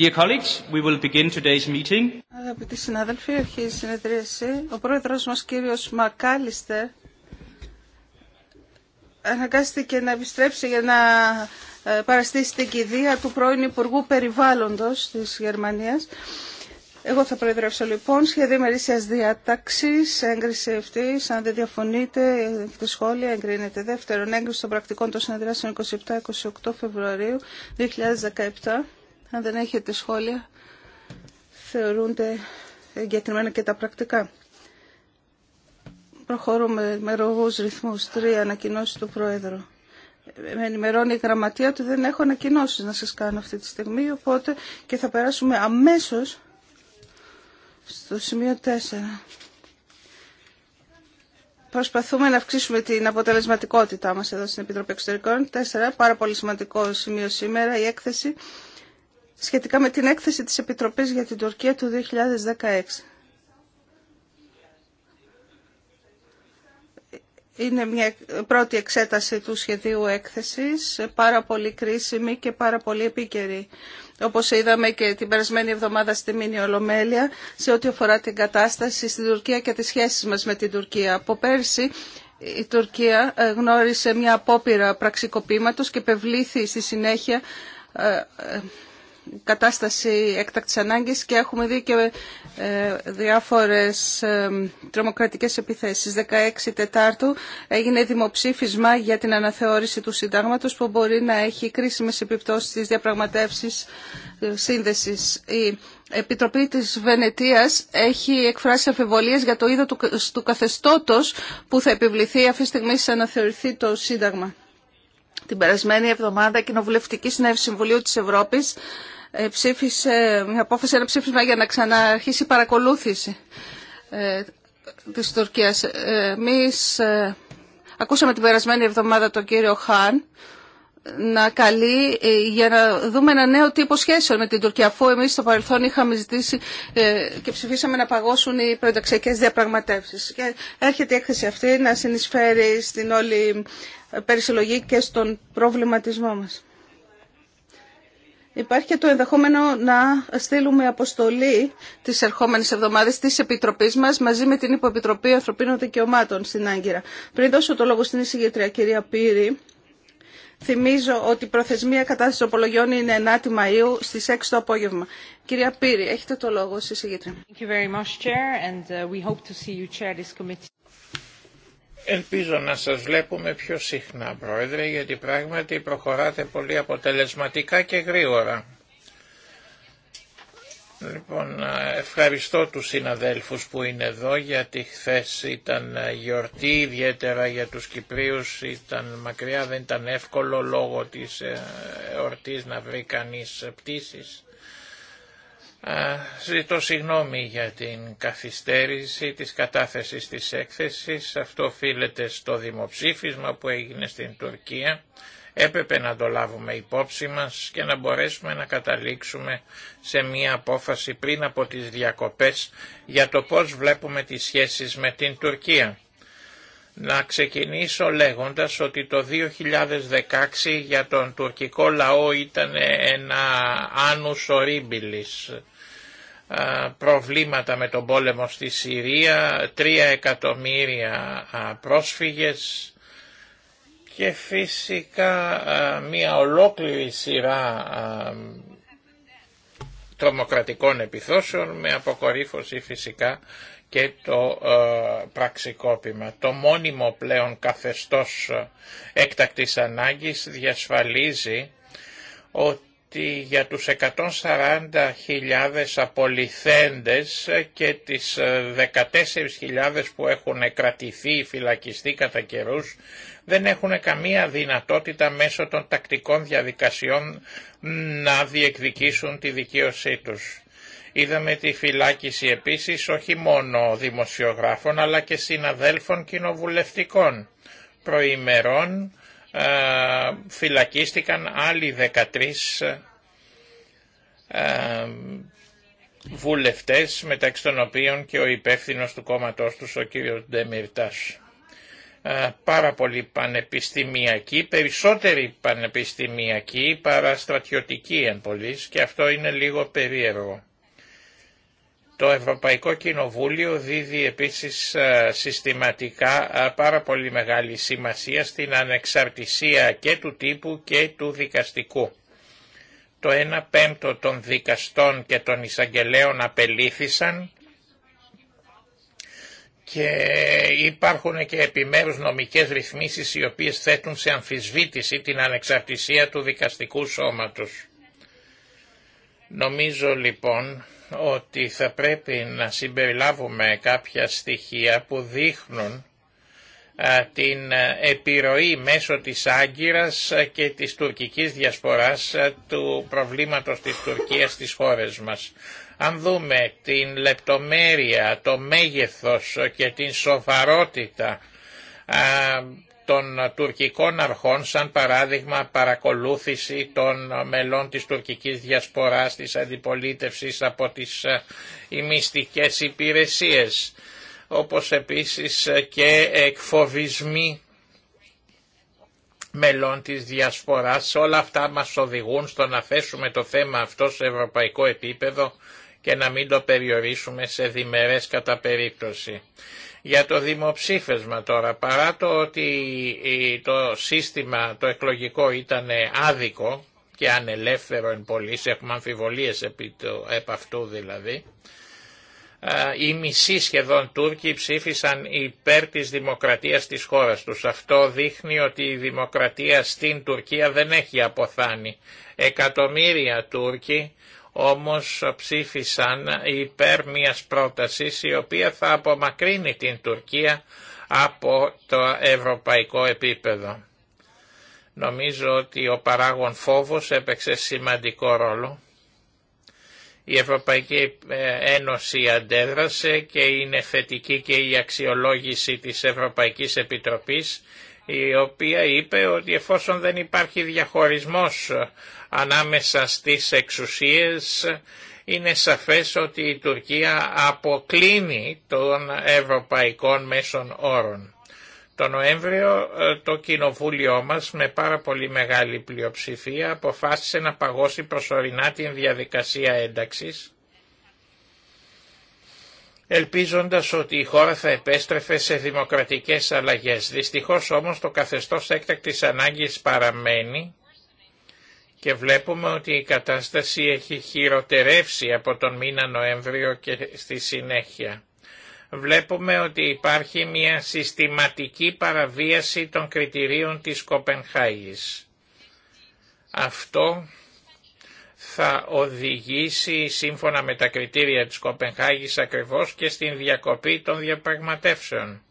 Dear colleagues, we will begin today's meeting. Αγαπητοί συνάδελφοι, αρχίζει η συνεδρίαση. Ο πρόεδρος μας, κύριος Μακάλιστερ, αναγκάστηκε να επιστρέψει για να ε, παραστήσει την κηδεία του πρώην Υπουργού Περιβάλλοντος της Γερμανίας. Εγώ θα προεδρεύσω λοιπόν σχέδιο ημερήσια διάταξη, έγκριση αυτή. Αν δεν διαφωνείτε, έχετε σχόλια, εγκρίνεται. Δεύτερον, έγκριση των πρακτικών των συνεδριάσεων 27-28 Φεβρουαρίου 2017. Αν δεν έχετε σχόλια, θεωρούνται εγκεκριμένα και τα πρακτικά. Προχωρούμε με ρογούς ρυθμούς. Τρία ανακοινώσει του Πρόεδρου. Με ενημερώνει η γραμματεία ότι δεν έχω ανακοινώσει να σας κάνω αυτή τη στιγμή, οπότε και θα περάσουμε αμέσως στο σημείο 4. Προσπαθούμε να αυξήσουμε την αποτελεσματικότητά μας εδώ στην Επιτροπή Εξωτερικών. Τέσσερα, πάρα πολύ σημαντικό σημείο σήμερα, η έκθεση σχετικά με την έκθεση της Επιτροπής για την Τουρκία του 2016. Είναι μια πρώτη εξέταση του σχεδίου έκθεσης, πάρα πολύ κρίσιμη και πάρα πολύ επίκαιρη. Όπως είδαμε και την περασμένη εβδομάδα στη Μήνη Ολομέλεια, σε ό,τι αφορά την κατάσταση στην Τουρκία και τις σχέσεις μας με την Τουρκία. Από πέρσι η Τουρκία ε, γνώρισε μια απόπειρα πραξικοπήματος και πευλήθη στη συνέχεια ε, ε, κατάσταση έκτακτης ανάγκης και έχουμε δει και ε, διάφορες ε, τρομοκρατικές επιθέσεις. 16 Τετάρτου έγινε δημοψήφισμα για την αναθεώρηση του συντάγματος που μπορεί να έχει κρίσιμες επιπτώσεις στις διαπραγματεύσεις ε, σύνδεσης. Η Επιτροπή της Βενετίας έχει εκφράσει αμφιβολίες για το είδο του καθεστώτος που θα επιβληθεί αυτή τη στιγμή αναθεωρηθεί το Σύνταγμα. Την περασμένη εβδομάδα η Κοινοβουλευτική Συνέλευση Συμβουλίου της Ευρώπης ε, ψήφισε μια απόφαση, ένα ψήφισμα για να ξαναρχίσει η παρακολούθηση ε, της Τουρκίας. Ε, εμείς ακούσαμε την περασμένη εβδομάδα τον κύριο Χάν να καλεί ε, για να δούμε ένα νέο τύπο σχέσεων με την Τουρκία αφού εμεί στο παρελθόν είχαμε ζητήσει ε, και ψηφίσαμε να παγώσουν οι προενταξιακές διαπραγματεύσει. Και έρχεται η έκθεση αυτή να συνεισφέρει στην όλη ε, περισυλλογή και στον προβληματισμό μα. Υπάρχει και το ενδεχόμενο να στείλουμε αποστολή τις ερχόμενες εβδομάδες της Επιτροπής μας μαζί με την Υποεπιτροπή Ανθρωπίνων Δικαιωμάτων στην Άγκυρα. Πριν δώσω το λόγο στην εισηγήτρια κυρία Πύρη, Θυμίζω ότι η προθεσμία απολογιων τροπολογιών είναι 9η Μαΐου στις 6 το απόγευμα. Κυρία Πύρη, έχετε το λόγο, this Ελπίζω να σας βλέπουμε πιο συχνά, Πρόεδρε, γιατί πράγματι προχωράτε πολύ αποτελεσματικά και γρήγορα. Λοιπόν, ευχαριστώ τους συναδέλφους που είναι εδώ γιατί χθε ήταν γιορτή, ιδιαίτερα για τους Κυπρίους ήταν μακριά, δεν ήταν εύκολο λόγω της ε, εορτής να βρει κανείς πτήσεις. Ζητώ συγγνώμη για την καθυστέρηση της κατάθεσης της έκθεσης. Αυτό οφείλεται στο δημοψήφισμα που έγινε στην Τουρκία έπρεπε να το λάβουμε υπόψη μας και να μπορέσουμε να καταλήξουμε σε μία απόφαση πριν από τις διακοπές για το πώς βλέπουμε τις σχέσεις με την Τουρκία. Να ξεκινήσω λέγοντας ότι το 2016 για τον τουρκικό λαό ήταν ένα άνους ορίμπιλης προβλήματα με τον πόλεμο στη Συρία, τρία εκατομμύρια πρόσφυγες, και φυσικά μια ολόκληρη σειρά τρομοκρατικών επιθώσεων με αποκορύφωση φυσικά και το πραξικόπημα. Το μόνιμο πλέον καθεστώς έκτακτης ανάγκης διασφαλίζει ότι ότι για τους 140.000 απολυθέντες και τις 14.000 ε, που έχουν κρατηθεί ή φυλακιστεί κατά καιρού, δεν έχουν καμία δυνατότητα μέσω των τακτικών διαδικασιών να διεκδικήσουν τη δικαίωσή τους. Είδαμε τη φυλάκιση επίσης όχι μόνο δημοσιογράφων αλλά και συναδέλφων κοινοβουλευτικών προημερών ε, φυλακίστηκαν άλλοι 13 ε, βουλευτές μεταξύ των οποίων και ο υπεύθυνο του κόμματός τους ο κύριος Ντεμιρτάς. Ε, πάρα πολύ πανεπιστημιακή, περισσότεροι πανεπιστημιακοί παρά στρατιωτικοί εν πολλής, και αυτό είναι λίγο περίεργο. Το Ευρωπαϊκό Κοινοβούλιο δίδει επίσης ε, συστηματικά ε, πάρα πολύ μεγάλη σημασία στην ανεξαρτησία και του τύπου και του δικαστικού. Το 1 πέμπτο των δικαστών και των εισαγγελέων απελήθησαν και υπάρχουν και επιμέρους νομικές ρυθμίσεις οι οποίες θέτουν σε αμφισβήτηση την ανεξαρτησία του δικαστικού σώματος. Νομίζω λοιπόν ότι θα πρέπει να συμπεριλάβουμε κάποια στοιχεία που δείχνουν την επιρροή μέσω της Άγκυρας και της τουρκικής διασποράς του προβλήματος της Τουρκίας στις χώρες μας. Αν δούμε την λεπτομέρεια, το μέγεθος και την σοβαρότητα των τουρκικών αρχών σαν παράδειγμα παρακολούθηση των μελών της τουρκικής διασποράς της αντιπολίτευσης από τις ημιστικές ε, υπηρεσίες όπως επίσης ε, και εκφοβισμοί μελών της διασποράς. Όλα αυτά μας οδηγούν στο να θέσουμε το θέμα αυτό σε ευρωπαϊκό επίπεδο και να μην το περιορίσουμε σε διμερές κατά περίπτωση. Για το δημοψήφισμα τώρα, παρά το ότι το σύστημα το εκλογικό ήταν άδικο και ανελεύθερο εν πολλής, έχουμε αμφιβολίες επί το, επ' αυτού δηλαδή, οι μισοί σχεδόν Τούρκοι ψήφισαν υπέρ της δημοκρατίας της χώρας τους. Αυτό δείχνει ότι η δημοκρατία στην Τουρκία δεν έχει αποθάνει. Εκατομμύρια Τούρκοι όμως ψήφισαν υπέρ μιας πρότασης η οποία θα απομακρύνει την Τουρκία από το ευρωπαϊκό επίπεδο. Νομίζω ότι ο παράγων φόβος έπαιξε σημαντικό ρόλο. Η Ευρωπαϊκή ε, Ένωση αντέδρασε και είναι θετική και η αξιολόγηση της Ευρωπαϊκής Επιτροπής η οποία είπε ότι εφόσον δεν υπάρχει διαχωρισμός ανάμεσα στις εξουσίες είναι σαφές ότι η Τουρκία αποκλίνει των ευρωπαϊκών μέσων όρων. Το Νοέμβριο ε, το κοινοβούλιο μας με πάρα πολύ μεγάλη πλειοψηφία αποφάσισε να παγώσει προσωρινά την διαδικασία ένταξης ελπίζοντας ότι η χώρα θα επέστρεφε σε δημοκρατικές αλλαγές. Δυστυχώς όμως το καθεστώς έκτακτης ανάγκης παραμένει και βλέπουμε ότι η κατάσταση έχει χειροτερεύσει από τον μήνα Νοέμβριο και στη συνέχεια. Βλέπουμε ότι υπάρχει μια συστηματική παραβίαση των κριτηρίων της Κοπενχάγης. Αυτό θα οδηγήσει σύμφωνα με τα κριτήρια της Κοπενχάγης ακριβώς και στην διακοπή των διαπραγματεύσεων.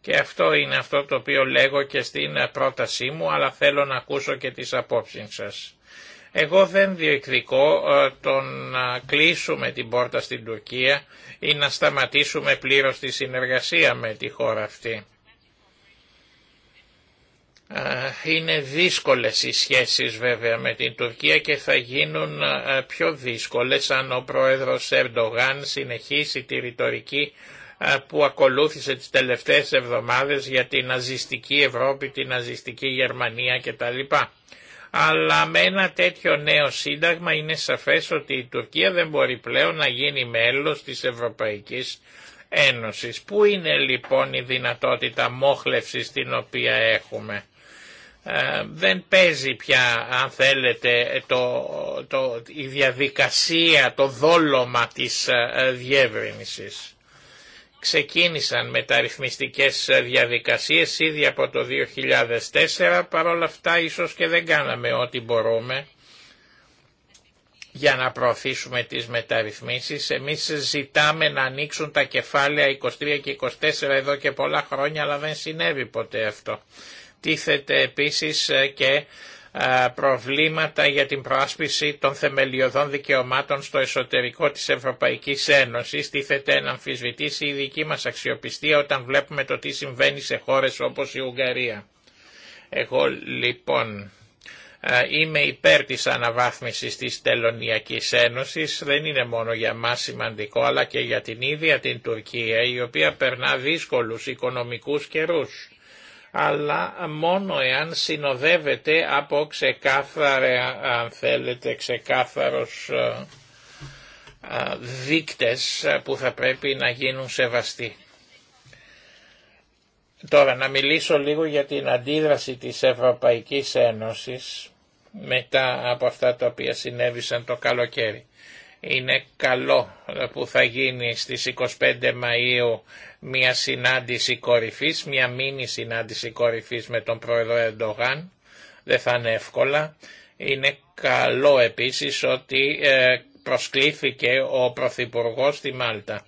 Και αυτό είναι αυτό το οποίο λέγω και στην πρότασή μου, αλλά θέλω να ακούσω και τις απόψεις σας. Εγώ δεν διεκδικώ ε, το να κλείσουμε την πόρτα στην Τουρκία ή να σταματήσουμε πλήρως τη συνεργασία με τη χώρα αυτή. Ε, είναι δύσκολες οι σχέσεις βέβαια με την Τουρκία και θα γίνουν ε, πιο δύσκολες αν ο πρόεδρος Ερντογάν συνεχίσει τη ρητορική που ακολούθησε τις τελευταίες εβδομάδες για την ναζιστική Ευρώπη, την ναζιστική Γερμανία κτλ αλλά με ένα τέτοιο νέο σύνταγμα είναι σαφές ότι η Τουρκία δεν μπορεί πλέον να γίνει μέλος της Ευρωπαϊκής Ένωσης. Πού είναι λοιπόν η δυνατότητα μόχλευσης την οποία έχουμε. Ε, δεν παίζει πια αν θέλετε το, το, η διαδικασία, το δόλωμα της ε, ξεκίνησαν μεταρρυθμιστικές ε, διαδικασίες ήδη από το 2004, παρόλα αυτά ίσως και δεν κάναμε ό,τι μπορούμε για να προωθήσουμε τις μεταρρυθμίσεις. Εμείς ζητάμε να ανοίξουν τα κεφάλαια 23 και 24 εδώ και πολλά χρόνια, αλλά δεν συνέβη ποτέ αυτό. Τίθεται επίσης ε, και προβλήματα για την προάσπιση των θεμελιωδών δικαιωμάτων στο εσωτερικό της Ευρωπαϊκής Ένωσης τίθεται να αμφισβητήσει η δική μας αξιοπιστία όταν βλέπουμε το τι συμβαίνει σε χώρες όπως η Ουγγαρία. Εγώ λοιπόν είμαι υπέρ της αναβάθμισης της Τελωνιακής Ένωσης, δεν είναι μόνο για μας σημαντικό αλλά και για την ίδια την Τουρκία η οποία περνά δύσκολους οικονομικούς καιρούς αλλά μόνο εάν συνοδεύεται από ξεκάθαρα, αν θέλετε, ξεκάθαρος ε, ε, δίκτες που θα πρέπει να γίνουν σεβαστοί. Τώρα να μιλήσω λίγο για την αντίδραση της Ευρωπαϊκής Ένωσης μετά από αυτά τα οποία συνέβησαν το καλοκαίρι. Είναι καλό που θα γίνει στις 25 Μαΐου μια συνάντηση κορυφής, μια μίνι συνάντηση κορυφής με τον πρόεδρο Ερντογάν. Δεν θα είναι εύκολα. Είναι καλό επίσης ότι ε, προσκλήθηκε ο Πρωθυπουργό στη Μάλτα.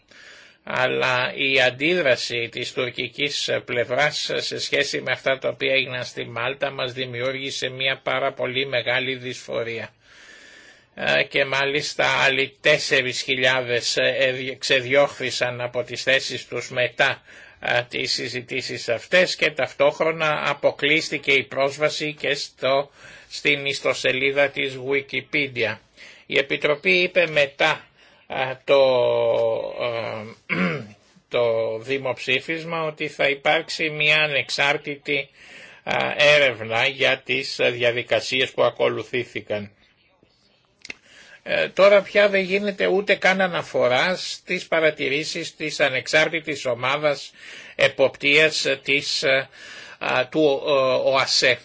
Αλλά η αντίδραση της τουρκικής πλευράς σε σχέση με αυτά τα οποία έγιναν στη Μάλτα μας δημιούργησε μια πάρα πολύ μεγάλη δυσφορία. Ε, και μάλιστα άλλοι 4.000 ε, ε, ξεδιώχθησαν από τις θέσεις τους μετά τις συζητήσεις αυτές και ταυτόχρονα αποκλείστηκε η πρόσβαση και στο, στην ιστοσελίδα της Wikipedia. Η Επιτροπή είπε μετά το, το δημοψήφισμα ότι θα υπάρξει μια ανεξάρτητη έρευνα για τις διαδικασίες που ακολουθήθηκαν. Ε, τώρα πια δεν γίνεται ούτε καν αναφορά στις παρατηρήσεις της ανεξάρτητης ομάδας εποπτείας της, ε, του ε, ΟΑΣΕ.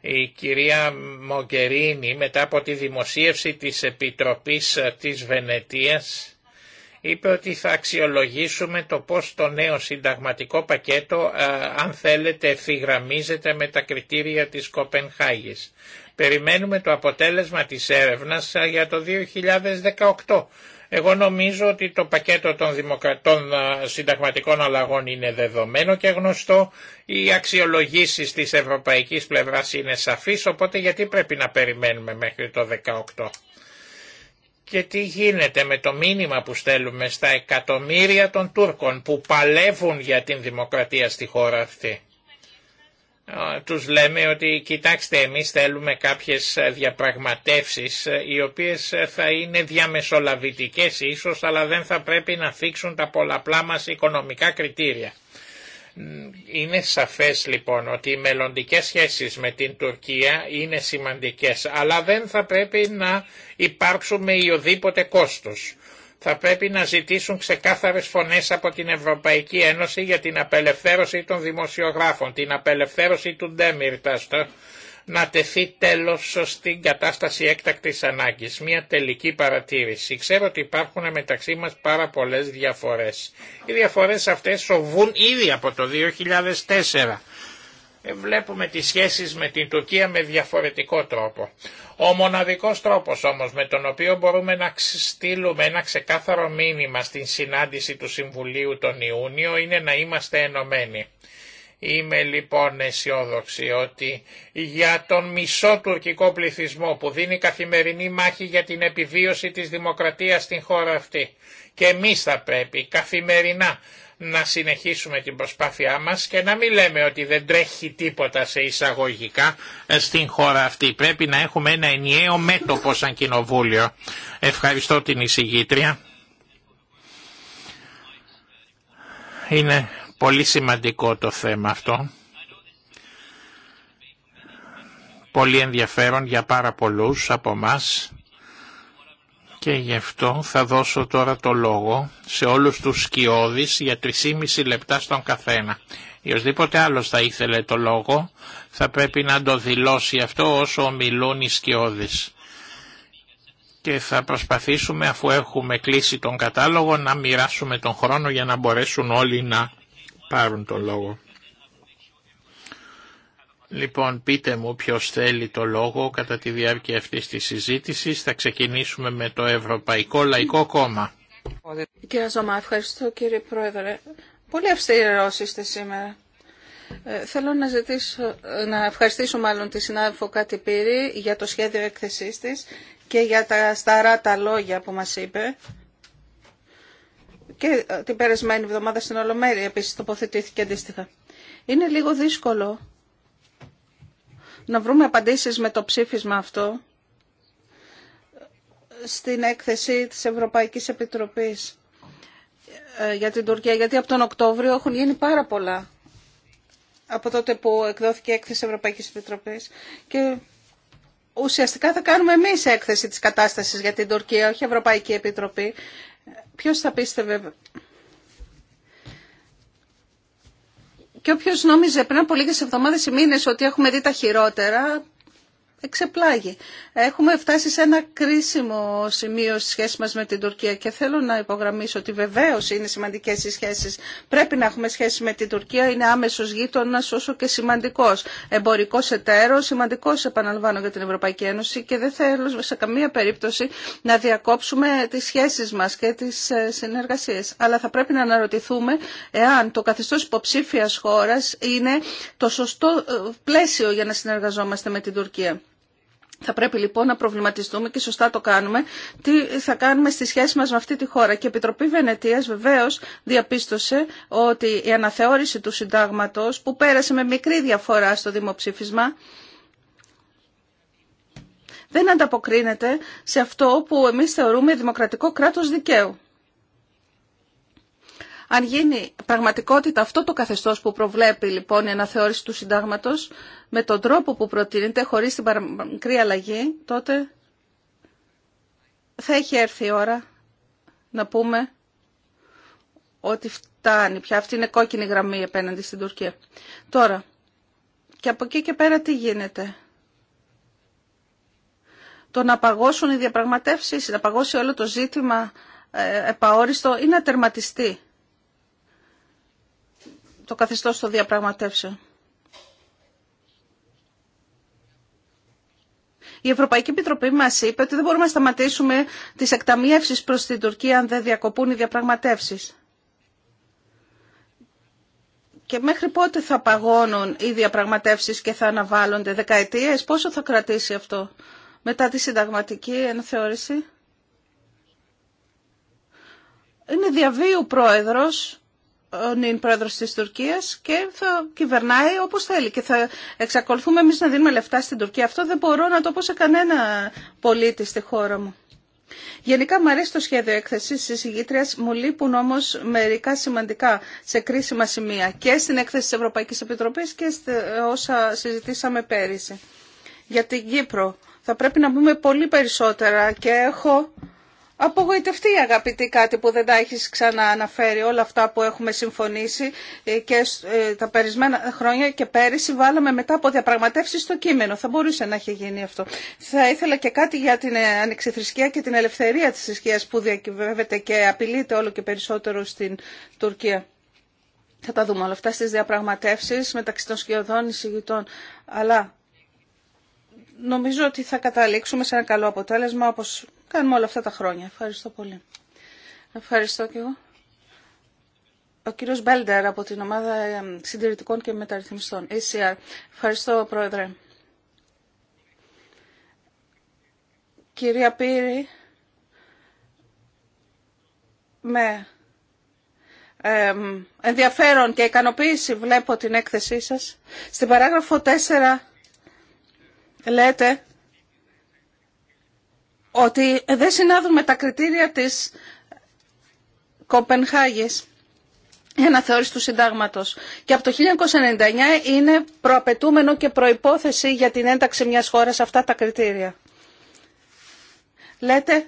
Η κυρία Μογκερίνη μετά από τη δημοσίευση της Επιτροπής της Βενετίας είπε ότι θα αξιολογήσουμε το πώς το νέο συνταγματικό πακέτο, αν θέλετε, ευθυγραμμίζεται με τα κριτήρια της Κοπενχάγης. Περιμένουμε το αποτέλεσμα της έρευνας ε, για το 2018. Εγώ νομίζω ότι το πακέτο των, δημοκρα... των ε, συνταγματικών αλλαγών είναι δεδομένο και γνωστό. Οι αξιολογήσεις της ευρωπαϊκής πλευράς είναι σαφείς, οπότε γιατί πρέπει να περιμένουμε μέχρι το 2018. Και τι γίνεται με το μήνυμα που στέλνουμε στα εκατομμύρια των Τούρκων που παλεύουν για την δημοκρατία στη χώρα αυτή τους λέμε ότι κοιτάξτε εμείς θέλουμε κάποιες ε, διαπραγματεύσεις ε, οι οποίες ε, θα είναι διαμεσολαβητικές ίσως αλλά δεν θα πρέπει να θίξουν τα πολλαπλά μας οικονομικά κριτήρια. Είναι σαφές λοιπόν ότι οι μελλοντικές σχέσεις με την Τουρκία είναι σημαντικές αλλά δεν θα πρέπει να υπάρξουμε οδήποτε κόστος θα πρέπει να ζητήσουν ξεκάθαρες φωνές από την Ευρωπαϊκή Ένωση για την απελευθέρωση των δημοσιογράφων, την απελευθέρωση του Ντέμιρτας, να τεθεί τέλος στην κατάσταση έκτακτης ανάγκης. Μια τελική παρατήρηση. Ξέρω ότι υπάρχουν μεταξύ μας πάρα πολλές διαφορές. Οι διαφορές αυτές σοβούν ήδη από το 2004 ε, βλέπουμε τις σχέσεις με την Τουρκία με διαφορετικό τρόπο. Ο μοναδικός τρόπος όμως με τον οποίο μπορούμε να στείλουμε ένα ξεκάθαρο μήνυμα στην συνάντηση του Συμβουλίου τον Ιούνιο είναι να είμαστε ενωμένοι. Είμαι λοιπόν αισιόδοξη ότι για τον μισό τουρκικό πληθυσμό που δίνει καθημερινή μάχη για την επιβίωση της δημοκρατίας στην χώρα αυτή και εμείς θα πρέπει καθημερινά να συνεχίσουμε την προσπάθειά μας και να μην λέμε ότι δεν τρέχει τίποτα σε εισαγωγικά ε, στην χώρα αυτή. Πρέπει να έχουμε ένα ενιαίο μέτωπο σαν κοινοβούλιο. Ευχαριστώ την εισηγήτρια. Είναι πολύ σημαντικό το θέμα αυτό. Πολύ ενδιαφέρον για πάρα πολλούς από μας και γι' αυτό θα δώσω τώρα το λόγο σε όλους τους σκιώδεις για 3,5 λεπτά στον καθένα. Ιωσδήποτε άλλος θα ήθελε το λόγο θα πρέπει να το δηλώσει αυτό όσο μιλούν οι σκιώδεις. Και θα προσπαθήσουμε αφού έχουμε κλείσει τον κατάλογο να μοιράσουμε τον χρόνο για να μπορέσουν όλοι να πάρουν τον λόγο. Λοιπόν, πείτε μου ποιος θέλει το λόγο κατά τη διάρκεια αυτής της συζήτησης. Θα ξεκινήσουμε με το Ευρωπαϊκό Λαϊκό Κόμμα. Κύριε Ζωμά, ευχαριστώ κύριε Πρόεδρε. Πολύ αυστηρός είστε σήμερα. Ε, θέλω να, ζητήσω, να ευχαριστήσω μάλλον τη συνάδελφο Κάτι Πύρη για το σχέδιο έκθεσής της και για τα σταρά τα λόγια που μας είπε. Και ε, την περασμένη εβδομάδα στην Ολομέρη επίσης τοποθετήθηκε αντίστοιχα. Είναι λίγο δύσκολο να βρούμε απαντήσεις με το ψήφισμα αυτό στην έκθεση της Ευρωπαϊκής Επιτροπής ε, για την Τουρκία, γιατί από τον Οκτώβριο έχουν γίνει πάρα πολλά από τότε που εκδόθηκε η έκθεση Ευρωπαϊκής Επιτροπής και ουσιαστικά θα κάνουμε εμείς έκθεση της κατάστασης για την Τουρκία, όχι Ευρωπαϊκή Επιτροπή. Ποιος θα πίστευε Και όποιο νόμιζε πριν από λίγε εβδομάδε ή μήνες ότι έχουμε δει τα χειρότερα, εξεπλάγει. Έχουμε φτάσει σε ένα κρίσιμο σημείο στη σχέση μας με την Τουρκία και θέλω να υπογραμμίσω ότι βεβαίως είναι σημαντικές οι σχέσεις. Πρέπει να έχουμε σχέση με την Τουρκία, είναι άμεσος γείτονας όσο και σημαντικός. Εμπορικός εταίρος, σημαντικός επαναλαμβάνω για την Ευρωπαϊκή Ένωση και δεν θέλω σε καμία περίπτωση να διακόψουμε τις σχέσεις μας και τις ε, συνεργασίες. Αλλά θα πρέπει να αναρωτηθούμε εάν το καθεστώς υποψήφιας χώρας είναι το σωστό ε, πλαίσιο για να συνεργαζόμαστε με την Τουρκία. Θα πρέπει λοιπόν να προβληματιστούμε και σωστά το κάνουμε τι θα κάνουμε στη σχέση μας με αυτή τη χώρα. Και η Επιτροπή Βενετίας βεβαίως διαπίστωσε ότι η αναθεώρηση του συντάγματος που πέρασε με μικρή διαφορά στο δημοψήφισμα δεν ανταποκρίνεται σε αυτό που εμείς θεωρούμε δημοκρατικό κράτος δικαίου. Αν γίνει πραγματικότητα αυτό το καθεστώς που προβλέπει λοιπόν η αναθεώρηση του συντάγματος, με τον τρόπο που προτείνεται, χωρίς την παραμικρή αλλαγή, τότε θα έχει έρθει η ώρα να πούμε ότι φτάνει πια. Αυτή είναι κόκκινη γραμμή επέναντι στην Τουρκία. Τώρα, και από εκεί και πέρα τι γίνεται. Το να παγώσουν οι διαπραγματεύσεις, να παγώσει όλο το ζήτημα ε, επαόριστο ή να τερματιστεί το καθεστώς των διαπραγματεύσεων. Η Ευρωπαϊκή Επιτροπή μας είπε ότι δεν μπορούμε να σταματήσουμε τις εκταμιεύσει προς την Τουρκία αν δεν διακοπούν οι διαπραγματεύσεις. Και μέχρι πότε θα παγώνουν οι διαπραγματεύσεις και θα αναβάλλονται δεκαετίες, πόσο θα κρατήσει αυτό μετά τη συνταγματική ενθεώρηση. Είναι διαβίου πρόεδρος είναι πρόεδρος της Τουρκίας και θα κυβερνάει όπως θέλει και θα εξακολουθούμε εμείς να δίνουμε λεφτά στην Τουρκία. Αυτό δεν μπορώ να το πω σε κανένα πολίτη στη χώρα μου. Γενικά μου αρέσει το σχέδιο έκθεση τη εισηγήτριας, μου λείπουν όμω μερικά σημαντικά σε κρίσιμα σημεία και στην έκθεση τη Ευρωπαϊκή Επιτροπή και όσα συζητήσαμε πέρυσι. Για την Κύπρο θα πρέπει να πούμε πολύ περισσότερα και έχω απογοητευτεί αγαπητή κάτι που δεν τα έχεις ξανά όλα αυτά που έχουμε συμφωνήσει ε, και ε, τα περισμένα χρόνια και πέρυσι βάλαμε μετά από διαπραγματεύσεις το κείμενο. Θα μπορούσε να έχει γίνει αυτό. Θα ήθελα και κάτι για την ε, ανεξιθρησκεία και την ελευθερία της θρησκείας που διακυβεύεται και απειλείται όλο και περισσότερο στην Τουρκία. Θα τα δούμε όλα αυτά στις διαπραγματεύσεις μεταξύ των σκιωδών εισηγητών. Αλλά νομίζω ότι θα καταλήξουμε σε ένα καλό αποτέλεσμα όπως κάνουμε όλα αυτά τα χρόνια. Ευχαριστώ πολύ. Ευχαριστώ και εγώ. Ο κύριος Μπέλντερ από την ομάδα ε, συντηρητικών και μεταρρυθμιστών, ACR. Ευχαριστώ, Πρόεδρε. Κυρία Πύρη, με ε, ενδιαφέρον και ικανοποίηση βλέπω την έκθεσή σας. Στην παράγραφο 4 λέτε ότι δεν συνάδουν με τα κριτήρια της Κοπενχάγης αναθεώρηση του συντάγματος. Και από το 1999 είναι προαπαιτούμενο και προϋπόθεση για την ένταξη μιας χώρας αυτά τα κριτήρια. Λέτε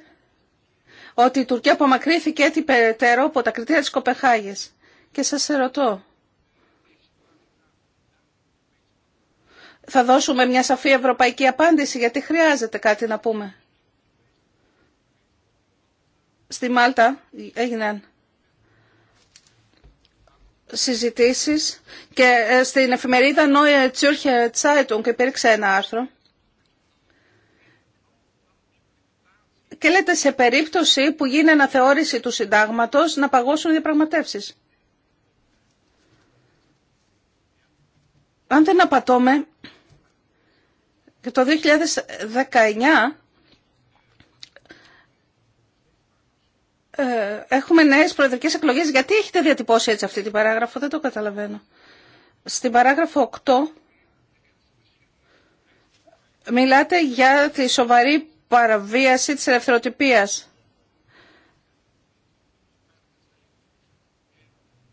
ότι η Τουρκία απομακρύθηκε έτσι περαιτέρω από τα κριτήρια της Κοπεχάγης. Και σας ερωτώ, θα δώσουμε μια σαφή ευρωπαϊκή απάντηση γιατί χρειάζεται κάτι να πούμε στη Μάλτα έγιναν συζητήσεις και ε, στην εφημερίδα Neue Zürcher Zeitung υπήρξε ένα άρθρο και λέτε σε περίπτωση που γίνει αναθεώρηση του συντάγματος να παγώσουν οι διαπραγματεύσεις. Αν δεν απατώμε, και το 2019 Ε, έχουμε νέε προεδρικές εκλογέ. Γιατί έχετε διατυπώσει έτσι αυτή την παράγραφο, δεν το καταλαβαίνω. Στην παράγραφο 8 μιλάτε για τη σοβαρή παραβίαση της ελευθεροτυπίας.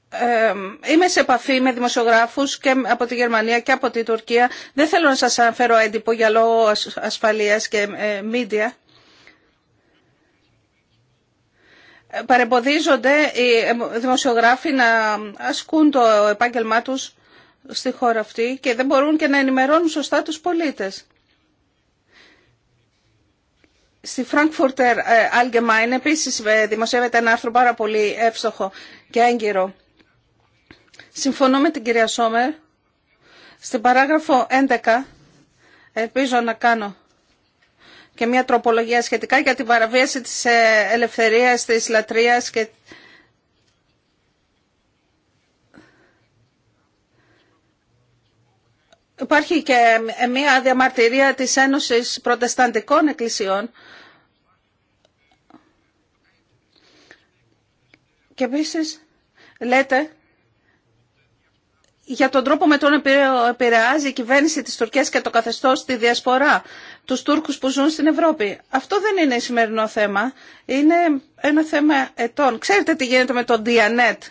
Ε, είμαι σε επαφή με δημοσιογράφους και από τη Γερμανία και από τη Τουρκία. Δεν θέλω να σας αναφέρω έντυπο για λόγω ασφαλείας και μίντια. Ε, παρεμποδίζονται οι δημοσιογράφοι να ασκούν το επάγγελμά τους στη χώρα αυτή και δεν μπορούν και να ενημερώνουν σωστά τους πολίτες. Στη Frankfurter Allgemeine επίσης ε, δημοσιεύεται ένα άρθρο πάρα πολύ εύστοχο και έγκυρο. Συμφωνώ με την κυρία Σόμερ. Στην παράγραφο 11 ελπίζω να κάνω και μια τροπολογία σχετικά για την παραβίαση της ε, ελευθερίας της λατρείας και Υπάρχει και μια διαμαρτυρία της Ένωσης Προτεσταντικών Εκκλησιών και επίση λέτε για τον τρόπο με τον επηρεάζει η κυβέρνηση της Τουρκίας και το καθεστώς στη διασπορά τους Τούρκους που ζουν στην Ευρώπη. Αυτό δεν είναι σημερινό θέμα. Είναι ένα θέμα ετών. Ξέρετε τι γίνεται με το Διανέτ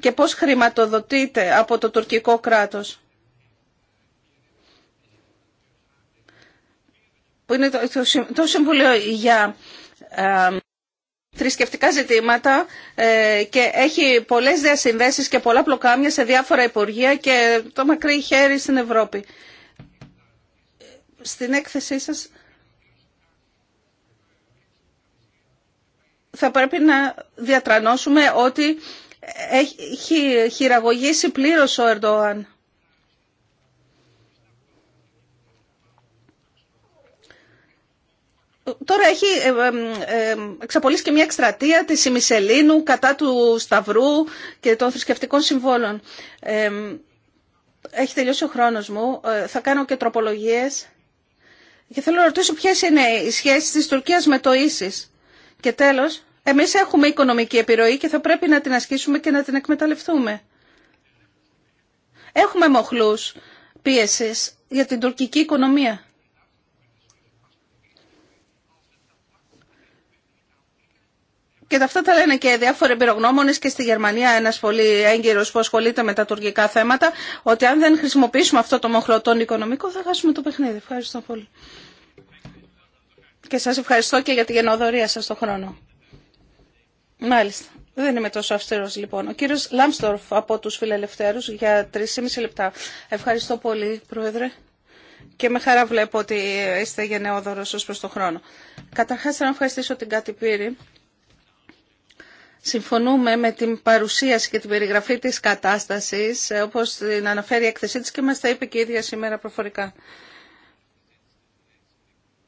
και πώς χρηματοδοτείται από το τουρκικό κράτος. Που είναι το, το Συμβουλίο για ε, θρησκευτικά ζητήματα ε, και έχει πολλές διασυνδέσεις και πολλά πλοκάμια σε διάφορα υπουργεία και το μακρύ χέρι στην Ευρώπη. Στην έκθεσή σας θα πρέπει να διατρανώσουμε ότι έχει χειραγωγήσει πλήρως ο Ερντοάν. Τώρα έχει ε, ε, ε, εξαπολύσει και μια εκστρατεία της Ημισελήνου κατά του Σταυρού και των θρησκευτικών συμβόλων. Έχει τελειώσει ο χρόνος μου. Θα κάνω και τροπολογίες. Και θέλω να ρωτήσω ποιες είναι οι σχέσεις της Τουρκίας με το Ίσης. Και τέλος, εμείς έχουμε οικονομική επιρροή και θα πρέπει να την ασκήσουμε και να την εκμεταλλευτούμε. Έχουμε μοχλούς πίεσης για την τουρκική οικονομία. Και αυτά τα λένε και διάφοροι εμπειρογνώμονε και στη Γερμανία ένα πολύ έγκυρο που ασχολείται με τα τουρκικά θέματα, ότι αν δεν χρησιμοποιήσουμε αυτό το μοχλό των οικονομικό θα χάσουμε το παιχνίδι. Ευχαριστώ πολύ. Και σα ευχαριστώ και για τη γενοδορία σα το χρόνο. Μάλιστα. Δεν είμαι τόσο αυστηρό λοιπόν. Ο κύριο Λάμστορφ από του Φιλελευθέρου για 3,5 λεπτά. Ευχαριστώ πολύ, Πρόεδρε. Και με χαρά βλέπω ότι είστε γενναιόδωρο ω προ τον χρόνο. Καταρχά, θέλω να ευχαριστήσω την Κάτι Συμφωνούμε με την παρουσίαση και την περιγραφή της κατάστασης, ε, όπως την αναφέρει η έκθεσή της και μας τα είπε και η ίδια σήμερα προφορικά.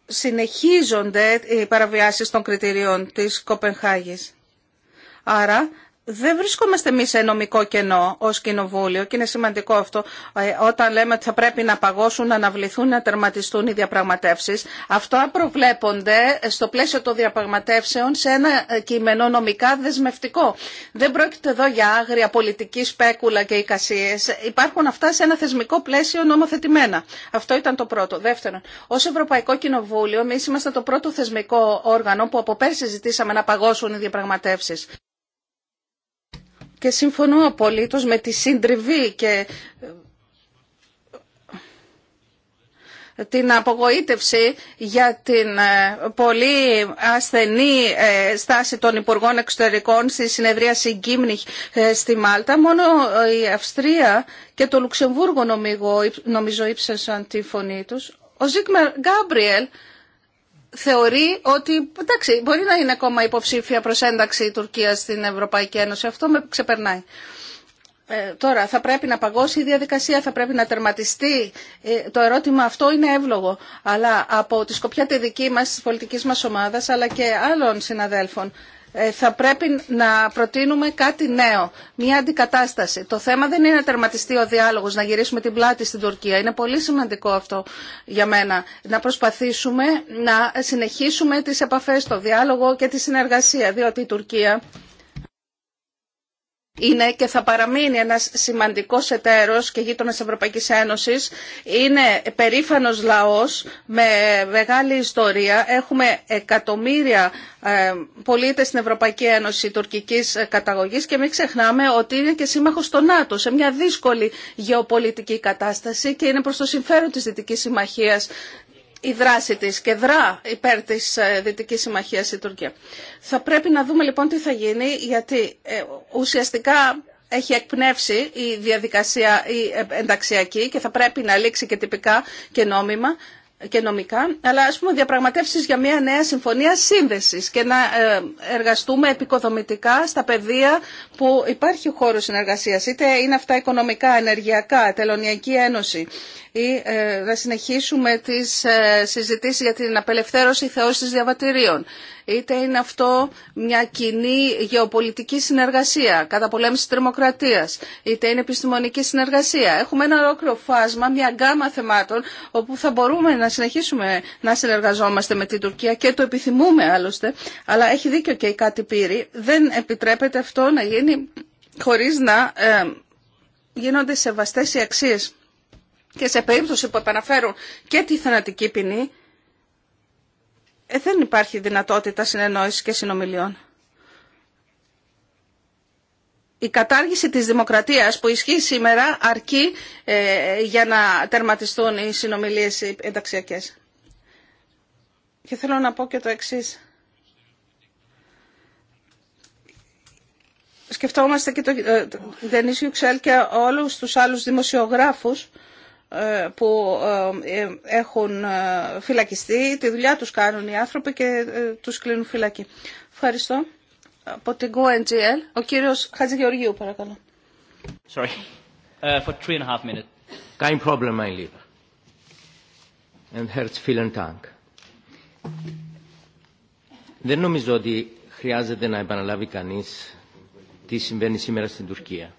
Συνεχίζονται οι παραβιάσεις των κριτηριών της Κοπενχάγης. Άρα δεν βρισκόμαστε εμεί σε νομικό κενό ω κοινοβούλιο και είναι σημαντικό αυτό. Ε, όταν λέμε ότι θα πρέπει να παγώσουν, να αναβληθούν, να τερματιστούν οι διαπραγματεύσει, αυτά προβλέπονται στο πλαίσιο των διαπραγματεύσεων σε ένα ε, κείμενο νομικά δεσμευτικό. Δεν πρόκειται εδώ για άγρια πολιτική σπέκουλα και εικασίε. Υπάρχουν αυτά σε ένα θεσμικό πλαίσιο νομοθετημένα. Αυτό ήταν το πρώτο. Δεύτερον, ω Ευρωπαϊκό Κοινοβούλιο, εμεί είμαστε το πρώτο θεσμικό όργανο που από πέρσι ζητήσαμε να παγώσουν οι διαπραγματεύσει και συμφωνώ απολύτως με τη συντριβή και ε, την απογοήτευση για την ε, πολύ ασθενή ε, στάση των Υπουργών Εξωτερικών στη συνεδρία Συγκύμνη στη Μάλτα. Μόνο η Αυστρία και το Λουξεμβούργο νομίζω, ύψεσαν τη φωνή τους. Ο Ζίγμερ Γκάμπριελ θεωρεί ότι εντάξει, μπορεί να είναι ακόμα υποψήφια προς ένταξη η Τουρκία στην Ευρωπαϊκή Ένωση. Αυτό με ξεπερνάει. Ε, τώρα, θα πρέπει να παγώσει η διαδικασία, θα πρέπει να τερματιστεί. Ε, το ερώτημα αυτό είναι εύλογο. Αλλά από τη σκοπιά τη δική μας, της πολιτικής μας ομάδας, αλλά και άλλων συναδέλφων, ε, θα πρέπει να προτείνουμε κάτι νέο, μια αντικατάσταση. Το θέμα δεν είναι να τερματιστεί ο διάλογος, να γυρίσουμε την πλάτη στην Τουρκία. Είναι πολύ σημαντικό αυτό για μένα. Να προσπαθήσουμε να συνεχίσουμε τις επαφές, το διάλογο και τη συνεργασία, διότι η Τουρκία είναι και θα παραμείνει ένας σημαντικός εταίρος και γείτονας Ευρωπαϊκής Ένωσης. Είναι περήφανος λαός με μεγάλη ιστορία. Έχουμε εκατομμύρια ε, πολίτες στην Ευρωπαϊκή Ένωση τουρκικής ε, καταγωγής και μην ξεχνάμε ότι είναι και σύμμαχος στο ΝΑΤΟ σε μια δύσκολη γεωπολιτική κατάσταση και είναι προς το συμφέρον της Δυτικής Συμμαχίας η δράση της και δρά υπέρ της ε, Δυτικής Συμμαχίας η Τουρκία. Θα πρέπει να δούμε λοιπόν τι θα γίνει γιατί ε, ουσιαστικά έχει εκπνεύσει η διαδικασία η ε, ενταξιακή και θα πρέπει να λήξει και τυπικά και νόμιμα και νομικά, αλλά ας πούμε διαπραγματεύσεις για μια νέα συμφωνία σύνδεσης και να εργαστούμε επικοδομητικά στα πεδία που υπάρχει χώρο συνεργασίας, είτε είναι αυτά οικονομικά, ενεργειακά, τελωνιακή ένωση, ή ε, να συνεχίσουμε τις ε, συζητήσεις για την απελευθέρωση θεώσης διαβατηρίων. Είτε είναι αυτό μια κοινή γεωπολιτική συνεργασία, κατά πολέμηση τρομοκρατίας, είτε είναι επιστημονική συνεργασία. Έχουμε ένα ολόκληρο φάσμα, μια γκάμα θεμάτων, όπου θα μπορούμε να συνεχίσουμε να συνεργαζόμαστε με την Τουρκία και το επιθυμούμε άλλωστε, αλλά έχει δίκιο και η κάτι πύρη. Δεν επιτρέπεται αυτό να γίνει χωρίς να ε, γίνονται σεβαστές οι αξίες και σε περίπτωση που επαναφέρουν και τη θανατική ποινή, ε, δεν υπάρχει δυνατότητα συνεννόησης και συνομιλιών. Η κατάργηση της δημοκρατίας που ισχύει σήμερα αρκεί ε, για να τερματιστούν οι συνομιλίες ενταξιακές. Και θέλω να πω και το εξής. Σκεφτόμαστε και τον Δενίσιο Ξέλ και όλους τους άλλους δημοσιογράφους που ε, έχουν ε, φυλακιστεί. Τη δουλειά τους κάνουν οι άνθρωποι και ε, τους κλείνουν φυλακή. Ευχαριστώ. Από την GoNGL, ο κύριος Χατζηγεωργίου, παρακαλώ. Sorry. Uh, for three and a half minutes. Problem, And Δεν νομίζω ότι χρειάζεται να επαναλάβει κανείς τι συμβαίνει σήμερα στην Τουρκία.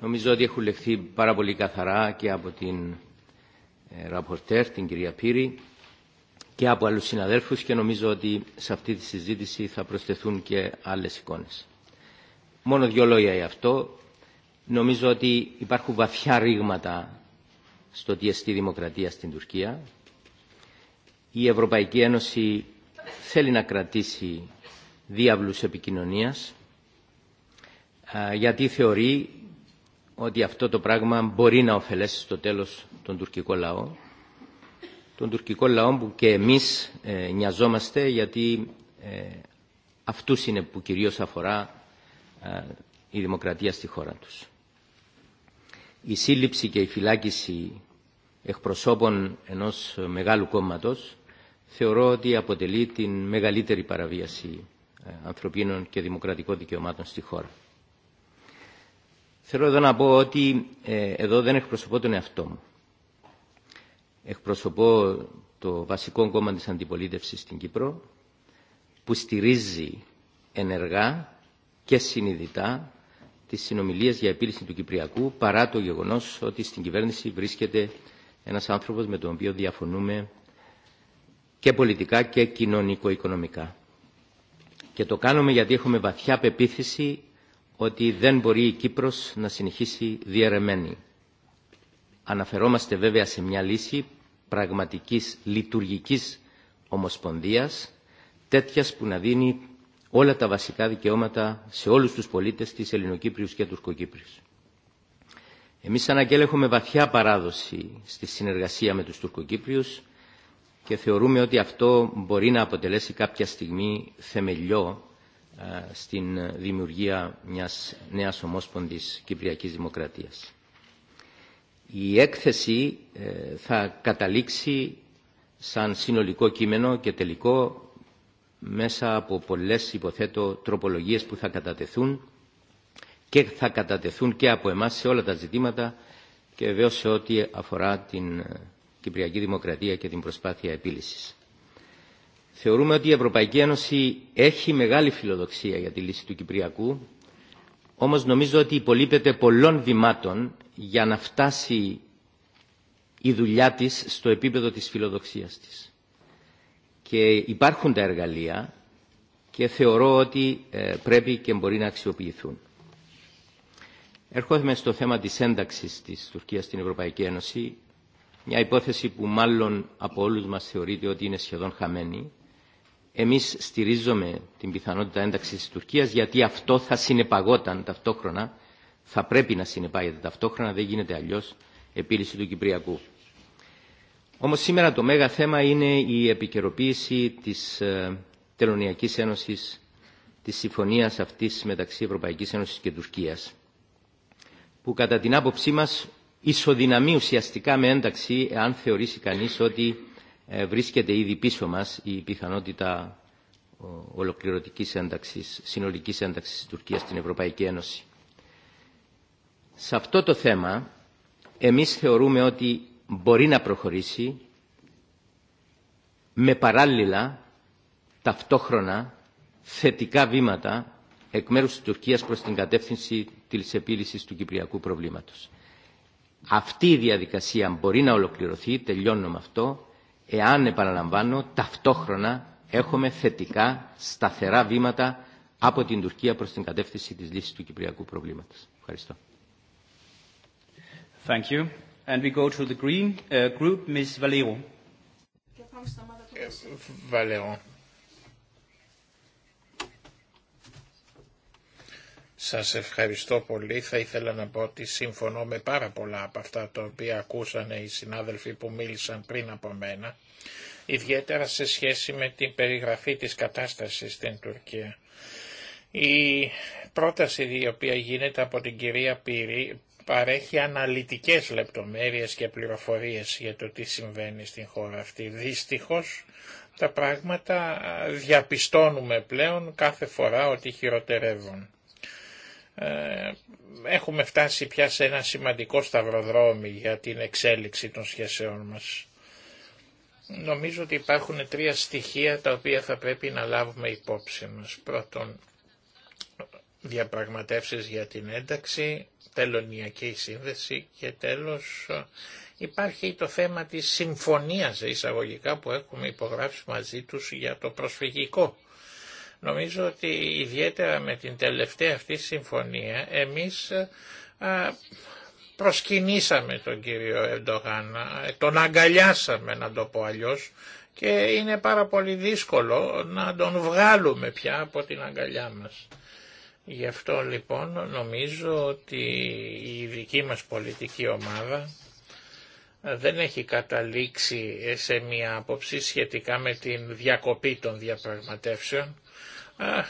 Νομίζω ότι έχουν λεχθεί πάρα πολύ καθαρά και από την ραπορτέρ, ε, την κυρία Πύρη, και από άλλους συναδέλφους και νομίζω ότι σε αυτή τη συζήτηση θα προσθεθούν και άλλες εικόνες. Μόνο δύο λόγια για αυτό. Νομίζω ότι υπάρχουν βαθιά ρήγματα στο τι εστί δημοκρατία στην Τουρκία. Η Ευρωπαϊκή Ένωση θέλει να κρατήσει διάβλους επικοινωνίας ε, γιατί θεωρεί ότι αυτό το πράγμα μπορεί να ωφελέσει στο τέλος τον τουρκικό λαό τον τουρκικό λαό που και εμείς ε, νοιαζόμαστε γιατί ε, αυτούς είναι που κυρίως αφορά ε, η δημοκρατία στη χώρα τους. Η σύλληψη και η φυλάκιση εκπροσώπων ενός μεγάλου κόμματος θεωρώ ότι αποτελεί την μεγαλύτερη παραβίαση ε, ανθρωπίνων και δημοκρατικών δικαιωμάτων στη χώρα. Θέλω εδώ να πω ότι ε, εδώ δεν εκπροσωπώ τον εαυτό μου. Εκπροσωπώ το βασικό κόμμα της αντιπολίτευσης στην Κύπρο που στηρίζει ενεργά και συνειδητά τις συνομιλίες για επίλυση του Κυπριακού παρά το γεγονός ότι στην κυβέρνηση βρίσκεται ένας άνθρωπος με τον οποίο διαφωνούμε και πολιτικά και κοινωνικο-οικονομικά. Και το κάνουμε γιατί έχουμε βαθιά πεποίθηση ότι δεν μπορεί η Κύπρος να συνεχίσει διαιρεμένη. Αναφερόμαστε βέβαια σε μια λύση πραγματικής λειτουργικής ομοσπονδίας, τέτοιας που να δίνει όλα τα βασικά δικαιώματα σε όλους τους πολίτες της Ελληνοκύπριους και Τουρκοκύπριους. Εμείς σαν βαθιά παράδοση στη συνεργασία με τους Τουρκοκύπριους και θεωρούμε ότι αυτό μπορεί να αποτελέσει κάποια στιγμή θεμελιό στην δημιουργία μιας νέας ομόσπονδης Κυπριακής Δημοκρατίας. Η έκθεση ε, θα καταλήξει σαν συνολικό κείμενο και τελικό μέσα από πολλές υποθέτω τροπολογίες που θα κατατεθούν και θα κατατεθούν και από εμάς σε όλα τα ζητήματα και βεβαίως σε ό,τι αφορά την ε, Κυπριακή Δημοκρατία και την προσπάθεια επίλυσης. Θεωρούμε ότι η Ευρωπαϊκή Ένωση έχει μεγάλη φιλοδοξία για τη λύση του Κυπριακού, όμως νομίζω ότι υπολείπεται πολλών βημάτων για να φτάσει η δουλειά της στο επίπεδο της φιλοδοξίας της. Και υπάρχουν τα εργαλεία και θεωρώ ότι ε, πρέπει και μπορεί να αξιοποιηθούν. Έρχομαι στο θέμα της ένταξης της Τουρκίας στην Ευρωπαϊκή Ένωση, μια υπόθεση που μάλλον από όλους μας θεωρείται ότι είναι σχεδόν χαμένη, εμείς στηρίζουμε την πιθανότητα ένταξης της Τουρκίας γιατί αυτό θα συνεπαγόταν ταυτόχρονα, θα πρέπει να συνεπάγεται ταυτόχρονα, δεν γίνεται αλλιώς επίλυση του Κυπριακού. Όμως σήμερα το μέγα θέμα είναι η επικαιροποίηση της ε, Τελωνιακής Ένωσης, της συμφωνίας αυτής μεταξύ Ευρωπαϊκής Ένωσης και Τουρκίας, που κατά την άποψή μας ισοδυναμεί ουσιαστικά με ένταξη, εάν θεωρήσει κανείς ότι ε, βρίσκεται ήδη πίσω μας η πιθανότητα ολοκληρωτικής ένταξης, συνολικής ένταξης της Τουρκίας στην Ευρωπαϊκή Ένωση. Σε αυτό το θέμα εμείς θεωρούμε ότι μπορεί να προχωρήσει με παράλληλα ταυτόχρονα θετικά βήματα εκ μέρους της Τουρκίας προς την κατεύθυνση της επίλυσης του κυπριακού προβλήματος. Αυτή η διαδικασία μπορεί να ολοκληρωθεί, τελειώνω με αυτό, εάν επαναλαμβάνω ταυτόχρονα έχουμε θετικά σταθερά βήματα από την Τουρκία προς την κατεύθυνση της λύσης του κυπριακού προβλήματος. Ευχαριστώ. Thank you. And we go to the green uh, group, Ms. Valero. Ε, Valero. Σας ευχαριστώ πολύ. Θα ήθελα να πω ότι συμφωνώ με πάρα πολλά από αυτά τα οποία ακούσανε οι συνάδελφοι που μίλησαν πριν από μένα, ιδιαίτερα σε σχέση με την περιγραφή της κατάστασης στην Τουρκία. Η πρόταση η οποία γίνεται από την κυρία Πύρη παρέχει αναλυτικές λεπτομέρειες και πληροφορίες για το τι συμβαίνει στην χώρα αυτή. Δυστυχώς τα πράγματα διαπιστώνουμε πλέον κάθε φορά ότι χειροτερεύουν. Ε, έχουμε φτάσει πια σε ένα σημαντικό σταυροδρόμι για την εξέλιξη των σχέσεών μας. Νομίζω ότι υπάρχουν τρία στοιχεία τα οποία θα πρέπει να λάβουμε υπόψη μας. Πρώτον, διαπραγματεύσεις για την ένταξη, τελωνιακή σύνδεση και τέλος υπάρχει το θέμα της συμφωνίας εισαγωγικά που έχουμε υπογράψει μαζί τους για το προσφυγικό. Νομίζω ότι ιδιαίτερα με την τελευταία αυτή συμφωνία εμείς ε, προσκυνήσαμε τον κύριο Ερντογάν, ε, τον αγκαλιάσαμε να το πω αλλιώς και είναι πάρα πολύ δύσκολο να τον βγάλουμε πια από την αγκαλιά μας. Γι' αυτό λοιπόν νομίζω ότι η δική μας πολιτική ομάδα δεν έχει καταλήξει σε μια άποψη σχετικά με την διακοπή των διαπραγματεύσεων.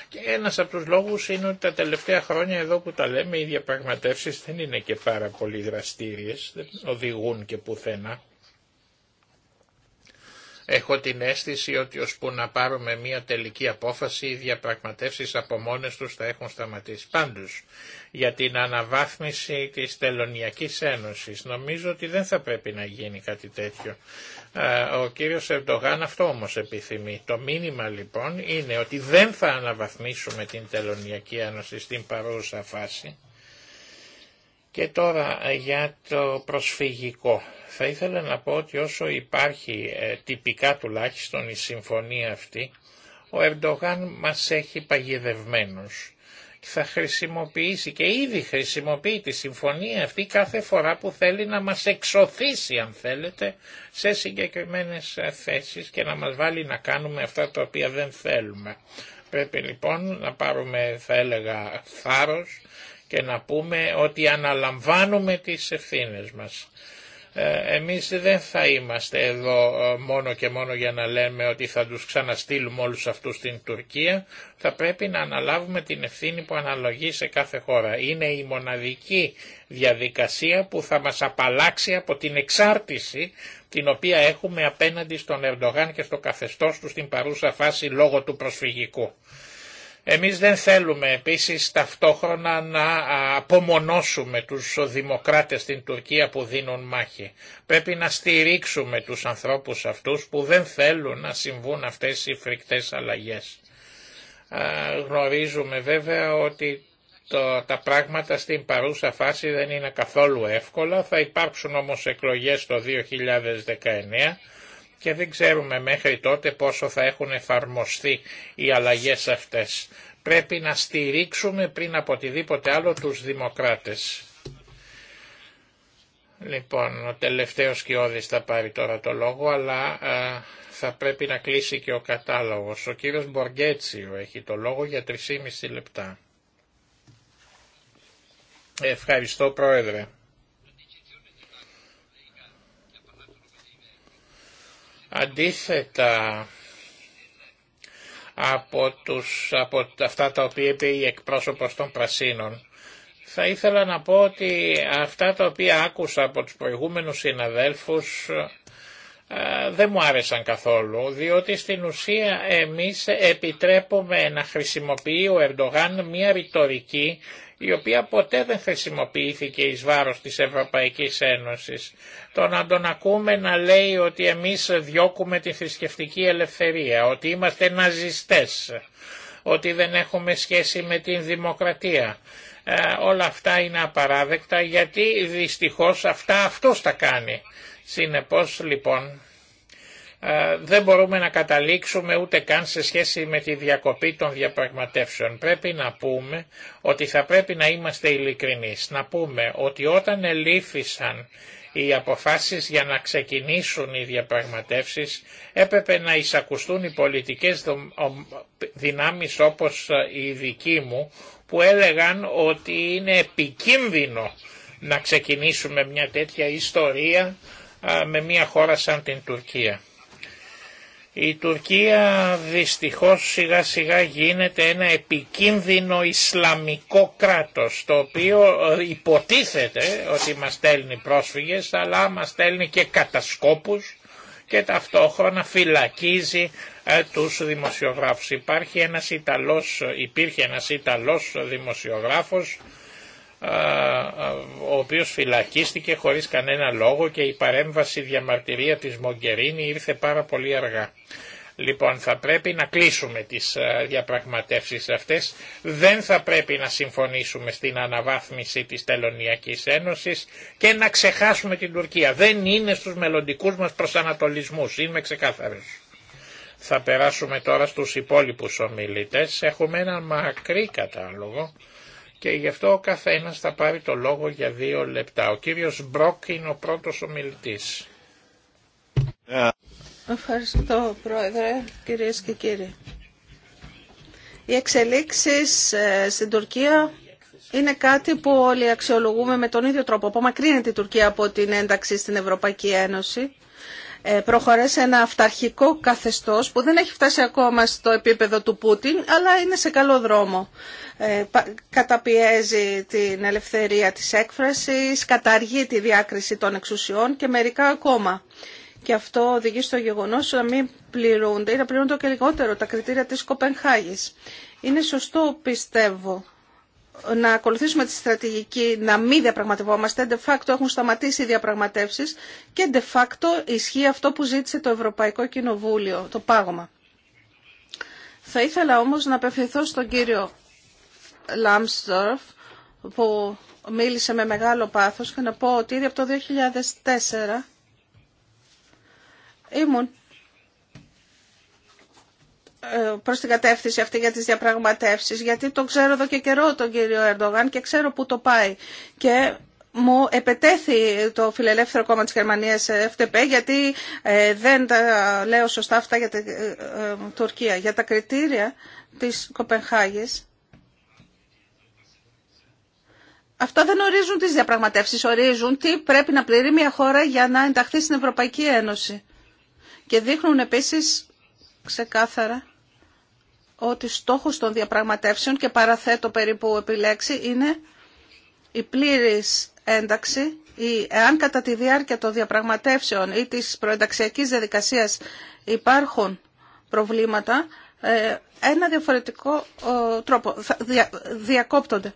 Και ένας από τους λόγους είναι ότι τα τελευταία χρόνια εδώ που τα λέμε οι διαπραγματεύσεις δεν είναι και πάρα πολύ δραστήριες, δεν οδηγούν και πουθενά. Έχω την αίσθηση ότι που να πάρουμε μια τελική απόφαση οι διαπραγματεύσεις από μόνες τους θα έχουν σταματήσει. Πάντως, για την αναβάθμιση της Τελωνιακής Ένωσης νομίζω ότι δεν θα πρέπει να γίνει κάτι τέτοιο. Ο κύριος Ερντογάν αυτό όμως επιθυμεί. Το μήνυμα λοιπόν είναι ότι δεν θα αναβαθμίσουμε την Τελωνιακή Ένωση στην παρούσα φάση και τώρα για το προσφυγικό. Θα ήθελα να πω ότι όσο υπάρχει ε, τυπικά τουλάχιστον η συμφωνία αυτή, ο Ερντογάν μας έχει παγιδευμένους. Θα χρησιμοποιήσει και ήδη χρησιμοποιεί τη συμφωνία αυτή κάθε φορά που θέλει να μας εξωθήσει αν θέλετε σε συγκεκριμένες ε, θέσεις και να μας βάλει να κάνουμε αυτά τα οποία δεν θέλουμε. Πρέπει λοιπόν να πάρουμε θα έλεγα θάρρος και να πούμε ότι αναλαμβάνουμε τις ευθύνες μας. Ε, εμείς δεν θα είμαστε εδώ ε, μόνο και μόνο για να λέμε ότι θα τους ξαναστείλουμε όλους αυτούς στην Τουρκία. Θα πρέπει να αναλάβουμε την ευθύνη που αναλογεί σε κάθε χώρα. Είναι η μοναδική διαδικασία που θα μας απαλλάξει από την εξάρτηση την οποία έχουμε απέναντι στον Ερντογάν και στο καθεστώς του στην παρούσα φάση λόγω του προσφυγικού. Εμείς δεν θέλουμε επίσης ταυτόχρονα να απομονώσουμε τους δημοκράτες στην Τουρκία που δίνουν μάχη. Πρέπει να στηρίξουμε τους ανθρώπους αυτούς που δεν θέλουν να συμβούν αυτές οι φρικτές αλλαγές. Γνωρίζουμε βέβαια ότι το, τα πράγματα στην παρούσα φάση δεν είναι καθόλου εύκολα. Θα υπάρξουν όμως εκλογές το 2019 και δεν ξέρουμε μέχρι τότε πόσο θα έχουν εφαρμοστεί οι αλλαγές αυτές. Πρέπει να στηρίξουμε πριν από οτιδήποτε άλλο τους δημοκράτες. Λοιπόν, ο τελευταίος Κιώδης θα πάρει τώρα το λόγο, αλλά θα πρέπει να κλείσει και ο κατάλογος. Ο κύριος Μποργέτσιο έχει το λόγο για 3,5 λεπτά. Ευχαριστώ Πρόεδρε. Αντίθετα από, τους, από αυτά τα οποία είπε η εκπρόσωπος των Πρασίνων, θα ήθελα να πω ότι αυτά τα οποία άκουσα από τους προηγούμενους συναδέλφους ε, δεν μου άρεσαν καθόλου, διότι στην ουσία εμείς επιτρέπουμε να χρησιμοποιεί ο Ερντογάν μια ρητορική η οποία ποτέ δεν χρησιμοποιήθηκε εις βάρος της Ευρωπαϊκής Ένωσης. Το να τον ακούμε να λέει ότι εμείς διώκουμε τη θρησκευτική ελευθερία, ότι είμαστε ναζιστές, ότι δεν έχουμε σχέση με την δημοκρατία. Ε, όλα αυτά είναι απαράδεκτα γιατί δυστυχώς αυτά αυτός τα κάνει. Συνεπώς λοιπόν ε, δεν μπορούμε να καταλήξουμε ούτε καν σε σχέση με τη διακοπή των διαπραγματεύσεων. Πρέπει να πούμε ότι θα πρέπει να είμαστε ειλικρινείς. Να πούμε ότι όταν ελήφθησαν οι αποφάσεις για να ξεκινήσουν οι διαπραγματεύσεις έπρεπε να εισακουστούν οι πολιτικές δυνάμεις όπως η ε, δική μου που έλεγαν ότι είναι επικίνδυνο να ξεκινήσουμε μια τέτοια ιστορία ε, με μια χώρα σαν την Τουρκία. Η Τουρκία δυστυχώς σιγά σιγά γίνεται ένα επικίνδυνο Ισλαμικό κράτος το οποίο ε, υποτίθεται ότι μας στέλνει πρόσφυγες αλλά μας στέλνει και κατασκόπους και ταυτόχρονα φυλακίζει ε, τους δημοσιογράφους. Υπάρχει ένας Ιταλός, ε, υπήρχε ένας Ιταλός δημοσιογράφος ο οποίος φυλακίστηκε χωρίς κανένα λόγο και η παρέμβαση διαμαρτυρία της Μογκερίνη ήρθε πάρα πολύ αργά. Λοιπόν, θα πρέπει να κλείσουμε τις διαπραγματεύσεις αυτές. Δεν θα πρέπει να συμφωνήσουμε στην αναβάθμιση της Τελωνιακής Ένωσης και να ξεχάσουμε την Τουρκία. Δεν είναι στους μελλοντικού μας προσανατολισμούς. Είμαι ξεκάθαρος. Θα περάσουμε τώρα στους υπόλοιπους ομιλητές. Έχουμε ένα μακρύ κατάλογο και γι' αυτό ο καθένας θα πάρει το λόγο για δύο λεπτά. Ο κύριος Μπρόκ είναι ο πρώτος ομιλητής. Ευχαριστώ πρόεδρε, κυρίες και κύριοι. Οι εξελίξεις ε, στην Τουρκία είναι κάτι που όλοι αξιολογούμε με τον ίδιο τρόπο. Απομακρύνεται η Τουρκία από την ένταξη στην Ευρωπαϊκή Ένωση ε, προχωρά σε ένα αυταρχικό καθεστώς που δεν έχει φτάσει ακόμα στο επίπεδο του Πούτιν, αλλά είναι σε καλό δρόμο. Ε, καταπιέζει την ελευθερία της έκφρασης, καταργεί τη διάκριση των εξουσιών και μερικά ακόμα. Και αυτό οδηγεί στο γεγονός να μην πληρούνται ή να πληρούνται και λιγότερο τα κριτήρια της Κοπενχάγης. Είναι σωστό, πιστεύω, να ακολουθήσουμε τη στρατηγική να μην διαπραγματευόμαστε. De facto έχουν σταματήσει οι διαπραγματεύσεις και de facto ισχύει αυτό που ζήτησε το Ευρωπαϊκό Κοινοβούλιο, το πάγωμα. Θα ήθελα όμως να απευθυνθώ στον κύριο Λάμστορφ που μίλησε με μεγάλο πάθος και να πω ότι ήδη από το 2004 ήμουν ε, προς την κατεύθυνση αυτή για τις διαπραγματεύσεις, γιατί τον ξέρω εδώ και καιρό τον κύριο Ερντογάν και ξέρω πού το πάει. Και μου επετέθη το Φιλελεύθερο Κόμμα της Γερμανίας ε, FTP γιατί ε, δεν τα λέω σωστά αυτά για την Τουρκία. Για τα κριτήρια της Κοπενχάγης, αυτά δεν ορίζουν τις διαπραγματεύσεις, ορίζουν τι πρέπει να πληρεί μια χώρα για να ενταχθεί στην Ευρωπαϊκή Ένωση. Και δείχνουν επίσης ξεκάθαρα ότι στόχος των διαπραγματεύσεων και παραθέτω περίπου επιλέξει είναι η πλήρης ένταξη ή εάν κατά τη διάρκεια των διαπραγματεύσεων ή της προενταξιακής διαδικασίας υπάρχουν προβλήματα, ε, ένα διαφορετικό τρόπο διακόπτονται. η εαν κατα τη διαρκεια των διαπραγματευσεων η της προενταξιακης διαδικασιας υπαρχουν προβληματα ενα διαφορετικο τροπο διακοπτονται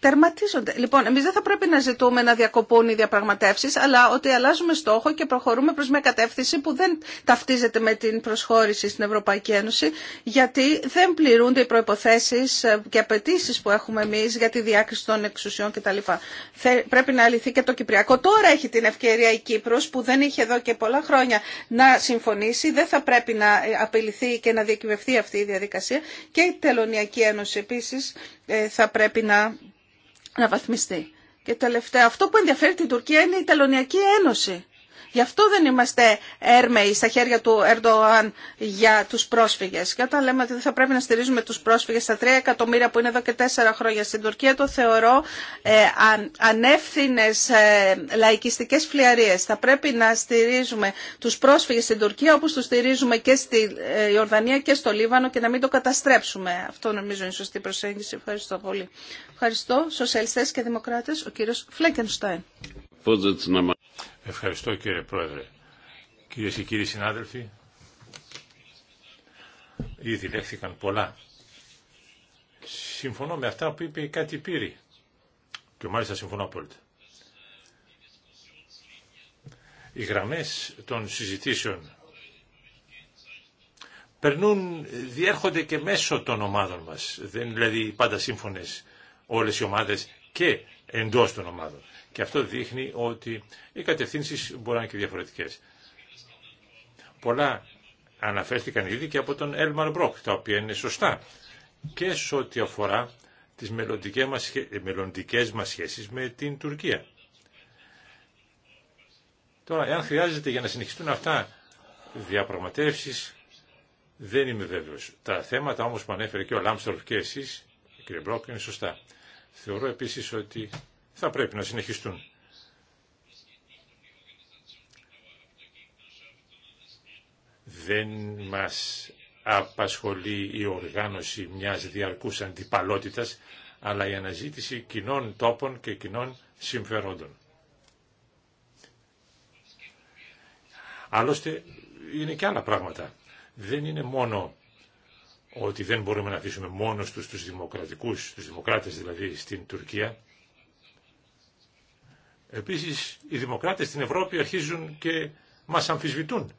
τερματίζονται. Λοιπόν, εμεί δεν θα πρέπει να ζητούμε να διακοπούν οι διαπραγματεύσει, αλλά ότι αλλάζουμε στόχο και προχωρούμε προ μια κατεύθυνση που δεν ταυτίζεται με την προσχώρηση στην Ευρωπαϊκή Ένωση, γιατί δεν πληρούνται οι προποθέσει ε, και απαιτήσει που έχουμε εμεί για τη διάκριση των εξουσιών κτλ. Πρέπει να λυθεί και το Κυπριακό. Τώρα έχει την ευκαιρία η Κύπρο που δεν είχε εδώ και πολλά χρόνια να συμφωνήσει, δεν θα πρέπει να ε, απειληθεί και να διακυβευτεί αυτή η διαδικασία και η Τελωνιακή Ένωση επίση ε, θα πρέπει να να Και τελευταία, αυτό που ενδιαφέρει την Τουρκία είναι η Τελωνιακή Ένωση. Γι' αυτό δεν είμαστε έρμεοι στα χέρια του Ερντοάν για τους πρόσφυγες. Και όταν λέμε ότι δεν θα πρέπει να στηρίζουμε τους πρόσφυγες στα 3 εκατομμύρια που είναι εδώ και 4 χρόνια στην Τουρκία, το θεωρώ ε, αν, ανεύθυνες ε, λαϊκιστικές φλιαρίες. Θα πρέπει να στηρίζουμε τους πρόσφυγες στην Τουρκία όπως τους στηρίζουμε και στη ε, Ιορδανία και στο Λίβανο και να μην το καταστρέψουμε. Αυτό νομίζω είναι σωστή προσέγγιση. Ευχαριστώ πολύ. Ευχαριστώ. Σοσιαλιστές και δημοκράτε, ο κύριο Φλέκενστάιν. Ευχαριστώ κύριε Πρόεδρε. Κυρίες και κύριοι συνάδελφοι, ήδη λέχθηκαν πολλά. Συμφωνώ με αυτά που είπε Κάτι Πύρη και μάλιστα συμφωνώ απόλυτα. Οι γραμμές των συζητήσεων περνούν, διέρχονται και μέσω των ομάδων μας. Δεν είναι δηλαδή πάντα σύμφωνες όλες οι ομάδες και εντός των ομάδων. Και αυτό δείχνει ότι οι κατευθύνσει μπορεί να είναι και διαφορετικέ. Πολλά αναφέρθηκαν ήδη και από τον Έλμαν Μπροκ, τα οποία είναι σωστά και σε ό,τι αφορά τι μελλοντικέ μα σχέσει με την Τουρκία. Τώρα, εάν χρειάζεται για να συνεχιστούν αυτά διαπραγματεύσεις, δεν είμαι βέβαιο. Τα θέματα όμως που ανέφερε και ο Λάμστορφ και εσεί, κύριε Μπρόκ, είναι σωστά. Θεωρώ επίση ότι θα πρέπει να συνεχιστούν. Δεν μας απασχολεί η οργάνωση μιας διαρκούς αντιπαλότητας, αλλά η αναζήτηση κοινών τόπων και κοινών συμφερόντων. Άλλωστε είναι και άλλα πράγματα. Δεν είναι μόνο ότι δεν μπορούμε να αφήσουμε μόνο τους, τους δημοκρατικούς, τους δημοκράτες δηλαδή στην Τουρκία, Επίσης οι δημοκράτες στην Ευρώπη αρχίζουν και μας αμφισβητούν.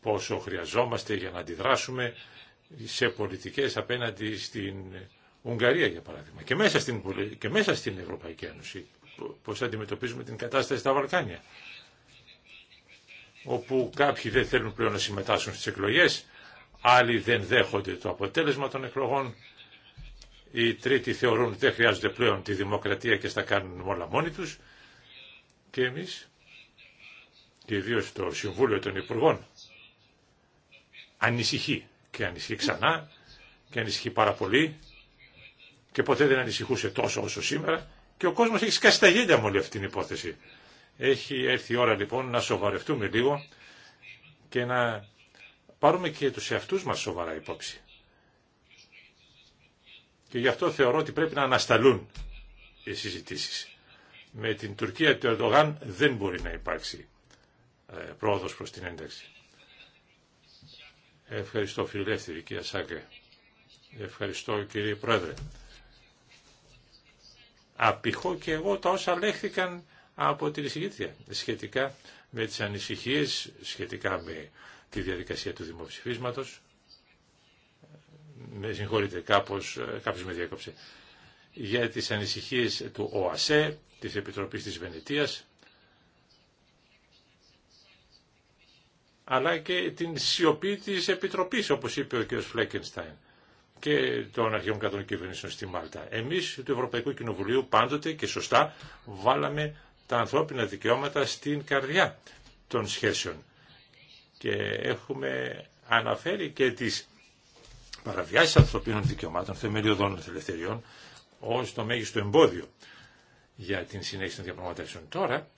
Πόσο χρειαζόμαστε για να αντιδράσουμε σε πολιτικές απέναντι στην Ουγγαρία για παράδειγμα και μέσα στην, και μέσα στην Ευρωπαϊκή Ένωση πώς αντιμετωπίζουμε την κατάσταση στα Βαλκάνια όπου κάποιοι δεν θέλουν πλέον να συμμετάσχουν στις εκλογές, άλλοι δεν δέχονται το αποτέλεσμα των εκλογών οι τρίτοι θεωρούν ότι δεν χρειάζονται πλέον τη δημοκρατία και στα κάνουν όλα μόνοι τους και εμείς και ιδίω το Συμβούλιο των Υπουργών ανησυχεί και ανησυχεί ξανά και ανησυχεί πάρα πολύ και ποτέ δεν ανησυχούσε τόσο όσο σήμερα και ο κόσμος έχει σκάσει τα γέλια με όλη αυτή την υπόθεση. Έχει έρθει η ώρα λοιπόν να σοβαρευτούμε λίγο και να πάρουμε και τους εαυτούς μας σοβαρά υπόψη. Και γι' αυτό θεωρώ ότι πρέπει να ανασταλούν οι συζητήσεις. Με την Τουρκία του Ερντογάν δεν μπορεί να υπάρξει ε, πρόοδος προς την ένταξη. Ευχαριστώ φιλελεύθερη κυρία Σάκε. Ευχαριστώ κύριε Πρόεδρε. Απηχώ και εγώ τα όσα λέχθηκαν από την εισηγήτρια σχετικά με τις ανησυχίες, σχετικά με τη διαδικασία του δημοψηφίσματος με συγχωρείτε κάπως, ε, κάποιος με διέκοψε, για τις ανησυχίες του ΟΑΣΕ, της Επιτροπής της Βενετίας, αλλά και την σιωπή της Επιτροπής, όπως είπε ο κ. Φλέκενστάιν και των αρχαίων κατών κυβερνήσεων στη Μάλτα. Εμείς του Ευρωπαϊκού Κοινοβουλίου πάντοτε και σωστά βάλαμε τα ανθρώπινα δικαιώματα στην καρδιά των σχέσεων. Και έχουμε αναφέρει και τις παραβιάσει ανθρωπίνων δικαιωμάτων, θεμελιωδών ελευθεριών, ω το μέγιστο εμπόδιο για την συνέχιση των διαπραγματεύσεων. Τώρα,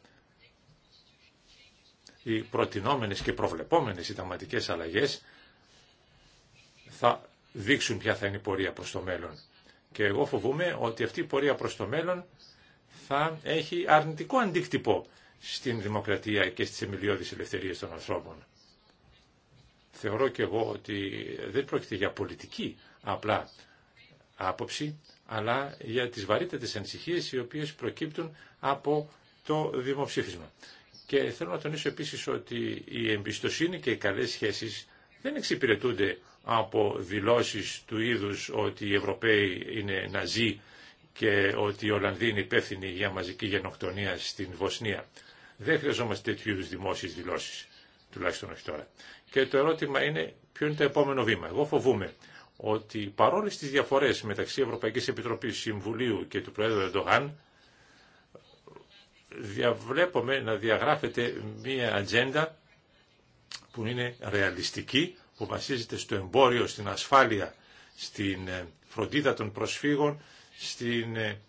οι προτινόμενες και προβλεπόμενες συνταγματικέ αλλαγέ θα δείξουν ποια θα είναι η πορεία προς το μέλλον. Και εγώ φοβούμαι ότι αυτή η πορεία προς το μέλλον θα έχει αρνητικό αντίκτυπο στην δημοκρατία και στις εμιλιώδεις ελευθερίες των ανθρώπων θεωρώ και εγώ ότι δεν πρόκειται για πολιτική απλά άποψη, αλλά για τις βαρύτατες ανησυχίες οι οποίες προκύπτουν από το δημοψήφισμα. Και θέλω να τονίσω επίσης ότι η εμπιστοσύνη και οι καλές σχέσεις δεν εξυπηρετούνται από δηλώσεις του είδους ότι οι Ευρωπαίοι είναι ναζί και ότι οι Ολλανδοί είναι υπεύθυνοι για μαζική γενοκτονία στην Βοσνία. Δεν χρειαζόμαστε τέτοιου είδου δημόσιες δηλώσεις τουλάχιστον όχι τώρα. Και το ερώτημα είναι ποιο είναι το επόμενο βήμα. Εγώ φοβούμαι ότι παρόλες τις διαφορές μεταξύ Ευρωπαϊκής Επιτροπής Συμβουλίου και του Προέδρου Ερντογάν, διαβλέπουμε να διαγράφεται μία ατζέντα που είναι ρεαλιστική, που βασίζεται στο εμπόριο, στην ασφάλεια, στην φροντίδα των προσφύγων, στην ε,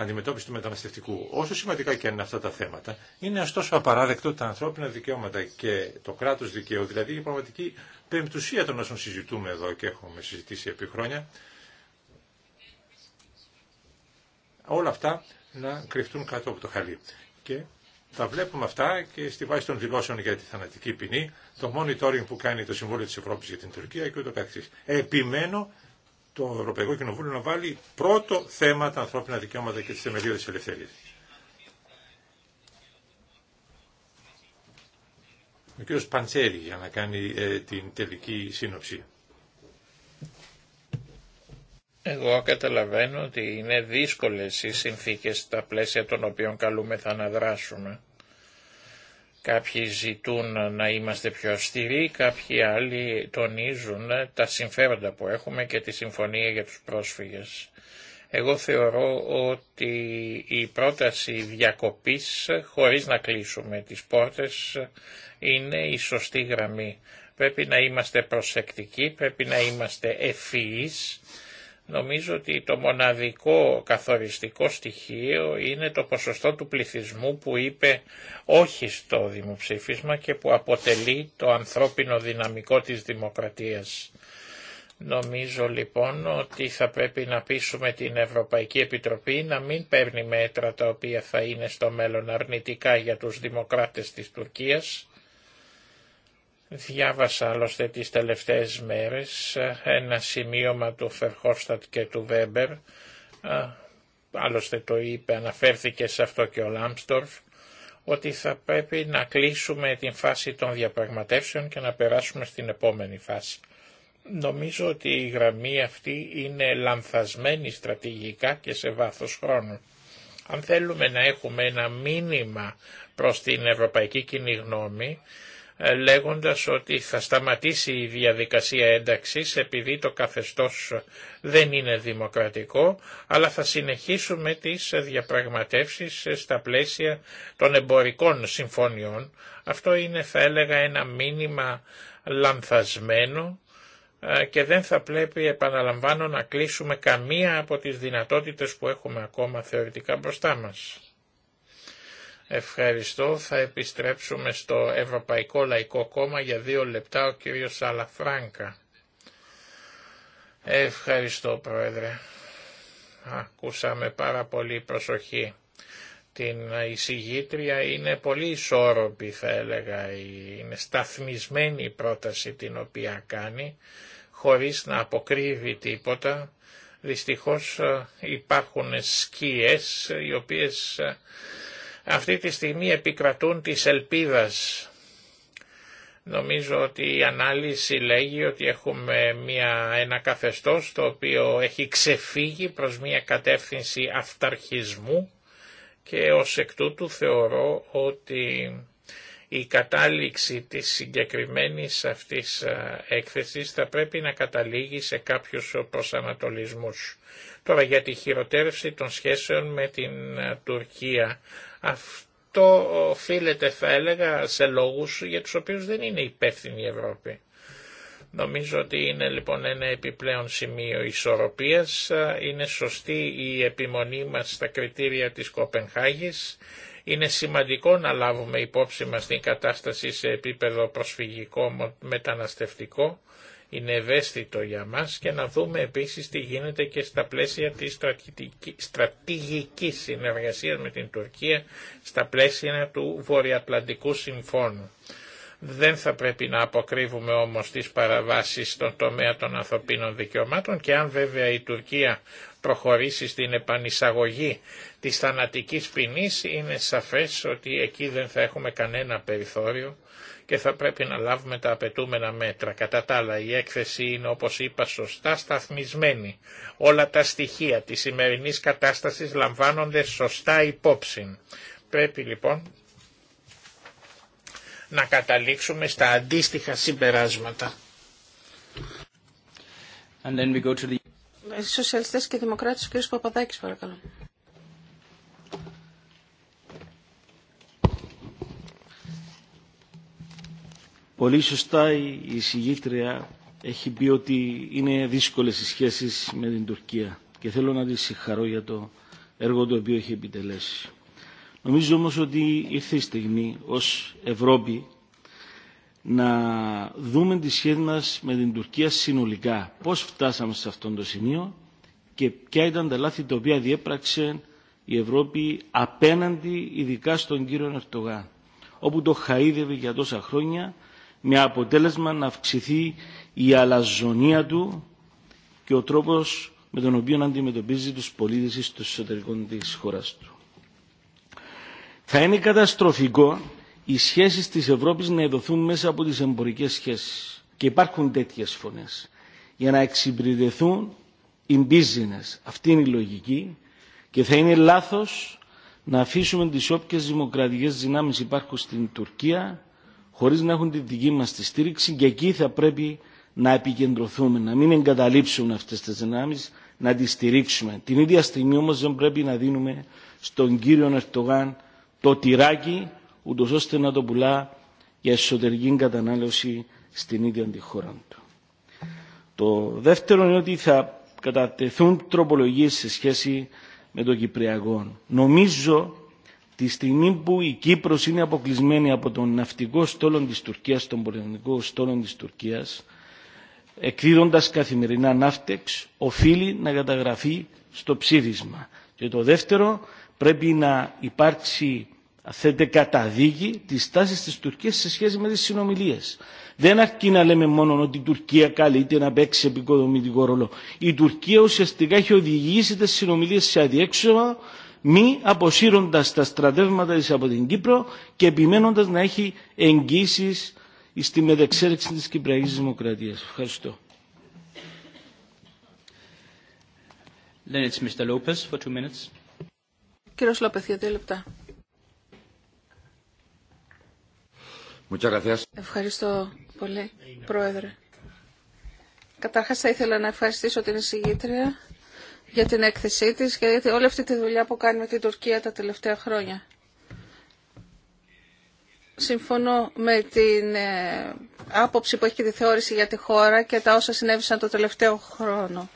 αντιμετώπιση του μεταναστευτικού. Όσο σημαντικά και αν είναι αυτά τα θέματα, είναι ωστόσο απαράδεκτο τα ανθρώπινα δικαιώματα και το κράτο δικαίου, δηλαδή η πραγματική πεμπτουσία των όσων συζητούμε εδώ και έχουμε συζητήσει επί χρόνια, όλα αυτά να κρυφτούν κάτω από το χαλί. Και τα βλέπουμε αυτά και στη βάση των δηλώσεων για τη θανατική ποινή, το monitoring που κάνει το Συμβούλιο της Ευρώπης για την Τουρκία και ούτω καθεξής. Επιμένω το Ευρωπαϊκό Κοινοβούλιο να βάλει πρώτο θέμα τα ανθρώπινα δικαιώματα και τις θεμελιώδεις ελευθερίες. Ο κ. Παντσέρη για να κάνει ε, την τελική σύνοψη. Εγώ καταλαβαίνω ότι είναι δύσκολες οι συνθήκες στα πλαίσια των οποίων καλούμεθα να δράσουμε. Κάποιοι ζητούν να είμαστε πιο αυστηροί, κάποιοι άλλοι τονίζουν τα συμφέροντα που έχουμε και τη συμφωνία για τους πρόσφυγες. Εγώ θεωρώ ότι η πρόταση διακοπής, χωρίς να κλείσουμε τις πόρτες, είναι η σωστή γραμμή. Πρέπει να είμαστε προσεκτικοί, πρέπει να είμαστε ευφυείς Νομίζω ότι το μοναδικό καθοριστικό στοιχείο είναι το ποσοστό του πληθυσμού που είπε όχι στο δημοψήφισμα και που αποτελεί το ανθρώπινο δυναμικό της δημοκρατίας. Νομίζω λοιπόν ότι θα πρέπει να πείσουμε την Ευρωπαϊκή Επιτροπή να μην παίρνει μέτρα τα οποία θα είναι στο μέλλον αρνητικά για τους δημοκράτες της Τουρκίας Διάβασα άλλωστε τις τελευταίες μέρες ένα σημείωμα του Φερχόφστατ και του Βέμπερ, άλλωστε το είπε, αναφέρθηκε σε αυτό και ο Λάμπστορφ, ότι θα πρέπει να κλείσουμε την φάση των διαπραγματεύσεων και να περάσουμε στην επόμενη φάση. Νομίζω ότι η γραμμή αυτή είναι λανθασμένη στρατηγικά και σε βάθος χρόνου. Αν θέλουμε να έχουμε ένα μήνυμα προς την ευρωπαϊκή κοινή γνώμη, ε, λέγοντας ότι θα σταματήσει η διαδικασία ένταξης επειδή το καθεστώς δεν είναι δημοκρατικό, αλλά θα συνεχίσουμε τις διαπραγματεύσεις στα πλαίσια των εμπορικών συμφωνιών. Αυτό είναι θα έλεγα ένα μήνυμα λανθασμένο ε, και δεν θα πρέπει επαναλαμβάνω να κλείσουμε καμία από τις δυνατότητες που έχουμε ακόμα θεωρητικά μπροστά μας. Ευχαριστώ. Θα επιστρέψουμε στο Ευρωπαϊκό Λαϊκό Κόμμα για δύο λεπτά ο κύριος Σαλαφράνκα. Ευχαριστώ Πρόεδρε. Ακούσαμε πάρα πολύ προσοχή. Την εισηγήτρια είναι πολύ ισόρροπη θα έλεγα, είναι σταθμισμένη η πρόταση την οποία κάνει, χωρίς να αποκρύβει τίποτα. Δυστυχώς ε, υπάρχουν σκιές οι οποίες ε, αυτή τη στιγμή επικρατούν της ελπίδας. Νομίζω ότι η ανάλυση λέγει ότι έχουμε μια, ένα καθεστώς το οποίο έχει ξεφύγει προς μια κατεύθυνση αυταρχισμού και ως εκ τούτου θεωρώ ότι η κατάληξη της συγκεκριμένης αυτής ε, έκθεσης θα πρέπει να καταλήγει σε κάποιους προσανατολισμούς. Τώρα για τη χειροτέρευση των σχέσεων με την ε, Τουρκία. Αυτό οφείλεται θα έλεγα σε λόγους για τους οποίους δεν είναι υπεύθυνη η Ευρώπη. Νομίζω ότι είναι λοιπόν ένα επιπλέον σημείο ισορροπίας, είναι σωστή η επιμονή μας στα κριτήρια της Κοπενχάγης, είναι σημαντικό να λάβουμε υπόψη μας την κατάσταση σε επίπεδο προσφυγικό μεταναστευτικό, είναι ευαίσθητο για μας και να δούμε επίσης τι γίνεται και στα πλαίσια της στρατηγικής συνεργασίας με την Τουρκία στα πλαίσια του Βορειοατλαντικού Συμφώνου. Δεν θα πρέπει να αποκρύβουμε όμως τις παραβάσεις στον τομέα των ανθρωπίνων δικαιωμάτων και αν βέβαια η Τουρκία προχωρήσει στην επανεισαγωγή της θανατικής ποινής είναι σαφές ότι εκεί δεν θα έχουμε κανένα περιθώριο και θα πρέπει να λάβουμε τα απαιτούμενα μέτρα. Κατά τα άλλα η έκθεση είναι όπως είπα σωστά σταθμισμένη. Όλα τα στοιχεία της σημερινής κατάστασης λαμβάνονται σωστά υπόψη. Πρέπει λοιπόν να καταλήξουμε στα αντίστοιχα συμπεράσματα. And Σοσιαλιστές και Δημοκράτες, ο κ. Παπαδάκης παρακαλώ. Πολύ σωστά η συγγήτρια έχει πει ότι είναι δύσκολες οι σχέσεις με την Τουρκία και θέλω να τη συγχαρώ για το έργο το οποίο έχει επιτελέσει. Νομίζω όμως ότι ήρθε η στιγμή ως Ευρώπη να δούμε τη σχέση μας με την Τουρκία συνολικά. Πώς φτάσαμε σε αυτό το σημείο και ποια ήταν τα λάθη τα οποία διέπραξε η Ευρώπη απέναντι ειδικά στον κύριο Ερτογάν όπου το χαΐδευε για τόσα χρόνια με αποτέλεσμα να αυξηθεί η αλαζονία του και ο τρόπος με τον οποίο αντιμετωπίζει τους πολίτες στο εσωτερικό της χώρας του. Θα είναι καταστροφικό οι σχέσεις της Ευρώπης να εδωθούν μέσα από τις εμπορικές σχέσεις. Και υπάρχουν τέτοιες φωνές. Για να εξυπηρετηθούν οι business. Αυτή είναι η λογική και θα είναι λάθος να αφήσουμε τις όποιες δημοκρατικές δυνάμεις υπάρχουν στην Τουρκία χωρίς να έχουν τη δική μας τη στήριξη και εκεί θα πρέπει να επικεντρωθούμε, να μην εγκαταλείψουμε αυτές τις δυνάμεις, να τις στηρίξουμε. Την ίδια στιγμή όμως δεν πρέπει να δίνουμε στον κύριο Ερτογάν το τυράκι, ούτω ώστε να το πουλά για εσωτερική κατανάλωση στην ίδια τη χώρα του. Το δεύτερο είναι ότι θα κατατεθούν τροπολογίες σε σχέση με το Κυπριακό. Νομίζω Τη στιγμή που η Κύπρος είναι αποκλεισμένη από τον ναυτικό στόλο της Τουρκίας, τον πολεμικό στόλο της Τουρκίας, εκδίδοντας καθημερινά ναύτεξ, οφείλει να καταγραφεί στο ψήφισμα. Και το δεύτερο, πρέπει να υπάρξει θέτε καταδίκη τη τάση τη Τουρκία σε σχέση με τι συνομιλίε. Δεν αρκεί να λέμε μόνο ότι η Τουρκία καλείται να παίξει επικοδομητικό ρόλο. Η Τουρκία ουσιαστικά έχει οδηγήσει τι συνομιλίε σε αδιέξοδο μη αποσύροντας τα στρατεύματα της από την Κύπρο και επιμένοντας να έχει εγγύσεις στη μετεξέλιξη της Κυπριακής Δημοκρατίας. Ευχαριστώ. Then it's για δύο λεπτά. Ευχαριστώ πολύ, Πρόεδρε. Καταρχάς θα ήθελα να ευχαριστήσω την εισηγήτρια για την έκθεσή της και για όλη αυτή τη δουλειά που κάνει με την Τουρκία τα τελευταία χρόνια. Συμφωνώ με την ε, άποψη που έχει και τη θεώρηση για τη χώρα και τα όσα συνέβησαν το τελευταίο χρόνο.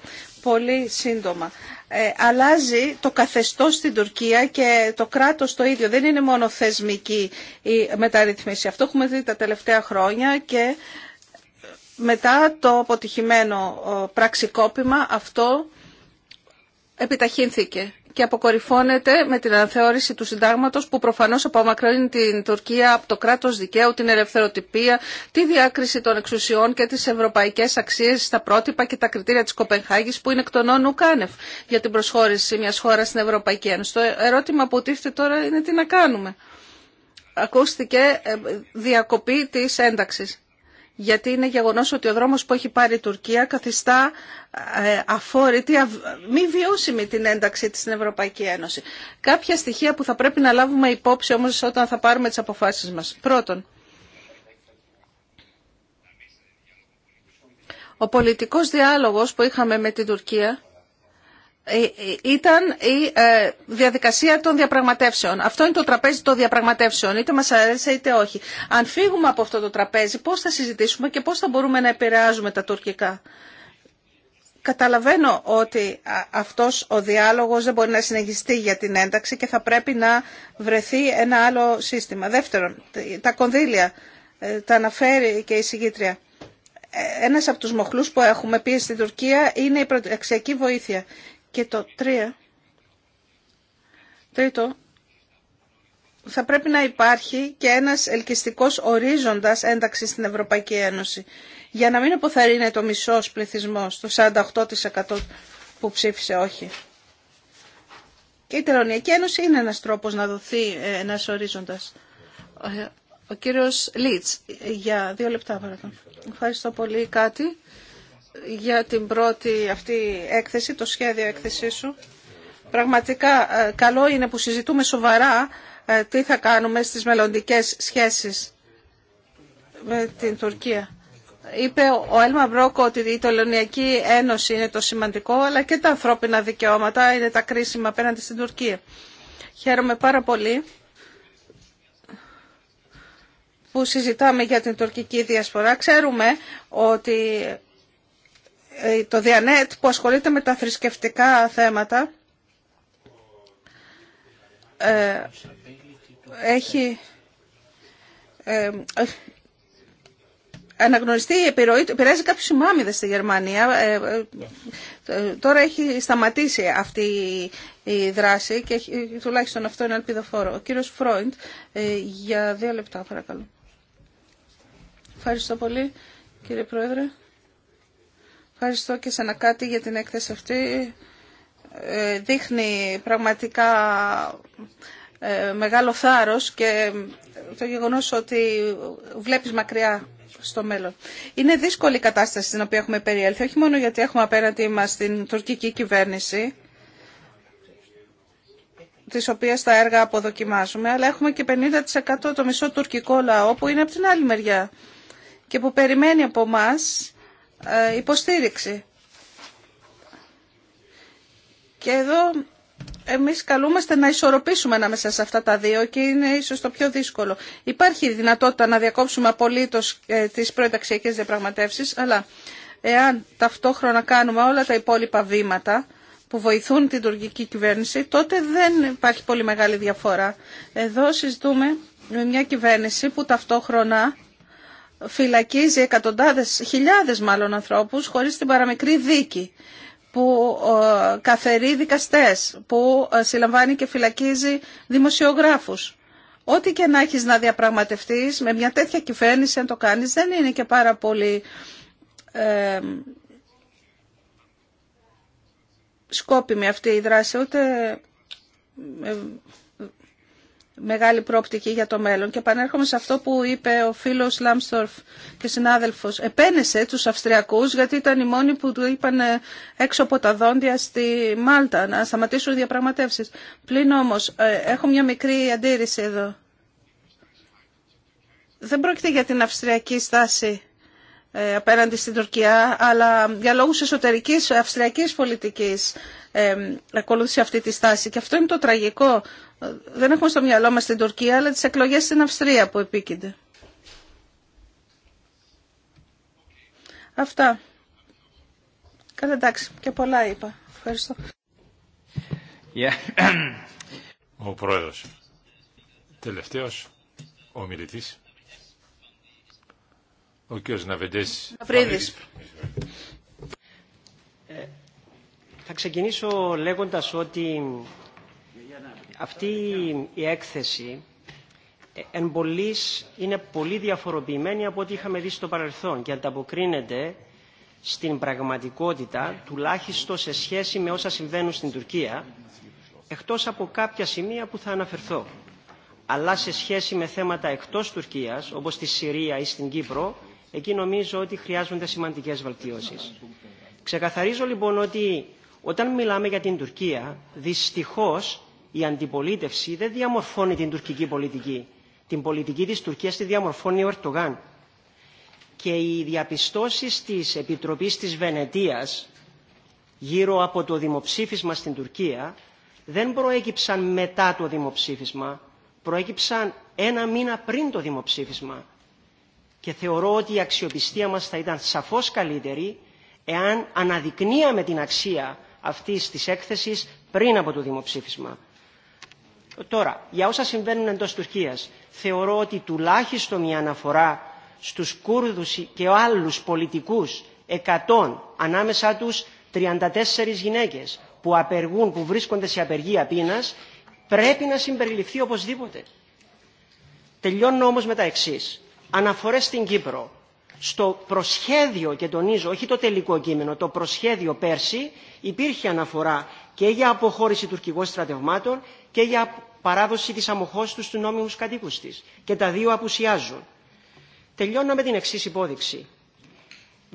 Πολύ σύντομα. Ε, αλλάζει το καθεστώς στην Τουρκία και το κράτος το ίδιο. Δεν είναι μόνο θεσμική η μεταρρύθμιση. Αυτό έχουμε δει τα τελευταία χρόνια και μετά το αποτυχημένο πραξικόπημα αυτό επιταχύνθηκε και αποκορυφώνεται με την αναθεώρηση του συντάγματος που προφανώς απομακρύνει την Τουρκία από το κράτο δικαίου, την ελευθεροτυπία, τη διάκριση των εξουσιών και τις ευρωπαϊκές αξίες στα πρότυπα και τα κριτήρια της Κοπενχάγη που είναι εκ των όνων κάνευ για την προσχώρηση μιας χώρας στην Ευρωπαϊκή Ένωση. Το ερώτημα που τίθεται τώρα είναι τι να κάνουμε. Ακούστηκε ε, διακοπή τη ένταξη γιατί είναι γεγονός ότι ο δρόμος που έχει πάρει η Τουρκία καθιστά ε, αφόρητη, μη βιώσιμη την ένταξή της στην Ευρωπαϊκή Ένωση. Κάποια στοιχεία που θα πρέπει να λάβουμε υπόψη όμως όταν θα πάρουμε τις αποφάσεις μας. Πρώτον, ο πολιτικός διάλογος που είχαμε με την Τουρκία ε, ε, ήταν η ε, διαδικασία των διαπραγματεύσεων. Αυτό είναι το τραπέζι των διαπραγματεύσεων, είτε μας αρέσει είτε όχι. Αν φύγουμε από αυτό το τραπέζι, πώς θα συζητήσουμε και πώς θα μπορούμε να επηρεάζουμε τα τουρκικά. Καταλαβαίνω ότι αυτός ο διάλογος δεν μπορεί να συνεχιστεί για την ένταξη και θα πρέπει να βρεθεί ένα άλλο σύστημα. Δεύτερον, τα κονδύλια, τα αναφέρει και η συγκήτρια. Ένας από τους μοχλούς που έχουμε πει στην Τουρκία είναι η προεξιακή βοήθεια. Και το τρία, τρίτο, θα πρέπει να υπάρχει και ένας ελκυστικός ορίζοντας ένταξη στην Ευρωπαϊκή Ένωση για να μην αποθαρρύνεται το μισός πληθυσμός, το 48% που ψήφισε όχι. Και η Τελωνιακή Ένωση είναι ένας τρόπος να δοθεί ε, ένας ορίζοντας. Ο κύριος Λίτς, για δύο λεπτά παρακαλώ. Ευχαριστώ πολύ. Κάτι για την πρώτη αυτή έκθεση, το σχέδιο έκθεσή σου. Πραγματικά ε, καλό είναι που συζητούμε σοβαρά ε, τι θα κάνουμε στις μελλοντικές σχέσεις με την Τουρκία. Είπε ο Έλμα Μπρόκο ότι η Τολωνιακή Ένωση είναι το σημαντικό, αλλά και τα ανθρώπινα δικαιώματα είναι τα κρίσιμα απέναντι στην Τουρκία. Χαίρομαι πάρα πολύ που συζητάμε για την τουρκική διασπορά. Ξέρουμε ότι ε, το Διανέτ που ασχολείται με τα θρησκευτικά θέματα ε, έχει ε, αναγνωριστεί η επιρροή του. Επηρεάζει κάποιους ημάμιδες στη Γερμανία. τώρα έχει σταματήσει αυτή η δράση και τουλάχιστον αυτό είναι αλπιδοφόρο. Ο κύριος Φρόιντ, για δύο λεπτά παρακαλώ. Ευχαριστώ πολύ κύριε Πρόεδρε. Ευχαριστώ και σαν κάτι για την έκθεση αυτή. Ε, δείχνει πραγματικά ε, μεγάλο θάρρος και το γεγονός ότι βλέπεις μακριά στο μέλλον. Είναι δύσκολη η κατάσταση στην οποία έχουμε περιέλθει, όχι μόνο γιατί έχουμε απέναντι μας την τουρκική κυβέρνηση, τη οποία τα έργα αποδοκιμάζουμε, αλλά έχουμε και 50% το μισό τουρκικό λαό που είναι από την άλλη μεριά και που περιμένει από μας ε, υποστήριξη. Και εδώ εμείς καλούμαστε να ισορροπήσουμε ανάμεσα σε αυτά τα δύο και είναι ίσως το πιο δύσκολο. Υπάρχει δυνατότητα να διακόψουμε απολύτως ε, τις προεταξιακές διαπραγματεύσεις, αλλά εάν ταυτόχρονα κάνουμε όλα τα υπόλοιπα βήματα που βοηθούν την τουρκική κυβέρνηση, τότε δεν υπάρχει πολύ μεγάλη διαφορά. Εδώ συζητούμε με μια κυβέρνηση που ταυτόχρονα φυλακίζει εκατοντάδες, χιλιάδες μάλλον ανθρώπους χωρίς την παραμικρή δίκη που ε, καθερεί δικαστές, που ε, συλλαμβάνει και φυλακίζει δημοσιογράφους. Ό,τι και να έχεις να διαπραγματευτείς με μια τέτοια κυβέρνηση αν το κάνεις δεν είναι και πάρα πολύ ε, σκόπιμη αυτή η δράση ούτε ε, μεγάλη πρόπτικη για το μέλλον. Και επανέρχομαι σε αυτό που είπε ο φίλος Λάμστορφ και συνάδελφος. Επένεσε τους Αυστριακούς γιατί ήταν οι μόνοι που του είπαν ε, έξω από τα δόντια στη Μάλτα να σταματήσουν διαπραγματεύσεις. Πλην όμως, ε, έχω μια μικρή αντίρρηση εδώ. Δεν πρόκειται για την αυστριακή στάση ε, απέναντι στην Τουρκία, αλλά για λόγους εσωτερικής αυστριακής πολιτικής ακολούθησε αυτή τη στάση. Και αυτό είναι το τραγικό δεν έχουμε στο μυαλό μας την Τουρκία, αλλά τις εκλογές στην Αυστρία που επίκυνται. Αυτά. Καλά εντάξει, και πολλά είπα. Ευχαριστώ. Yeah. Ο Πρόεδρος. Τελευταίος ο μιλητής. Ο κ. Ναβεντές. Ναυρίδης. Ε, θα ξεκινήσω λέγοντας ότι αυτή η έκθεση εν είναι πολύ διαφοροποιημένη από ό,τι είχαμε δει στο παρελθόν και ανταποκρίνεται στην πραγματικότητα, τουλάχιστον σε σχέση με όσα συμβαίνουν στην Τουρκία, εκτός από κάποια σημεία που θα αναφερθώ. Αλλά σε σχέση με θέματα εκτός Τουρκίας, όπως στη Συρία ή στην Κύπρο, εκεί νομίζω ότι χρειάζονται σημαντικές βελτιώσεις. Ξεκαθαρίζω λοιπόν ότι όταν μιλάμε για την Τουρκία, δυστυχώς η αντιπολίτευση δεν διαμορφώνει την τουρκική πολιτική. Την πολιτική της Τουρκίας τη διαμορφώνει ο Ερτογάν. Και οι διαπιστώσεις της Επιτροπής της Βενετίας γύρω από το δημοψήφισμα στην Τουρκία δεν προέκυψαν μετά το δημοψήφισμα, προέκυψαν ένα μήνα πριν το δημοψήφισμα. Και θεωρώ ότι η αξιοπιστία μας θα ήταν σαφώς καλύτερη εάν αναδεικνύαμε την αξία αυτής της έκθεσης πριν από το δημοψήφισμα. Τώρα, για όσα συμβαίνουν εντό Τουρκία, θεωρώ ότι τουλάχιστον μια αναφορά στου κούρδου και άλλου πολιτικού 100, ανάμεσά του 34 γυναίκε που απεργούν, που βρίσκονται σε απεργία πείνα, πρέπει να συμπεριληφθεί οπωσδήποτε. Τελειώνω όμω με τα εξή. Αναφορές στην Κύπρο. Στο προσχέδιο, και τονίζω, όχι το τελικό κείμενο, το προσχέδιο πέρσι υπήρχε αναφορά και για αποχώρηση τουρκικών στρατευμάτων και για παράδοση της τους του νόμιμους κατοίκους της. Και τα δύο απουσιάζουν. Τελειώνω με την εξή υπόδειξη.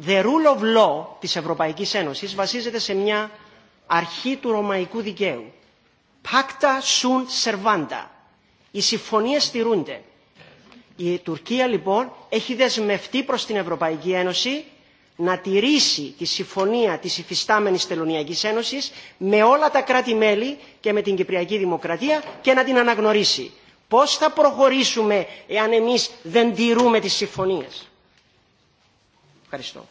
The rule of law της Ευρωπαϊκής Ένωσης βασίζεται σε μια αρχή του ρωμαϊκού δικαίου. Pacta sunt servanda. Οι συμφωνίες στηρούνται. Η Τουρκία λοιπόν έχει δεσμευτεί προς την Ευρωπαϊκή Ένωση να τηρήσει τη συμφωνία της υφιστάμενης Τελωνιακής Ένωσης με όλα τα κράτη-μέλη και με την Κυπριακή Δημοκρατία και να την αναγνωρίσει. Πώς θα προχωρήσουμε εάν εμείς δεν τηρούμε τις συμφωνίες. Ευχαριστώ.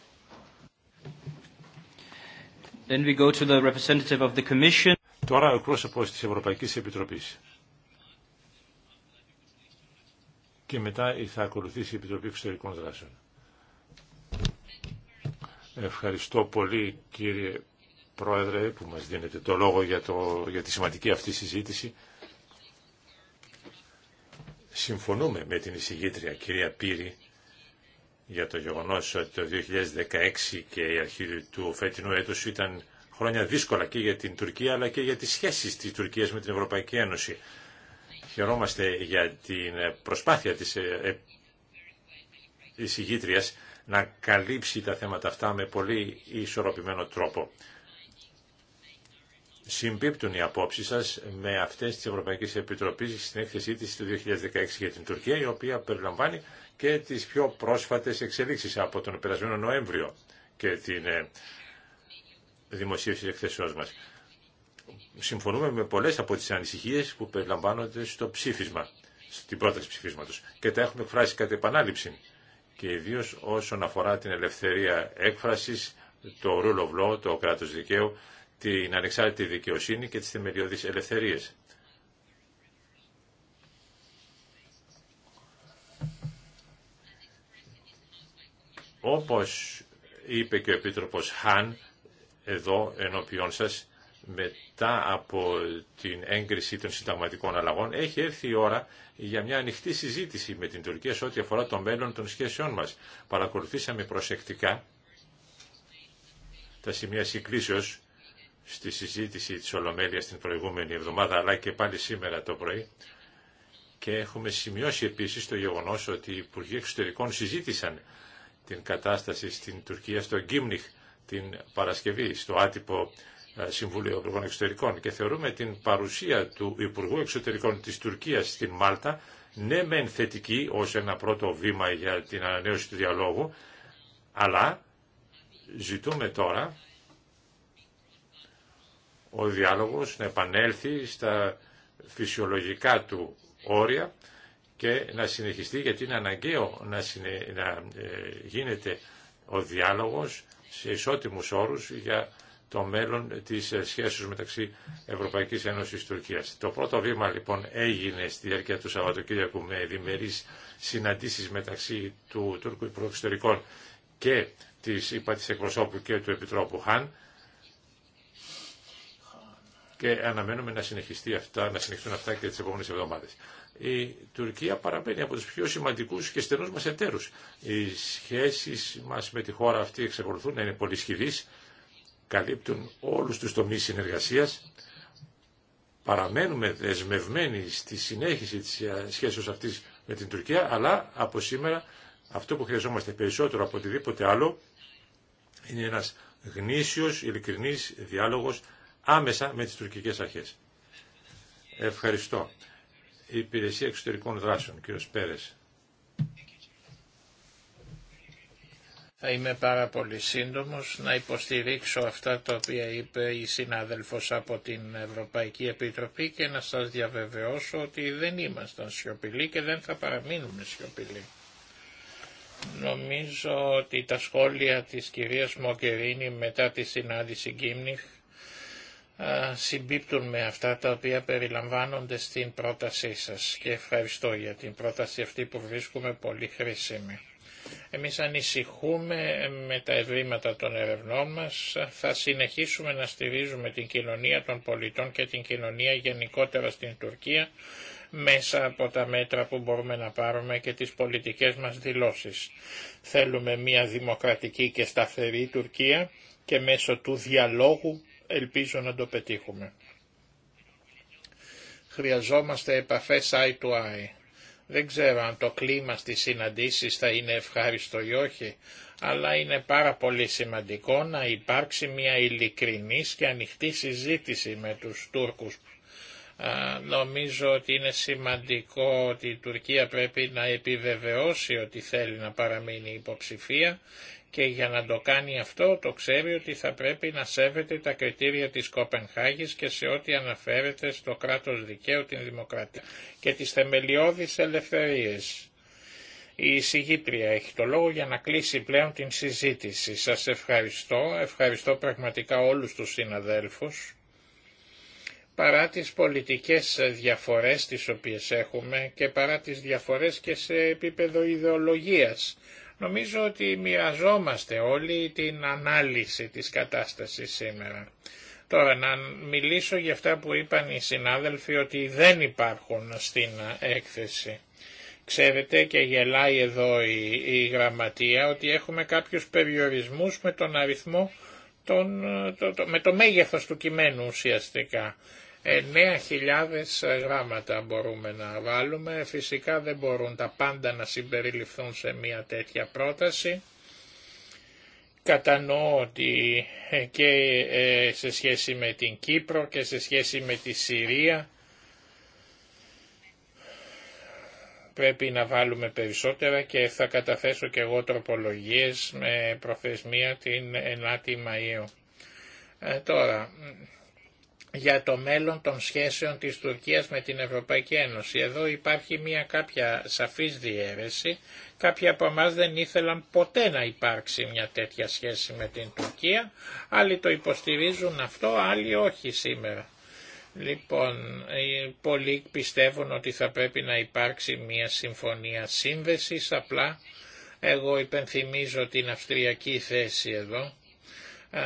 Then we go to the representative of the Commission. Τώρα ο πρόσωπος της Ευρωπαϊκής Επιτροπής. Και μετά θα ακολουθήσει η Επιτροπή Εξωτερικών Δράσεων. Ευχαριστώ πολύ κύριε Πρόεδρε που μας δίνετε το λόγο για, το, για τη σημαντική αυτή συζήτηση. Συμφωνούμε με την εισηγήτρια κυρία Πύρη για το γεγονός ότι το 2016 και η αρχή του φετινού έτους ήταν χρόνια δύσκολα και για την Τουρκία αλλά και για τις σχέσεις της Τουρκίας με την Ευρωπαϊκή Ένωση. Χαιρόμαστε για την προσπάθεια της ε, ε, εισηγήτριας να καλύψει τα θέματα αυτά με πολύ ισορροπημένο τρόπο. Συμπίπτουν οι απόψει σας με αυτές της Ευρωπαϊκή Επιτροπή στην έκθεσή τη το 2016 για την Τουρκία, η οποία περιλαμβάνει και τις πιο πρόσφατες εξελίξεις από τον περασμένο Νοέμβριο και την ε, δημοσίευση τη εκθέσεώς μας. Συμφωνούμε με πολλές από τις ανησυχίε που περιλαμβάνονται στο ψήφισμα, στην πρόταση ψήφισματο και τα έχουμε εκφράσει κατά επανάληψη και ιδίω όσον αφορά την ελευθερία έκφρασης, το rule of law, το κράτο δικαίου, την ανεξάρτητη δικαιοσύνη και τις θεμελιωδεί ελευθερίες. Όπως είπε και ο Επίτροπος Χάν, εδώ ενώπιόν σας, μετά από την έγκριση των συνταγματικών αλλαγών, έχει έρθει η ώρα για μια ανοιχτή συζήτηση με την Τουρκία σε ό,τι αφορά το μέλλον των σχέσεών μας. Παρακολουθήσαμε προσεκτικά τα σημεία συγκλήσεως στη συζήτηση της Ολομέλειας την προηγούμενη εβδομάδα, αλλά και πάλι σήμερα το πρωί. Και έχουμε σημειώσει επίσης το γεγονός ότι οι Υπουργοί Εξωτερικών συζήτησαν την κατάσταση στην Τουρκία, στο Γκίμνιχ την Παρασκευή, στο άτυπο ε, Συμβουλίου Υπουργών Εξωτερικών και θεωρούμε την παρουσία του Υπουργού Εξωτερικών της Τουρκίας στην Μάλτα ναι μεν θετική ως ένα πρώτο βήμα για την ανανέωση του διαλόγου, αλλά ζητούμε τώρα ο διάλογος να επανέλθει στα φυσιολογικά του όρια και να συνεχιστεί γιατί είναι αναγκαίο να, συνε... να ε, γίνεται ο διάλογος σε ισότιμους όρους για το μέλλον της ε, σχέσης μεταξύ Ευρωπαϊκής Ένωσης και Τουρκίας. Το πρώτο βήμα λοιπόν έγινε στη διάρκεια του Σαββατοκύριακου με διμερείς συναντήσεις μεταξύ του Τούρκου Υπουργού Εξωτερικών και της είπα της εκπροσώπου και του Επιτρόπου Χαν και αναμένουμε να, συνεχιστεί αυτά, να συνεχιστούν αυτά και τις επόμενες εβδομάδες. Η Τουρκία παραμένει από τους πιο σημαντικούς και στενούς μας εταίρους. Οι σχέσεις μας με τη χώρα αυτή εξακολουθούν να είναι πολύ σχηδείς καλύπτουν όλους τους τομείς συνεργασίας. Παραμένουμε δεσμευμένοι στη συνέχιση της σχέσης αυτής με την Τουρκία, αλλά από σήμερα αυτό που χρειαζόμαστε περισσότερο από οτιδήποτε άλλο είναι ένας γνήσιος, ειλικρινής διάλογος άμεσα με τις τουρκικές αρχές. Ευχαριστώ. Η Υπηρεσία Εξωτερικών Δράσεων, κύριος Πέρες. Θα είμαι πάρα πολύ σύντομος να υποστηρίξω αυτά τα οποία είπε η συνάδελφος από την Ευρωπαϊκή Επιτροπή και να σας διαβεβαιώσω ότι δεν ήμασταν σιωπηλοί και δεν θα παραμείνουμε σιωπηλοί. Νομίζω ότι τα σχόλια της κυρίας Μοκερίνη μετά τη συνάντηση Γκίμνιχ συμπίπτουν με αυτά τα οποία περιλαμβάνονται στην πρότασή σας και ευχαριστώ για την πρόταση αυτή που βρίσκουμε πολύ χρήσιμη. Εμείς ανησυχούμε με τα ευρήματα των ερευνών μας, θα συνεχίσουμε να στηρίζουμε την κοινωνία των πολιτών και την κοινωνία γενικότερα στην Τουρκία μέσα από τα μέτρα που μπορούμε να πάρουμε και τις πολιτικές μας δηλώσεις. Θέλουμε μια δημοκρατική και σταθερή Τουρκία και μέσω του διαλόγου ελπίζω να το πετύχουμε. Χρειαζόμαστε επαφές eye to eye δεν ξέρω αν το κλίμα στις συναντήσεις θα είναι ευχάριστο ή όχι, αλλά είναι πάρα πολύ σημαντικό να υπάρξει μια ειλικρινής και ανοιχτή συζήτηση με τους Τούρκους. νομίζω ότι είναι σημαντικό ότι η Τουρκία πρέπει να επιβεβαιώσει ότι θέλει να παραμείνει υποψηφία και για να το κάνει αυτό το ξέρει ότι θα πρέπει να σέβεται τα κριτήρια της Κοπενχάγης και σε ό,τι αναφέρεται στο κράτος δικαίου, την δημοκρατία και τις θεμελιώδεις ελευθερίες. Η εισηγήτρια έχει το λόγο για να κλείσει πλέον την συζήτηση. Σας ευχαριστώ, ευχαριστώ πραγματικά όλους τους συναδέλφους. Παρά τις πολιτικές διαφορές τις οποίες έχουμε και παρά τις διαφορές και σε επίπεδο ιδεολογίας Νομίζω ότι μοιραζόμαστε όλοι την ανάλυση της κατάστασης σήμερα. Τώρα να μιλήσω για αυτά που είπαν οι συνάδελφοι ότι δεν υπάρχουν στην έκθεση. Ξέρετε και γελάει εδώ η, γραμματεία ότι έχουμε κάποιους περιορισμούς με τον αριθμό τον, με το μέγεθος του κειμένου ουσιαστικά. 9.000 γράμματα μπορούμε να βάλουμε. Φυσικά δεν μπορούν τα πάντα να συμπεριληφθούν σε μια τέτοια πρόταση. Κατανοώ ότι ε, και ε, σε σχέση με την Κύπρο και σε σχέση με τη Συρία πρέπει να βάλουμε περισσότερα και θα καταθέσω και εγώ τροπολογίες με προθεσμία την 9η Μαΐου. Ε, τώρα, για το μέλλον των σχέσεων της Τουρκίας με την Ευρωπαϊκή Ένωση. Εδώ υπάρχει μια κάποια σαφής διαίρεση. Κάποιοι από εμά δεν ήθελαν ποτέ να υπάρξει μια τέτοια σχέση με την Τουρκία. Άλλοι το υποστηρίζουν αυτό, άλλοι όχι σήμερα. Λοιπόν, ε, πολλοί πιστεύουν ότι θα πρέπει να υπάρξει μια συμφωνία σύνδεσης, απλά εγώ υπενθυμίζω την αυστριακή θέση εδώ ε,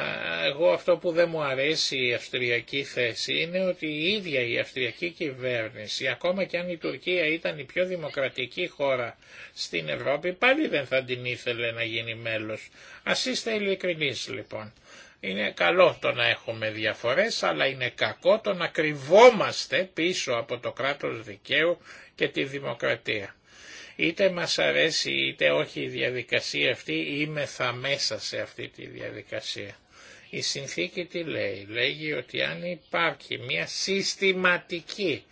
εγώ αυτό που δεν μου αρέσει η αυστριακή θέση είναι ότι η ίδια η αυστριακή κυβέρνηση, ακόμα και αν η Τουρκία ήταν η πιο δημοκρατική χώρα στην Ευρώπη, πάλι δεν θα την ήθελε να γίνει μέλος. Ας είστε ειλικρινείς λοιπόν. Είναι καλό το να έχουμε διαφορές, αλλά είναι κακό το να κρυβόμαστε πίσω από το κράτος δικαίου και τη δημοκρατία. Είτε μας αρέσει είτε όχι η διαδικασία αυτή, συνθήκη τι λέει, λέει ότι αν υπάρχει μία συστηματική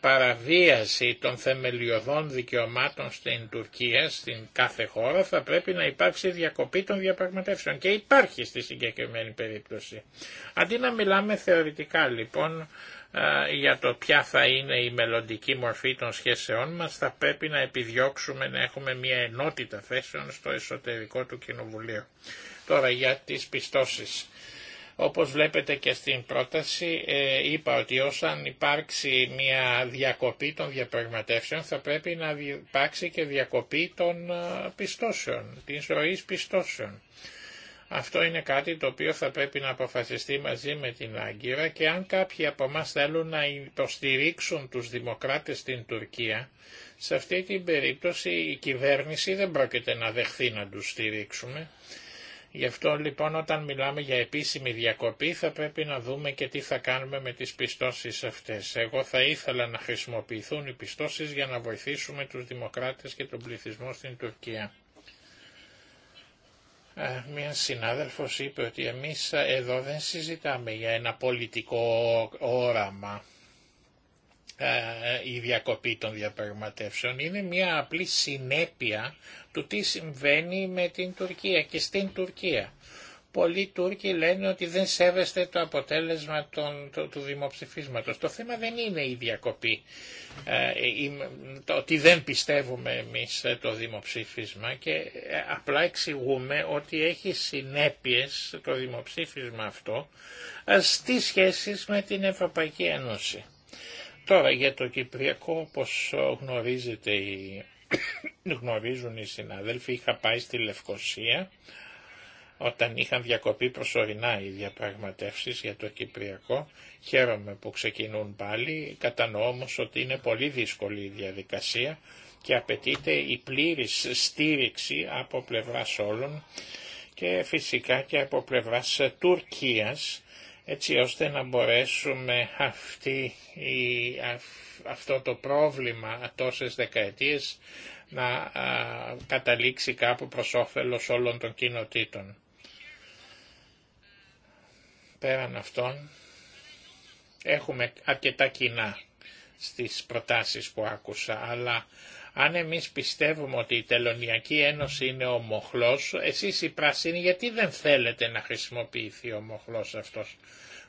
παραβίαση των θεμελιωδών δικαιωμάτων στην Τουρκία, στην κάθε χώρα θα μέσα σε αυτή τη διαδικασία. Η συνθήκη τι λέει, λέγει ότι αν υπάρχει μια συστηματική παραβίαση των θεμελιωδών δικαιωμάτων στην Τουρκία, στην κάθε χώρα, θα πρέπει να υπάρξει διακοπή των διαπραγματεύσεων και υπάρχει στη συγκεκριμένη περίπτωση. Αντί να μιλάμε θεωρητικά λοιπόν ε, για το ποια θα είναι η μελλοντική μορφή των σχέσεών μας θα πρέπει να επιδιώξουμε να έχουμε μια ενότητα θέσεων στο εσωτερικό του Κοινοβουλίου. Τώρα για τις πιστώσεις. Όπως βλέπετε και στην πρόταση ε, είπα ότι όσαν υπάρξει μια διακοπή των διαπραγματεύσεων θα πρέπει να υπάρξει και διακοπή των ε, πιστώσεων, της ροής πιστώσεων. Αυτό είναι κάτι το οποίο θα πρέπει να αποφασιστεί μαζί με την Άγκυρα και αν κάποιοι από εμά θέλουν να υποστηρίξουν τους δημοκράτες στην Τουρκία, σε αυτή την περίπτωση η κυβέρνηση δεν πρόκειται να δεχθεί να τους στηρίξουμε. Γι' αυτό λοιπόν όταν μιλάμε για επίσημη διακοπή θα πρέπει να δούμε και τι θα κάνουμε με τις πιστώσεις αυτές. Εγώ θα ήθελα να χρησιμοποιηθούν οι πιστώσεις για να βοηθήσουμε τους δημοκράτες και τον πληθυσμό στην Τουρκία. Ε, Μία συνάδελφος είπε ότι εμείς εδώ δεν συζητάμε για ένα πολιτικό όραμα ε, η διακοπή των διαπραγματεύσεων. Είναι μια απλή συνέπεια του τι συμβαίνει με την Τουρκία και στην Τουρκία πολλοί Τούρκοι λένε ότι δεν σέβεστε το αποτέλεσμα των, του δημοψηφίσματος. Το θέμα δεν είναι η διακοπή, ε, το ότι δεν πιστεύουμε εμείς το δημοψήφισμα και ε, απλά εξηγούμε ότι έχει συνέπειες το δημοψήφισμα αυτό ε, στις σχέσεις με την Ευρωπαϊκή Ένωση. Τώρα για το Κυπριακό, όπως γνωρίζετε, γνωρίζουν οι συναδέλφοι, είχα πάει στη Λευκοσία όταν είχαν διακοπεί προσωρινά οι διαπραγματεύσεις για το Κυπριακό. Χαίρομαι που ξεκινούν πάλι, κατανοώ όμως ότι είναι πολύ δύσκολη η διαδικασία και απαιτείται η πλήρης στήριξη από πλευράς όλων και φυσικά και από πλευράς Τουρκίας, έτσι ώστε να μπορέσουμε αυτή η, αυτό το πρόβλημα τόσες δεκαετίες να α, καταλήξει κάπου προς όφελος όλων των κοινοτήτων. Πέραν αυτών έχουμε αρκετά κοινά στις προτάσεις που άκουσα, αλλά αν εμείς πιστεύουμε ότι η Τελωνιακή Ένωση είναι ο μοχλός, εσείς οι πράσινοι γιατί δεν θέλετε να χρησιμοποιηθεί ο μοχλός αυτός.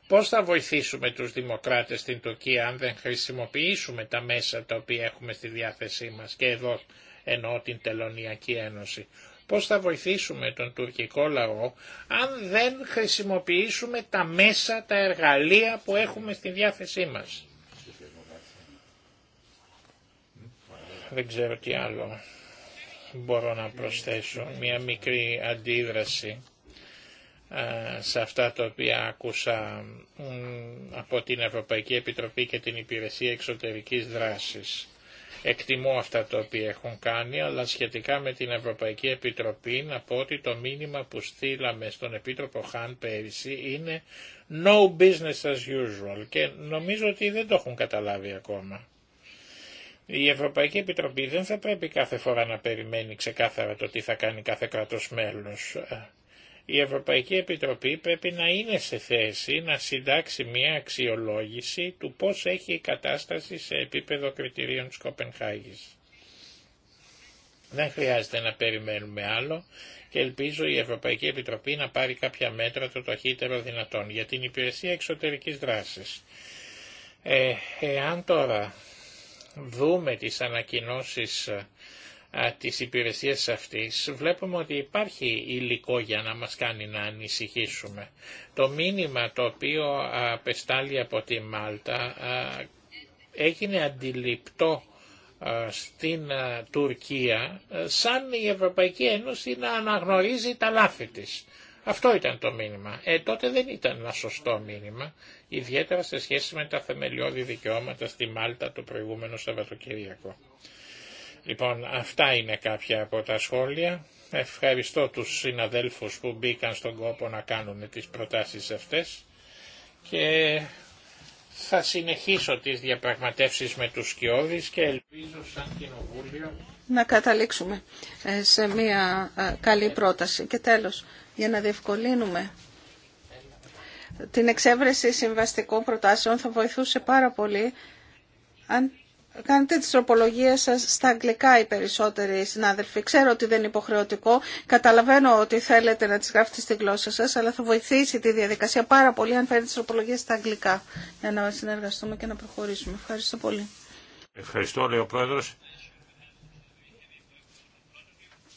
Πώς θα βοηθήσουμε τους δημοκράτες στην Τουρκία αν δεν χρησιμοποιήσουμε τα μέσα τα οποία έχουμε στη διάθεσή μας και εδώ εννοώ την Τελωνιακή Ένωση. Πώς θα βοηθήσουμε τον τουρκικό λαό αν δεν χρησιμοποιήσουμε τα μέσα, τα εργαλεία που έχουμε στη διάθεσή μας. Δεν ξέρω τι άλλο μπορώ να προσθέσω. Μια μικρή αντίδραση σε αυτά τα οποία άκουσα από την Ευρωπαϊκή Επιτροπή και την Υπηρεσία Εξωτερικής Δράσης. Εκτιμώ αυτά τα οποία έχουν κάνει, αλλά σχετικά με την Ευρωπαϊκή Επιτροπή να πω ότι το μήνυμα που στείλαμε στον Επίτροπο Χάν πέρυσι είναι no business as usual και νομίζω ότι δεν το έχουν καταλάβει ακόμα. Η Ευρωπαϊκή Επιτροπή δεν θα πρέπει κάθε φορά να περιμένει ξεκάθαρα το τι θα κάνει κάθε κράτος μέλος. Η Ευρωπαϊκή Επιτροπή πρέπει να είναι σε θέση να συντάξει μια αξιολόγηση του πώς έχει η κατάσταση σε επίπεδο κριτηρίων της Κοπενχάγης. Δεν χρειάζεται να περιμένουμε άλλο και ελπίζω η Ευρωπαϊκή Επιτροπή να πάρει κάποια μέτρα το ταχύτερο δυνατόν για την υπηρεσία εξωτερικής δράσης. Ε, εάν τώρα δούμε τις ανακοινώσεις ε, της υπηρεσίας αυτής βλέπουμε ότι υπάρχει υλικό για να μας κάνει να ανησυχήσουμε. Το μήνυμα το οποίο απεστάλλει από τη Μάλτα έγινε αντιληπτό στην Τουρκία σαν η Ευρωπαϊκή Ένωση να αναγνωρίζει τα λάθη της. Αυτό ήταν το μήνυμα. Ε, τότε δεν ήταν ένα σωστό μήνυμα, ιδιαίτερα σε σχέση με τα θεμελιώδη δικαιώματα στη Μάλτα το προηγούμενο Σαββατοκύριακο. Λοιπόν, αυτά είναι κάποια από τα σχόλια. Ευχαριστώ τους συναδέλφους που μπήκαν στον κόπο να κάνουν τις προτάσεις αυτές και θα συνεχίσω τις διαπραγματεύσεις με τους Σκιώδης και ελπίζω σαν κοινοβούλιο να καταλήξουμε ε, σε μια ε, καλή πρόταση. Και τέλος, για να διευκολύνουμε την εξέβρεση συμβαστικών προτάσεων θα βοηθούσε πάρα πολύ αν Κάνετε τις τροπολογίες σας στα αγγλικά οι περισσότεροι συνάδελφοι. Ξέρω ότι δεν είναι υποχρεωτικό. Καταλαβαίνω ότι θέλετε να τις γράφετε στη γλώσσα σας, αλλά θα βοηθήσει τη διαδικασία πάρα πολύ αν φέρετε τις τροπολογίες στα αγγλικά για να συνεργαστούμε και να προχωρήσουμε. Ευχαριστώ πολύ. Ευχαριστώ, λέει ο Πρόεδρος.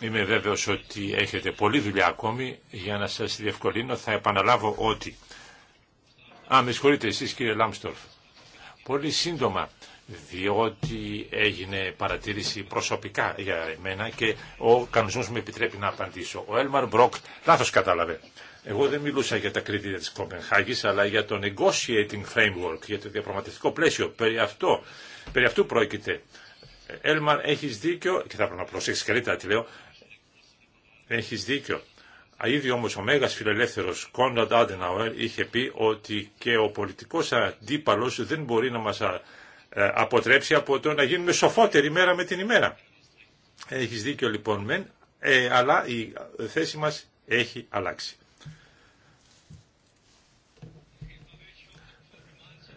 Είμαι βέβαιος ότι έχετε πολλή δουλειά ακόμη. Για να σας διευκολύνω θα επαναλάβω ότι... Α, με συγχωρείτε εσείς κύριε Λάμστορφ. Πολύ σύντομα διότι έγινε παρατήρηση προσωπικά για εμένα και ο κανονισμός μου επιτρέπει να απαντήσω. Ο Έλμαρ Μπροκ λάθος κατάλαβε. Εγώ δεν μιλούσα για τα κριτήρια της Κοπενχάγης, αλλά για το negotiating framework, για το διαπραγματευτικό πλαίσιο. Περί, αυτό, περί αυτού πρόκειται. Έλμαρ, έχεις δίκιο, και θα πρέπει να προσέξεις καλύτερα τι λέω, έχει δίκιο. Ήδη όμω ο μέγα φιλελεύθερο Κόνραντ Άντεναουερ είχε πει ότι και ο πολιτικό αντίπαλο δεν μπορεί να μα. Ε, αποτρέψει από το να γίνουμε σοφότεροι μέρα με την ημέρα. Έχεις δίκιο λοιπόν μεν, ε, αλλά η θέση μας έχει αλλάξει.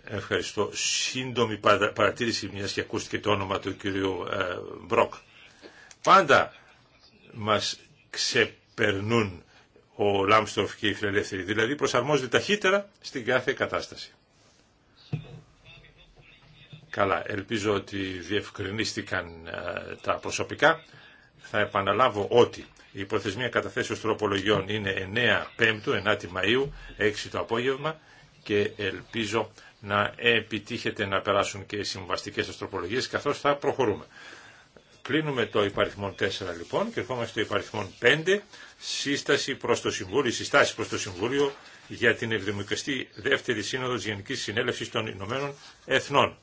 Ευχαριστώ. Σύντομη παρατήρηση μιας και ακούστηκε το όνομα του κυρίου ε, Μπροκ. Πάντα μας ξεπερνούν ο Λάμστοφ και η Φιλελεύθερη. Δηλαδή προσαρμόζονται ταχύτερα στην κάθε κατάσταση. Καλά, ελπίζω ότι διευκρινίστηκαν ε, τα προσωπικά. Θα επαναλάβω ότι η προθεσμία καταθέσεως τροπολογιών είναι 9 Πέμπτου, 9 Μαΐου, 6 το απόγευμα και ελπίζω να επιτύχετε να περάσουν και οι συμβαστικές σας τροπολογίες καθώς θα προχωρούμε. Κλείνουμε το υπαριθμό 4 λοιπόν και ερχόμαστε στο υπαριθμό 5, σύσταση προς το Συμβούλιο, συστάση προς το Συμβούλιο για την 72η Σύνοδο Γενικής Συνέλευσης των Ηνωμένων Εθνών.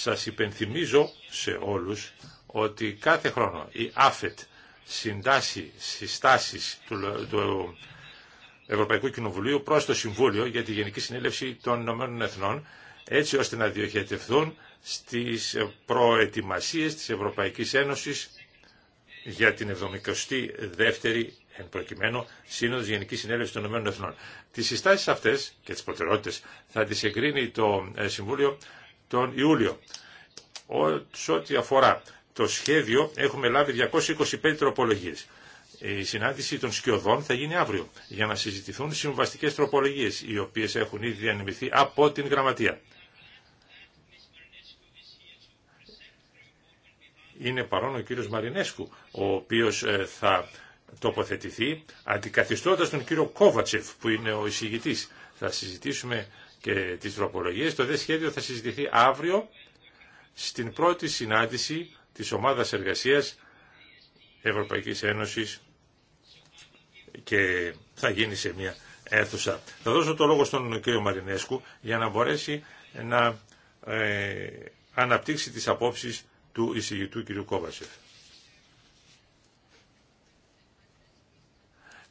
Σας υπενθυμίζω σε όλους ότι κάθε χρόνο η ΑΦΕΤ συντάσσει συστάσεις του, του Ευρωπαϊκού Κοινοβουλίου προς το Συμβούλιο για τη Γενική Συνέλευση των Ηνωμένων Εθνών έτσι ώστε να διοχετευθούν στις προετοιμασίες της Ευρωπαϊκής Ένωσης για την 72η εν προκειμένου Σύνοδο Γενική Συνέλευση των Ηνωμένων Εθνών. Τι συστάσει αυτέ και τι προτεραιότητε θα τι εγκρίνει το ε, Συμβούλιο τον Ιούλιο. Σε ό,τι αφορά το σχέδιο έχουμε λάβει 225 τροπολογίες. Η συνάντηση των σκιωδών θα γίνει αύριο για να συζητηθούν συμβαστικέ τροπολογίες οι οποίες έχουν ήδη διανεμηθεί από την Γραμματεία. Είναι παρόν ο κύριος Μαρινέσκου, ο οποίος ε, θα τοποθετηθεί αντικαθιστώντας τον κύριο Κόβατσεφ που είναι ο εισηγητής. Θα συζητήσουμε και τις τροπολογίες. Το δε σχέδιο θα συζητηθεί αύριο στην πρώτη συνάντηση της Ομάδας Εργασίας Ευρωπαϊκής Ένωσης και θα γίνει σε μια αίθουσα. Θα δώσω το λόγο στον κ. Μαρινέσκου για να μπορέσει να ε, αναπτύξει τις απόψεις του εισηγητού κ. Κόβασεφ.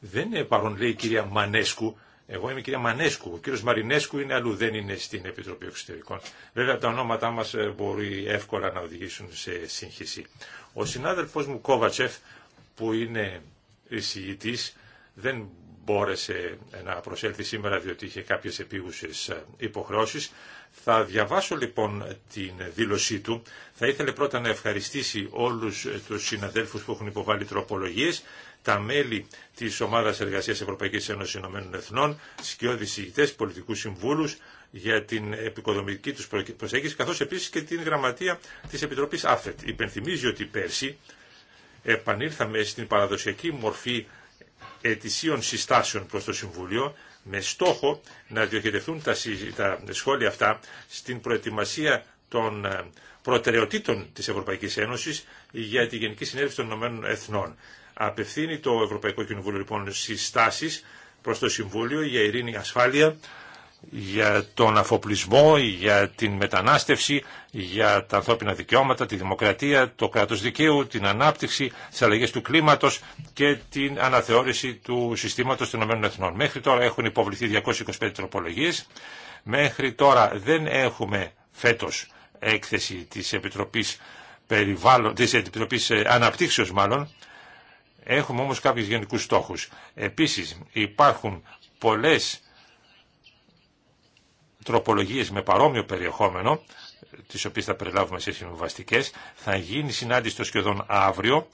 Δεν είναι παρόν, λέει η κυρία Μανέσκου, εγώ είμαι η κυρία Μανέσκου, ο κύριο Μαρινέσκου είναι αλλού, δεν είναι στην Επιτροπή Εξωτερικών. Βέβαια τα ονόματά μας ε, μπορεί εύκολα να οδηγήσουν σε σύγχυση. Ο συνάδελφός μου Κόβατσεφ, που είναι εισηγητή, δεν μπόρεσε ε, να προσέλθει σήμερα διότι είχε κάποιες επίγουσες ε, υποχρεώσεις. Θα διαβάσω λοιπόν την δήλωσή του. Θα ήθελε πρώτα να ευχαριστήσει όλους τους συναδέλφους που έχουν υποβάλει τροπολογίες τα μέλη τη ομάδα εργασία Ευρωπαϊκή Ένωση Ηνωμένων Εθνών, σκιώδη ηγητέ πολιτικού συμβούλου για την επικοδομητική του προσέγγιση, καθώ επίση και την γραμματεία τη Επιτροπή ΑΦΕΤ. Υπενθυμίζει ότι πέρσι επανήλθαμε στην παραδοσιακή μορφή ετησίων συστάσεων προ το Συμβούλιο, με στόχο να διοχετευτούν τα, τα σχόλια αυτά στην προετοιμασία των ε, προτεραιοτήτων της Ευρωπαϊκής Ένωσης για τη Γενική Συνέλευση των Ηνωμένων Εθνών. Απευθύνει το Ευρωπαϊκό Κοινοβούλιο λοιπόν συστάσεις προς το Συμβούλιο για ειρήνη ασφάλεια, για τον αφοπλισμό, για την μετανάστευση, για τα ανθρώπινα δικαιώματα, τη δημοκρατία, το κράτος δικαίου, την ανάπτυξη, τις αλλαγές του κλίματος και την αναθεώρηση του συστήματος των ΗΠΑ. Μέχρι τώρα έχουν υποβληθεί 225 τροπολογίες. Μέχρι τώρα δεν έχουμε φέτος έκθεση της Επιτροπής, Περιβάλλον, της Επιτροπής Αναπτύξεως μάλλον, Έχουμε όμως κάποιους γενικούς στόχους. Επίσης υπάρχουν πολλές τροπολογίες με παρόμοιο περιεχόμενο, τις οποίες θα περιλάβουμε σε συμβαστικές. Θα γίνει συνάντηση το σχεδόν αύριο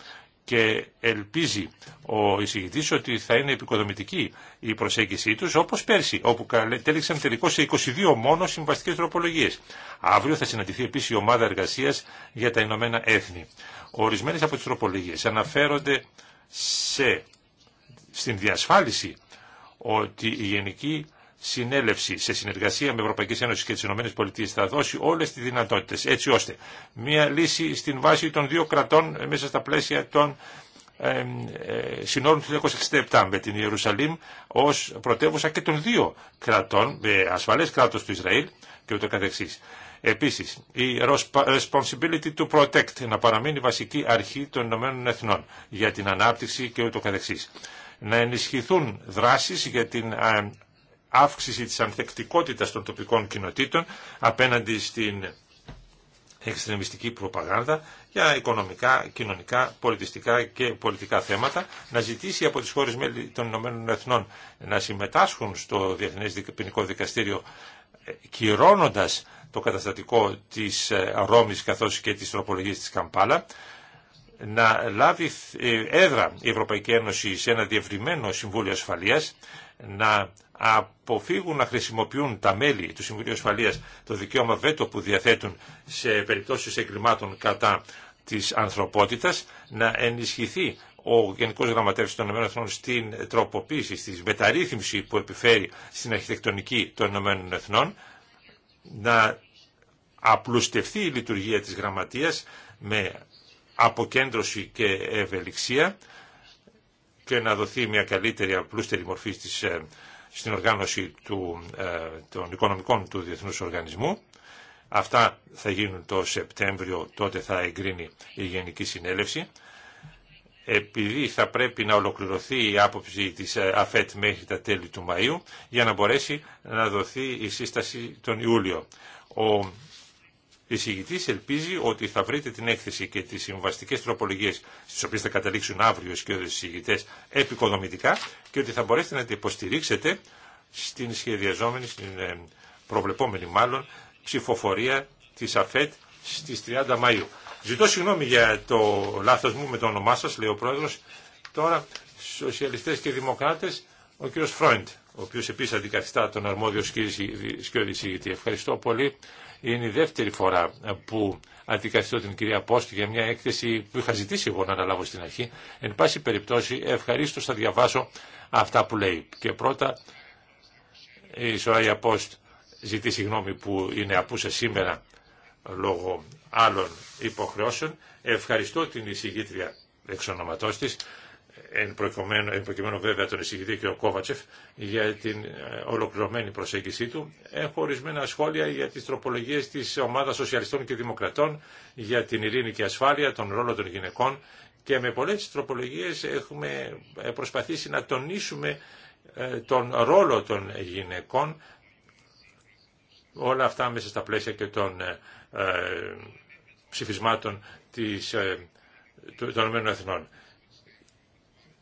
και ελπίζει ο εισηγητής ότι θα είναι επικοδομητική η προσέγγιση τους όπως πέρσι όπου τέλειξαν τελικώς σε 22 μόνο συμβαστικές τροπολογίες. Αύριο θα συναντηθεί επίσης η ομάδα εργασίας για τα Ηνωμένα Έθνη. Ορισμένες από τις τροπολογίες αναφέρονται σε, στην διασφάλιση ότι η Γενική Συνέλευση σε συνεργασία με Ευρωπαϊκή Ένωση και τις ΗΠΑ θα δώσει όλες τις δυνατότητες έτσι ώστε μια λύση στην βάση των δύο κρατών ε, μέσα στα πλαίσια των ε, συνόρων του 1967 με την Ιερουσαλήμ ως πρωτεύουσα και των δύο κρατών, με ασφαλές κράτος του Ισραήλ και ούτω καθεξής. Επίσης, η responsibility to protect να παραμείνει βασική αρχή των Ηνωμένων Εθνών για την ανάπτυξη και ούτω Να ενισχυθούν δράσεις για την ε, αύξηση της ανθεκτικότητας των τοπικών κοινοτήτων απέναντι στην εξτρεμιστική προπαγάνδα για οικονομικά, κοινωνικά, πολιτιστικά και πολιτικά θέματα, να ζητήσει από τις χώρες μέλη των Ηνωμένων Εθνών να συμμετάσχουν στο Διεθνές Ποινικό Δικαστήριο ε, κυρώνοντας το καταστατικό της ε, Ρώμης καθώς και της τροπολογίας της Καμπάλα, να λάβει ε, έδρα η Ευρωπαϊκή Ένωση σε ένα διευρυμένο Συμβούλιο Ασφαλείας, να αποφύγουν να χρησιμοποιούν τα μέλη του Συμβουλίου Ασφαλείας το δικαίωμα βέτο που διαθέτουν σε περιπτώσεις εγκλημάτων κατά της ανθρωπότητας, να ενισχυθεί ο Γενικός Γραμματεύς των ΗΠΑ στην τροποποίηση, στη μεταρρύθμιση που επιφέρει στην αρχιτεκτονική των ΗΠΑ, να απλουστευτεί η λειτουργία της γραμματείας με αποκέντρωση και ευελιξία και να δοθεί μια καλύτερη, απλούστερη μορφή στις ε, στην οργάνωση του, ε, των οικονομικών του Διεθνούς Οργανισμού. Αυτά θα γίνουν το Σεπτέμβριο, τότε θα εγκρίνει η Γενική Συνέλευση. Επειδή θα πρέπει να ολοκληρωθεί η άποψη της ε, ΑΦΕΤ μέχρι τα τέλη του Μαΐου, για να μπορέσει να δοθεί η σύσταση τον Ιούλιο. Εισηγητή ελπίζει ότι θα βρείτε την έκθεση και τι συμβαστικέ τροπολογίε στι οποίε θα καταλήξουν αύριο και οι Συγητές επικοδομητικά και ότι θα μπορέσετε να την υποστηρίξετε στην σχεδιαζόμενη, στην ε, προβλεπόμενη μάλλον, ψηφοφορία τη ΑΦΕΤ στι 30 Μαου. Ζητώ συγγνώμη για το λάθο μου με το όνομά σα, λέει ο πρόεδρο. Τώρα, σοσιαλιστέ και δημοκράτε, ο κύριο Φρόιντ, ο οποίο επίση αντικαθιστά τον αρμόδιο σκύρι Ευχαριστώ πολύ. Είναι η δεύτερη φορά που αντικαθιστώ την κυρία Πόστη για μια έκθεση που είχα ζητήσει εγώ να αναλάβω στην αρχή. Εν πάση περιπτώσει, ευχαρίστω θα διαβάσω αυτά που λέει. Και πρώτα, η Σοάια Πόστ ζητεί συγγνώμη που είναι απούσα σήμερα λόγω άλλων υποχρεώσεων. Ευχαριστώ την εισηγήτρια εξ ονόματός της εν προκειμένου, εν προκειμένου βέβαια τον εισηγητή και ο Κόβατσεφ για την ε, ολοκληρωμένη προσέγγιση του. Έχω ορισμένα σχόλια για τις τροπολογίες της ομάδας σοσιαλιστών και δημοκρατών για την ειρήνη και ασφάλεια, τον ρόλο των γυναικών και με πολλές τροπολογίες έχουμε ε, προσπαθήσει να τονίσουμε ε, τον ρόλο των γυναικών όλα αυτά μέσα στα πλαίσια και των ψηφισμάτων της, των ΗΕ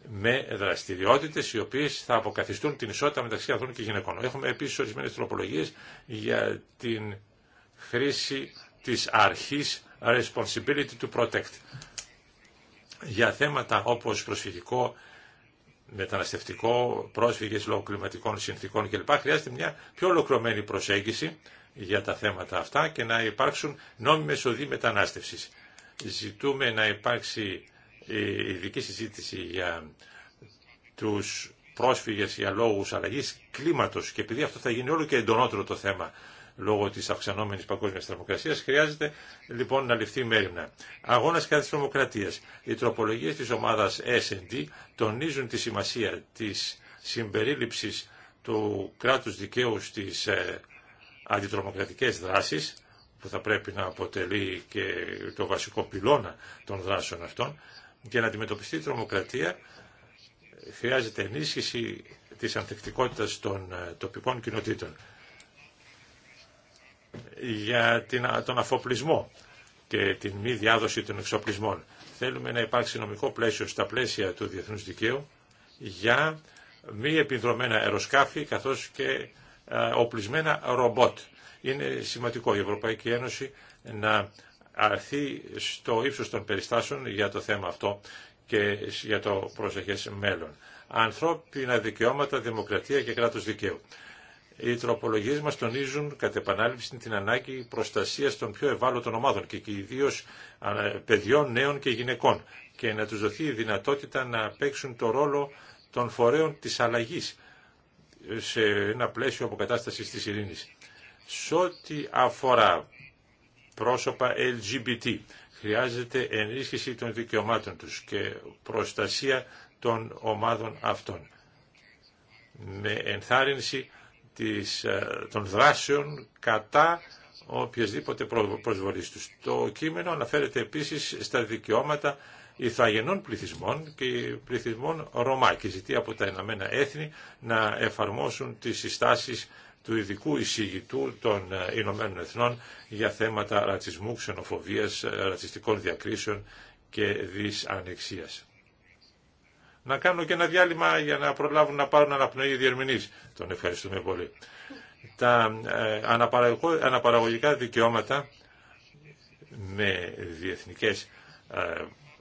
με δραστηριότητε οι οποίες θα αποκαθιστούν την ισότητα μεταξύ ανθρώπων και γυναικών. Έχουμε επίσης ορισμένες τροπολογίε για την χρήση της αρχής responsibility to protect. Για θέματα όπως προσφυγικό, μεταναστευτικό, πρόσφυγες λόγω κλιματικών συνθήκων κλπ. χρειάζεται μια πιο ολοκληρωμένη προσέγγιση για τα θέματα αυτά και να υπάρξουν νόμιμες οδοί μετανάστευσης. Ζητούμε να υπάρξει η ειδική συζήτηση για τους πρόσφυγες για λόγους αλλαγής κλίματος και επειδή αυτό θα γίνει όλο και εντονότερο το θέμα λόγω της αυξανόμενης παγκόσμιας θερμοκρασίας χρειάζεται λοιπόν να ληφθεί μέρημνα. Αγώνας κατά της θερμοκρατίας Οι τροπολογίες της ομάδας S&D τονίζουν τη σημασία της συμπερίληψης του κράτους δικαίου στις ε, αντιτρομοκρατικές δράσεις που θα πρέπει να αποτελεί και το βασικό πυλώνα των δράσεων αυτών. Για να αντιμετωπιστεί η τρομοκρατία χρειάζεται ενίσχυση της ανθεκτικότητας των ε, τοπικών κοινοτήτων για τον αφοπλισμό και την μη διάδοση των εξοπλισμών. Θέλουμε να υπάρξει νομικό πλαίσιο στα πλαίσια του διεθνούς δικαίου για μη επιδρομένα αεροσκάφη καθώς και ε, οπλισμένα ρομπότ. Είναι σημαντικό η Ευρωπαϊκή Ένωση να αρθεί στο ύψος των περιστάσεων για το θέμα αυτό και για το προσεχές μέλλον. Ανθρώπινα δικαιώματα, δημοκρατία και κράτος δικαίου. Οι τροπολογίες μας τονίζουν κατ' επανάληψη την ανάγκη προστασίας των πιο ευάλωτων ομάδων και ιδίω παιδιών, νέων και γυναικών και να τους δοθεί η δυνατότητα να παίξουν το ρόλο των φορέων της αλλαγής σε ένα πλαίσιο αποκατάστασης της ειρήνης. Σε ό,τι αφορά πρόσωπα LGBT. Χρειάζεται ενίσχυση των δικαιωμάτων τους και προστασία των ομάδων αυτών. Με ενθάρρυνση της, ε, των δράσεων κατά οποιασδήποτε προσβολής τους. Το κείμενο αναφέρεται επίσης στα δικαιώματα ηθαγενών πληθυσμών και πληθυσμών Ρωμά και ζητεί από τα Ηνωμένα Έθνη να εφαρμόσουν τις συστάσεις του ειδικού εισηγητού των ε, Ηνωμένων Εθνών για θέματα ρατσισμού, ξενοφοβίας, ε, ρατσιστικών διακρίσεων και δυσανεξίας. Να κάνω και ένα διάλειμμα για να προλάβουν να πάρουν αναπνοή οι διερμηνείς. Τον ευχαριστούμε πολύ. Τα ε, αναπαραγωγικά δικαιώματα με διεθνικές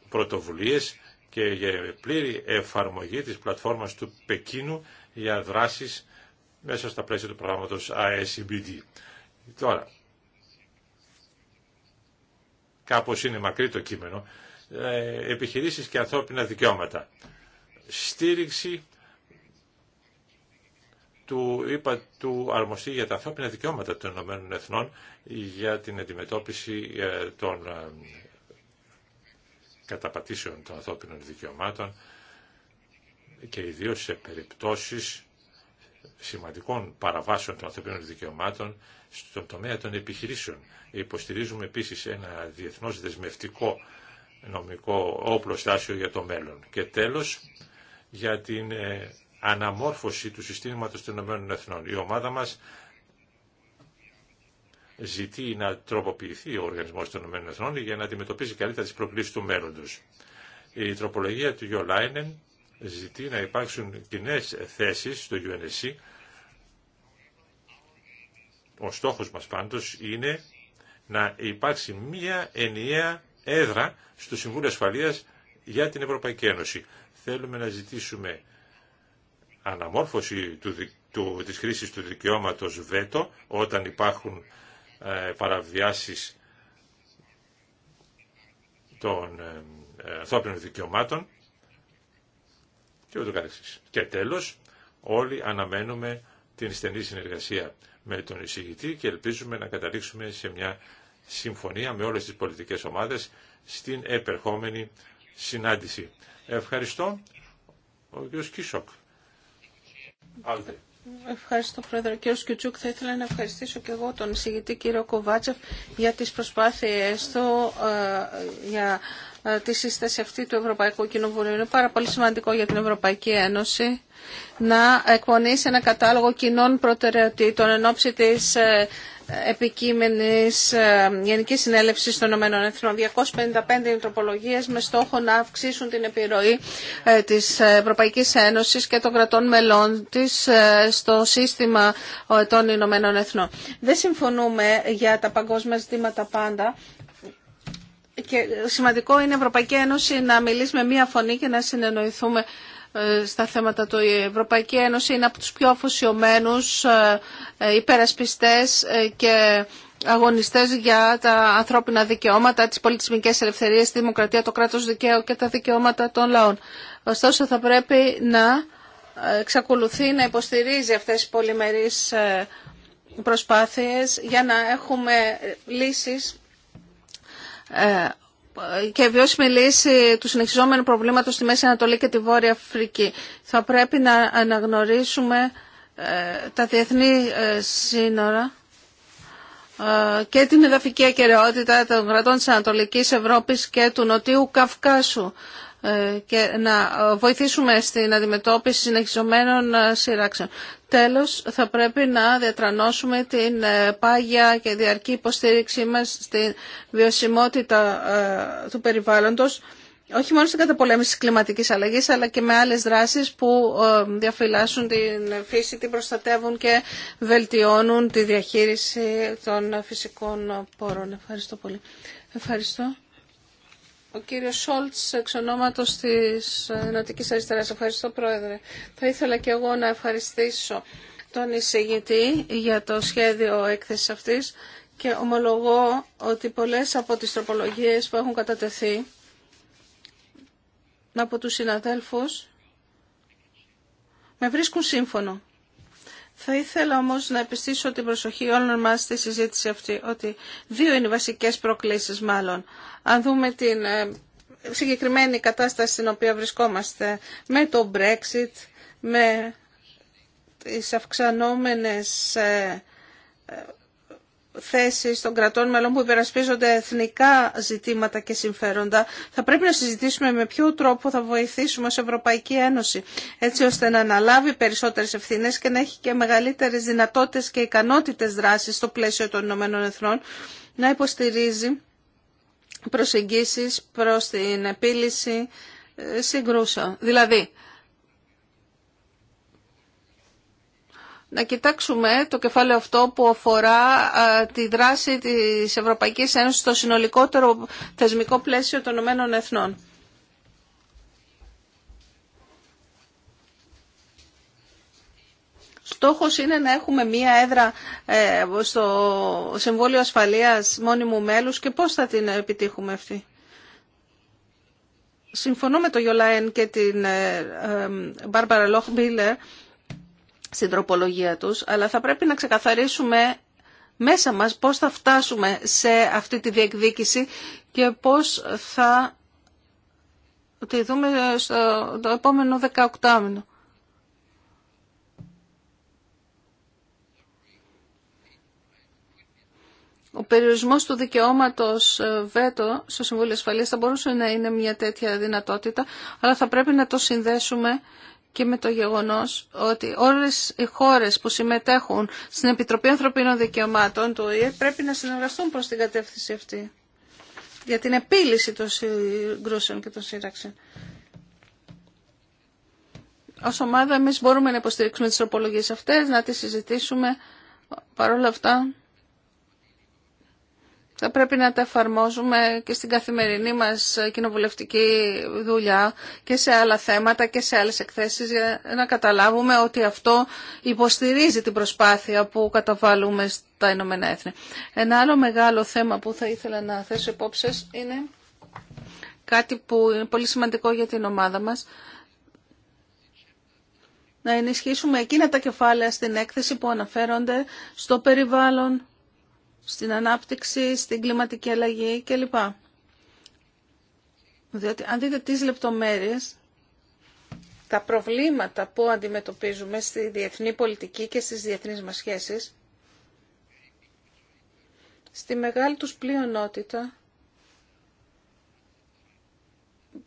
πρωτοβουλίες και για πλήρη εφαρμογή της πλατφόρμας του Πεκίνου για δράσεις μέσα στα πλαίσια του προγράμματος ASCBD. E Τώρα, κάπως είναι μακρύ το κείμενο, ε, επιχειρήσεις και ανθρώπινα δικαιώματα. Στήριξη του, είπα, του αρμοστή για τα ανθρώπινα δικαιώματα των Ηνωμένων Εθνών για την αντιμετώπιση ε, των ε, καταπατήσεων των ανθρώπινων δικαιωμάτων και ιδίως σε περιπτώσεις σημαντικών παραβάσεων των ανθρωπίνων δικαιωμάτων στον τομέα των επιχειρήσεων. Υποστηρίζουμε επίσης ένα διεθνώς δεσμευτικό νομικό όπλο στάσιο για το μέλλον. Και τέλος, για την ε, αναμόρφωση του συστήματος των ΗΠΑ. Η ομάδα μας ζητεί να τροποποιηθεί ο οργανισμός των ΗΠΑ για να αντιμετωπίζει καλύτερα τις προκλήσεις του μέλλοντος. Η τροπολογία του Γιολάινεν ζητεί να υπάρξουν κοινέ θέσεις στο UNSC. Ο στόχος μας πάντως είναι να υπάρξει μία ενιαία έδρα στο Συμβούλιο Ασφαλείας για την Ευρωπαϊκή Ένωση. Θέλουμε να ζητήσουμε αναμόρφωση του, του, της χρήσης του δικαιώματος βέτο όταν υπάρχουν ε, παραβιάσεις των ε, ε ανθρώπινων δικαιωμάτων και ούτω καθεξής. τέλος, όλοι αναμένουμε την στενή συνεργασία με τον εισηγητή και ελπίζουμε να καταλήξουμε σε μια συμφωνία με όλες τις πολιτικές ομάδες στην επερχόμενη συνάντηση. Ευχαριστώ. Ο κ. Κίσοκ. Ευχαριστώ, Πρόεδρε. Κύριο Σκιουτσούκ, θα ήθελα να ευχαριστήσω και εγώ τον εισηγητή κύριο Κοβάτσεφ για τις προσπάθειές του ε, για ε, τη σύσταση αυτή του Ευρωπαϊκού Κοινοβουλίου. Είναι πάρα πολύ σημαντικό για την Ευρωπαϊκή Ένωση να εκπονήσει ένα κατάλογο κοινών προτεραιοτήτων εν ώψη της ε, επικείμενης ε, Γενικής Συνέλευσης των Ηνωμένων Εθνών. 255 τροπολογίες με στόχο να αυξήσουν την επιρροή της Ευρωπαϊκής Ένωσης και των κρατών μελών της στο σύστημα των Ηνωμένων Εθνών. Δεν συμφωνούμε για τα παγκόσμια ζητήματα πάντα, και σημαντικό είναι η Ευρωπαϊκή Ένωση να μιλήσει με μία φωνή και να συνεννοηθούμε ε, στα θέματα του. Η Ευρωπαϊκή Ένωση είναι από τους πιο αφοσιωμένους ε, ε, υπερασπιστές και αγωνιστές για τα ανθρώπινα δικαιώματα, τις πολιτισμικές ελευθερίες, τη δημοκρατία, το κράτος δικαίου και τα δικαιώματα των λαών. Ωστόσο θα πρέπει να εξακολουθεί να υποστηρίζει αυτές τις πολυμερείς προσπάθειες για να έχουμε λύσεις ε, και βιώσιμη λύση του συνεχιζόμενου προβλήματος στη Μέση Ανατολή και τη Βόρεια Αφρική. Θα πρέπει να αναγνωρίσουμε ε, τα διεθνή ε, σύνορα και την εδαφική ακαιρεότητα των κρατών της Ανατολικής Ευρώπης και του Νοτιού Καυκάσου. Ε, και να ε, βοηθήσουμε στην αντιμετώπιση συνεχιζομένων ε, σειράξεων. Τέλος, θα πρέπει να διατρανώσουμε την πάγια και διαρκή υποστήριξή μας στην βιωσιμότητα του περιβάλλοντος, όχι μόνο στην καταπολέμηση της κλιματικής αλλαγής, αλλά και με άλλες δράσεις που διαφυλάσσουν την φύση, την προστατεύουν και βελτιώνουν τη διαχείριση των φυσικών πόρων. Ευχαριστώ πολύ. Ευχαριστώ. Ο κύριος Σόλτς, εξ ονόματος της Νοτικής Αριστεράς. Ευχαριστώ, Πρόεδρε. Θα ήθελα και εγώ να ευχαριστήσω τον εισηγητή για το σχέδιο έκθεσης αυτής και ομολογώ ότι πολλές από τις τροπολογίες που έχουν κατατεθεί από τους συναδέλφους με βρίσκουν σύμφωνο. Θα ήθελα όμως να επιστήσω την προσοχή όλων μας στη συζήτηση αυτή ότι δύο είναι οι βασικές προκλήσεις μάλλον. Αν δούμε την ε, συγκεκριμένη κατάσταση στην οποία βρισκόμαστε με το Brexit, με τις αυξανόμενες ε, ε, θέσεις των κρατών μελών που υπερασπίζονται εθνικά ζητήματα και συμφέροντα, θα πρέπει να συζητήσουμε με ποιο τρόπο θα βοηθήσουμε ως Ευρωπαϊκή Ένωση, έτσι ώστε να αναλάβει περισσότερες ευθύνες και να έχει και μεγαλύτερες δυνατότητες και ικανότητες δράσης στο πλαίσιο των Ηνωμένων Εθνών, να υποστηρίζει προσεγγίσεις προς την επίλυση ε, συγκρούσεων. Δηλαδή, να κοιτάξουμε το κεφάλαιο αυτό που αφορά τη δράση της Ευρωπαϊκής Ένωσης στο συνολικότερο θεσμικό πλαίσιο των Ηνωμένων Εθνών. Στόχος είναι να έχουμε μία έδρα ε, στο Συμβούλιο Ασφαλείας μόνιμου μέλους και πώς θα την επιτύχουμε αυτή. Συμφωνώ με τον Γιολάεν και την ε, ε, Μπάρμπαρα Λόχμπίλερ στην τροπολογία τους, αλλά θα πρέπει να ξεκαθαρίσουμε μέσα μας πώς θα φτάσουμε σε αυτή τη διεκδίκηση και πώς θα τη δούμε στο επόμενο 18 μήνο. Ο περιορισμός του δικαιώματος ε, βέτο στο Συμβούλιο Ασφαλείας θα μπορούσε να είναι μια τέτοια δυνατότητα, αλλά θα πρέπει να το συνδέσουμε και με το γεγονός ότι όλες οι χώρες που συμμετέχουν στην Επιτροπή Ανθρωπίνων Δικαιωμάτων του ΟΗΕ πρέπει να συνεργαστούν προς την κατεύθυνση αυτή για την επίλυση των συγκρούσεων και των σύραξεων. Ως ομάδα εμείς μπορούμε να υποστηρίξουμε τις τροπολογίες αυτές, να τις συζητήσουμε. παρόλα αυτά θα πρέπει να τα εφαρμόζουμε και στην καθημερινή μας κοινοβουλευτική δουλειά και σε άλλα θέματα και σε άλλες εκθέσεις για να καταλάβουμε ότι αυτό υποστηρίζει την προσπάθεια που καταβάλουμε στα Ηνωμένα Έθνη. Ένα άλλο μεγάλο θέμα που θα ήθελα να θέσω υπόψη είναι κάτι που είναι πολύ σημαντικό για την ομάδα μας, να ενισχύσουμε εκείνα τα κεφάλαια στην έκθεση που αναφέρονται στο περιβάλλον, στην ανάπτυξη, στην κλιματική αλλαγή κλπ. Διότι αν δείτε τις λεπτομέρειες, τα προβλήματα που αντιμετωπίζουμε στη διεθνή πολιτική και στις διεθνείς μας σχέσεις, στη μεγάλη τους πλειονότητα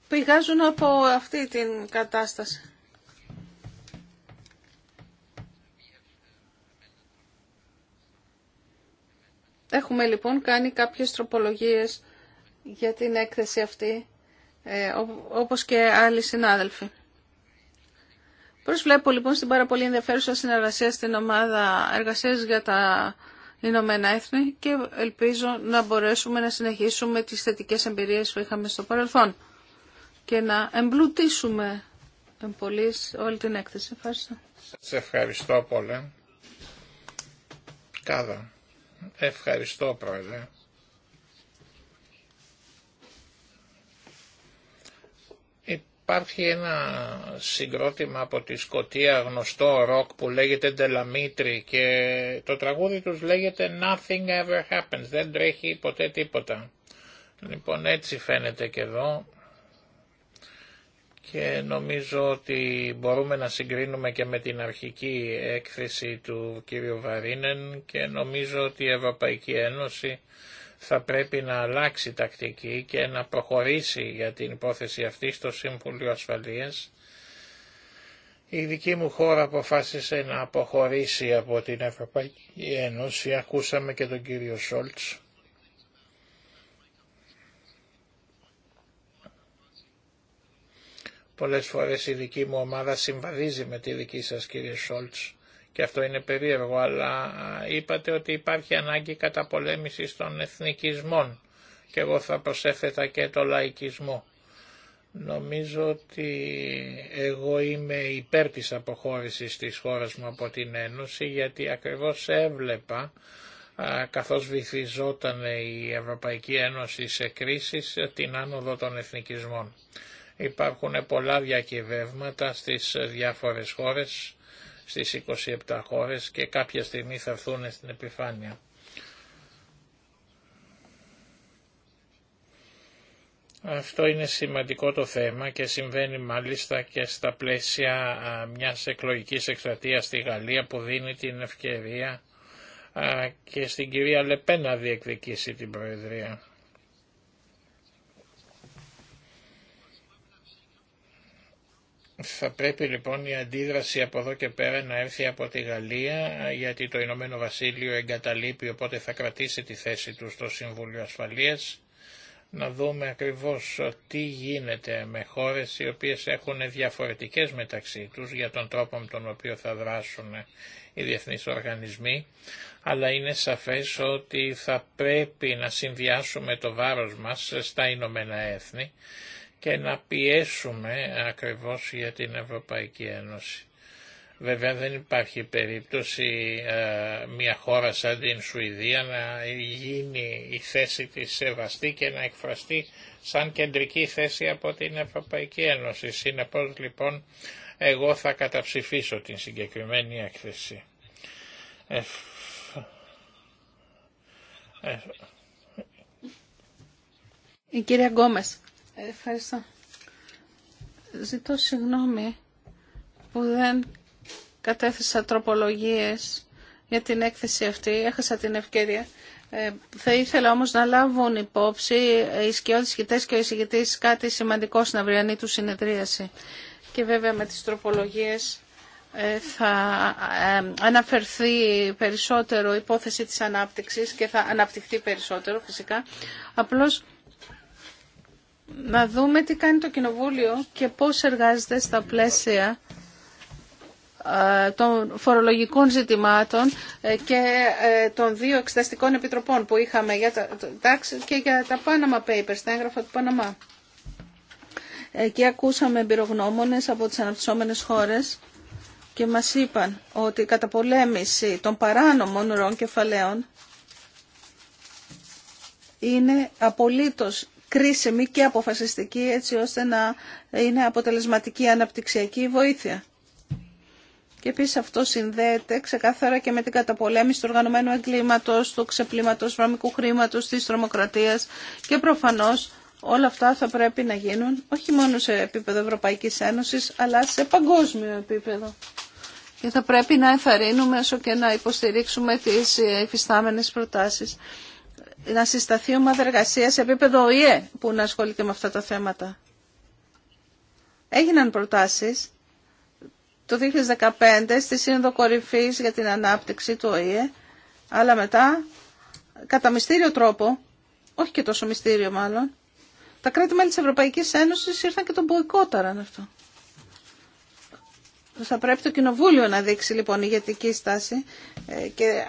πηγάζουν από αυτή την κατάσταση. Έχουμε λοιπόν κάνει κάποιες τροπολογίες για την έκθεση αυτή, ε, όπως και άλλοι συνάδελφοι. Προσβλέπω λοιπόν στην πάρα πολύ ενδιαφέρουσα συνεργασία στην ομάδα εργασίας για τα Ηνωμένα Έθνη και ελπίζω να μπορέσουμε να συνεχίσουμε τις θετικές εμπειρίες που είχαμε στο παρελθόν και να εμπλουτίσουμε πολύ όλη την έκθεση. Ευχαριστώ. Σας ευχαριστώ πολύ. Κάδα. Ευχαριστώ πρόεδρε. Υπάρχει ένα συγκρότημα από τη Σκοτία γνωστό ροκ που λέγεται Ντελαμίτρη και το τραγούδι τους λέγεται Nothing ever happens, δεν τρέχει ποτέ τίποτα. Λοιπόν έτσι φαίνεται και εδώ και νομίζω ότι μπορούμε να συγκρίνουμε και με την αρχική έκθεση του κύριου Βαρίνεν και νομίζω ότι η Ευρωπαϊκή Ένωση θα πρέπει να αλλάξει τακτική και να προχωρήσει για την υπόθεση αυτή στο Σύμβουλιο Ασφαλείας. Η δική μου χώρα αποφάσισε να αποχωρήσει από την Ευρωπαϊκή Ένωση. Ακούσαμε και τον κύριο Σόλτς Πολλές φορές η δική μου ομάδα συμβαδίζει με τη δική σας κύριε Σόλτς και αυτό είναι περίεργο, αλλά είπατε ότι υπάρχει ανάγκη καταπολέμησης των εθνικισμών και εγώ θα προσέθετα και το λαϊκισμό. Νομίζω ότι εγώ είμαι υπέρ της αποχώρησης της χώρας μου από την Ένωση γιατί ακριβώς έβλεπα καθώς βυθιζόταν η Ευρωπαϊκή Ένωση σε κρίσεις την άνοδο των εθνικισμών. Υπάρχουν πολλά διακυβεύματα στις διάφορες χώρες, στις 27 χώρες και κάποια στιγμή θα έρθουν στην επιφάνεια. Αυτό είναι σημαντικό το θέμα και συμβαίνει μάλιστα και στα πλαίσια μιας εκλογικής εκστρατείας στη Γαλλία που δίνει την ευκαιρία και στην κυρία Λεπένα να διεκδικήσει την Προεδρία. Θα πρέπει λοιπόν η αντίδραση από εδώ και πέρα να έρθει από τη Γαλλία γιατί το Ηνωμένο Βασίλειο εγκαταλείπει οπότε θα κρατήσει τη θέση του στο Συμβούλιο Ασφαλείας να δούμε ακριβώς τι γίνεται με χώρες οι οποίες έχουν διαφορετικές μεταξύ τους για τον τρόπο με τον οποίο θα δράσουν οι διεθνείς οργανισμοί, αλλά είναι σαφές ότι θα πρέπει να συνδυάσουμε το βάρος μας στα Ηνωμένα Έθνη και να πιέσουμε ακριβώς για την Ευρωπαϊκή Ένωση. Βέβαια δεν υπάρχει περίπτωση ε, μια χώρα σαν την Σουηδία να γίνει η θέση της σεβαστή και να εκφραστεί σαν κεντρική θέση από την Ευρωπαϊκή Ένωση. Συνεπώς λοιπόν εγώ θα καταψηφίσω την συγκεκριμένη έκθεση. Ε, ε, ε. Ευχαριστώ. Ζητώ συγγνώμη που δεν κατέθεσα τροπολογίες για την έκθεση αυτή. Έχασα την ευκαιρία. Ε, θα ήθελα όμως να λάβουν υπόψη οι σκιώδεις και ο εισηγητής κάτι σημαντικό στην αυριανή του συνεδρίαση. Και βέβαια με τις τροπολογίες ε, θα ε, αναφερθεί περισσότερο η υπόθεση της ανάπτυξης και θα αναπτυχθεί περισσότερο φυσικά. Απλώς να δούμε τι κάνει το Κοινοβούλιο και πώς εργάζεται στα πλαίσια ε, των φορολογικών ζητημάτων ε, και ε, των δύο εξεταστικών επιτροπών που είχαμε για τα και για τα Panama Papers, τα έγγραφα του Παναμά. Εκεί ακούσαμε εμπειρογνώμονες από τις αναπτυσσόμενες χώρες και μας είπαν ότι η καταπολέμηση των παράνομων ροών κεφαλαίων είναι απολύτως κρίσιμη και αποφασιστική έτσι ώστε να είναι αποτελεσματική αναπτυξιακή βοήθεια. Και επίσης αυτό συνδέεται ξεκάθαρα και με την καταπολέμηση του οργανωμένου εγκλήματος, του ξεπλήματος βραμικού χρήματος, της τρομοκρατίας και προφανώς όλα αυτά θα πρέπει να γίνουν όχι μόνο σε επίπεδο Ευρωπαϊκής Ένωσης αλλά σε παγκόσμιο επίπεδο. Και θα πρέπει να εθαρρύνουμε όσο και να υποστηρίξουμε τις υφιστάμενες προτάσεις να συσταθεί ομάδα εργασία σε επίπεδο ΟΗΕ που να ασχολείται με αυτά τα θέματα. Έγιναν προτάσεις το 2015 στη Σύνοδο Κορυφής για την Ανάπτυξη του ΟΗΕ, αλλά μετά, κατά μυστήριο τρόπο, όχι και τόσο μυστήριο μάλλον, τα κράτη-μέλη της Ευρωπαϊκής Ένωσης ήρθαν και τον μποϊκόταραν αυτό. Θα πρέπει το Κοινοβούλιο να δείξει λοιπόν ηγετική στάση ε, και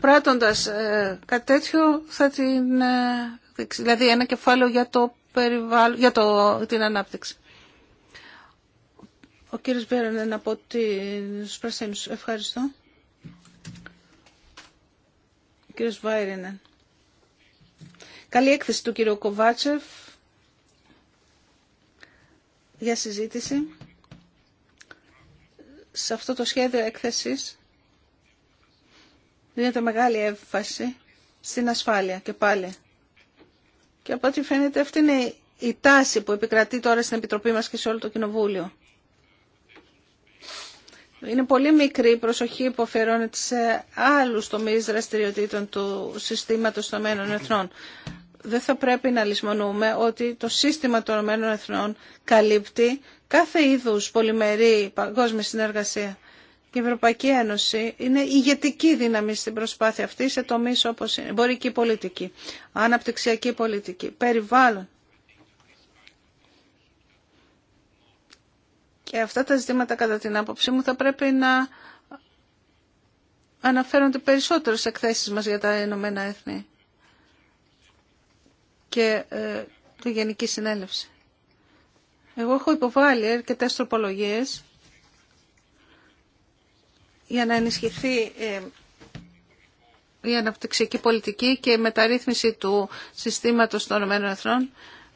πράττοντας ε, κάτι τέτοιο θα την... Ε, δηλαδή ένα κεφάλαιο για, το περιβάλλον, για το, την ανάπτυξη. Ο κύριος Μπέρανεν από την Σπρασένους, Ευχαριστώ. Ο κύριος Βάιρενεν. Καλή έκθεση του κύριου Κοβάτσεφ για συζήτηση σε αυτό το σχέδιο έκθεσης δίνεται μεγάλη έμφαση στην ασφάλεια και πάλι. Και από ό,τι φαίνεται αυτή είναι η τάση που επικρατεί τώρα στην Επιτροπή μας και σε όλο το Κοινοβούλιο. Είναι πολύ μικρή η προσοχή που αφιερώνεται σε άλλους τομείς δραστηριοτήτων του συστήματος των Ηνωμένων Εθνών. Δεν θα πρέπει να λησμονούμε ότι το σύστημα των Ηνωμένων Εθνών καλύπτει κάθε είδους πολυμερή παγκόσμια συνεργασία η Ευρωπαϊκή Ένωση είναι ηγετική δύναμη στην προσπάθεια αυτή σε τομεί όπως είναι εμπορική πολιτική, αναπτυξιακή πολιτική, περιβάλλον. Και αυτά τα ζητήματα κατά την άποψή μου θα πρέπει να αναφέρονται περισσότερο σε εκθέσεις μας για τα Ηνωμένα Έθνη και ε, τη Γενική Συνέλευση. Εγώ έχω υποβάλει αρκετέ τροπολογίες για να ενισχυθεί ε, η αναπτυξιακή πολιτική και η μεταρρύθμιση του συστήματος των ΗΕ,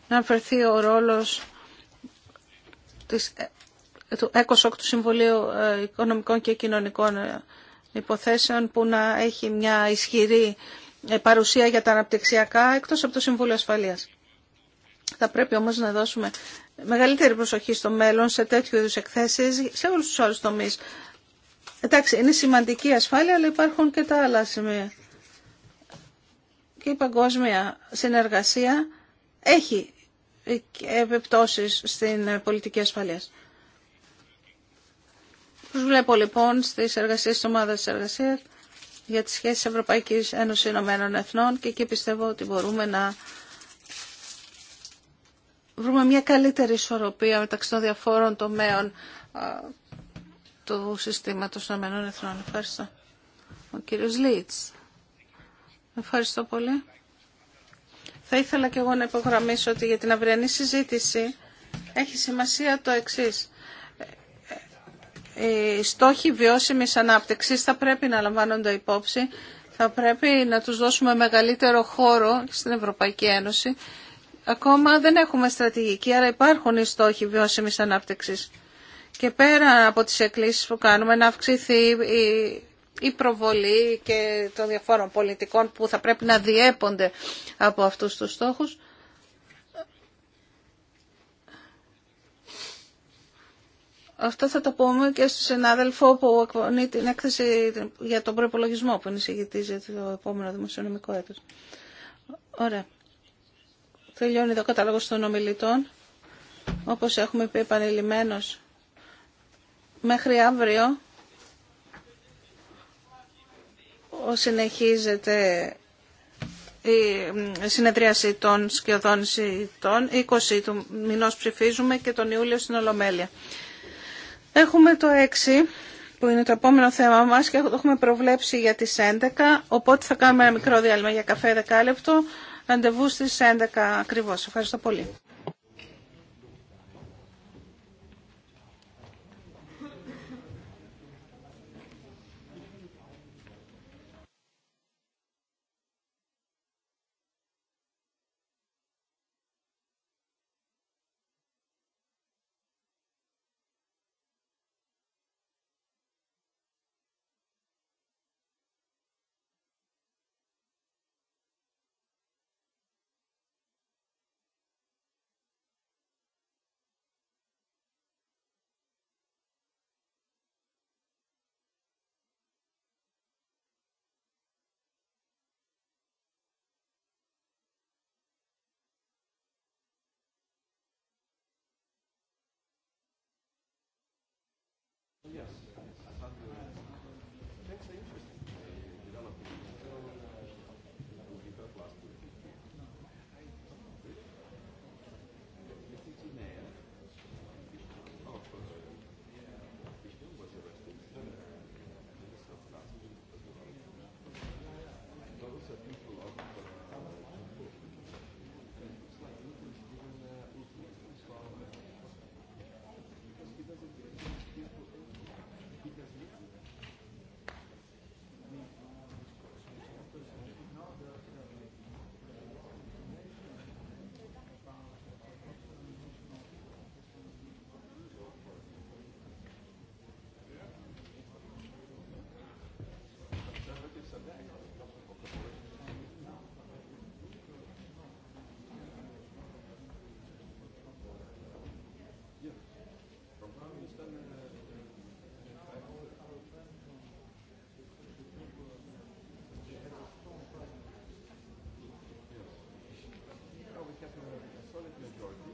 να αφαιρθεί ο ρόλος της, ε, του ΕΚΟΣΟΚ του Συμβουλίου ε, Οικονομικών και Κοινωνικών Υποθέσεων που να έχει μια ισχυρή παρουσία για τα αναπτυξιακά εκτός από το Συμβούλιο Ασφαλείας. Θα πρέπει όμως να δώσουμε μεγαλύτερη προσοχή στο μέλλον σε τέτοιου είδους εκθέσεις, σε όλους τους άλλους τομείς Εντάξει, είναι σημαντική η ασφάλεια, αλλά υπάρχουν και τα άλλα σημεία. Και η παγκόσμια συνεργασία έχει επιπτώσεις στην πολιτική ασφαλείας. Προσβλέπω λοιπόν στις εργασίες της ομάδας της για τις σχέσεις Ευρωπαϊκής Ένωσης Ηνωμένων Εθνών και εκεί πιστεύω ότι μπορούμε να βρούμε μια καλύτερη ισορροπία μεταξύ των διαφόρων τομέων του συστήματος των Εθνών. Ευχαριστώ. Ο κύριος Λίτς. Ευχαριστώ πολύ. Θα ήθελα και εγώ να υπογραμμίσω ότι για την αυριανή συζήτηση έχει σημασία το εξής. Ε, οι στόχοι βιώσιμης ανάπτυξης θα πρέπει να λαμβάνονται υπόψη, θα πρέπει να τους δώσουμε μεγαλύτερο χώρο στην Ευρωπαϊκή Ένωση. Ακόμα δεν έχουμε στρατηγική, άρα υπάρχουν οι στόχοι βιώσιμης ανάπτυξης και πέρα από τις εκκλήσεις που κάνουμε να αυξηθεί η, η προβολή και των διαφόρων πολιτικών που θα πρέπει να διέπονται από αυτούς τους στόχους. Αυτό θα το πούμε και στον συνάδελφο που εκπονεί την έκθεση για τον προπολογισμό που είναι το επόμενο δημοσιονομικό έτος. Ωραία. Τελειώνει το κατάλογο των ομιλητών. Όπως έχουμε πει επανειλημμένως, μέχρι αύριο συνεχίζεται η συνεδρίαση των σκιωδών των 20 του μηνός ψηφίζουμε και τον Ιούλιο στην Ολομέλεια. Έχουμε το 6 που είναι το επόμενο θέμα μας και το έχουμε προβλέψει για τις 11, οπότε θα κάνουμε ένα μικρό διάλειμμα για καφέ δεκάλεπτο. λεπτό, ραντεβού στις 11 ακριβώς. Ευχαριστώ πολύ. Υπότιτλοι AUTHORWAVE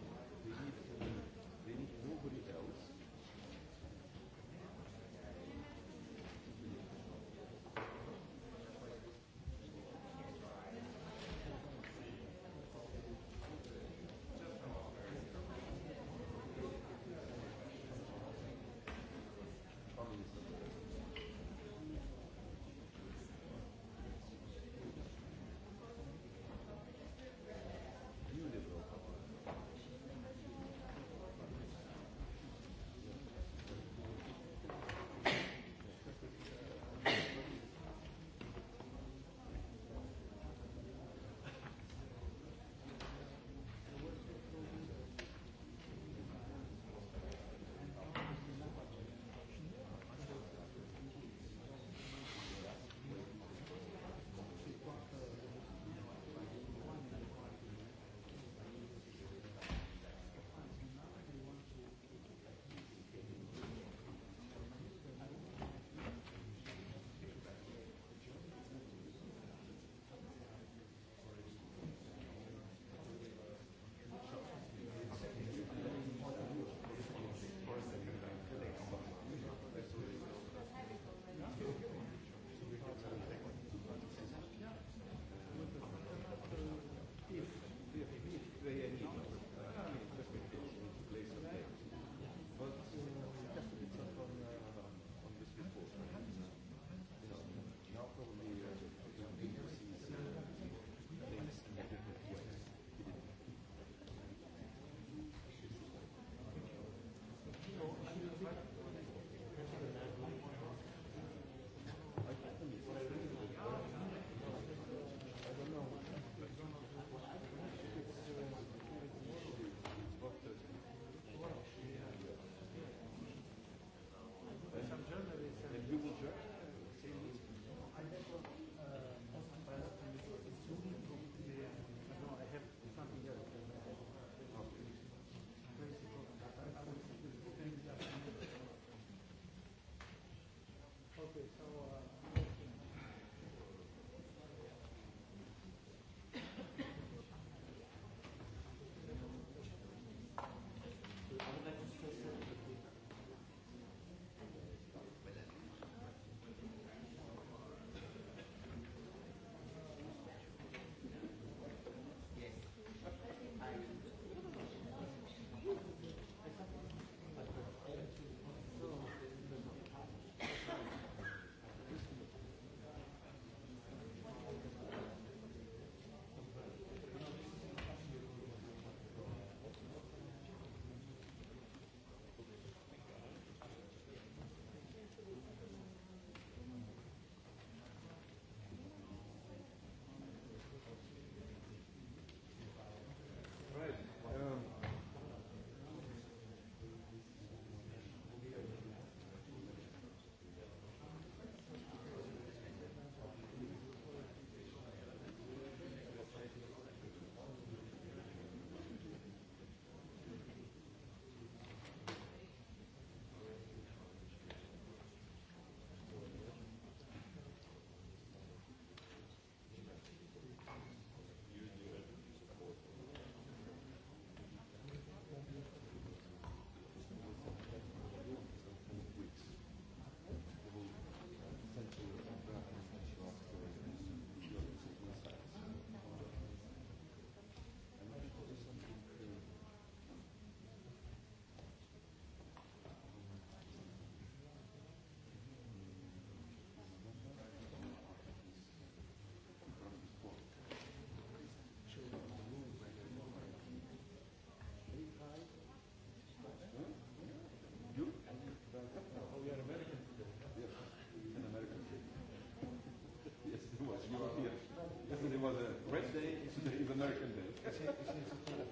Red Day is of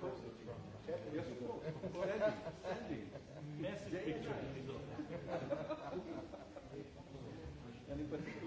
course. Sandy, Sandy. Massive picture. And in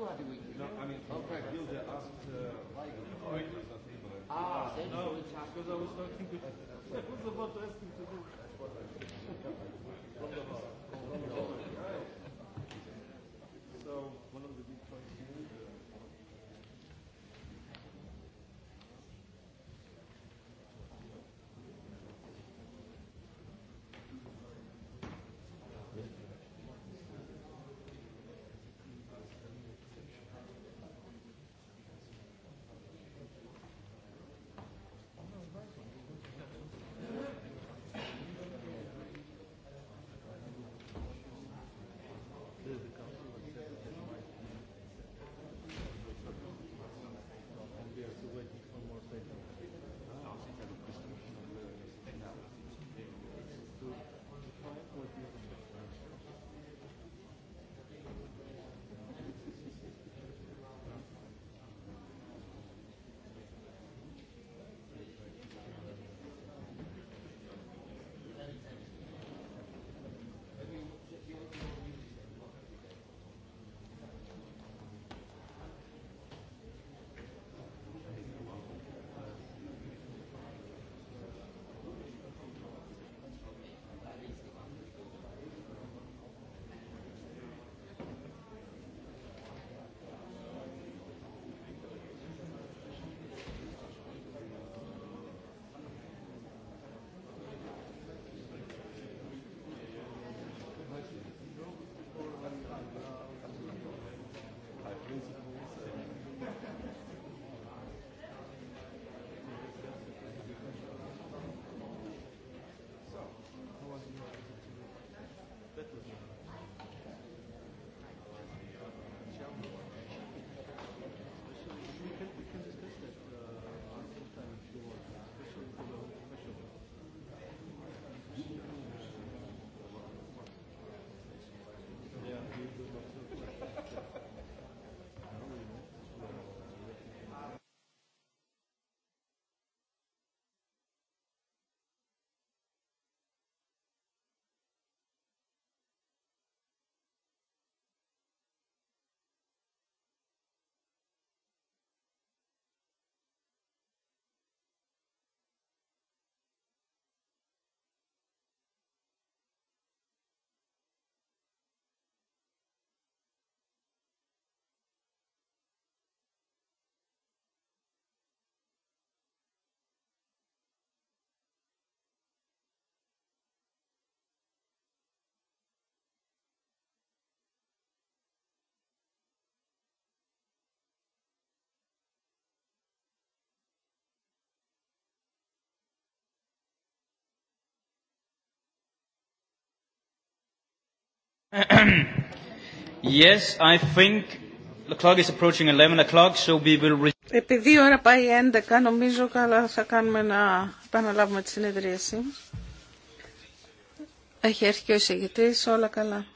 No, I mean, okay. uh, Ah, because I was talking to... yes, I think the clock is approaching 11 o'clock, so we will... Επειδή η ώρα πάει 11, νομίζω καλά θα κάνουμε να επαναλάβουμε τη συνεδρίαση. Έχει έρθει και ο εισηγητής, όλα καλά.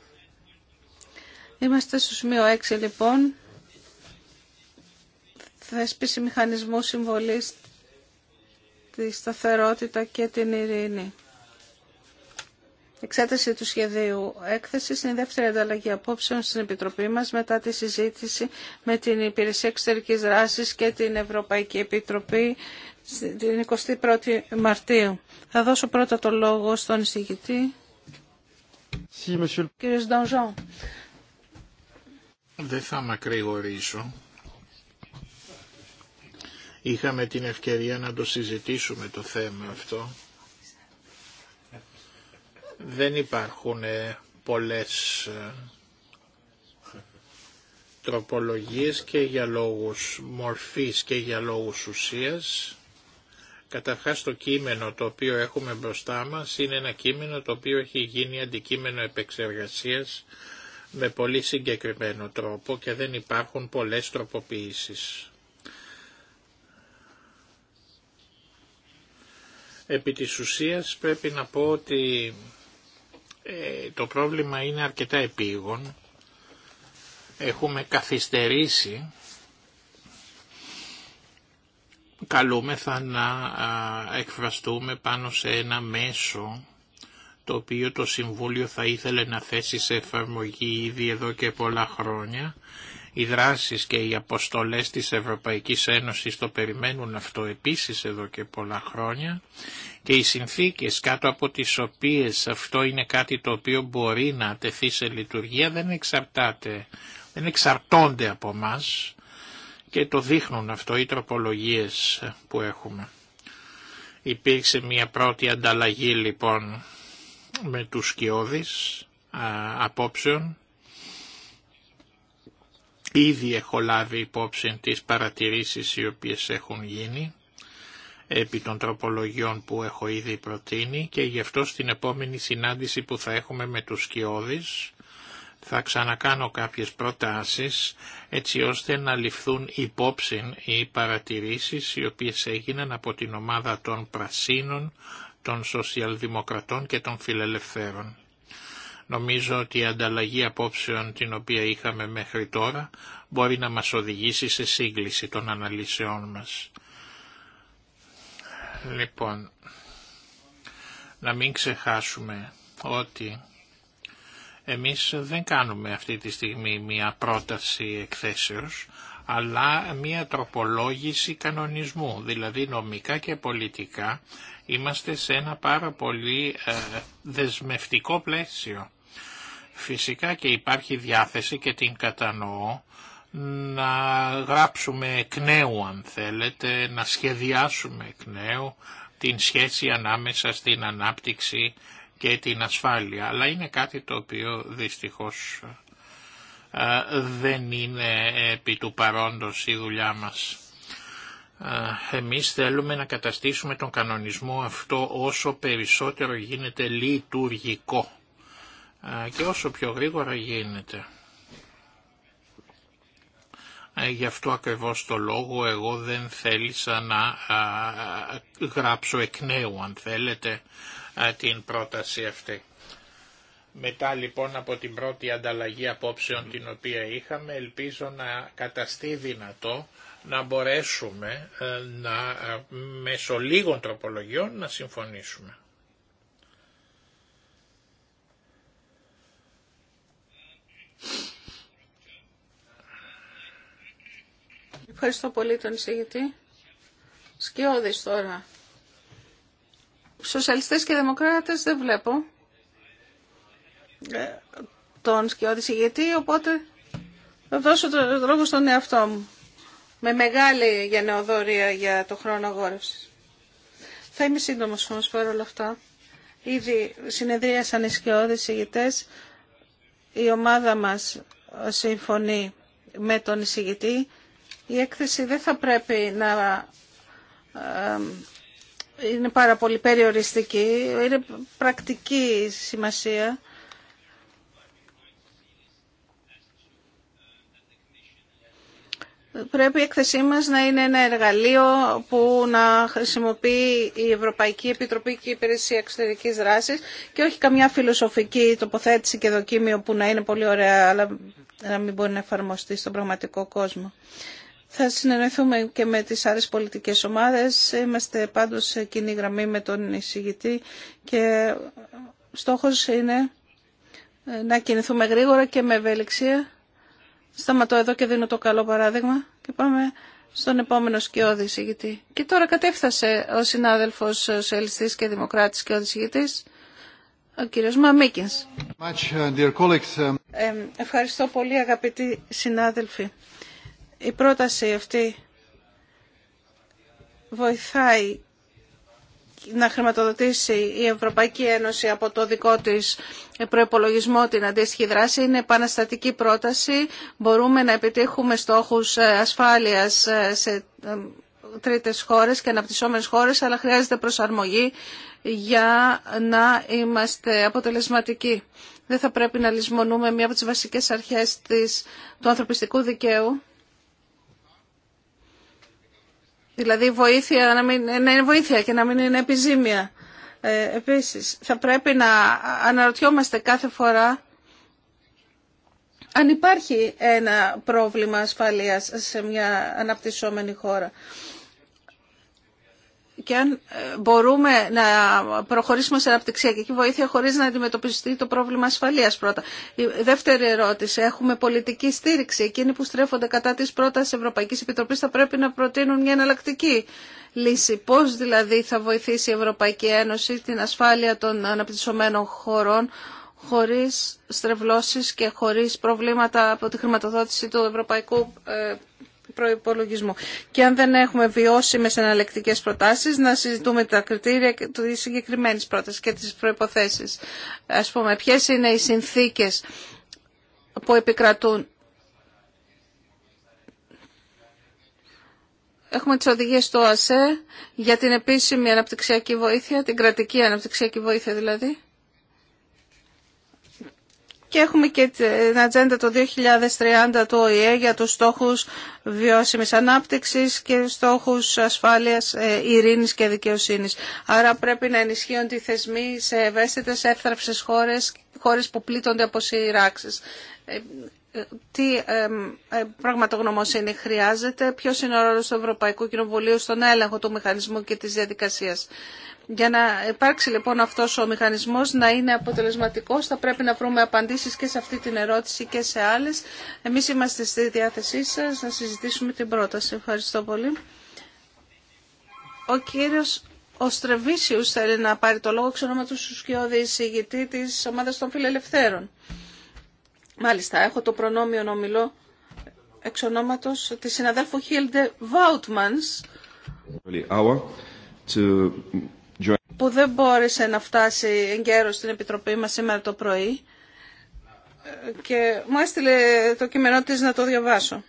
Είμαστε στο σημείο 6 λοιπόν. Θέσπιση μηχανισμού συμβολής τη σταθερότητα και την ειρήνη. Εξέταση του σχεδίου έκθεσης είναι η δεύτερη ανταλλαγή απόψεων στην Επιτροπή μας μετά τη συζήτηση με την Υπηρεσία Εξωτερικής δράση και την Ευρωπαϊκή Επιτροπή την 21η Μαρτίου. Θα δώσω πρώτα το λόγο στον εισηγητή. Sí, Κύριε Σντάνζο. Δεν θα μακρηγορήσω. Είχαμε την ευκαιρία να το συζητήσουμε το θέμα αυτό δεν υπάρχουν ε, πολλές ε, τροπολογίες και για λόγους μορφής και για λόγους ουσίας. Καταρχάς το κείμενο το οποίο έχουμε μπροστά μας είναι ένα κείμενο το οποίο έχει γίνει αντικείμενο επεξεργασίας με πολύ συγκεκριμένο τρόπο και δεν υπάρχουν πολλές τροποποιήσεις. Επί της ουσίας πρέπει να πω ότι ε, το πρόβλημα είναι αρκετά επίγον. Έχουμε καθυστερήσει. Καλούμεθα να εκφραστούμε πάνω σε ένα μέσο το οποίο το Συμβούλιο θα ήθελε να θέσει σε εφαρμογή ήδη εδώ και πολλά χρόνια οι δράσεις και οι αποστολές της Ευρωπαϊκής Ένωσης το περιμένουν αυτό επίσης εδώ και πολλά χρόνια και οι συνθήκες κάτω από τις οποίες αυτό είναι κάτι το οποίο μπορεί να τεθεί σε λειτουργία δεν εξαρτάται, δεν εξαρτώνται από μας και το δείχνουν αυτό οι τροπολογίες που έχουμε. Υπήρξε μια πρώτη ανταλλαγή λοιπόν με τους σκιώδεις απόψεων Ήδη έχω λάβει υπόψη τις παρατηρήσεις οι οποίες έχουν γίνει επί των τροπολογιών που έχω ήδη προτείνει και γι' αυτό στην επόμενη συνάντηση που θα έχουμε με τους σκιώδεις θα ξανακάνω κάποιες προτάσεις έτσι ώστε να ληφθούν υπόψη οι παρατηρήσεις οι οποίες έγιναν από την ομάδα των Πρασίνων, των Σοσιαλδημοκρατών και των Φιλελευθέρων. Νομίζω ότι η ανταλλαγή απόψεων την οποία είχαμε μέχρι τώρα μπορεί να μας οδηγήσει σε σύγκληση των αναλύσεών μας. Λοιπόν, να μην ξεχάσουμε ότι εμείς δεν κάνουμε αυτή τη στιγμή μία πρόταση εκθέσεως, αλλά μία τροπολόγηση κανονισμού, δηλαδή νομικά και πολιτικά είμαστε σε ένα πάρα πολύ ε, δεσμευτικό πλαίσιο. Φυσικά και υπάρχει διάθεση και την κατανοώ να γράψουμε εκ νέου αν θέλετε, να σχεδιάσουμε εκ νέου την σχέση ανάμεσα στην ανάπτυξη και την ασφάλεια. Αλλά είναι κάτι το οποίο δυστυχώς δεν είναι επί του παρόντος η δουλειά μας. Εμείς θέλουμε να καταστήσουμε τον κανονισμό αυτό όσο περισσότερο γίνεται λειτουργικό και όσο πιο γρήγορα γίνεται. Ε, γι' αυτό ακριβώς το λόγο εγώ δεν θέλησα να γράψω εκ νέου, αν θέλετε, την πρόταση αυτή. Μετά λοιπόν από την πρώτη ανταλλαγή απόψεων την οποία είχαμε, ελπίζω να καταστεί δυνατό να μπορέσουμε ε, να μέσω λίγων τροπολογιών να συμφωνήσουμε. Ευχαριστώ πολύ τον εισηγητή. Σκιώδης τώρα. Σοσιαλιστές και δημοκράτες δεν βλέπω ε, τον σκιώδη εισηγητή, οπότε θα δώσω τον λόγο στον εαυτό μου. Με μεγάλη γενναιοδόρια για το χρόνο αγόρευσης. Θα είμαι σύντομος όμως όλα αυτά. Ήδη συνεδρίασαν οι σκιώδεις εισηγητές. Η ομάδα μας συμφωνεί με τον εισηγητή η έκθεση δεν θα πρέπει να ε, είναι πάρα πολύ περιοριστική, είναι πρακτική σημασία. Πρέπει η έκθεσή μας να είναι ένα εργαλείο που να χρησιμοποιεί η Ευρωπαϊκή Επιτροπή και η Υπηρεσία Εξωτερικής Δράσης και όχι καμιά φιλοσοφική τοποθέτηση και δοκίμιο που να είναι πολύ ωραία αλλά να μην μπορεί να εφαρμοστεί στον πραγματικό κόσμο. Θα συνεννοηθούμε και με τις άλλες πολιτικές ομάδες. Είμαστε πάντως σε κοινή γραμμή με τον εισηγητή και στόχος είναι να κινηθούμε γρήγορα και με ευελιξία. Σταματώ εδώ και δίνω το καλό παράδειγμα και πάμε στον επόμενο σκιώδη εισηγητή. Και τώρα κατέφθασε ο συνάδελφος σοσιαλιστής και δημοκράτης ο εισηγητής, ο κύριος Μαμίκινς. Uh, um, ε, ευχαριστώ πολύ αγαπητοί συνάδελφοι. Η πρόταση αυτή βοηθάει να χρηματοδοτήσει η Ευρωπαϊκή Ένωση από το δικό της προϋπολογισμό την αντίστοιχη δράση. Είναι επαναστατική πρόταση. Μπορούμε να επιτύχουμε στόχους ε, ασφάλειας ε, σε ε, τρίτες χώρες και αναπτυσσόμενες χώρες, αλλά χρειάζεται προσαρμογή για να είμαστε αποτελεσματικοί. Δεν θα πρέπει να λησμονούμε μία από τις βασικές αρχές της, του ανθρωπιστικού δικαίου Δηλαδή βοήθεια να, μην, είναι βοήθεια και να μην είναι επιζήμια. Ε, επίσης, θα πρέπει να αναρωτιόμαστε κάθε φορά αν υπάρχει ένα πρόβλημα ασφαλείας σε μια αναπτυσσόμενη χώρα και αν ε, μπορούμε να προχωρήσουμε σε αναπτυξιακή βοήθεια χωρίς να αντιμετωπιστεί το πρόβλημα ασφαλείας πρώτα. Η δεύτερη ερώτηση, έχουμε πολιτική στήριξη. Εκείνοι που στρέφονται κατά της πρότασης Ευρωπαϊκής Επιτροπής θα πρέπει να προτείνουν μια εναλλακτική λύση. Πώς δηλαδή θα βοηθήσει η Ευρωπαϊκή Ένωση την ασφάλεια των αναπτυσσομένων χωρών χωρίς στρεβλώσεις και χωρίς προβλήματα από τη χρηματοδότηση του Ευρωπαϊκού ε, προϋπολογισμού. Και αν δεν έχουμε βιώσιμε εναλλεκτικέ προτάσεις, να συζητούμε τα κριτήρια τη συγκεκριμένη πρόταση και τι προϋποθέσεις. Ας πούμε, ποιε είναι οι συνθήκες που επικρατούν. Έχουμε τις οδηγίες του ΑΣΕ για την επίσημη αναπτυξιακή βοήθεια, την κρατική αναπτυξιακή βοήθεια δηλαδή. Και έχουμε και την ατζέντα το 2030 του ΟΗΕ για τους στόχους βιώσιμης ανάπτυξης και στόχους ασφάλειας, ε, ειρήνης και δικαιοσύνης. Άρα πρέπει να ενισχύονται οι θεσμοί σε ευαίσθητες έφθραυσες χώρες, χώρες που πλήττονται από σειράξεις. Ε, τι ε, πραγματογνωμοσύνη χρειάζεται, ποιο είναι ο ρόλο του Ευρωπαϊκού Κοινοβουλίου στον έλεγχο του μηχανισμού και τη διαδικασία. Για να υπάρξει λοιπόν αυτό ο μηχανισμό να είναι αποτελεσματικό, θα πρέπει να βρούμε απαντήσει και σε αυτή την ερώτηση και σε άλλε. Εμεί είμαστε στη διάθεσή σα να συζητήσουμε την πρόταση. Ευχαριστώ πολύ. Ο κύριο Οστρεβίσιους θέλει να πάρει το λόγο ξέρω με του σκιώδη εισηγητή τη ομάδα των φιλελευθέρων. Μάλιστα, έχω το προνόμιο να μιλώ εξ ονόματος της συναδέλφου Χίλντε Βάουτμανς που δεν μπόρεσε να φτάσει εγκαίρως στην Επιτροπή μας σήμερα το πρωί και μου έστειλε το κείμενό της να το διαβάσω.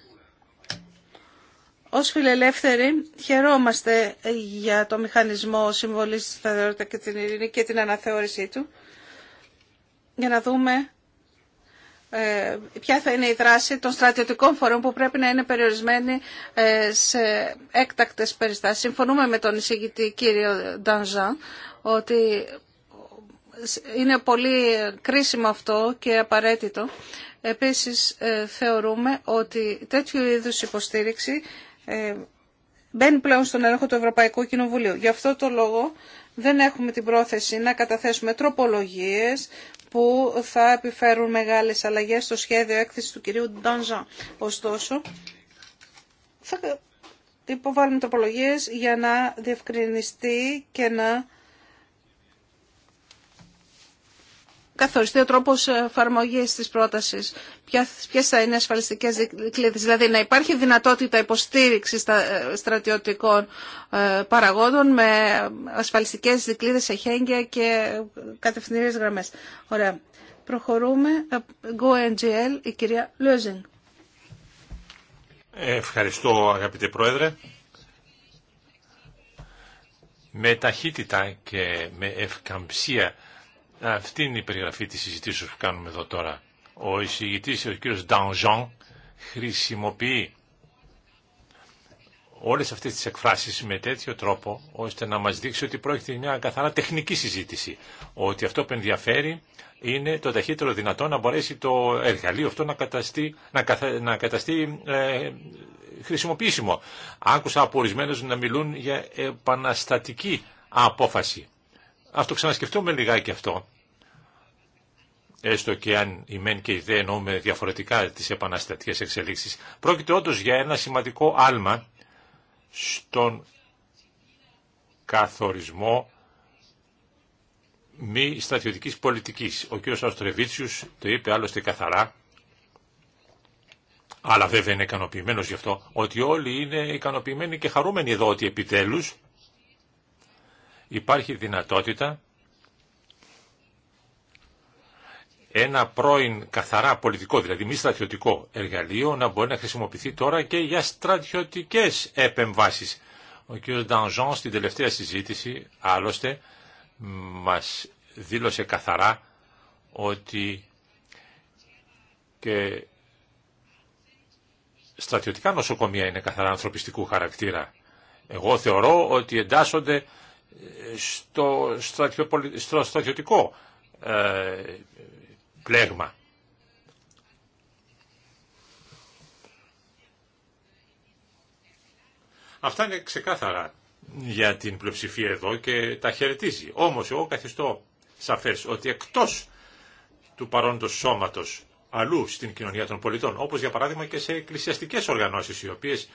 Ως φιλελεύθεροι χαιρόμαστε για το μηχανισμό συμβολής της σταθερότητα και την ειρήνη και την αναθεώρησή του για να δούμε ε, ποια θα είναι η δράση των στρατιωτικών φορών που πρέπει να είναι περιορισμένη ε, σε έκτακτες περιστάσεις. Συμφωνούμε με τον εισηγητή κύριο Ντανζάν ότι είναι πολύ κρίσιμο αυτό και απαραίτητο. Επίσης ε, θεωρούμε ότι τέτοιου είδους υποστήριξη μπαίνει πλέον στον έλεγχο του Ευρωπαϊκού Κοινοβουλίου. Γι' αυτό το λόγο δεν έχουμε την πρόθεση να καταθέσουμε τροπολογίες που θα επιφέρουν μεγάλες αλλαγές στο σχέδιο έκθεση του κυρίου Ντόνζα. Ωστόσο, θα υποβάλουμε τροπολογίες για να διευκρινιστεί και να καθοριστεί ο τρόπος εφαρμογή της πρότασης, Ποιε θα είναι ασφαλιστικέ δικλείδες, δηλαδή να υπάρχει δυνατότητα υποστήριξης ε, στρατιωτικών ε, παραγόντων με ασφαλιστικές δικλείδες χέγγια και κατευθυντήριες γραμμές. Ωραία. Προχωρούμε. GoNGL, ε, η κυρία Λούζινγκ. Ευχαριστώ αγαπητέ Πρόεδρε. Με ταχύτητα και με ευκαμψία αυτή είναι η περιγραφή της συζητήσεως που κάνουμε εδώ τώρα. Ο εισηγητής, ο κύριος Ντανζόν, χρησιμοποιεί όλες αυτές τις εκφράσεις με τέτοιο τρόπο, ώστε να μας δείξει ότι πρόκειται μια καθαρά τεχνική συζήτηση. Ότι αυτό που ενδιαφέρει είναι το ταχύτερο δυνατό να μπορέσει το εργαλείο αυτό να καταστεί, να να καταστεί ε, χρησιμοποιήσιμο. Άκουσα από να μιλούν για επαναστατική απόφαση. Ας το ξανασκεφτούμε λιγάκι αυτό, έστω και αν η μεν και η δε εννοούμε διαφορετικά τις επαναστατικές εξελίξεις. Πρόκειται όντω για ένα σημαντικό άλμα στον καθορισμό μη στρατιωτικής πολιτικής. Ο κ. Αστρεβίτσιους το είπε άλλωστε καθαρά, αλλά βέβαια είναι ικανοποιημένο γι' αυτό, ότι όλοι είναι ικανοποιημένοι και χαρούμενοι εδώ ότι επιτέλους υπάρχει δυνατότητα ένα πρώην καθαρά πολιτικό, δηλαδή μη στρατιωτικό εργαλείο να μπορεί να χρησιμοποιηθεί τώρα και για στρατιωτικές επεμβάσεις. Ο κ. Ντανζόν στην τελευταία συζήτηση άλλωστε μας δήλωσε καθαρά ότι και στρατιωτικά νοσοκομεία είναι καθαρά ανθρωπιστικού χαρακτήρα. Εγώ θεωρώ ότι εντάσσονται στο, στρατιωτικό ε, πλέγμα. Αυτά είναι ξεκάθαρα για την πλειοψηφία εδώ και τα χαιρετίζει. Όμως εγώ καθιστώ σαφές ότι εκτός του παρόντος σώματος αλλού στην κοινωνία των πολιτών, όπως για παράδειγμα και σε εκκλησιαστικές οργανώσεις οι οποίες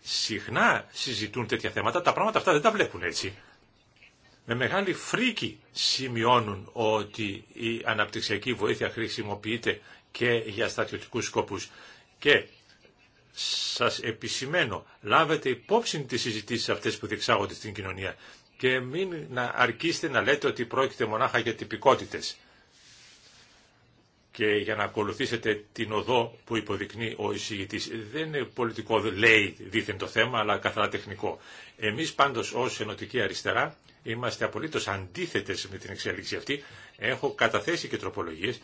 συχνά συζητούν τέτοια θέματα, τα πράγματα αυτά δεν τα βλέπουν έτσι με μεγάλη φρίκη σημειώνουν ότι η αναπτυξιακή βοήθεια χρησιμοποιείται και για στρατιωτικούς σκοπούς. Και σας επισημενω λάβετε υπόψη τις συζητήσεις αυτές που διεξάγονται στην κοινωνία και μην να αρκείστε να λέτε ότι πρόκειται μονάχα για τυπικότητες και για να ακολουθήσετε την οδό που υποδεικνύει ο εισηγητής. Δεν είναι πολιτικό, λέει δίθεν το θέμα, αλλά καθαρά τεχνικό. Εμείς πάντως ως Ενωτική Αριστερά είμαστε απολύτως αντίθετες με την εξέλιξη αυτή. Έχω καταθέσει και τροπολογίες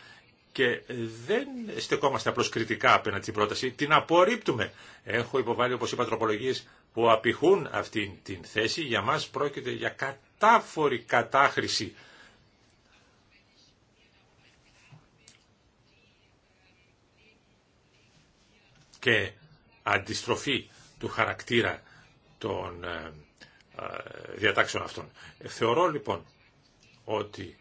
και δεν στεκόμαστε απλώς κριτικά απέναντι στην πρόταση, την απορρίπτουμε. Έχω υποβάλει, όπως είπα, τροπολογίες που απηχούν αυτή την θέση. Για μας πρόκειται για κατάφορη κατάχρηση και αντιστροφή του χαρακτήρα των ε, διατάξεων αυτών. Θεωρώ λοιπόν ότι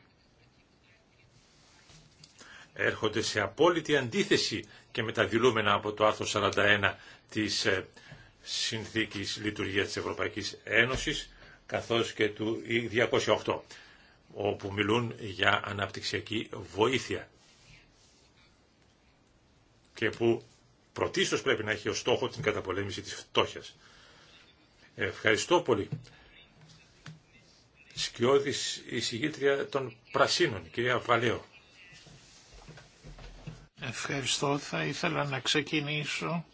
έρχονται σε απόλυτη αντίθεση και με τα δηλούμενα από το άρθρο 41 της ε, Συνθήκης Λειτουργίας της Ευρωπαϊκής Ένωσης καθώς και του 208 όπου μιλούν για αναπτυξιακή βοήθεια και που πρωτίστως πρέπει να έχει ως στόχο την καταπολέμηση της φτώχειας. Ευχαριστώ πολύ. η εισηγήτρια των Πρασίνων, κυρία Βαλέο. Ευχαριστώ. Θα ήθελα να ξεκινήσω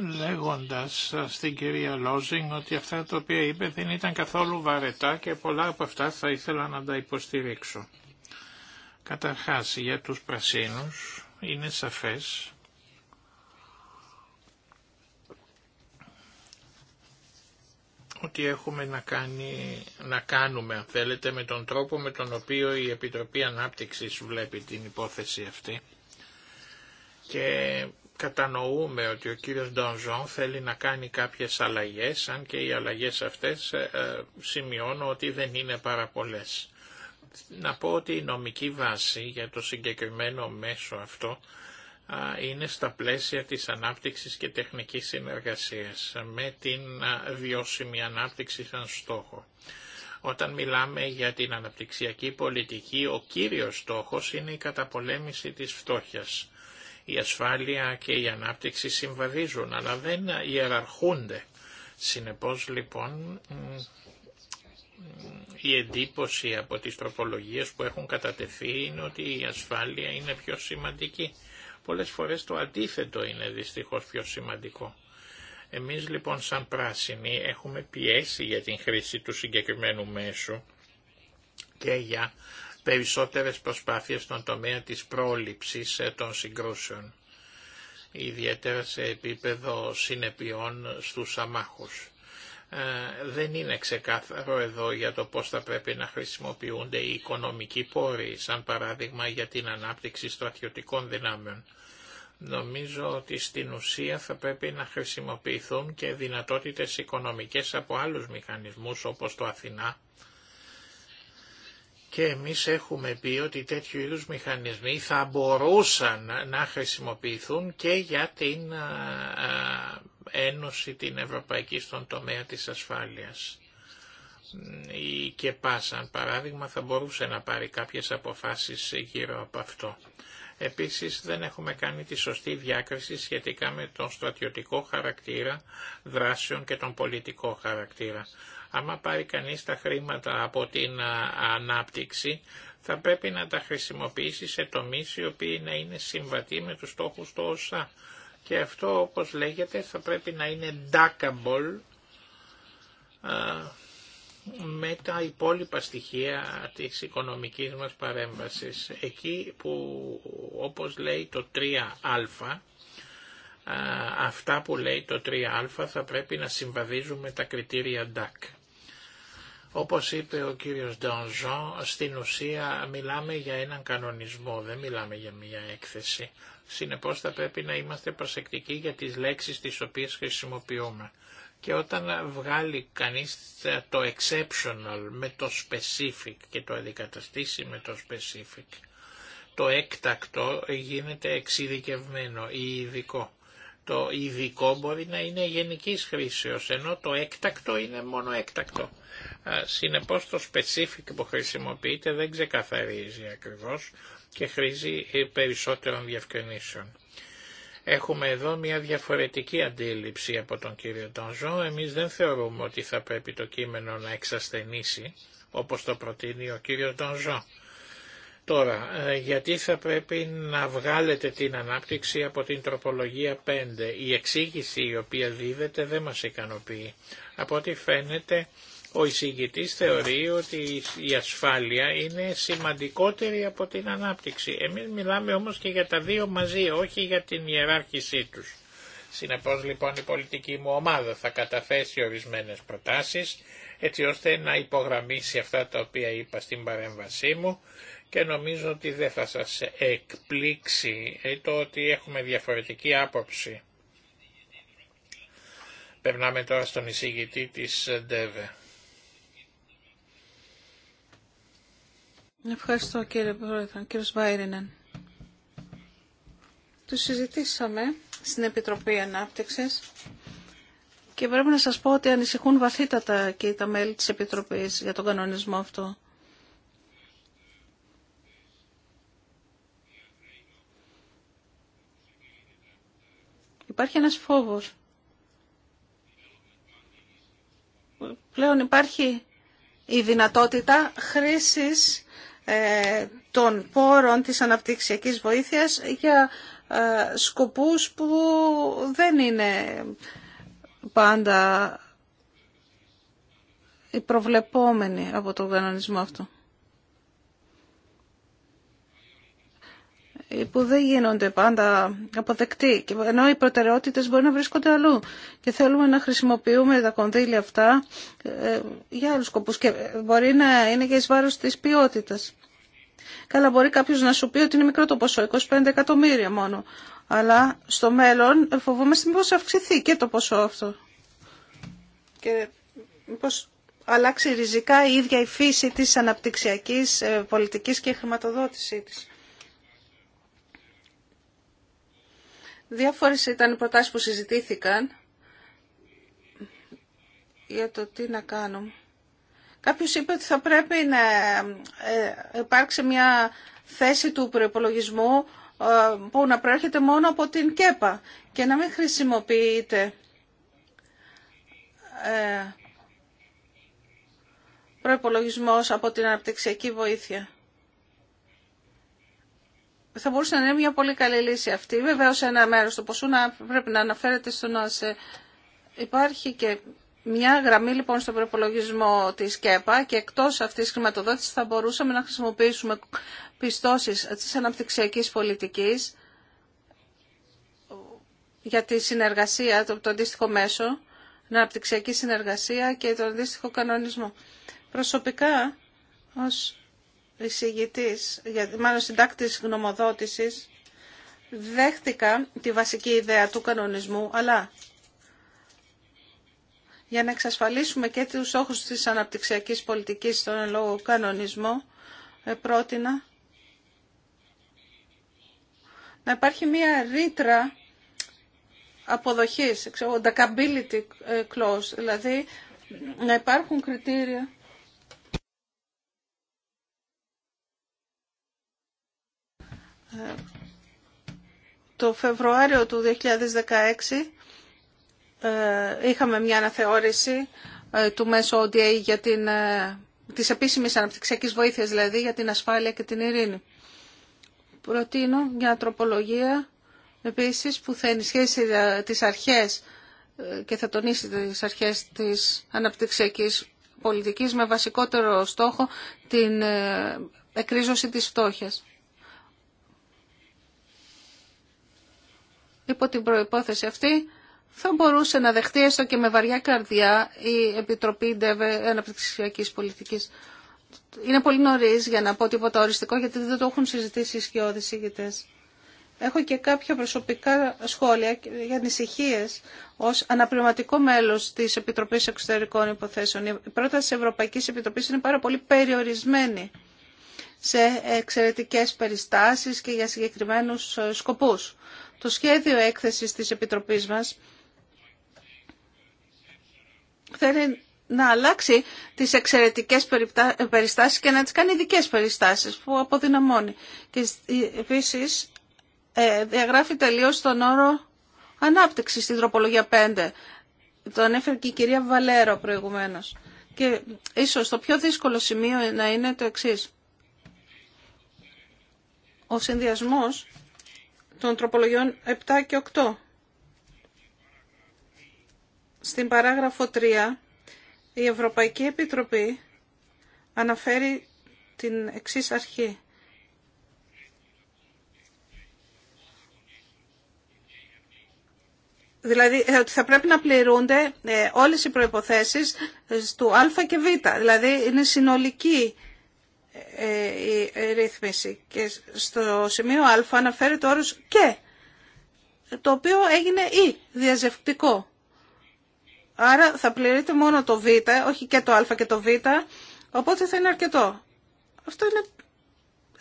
λέγοντας στην κυρία Λόζινγκ ότι αυτά τα οποία είπε δεν ήταν καθόλου βαρετά και πολλά από αυτά θα ήθελα να τα υποστηρίξω. Καταρχάς για τους πρασίνους είναι σαφές ότι έχουμε να, κάνει, να κάνουμε, αν θέλετε, με τον τρόπο με τον οποίο η Επιτροπή Ανάπτυξης βλέπει την υπόθεση αυτή. Και κατανοούμε ότι ο κύριος Ντονζόν θέλει να κάνει κάποιες αλλαγές, αν και οι αλλαγές αυτές ε, ε, σημειώνω ότι δεν είναι πάρα πολλές. Να πω ότι η νομική βάση για το συγκεκριμένο μέσο αυτό είναι στα πλαίσια της ανάπτυξης και τεχνικής συνεργασίας με την βιώσιμη ανάπτυξη σαν στόχο. Όταν μιλάμε για την αναπτυξιακή πολιτική, ο κύριος στόχος είναι η καταπολέμηση της φτώχειας. Η ασφάλεια και η ανάπτυξη συμβαδίζουν, αλλά δεν ιεραρχούνται. Συνεπώς λοιπόν η εντύπωση από τις τροπολογίες που έχουν κατατεθεί είναι ότι η ασφάλεια είναι πιο σημαντική Πολλές φορές το αντίθετο είναι δυστυχώς πιο σημαντικό. Εμείς λοιπόν σαν πράσινοι έχουμε πιέσει για την χρήση του συγκεκριμένου μέσου και για περισσότερες προσπάθειες στον τομέα της πρόληψης ε, των συγκρούσεων, ιδιαίτερα σε επίπεδο συνεπειών στους αμάχους. Ε, δεν είναι ξεκάθαρο εδώ για το πώς θα πρέπει να χρησιμοποιούνται οι οικονομικοί πόροι, σαν παράδειγμα για την ανάπτυξη στρατιωτικών δυνάμεων. Νομίζω ότι στην ουσία θα πρέπει να χρησιμοποιηθούν και δυνατότητες οικονομικές από άλλους μηχανισμούς όπως το Αθηνά. Και εμείς έχουμε πει ότι τέτοιου είδους μηχανισμοί θα μπορούσαν να χρησιμοποιηθούν και για την ε, ε, Ένωση την Ευρωπαϊκή στον τομέα της ασφάλειας. Η ΚΕΠΑ, σαν παράδειγμα, θα μπορούσε να πάρει κάποιες αποφάσεις γύρω από αυτό. Επίσης δεν έχουμε κάνει τη σωστή διάκριση σχετικά με τον στρατιωτικό χαρακτήρα δράσεων και τον πολιτικό χαρακτήρα. Άμα πάρει κανείς τα χρήματα από την ανάπτυξη, θα πρέπει να τα χρησιμοποιήσει σε τομείς οι οποίοι να είναι συμβατοί με τους στόχους του ΩΣΑ και αυτό όπως λέγεται θα πρέπει να είναι duckable με τα υπόλοιπα στοιχεία της οικονομικής μας παρέμβασης. Εκεί που όπως λέει το 3α, αυτά που λέει το 3α θα πρέπει να συμβαδίζουν με τα κριτήρια DAC. Όπως είπε ο κύριος Ντονζόν, στην ουσία μιλάμε για έναν κανονισμό, δεν μιλάμε για μια έκθεση. Συνεπώς θα πρέπει να είμαστε προσεκτικοί για τις λέξεις τις οποίες χρησιμοποιούμε. Και όταν βγάλει κανείς το exceptional με το specific και το αντικαταστήσει με το specific, το έκτακτο γίνεται εξειδικευμένο ή ειδικό. Το ειδικό μπορεί να είναι γενικής χρήσεως, ενώ το έκτακτο είναι μόνο έκτακτο. Συνεπώς το specific που χρησιμοποιείται δεν ξεκαθαρίζει ακριβώς και χρήζει ε, περισσότερων διευκρινήσεων. Έχουμε εδώ μια διαφορετική αντίληψη από τον κύριο Τονζό. Εμείς δεν θεωρούμε ότι θα πρέπει το κείμενο να εξασθενήσει, όπως το προτείνει ο κύριο Τονζό. Τώρα, ε, γιατί θα πρέπει να βγάλετε την ανάπτυξη από την τροπολογία 5. Η εξήγηση η οποία δίδεται δεν μας ικανοποιεί. Από ό,τι φαίνεται ο εισηγητής θεωρεί ότι η ασφάλεια είναι σημαντικότερη από την ανάπτυξη. Εμείς μιλάμε όμως και για τα δύο μαζί, όχι για την ιεράρχησή τους. Συνεπώς λοιπόν η πολιτική μου ομάδα θα καταθέσει ορισμένες προτάσεις έτσι ώστε να υπογραμμίσει αυτά τα οποία είπα στην παρέμβασή μου και νομίζω ότι δεν θα σας εκπλήξει ε, το ότι έχουμε διαφορετική άποψη. Περνάμε τώρα στον εισηγητή της ΔΕΒΕ. Ευχαριστώ κύριε Πρόεδρε, κύριος Βάιρινεν. Το συζητήσαμε στην Επιτροπή Ανάπτυξης και πρέπει να σας πω ότι ανησυχούν βαθύτατα και τα μέλη της Επιτροπής για τον κανονισμό αυτό. Υπάρχει ένας φόβος. Πλέον υπάρχει η δυνατότητα χρήσης ε, των πόρων της αναπτυξιακής βοήθειας για ε, σκοπούς που δεν είναι πάντα οι προβλεπόμενοι από τον κανονισμό αυτό. Ε, που δεν γίνονται πάντα αποδεκτοί, ενώ οι προτεραιότητες μπορεί να βρίσκονται αλλού και θέλουμε να χρησιμοποιούμε τα κονδύλια αυτά ε, για άλλους σκοπούς και μπορεί να είναι και εις βάρος της ποιότητας. Καλά μπορεί κάποιος να σου πει ότι είναι μικρό το ποσό, 25 εκατομμύρια μόνο, αλλά στο μέλλον ε, φοβόμαστε μήπως αυξηθεί και το ποσό αυτό και μήπως αλλάξει ριζικά η ίδια η φύση της αναπτυξιακής πολιτικής και χρηματοδότησής της. Διάφορες ήταν οι προτάσεις που συζητήθηκαν για το τι να κάνουμε. Κάποιος είπε ότι θα πρέπει να ε, υπάρξει μια θέση του προπολογισμού ε, που να προέρχεται μόνο από την ΚΕΠΑ και να μην χρησιμοποιείται ε, προϋπολογισμός από την αναπτυξιακή βοήθεια θα μπορούσε να είναι μια πολύ καλή λύση αυτή. βεβαίω ένα μέρος του ποσού να, πρέπει να αναφέρεται στον ΟΑΣΕ. Υπάρχει και μια γραμμή λοιπόν στον προπολογισμό της ΚΕΠΑ και εκτός αυτής τη χρηματοδότηση θα μπορούσαμε να χρησιμοποιήσουμε πιστώσεις τη αναπτυξιακή πολιτική για τη συνεργασία, το, το αντίστοιχο μέσο, την αναπτυξιακή συνεργασία και τον αντίστοιχο κανονισμό. Προσωπικά, ως εισηγητής, μάλλον συντάκτης γνωμοδότησης, δέχτηκα τη βασική ιδέα του κανονισμού, αλλά για να εξασφαλίσουμε και τους όχους της αναπτυξιακής πολιτικής στον λόγο κανονισμό, ε, πρότεινα να υπάρχει μία ρήτρα αποδοχής, accountability clause, δηλαδή να υπάρχουν κριτήρια το Φεβρουάριο του 2016 ε, είχαμε μια αναθεώρηση ε, του μέσου ODA για την, ε, της επίσημης αναπτυξιακής βοήθειας, δηλαδή για την ασφάλεια και την ειρήνη. Προτείνω μια τροπολογία επίσης που θα ενισχύσει τις αρχές και θα τονίσει τις αρχές της αναπτυξιακής πολιτικής με βασικότερο στόχο την εκρίζωση της φτώχειας. Υπό την προϋπόθεση αυτή θα μπορούσε να δεχτεί έστω και με βαριά καρδιά η Επιτροπή ΔΕΒΕ Αναπτυξιακής Πολιτικής. Είναι πολύ νωρί για να πω τίποτα οριστικό γιατί δεν το έχουν συζητήσει οι σκιώδεις ηγητές. Έχω και κάποια προσωπικά σχόλια για ανησυχίε ω αναπληρωματικό μέλο τη Επιτροπή Εξωτερικών Υποθέσεων. Η πρόταση τη Ευρωπαϊκή Επιτροπή είναι πάρα πολύ περιορισμένη σε εξαιρετικέ περιστάσει και για συγκεκριμένου ε, σκοπού. Το σχέδιο έκθεσης της Επιτροπής μας θέλει να αλλάξει τις εξαιρετικές περιστάσεις και να τις κάνει ειδικέ περιστάσεις που αποδυναμώνει. Και επίσης ε, διαγράφει τελείως τον όρο ανάπτυξη στην τροπολογία 5. Τον έφερε και η κυρία Βαλέρο προηγουμένως. Και ίσως το πιο δύσκολο σημείο να είναι το εξής. Ο συνδυασμός των τροπολογιών 7 και 8. Στην παράγραφο 3 η Ευρωπαϊκή Επιτροπή αναφέρει την εξής αρχή. Δηλαδή ε, ότι θα πρέπει να πληρούνται ε, όλες οι προϋποθέσεις ε, του α και β. Δηλαδή είναι συνολική ε, η ρύθμιση. Και στο σημείο α αναφέρει το όρος «και», το οποίο έγινε «ή», διαζευκτικό. Άρα θα πληρείται μόνο το β, όχι και το α και το β, οπότε θα είναι αρκετό. Αυτό είναι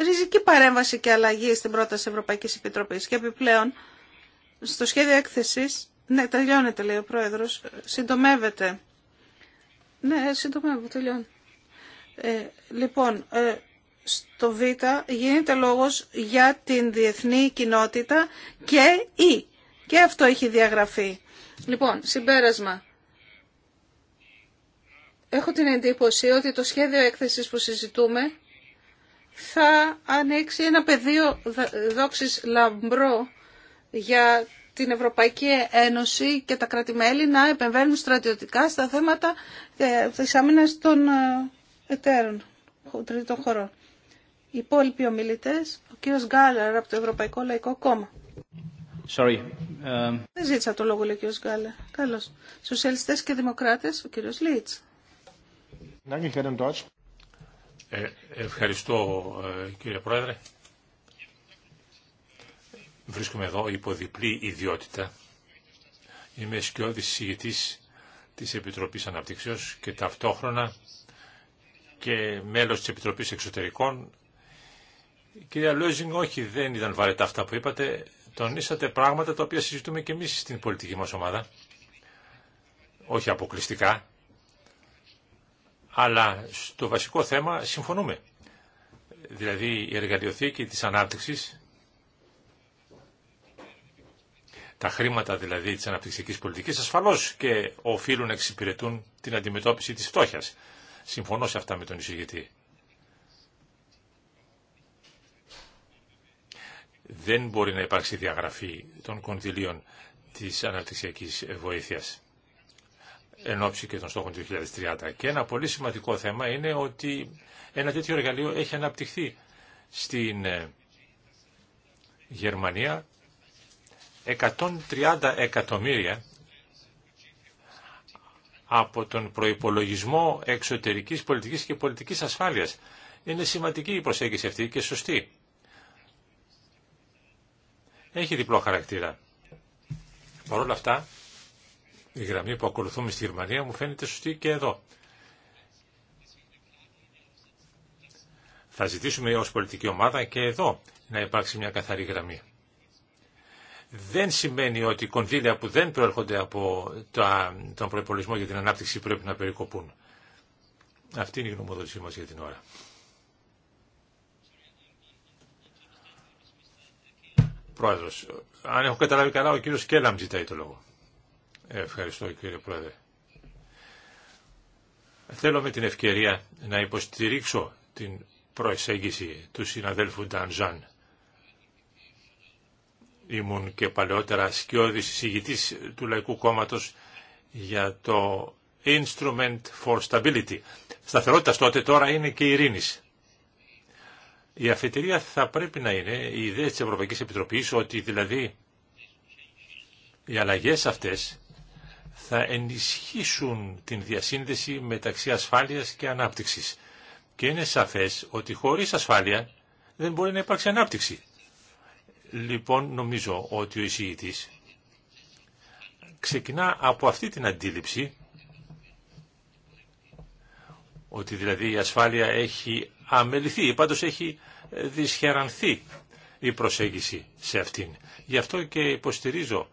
ριζική παρέμβαση και αλλαγή στην πρόταση Ευρωπαϊκής Επιτροπής. Και επιπλέον, στο σχέδιο έκθεσης, ναι, τελειώνεται λέει ο Πρόεδρος, συντομεύεται. Ναι, συντομεύω, τελειώνω. Ε, λοιπόν, ε, στο Β γίνεται λόγος για την διεθνή κοινότητα και Ή. Και αυτό έχει διαγραφεί. Λοιπόν, συμπέρασμα. Έχω την εντύπωση ότι το σχέδιο έκθεσης που συζητούμε θα ανοίξει ένα πεδίο δόξης λαμπρό για την Ευρωπαϊκή Ένωση και τα κράτη-μέλη να επεμβαίνουν στρατιωτικά στα θέματα ε, της άμυνας των ε, εταίρων τρίτων χωρών. Οι υπόλοιποι ομιλητέ, ο κύριο Γκάλερ από το Ευρωπαϊκό Λαϊκό Κόμμα. Sorry. Um... Δεν ζήτησα το λόγο, λέει ο κύριο Γκάλερ. Καλώ. Σοσιαλιστέ και Δημοκράτε, ο κύριο Λίτ. Ε, ευχαριστώ, ε, κύριε Πρόεδρε. Βρίσκομαι εδώ υπό διπλή ιδιότητα. Είμαι σκιώδης συγητής της Επιτροπής Αναπτύξεως και ταυτόχρονα και μέλος της Επιτροπής Εξωτερικών. Κυρία Λόιζινγκ όχι, δεν ήταν βαρετά αυτά που είπατε. Τονίσατε πράγματα τα οποία συζητούμε και εμείς στην πολιτική μας ομάδα. Όχι αποκλειστικά, αλλά στο βασικό θέμα συμφωνούμε. Δηλαδή η εργαλειοθήκη της ανάπτυξης, τα χρήματα δηλαδή της αναπτυξιακής πολιτικής ασφαλώς και οφείλουν να εξυπηρετούν την αντιμετώπιση της φτώχειας. Συμφωνώ σε αυτά με τον εισηγητή. Δεν μπορεί να υπάρξει διαγραφή των κονδυλίων της αναπτυξιακής βοήθειας εν ώψη και των στόχων του 2030. Και ένα πολύ σημαντικό θέμα είναι ότι ένα τέτοιο εργαλείο έχει αναπτυχθεί στην ε, Γερμανία 130 εκατομμύρια από τον προϋπολογισμό εξωτερικής πολιτικής και πολιτικής ασφάλειας. Είναι σημαντική η προσέγγιση αυτή και σωστή. Έχει διπλό χαρακτήρα. Παρ' όλα αυτά, η γραμμή που ακολουθούμε στη Γερμανία μου φαίνεται σωστή και εδώ. Θα ζητήσουμε ως πολιτική ομάδα και εδώ να υπάρξει μια καθαρή γραμμή δεν σημαίνει ότι κονδύλια που δεν προέρχονται από τον προπολισμό για την ανάπτυξη πρέπει να περικοπούν. Αυτή είναι η γνωμοδότησή μας για την ώρα. Πρόεδρος, αν έχω καταλάβει καλά, ο κύριος Κέλαμ ζητάει το λόγο. Ε, ευχαριστώ κύριε Πρόεδρε. Θέλω με την ευκαιρία να υποστηρίξω την προεσέγγιση του συναδέλφου Ντανζάν ήμουν και παλαιότερα σκιώδης συγήτής του Λαϊκού Κόμματος για το Instrument for Stability. Σταθερότητας τότε τώρα είναι και ειρήνης. Η αφετηρία θα πρέπει να είναι η ιδέα της Ευρωπαϊκής Επιτροπής ότι δηλαδή οι αλλαγές αυτές θα ενισχύσουν την διασύνδεση μεταξύ ασφάλειας και ανάπτυξης. Και είναι σαφές ότι χωρίς ασφάλεια δεν μπορεί να υπάρξει ανάπτυξη. Λοιπόν, νομίζω ότι ο εισηγητής ξεκινά από αυτή την αντίληψη ότι δηλαδή η ασφάλεια έχει αμεληθεί, πάντως έχει ε, δυσχερανθεί η προσέγγιση σε αυτήν. Γι' αυτό και υποστηρίζω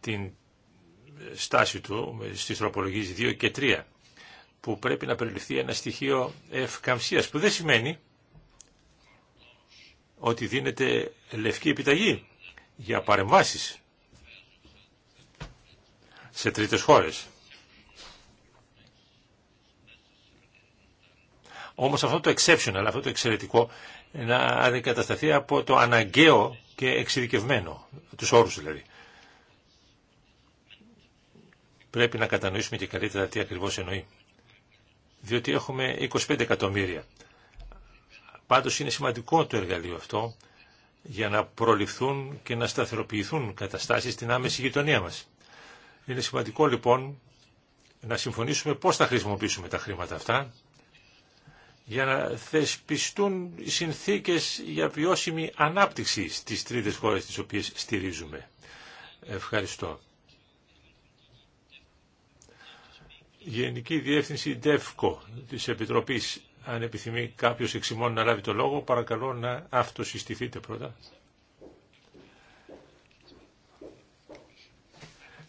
την ε, στάση του ε, στις τροπολογίες 2 και 3 που πρέπει να περιληφθεί ένα στοιχείο ευκαμψίας που δεν σημαίνει ότι δίνεται λευκή επιταγή για παρεμβάσεις σε τρίτες χώρες. Όμως αυτό το exceptional, αυτό το εξαιρετικό, να αντικατασταθεί από το αναγκαίο και εξειδικευμένο, τους όρους δηλαδή. Πρέπει να κατανοήσουμε και καλύτερα τι ακριβώς εννοεί. Διότι έχουμε 25 εκατομμύρια Πάντως είναι σημαντικό το εργαλείο αυτό για να προληφθούν και να σταθεροποιηθούν καταστάσεις στην άμεση γειτονία μας. Είναι σημαντικό λοιπόν να συμφωνήσουμε πώς θα χρησιμοποιήσουμε τα χρήματα αυτά για να θεσπιστούν οι συνθήκες για βιώσιμη ανάπτυξη στις τρίτες χώρες τις οποίες στηρίζουμε. Ευχαριστώ. Γενική Διεύθυνση ΔΕΦΚΟ της Επιτροπής αν επιθυμεί κάποιος εξημών να λάβει το λόγο, παρακαλώ να αυτοσυστηθείτε πρώτα.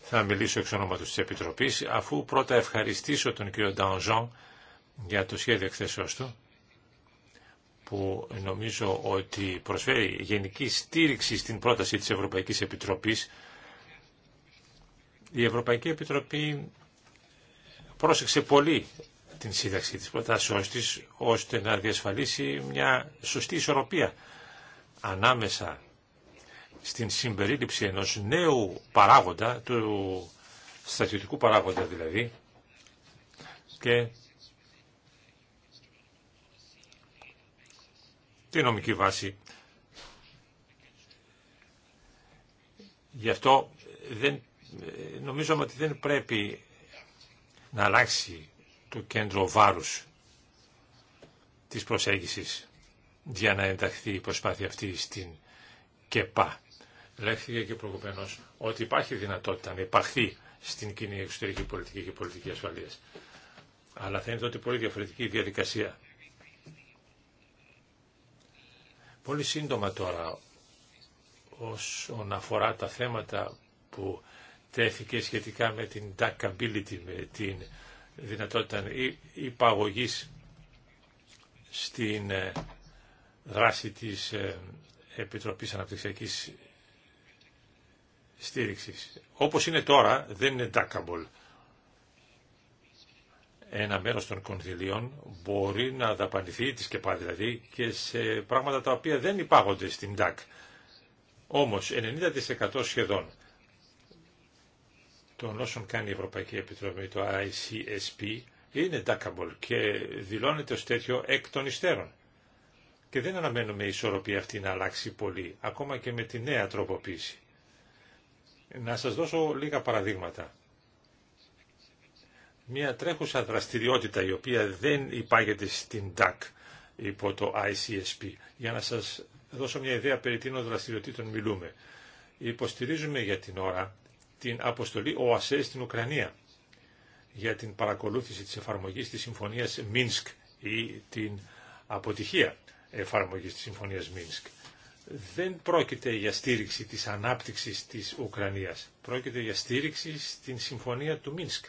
Θα μιλήσω εξ ονόματος της Επιτροπής, αφού πρώτα ευχαριστήσω τον κύριο Νταονζόν για το σχέδιο εκθέσεως του, που νομίζω ότι προσφέρει γενική στήριξη στην πρόταση της Ευρωπαϊκής Επιτροπής. Η Ευρωπαϊκή Επιτροπή πρόσεξε πολύ την σύνταξη της προτάσεως της, ώστε να διασφαλίσει μια σωστή ισορροπία ανάμεσα στην συμπερίληψη ενός νέου παράγοντα, του στρατιωτικού παράγοντα δηλαδή, και την νομική βάση. Γι' αυτό δεν, ε, νομίζω ότι δεν πρέπει να αλλάξει το κέντρο βάρους της προσέγγισης για να ενταχθεί η προσπάθεια αυτή στην ΚΕΠΑ. Λέχθηκε και προηγουμένω ότι υπάρχει δυνατότητα να υπαρχθεί στην κοινή εξωτερική πολιτική και πολιτική ασφαλείας. Αλλά θα είναι τότε πολύ διαφορετική η διαδικασία. Πολύ σύντομα τώρα, όσον αφορά τα θέματα που τέθηκε σχετικά με την DACability, με την δυνατότητα υπαγωγής στην ε, δράση της ε, Επιτροπής Αναπτυξιακής Στήριξης. Όπως είναι τώρα, δεν είναι ντάκαμπολ. Ένα μέρος των κονδυλίων μπορεί να δαπανηθεί, της και δηλαδή, και σε πράγματα τα οποία δεν υπάγονται στην ΤΑΚ. Όμως, 90% σχεδόν των όσων κάνει η Ευρωπαϊκή Επιτροπή, το ICSP, είναι ντάκαμπολ και δηλώνεται ως τέτοιο εκ των υστέρων. Και δεν αναμένουμε η ισορροπία αυτή να αλλάξει πολύ, ακόμα και με τη νέα τροποποίηση. Να σας δώσω λίγα παραδείγματα. Μια τρέχουσα δραστηριότητα η οποία δεν υπάγεται στην DAC υπό το ICSP. Για να σας δώσω μια ιδέα περί τίνων δραστηριοτήτων μιλούμε. Υποστηρίζουμε για την ώρα την αποστολή ΟΑΣΕ στην Ουκρανία για την παρακολούθηση της εφαρμογής της Συμφωνίας Μίνσκ ή την αποτυχία εφαρμογής της Συμφωνίας Μίνσκ. Δεν πρόκειται για στήριξη της ανάπτυξης της Ουκρανίας. Πρόκειται για στήριξη στην Συμφωνία του Μίνσκ.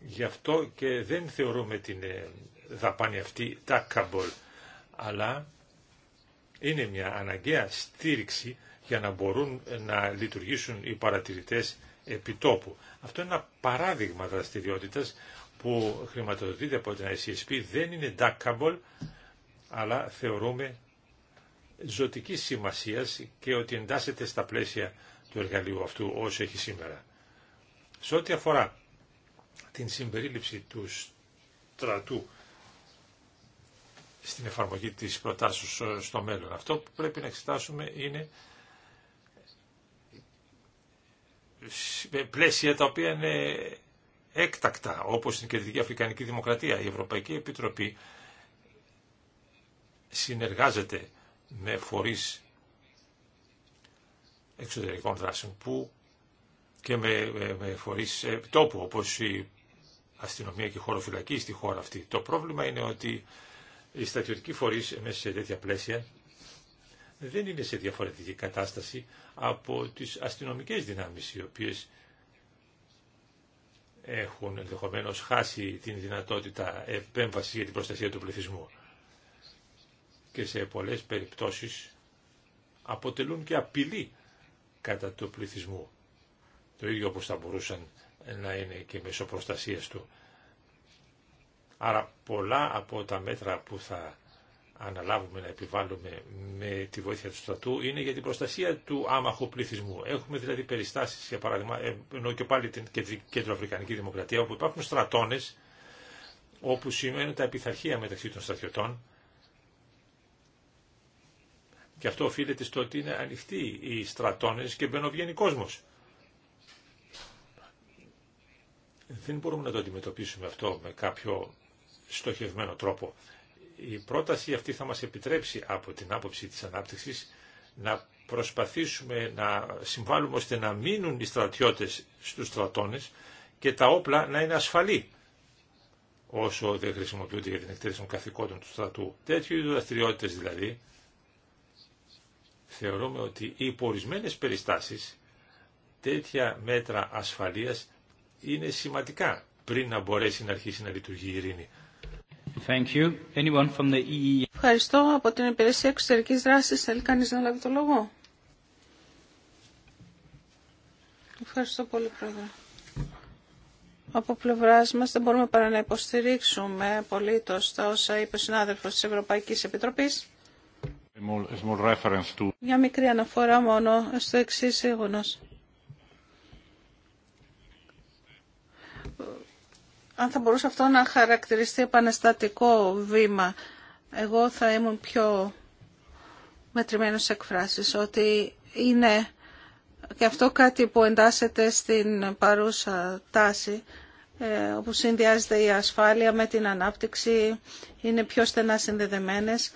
Γι' αυτό και δεν θεωρούμε την ε, δαπάνη αυτή τα καμπολ. αλλά είναι μια αναγκαία στήριξη για να μπορούν να λειτουργήσουν οι παρατηρητές επιτόπου. Αυτό είναι ένα παράδειγμα δραστηριότητα που χρηματοδοτείται από την ICSP, δεν είναι duckable, αλλά θεωρούμε ζωτική σημασία και ότι εντάσσεται στα πλαίσια του εργαλείου αυτού όσο έχει σήμερα. Σε ό,τι αφορά την συμπερίληψη του στρατού στην εφαρμογή της προτάσεως στο μέλλον, αυτό που πρέπει να εξετάσουμε είναι πλαίσια τα οποία είναι έκτακτα, όπως στην Κεντρική Αφρικανική Δημοκρατία. Η Ευρωπαϊκή Επιτροπή συνεργάζεται με φορείς εξωτερικών δράσεων που και με, με, φορείς ε, τόπου, όπως η αστυνομία και η χωροφυλακή στη χώρα αυτή. Το πρόβλημα είναι ότι οι στρατιωτικοί φορείς μέσα σε τέτοια πλαίσια δεν είναι σε διαφορετική κατάσταση από τις αστυνομικές δυνάμεις οι οποίες έχουν ενδεχομένω χάσει την δυνατότητα επέμβαση για την προστασία του πληθυσμού και σε πολλές περιπτώσεις αποτελούν και απειλή κατά του πληθυσμού. Το ίδιο όπως θα μπορούσαν να είναι και μέσω προστασίας του. Άρα πολλά από τα μέτρα που θα αναλάβουμε να επιβάλλουμε με τη βοήθεια του στρατού είναι για την προστασία του άμαχου πληθυσμού. Έχουμε δηλαδή περιστάσεις, για παράδειγμα, ε, ενώ και πάλι την Κεντροαφρικανική Δημοκρατία, όπου υπάρχουν στρατώνες, όπου σημαίνουν τα επιθαρχία μεταξύ των στρατιωτών. Και αυτό οφείλεται στο ότι είναι ανοιχτοί οι στρατώνες και μπαινοβγαίνει κόσμος. Δεν μπορούμε να το αντιμετωπίσουμε αυτό με κάποιο στοχευμένο τρόπο. Η πρόταση αυτή θα μας επιτρέψει από την άποψη της ανάπτυξης να προσπαθήσουμε να συμβάλλουμε ώστε να μείνουν οι στρατιώτες στους στρατώνες και τα όπλα να είναι ασφαλή όσο δεν χρησιμοποιούνται για την εκτέλεση των καθηκόντων του στρατού. Τέτοιου είδου δραστηριότητε δηλαδή θεωρούμε ότι οι ορισμένε περιστάσεις τέτοια μέτρα ασφαλείας είναι σημαντικά πριν να μπορέσει να αρχίσει να λειτουργεί η ειρήνη. E e e? Ευχαριστώ. Από την Υπηρεσία Εξωτερική Δράση θέλει κανεί να λάβει το λόγο. Ευχαριστώ πολύ, Πρόεδρε. Από πλευρά μα δεν μπορούμε παρά να υποστηρίξουμε απολύτω τα όσα είπε ο συνάδελφο τη Ευρωπαϊκή Επιτροπή. Μια μικρή αναφορά μόνο στο εξή γεγονό. αν θα μπορούσε αυτό να χαρακτηριστεί επαναστατικό βήμα. Εγώ θα ήμουν πιο μετρημένος σε εκφράσεις, ότι είναι και αυτό κάτι που εντάσσεται στην παρούσα τάση, ε, όπου συνδυάζεται η ασφάλεια με την ανάπτυξη, είναι πιο στενά συνδεδεμένες.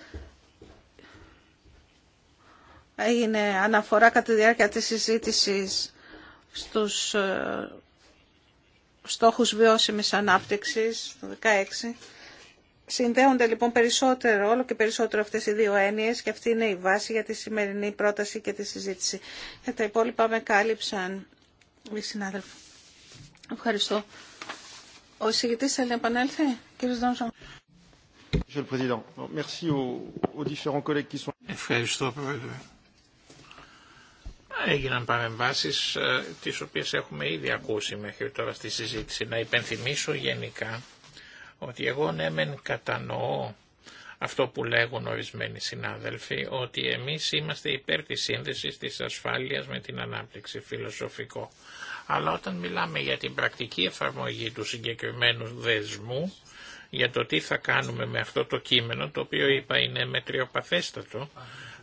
Έγινε αναφορά κατά τη διάρκεια της συζήτησης στους ε, στόχους βιώσιμης ανάπτυξης, το 16. Συνδέονται λοιπόν περισσότερο, όλο και περισσότερο αυτές οι δύο έννοιες και αυτή είναι η βάση για τη σημερινή πρόταση και τη συζήτηση. Για τα υπόλοιπα με κάλυψαν οι συνάδελφοι. Ευχαριστώ. Ο εισηγητής θέλει να επανέλθει, κύριος Ευχαριστώ, έγιναν παρεμβάσεις ε, τις οποίες έχουμε ήδη ακούσει μέχρι τώρα στη συζήτηση. Να υπενθυμίσω γενικά ότι εγώ ναι μεν κατανοώ αυτό που λέγουν ορισμένοι συνάδελφοι, ότι εμείς είμαστε υπέρ της σύνδεση της ασφάλειας με την ανάπτυξη, φιλοσοφικό. Αλλά όταν μιλάμε για την πρακτική εφαρμογή του συγκεκριμένου δεσμού, για το τι θα κάνουμε με αυτό το κείμενο, το οποίο είπα είναι μετριοπαθέστατο,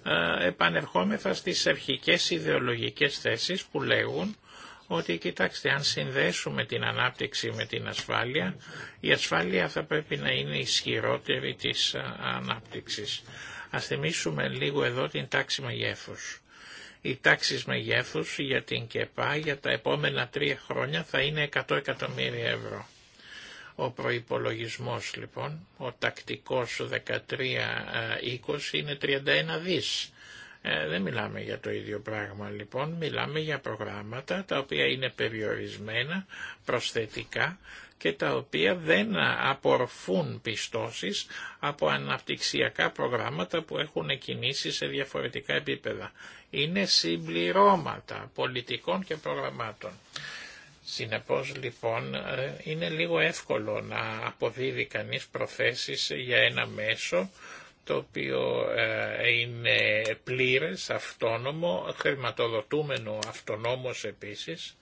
ε, επανερχόμεθα στις αρχικές ιδεολογικές θέσεις που λέγουν ότι κοιτάξτε αν συνδέσουμε την ανάπτυξη με την ασφάλεια, η ασφάλεια θα πρέπει να είναι ισχυρότερη της ε, ανάπτυξης. Ας θυμίσουμε λίγο εδώ την τάξη μεγέθους. Οι με μεγέθους για την ΚΕΠΑ για τα επόμενα τρία χρόνια θα είναι 100 εκατομμύρια ευρώ. Ο προϋπολογισμός λοιπόν, ο τακτικός 13-20 είναι 31 δις. Ε, δεν μιλάμε για το ίδιο πράγμα λοιπόν, μιλάμε για προγράμματα τα οποία είναι περιορισμένα, προσθετικά και τα οποία δεν απορφούν πιστώσεις από αναπτυξιακά προγράμματα που έχουν κινήσει σε διαφορετικά επίπεδα. Είναι συμπληρώματα πολιτικών και προγραμμάτων. Συνεπώς λοιπόν ε, είναι λίγο εύκολο να αποδίδει κανείς προθέσεις για ένα μέσο το οποίο ε, είναι πλήρες, αυτόνομο, χρηματοδοτούμενο αυτονόμος επίσης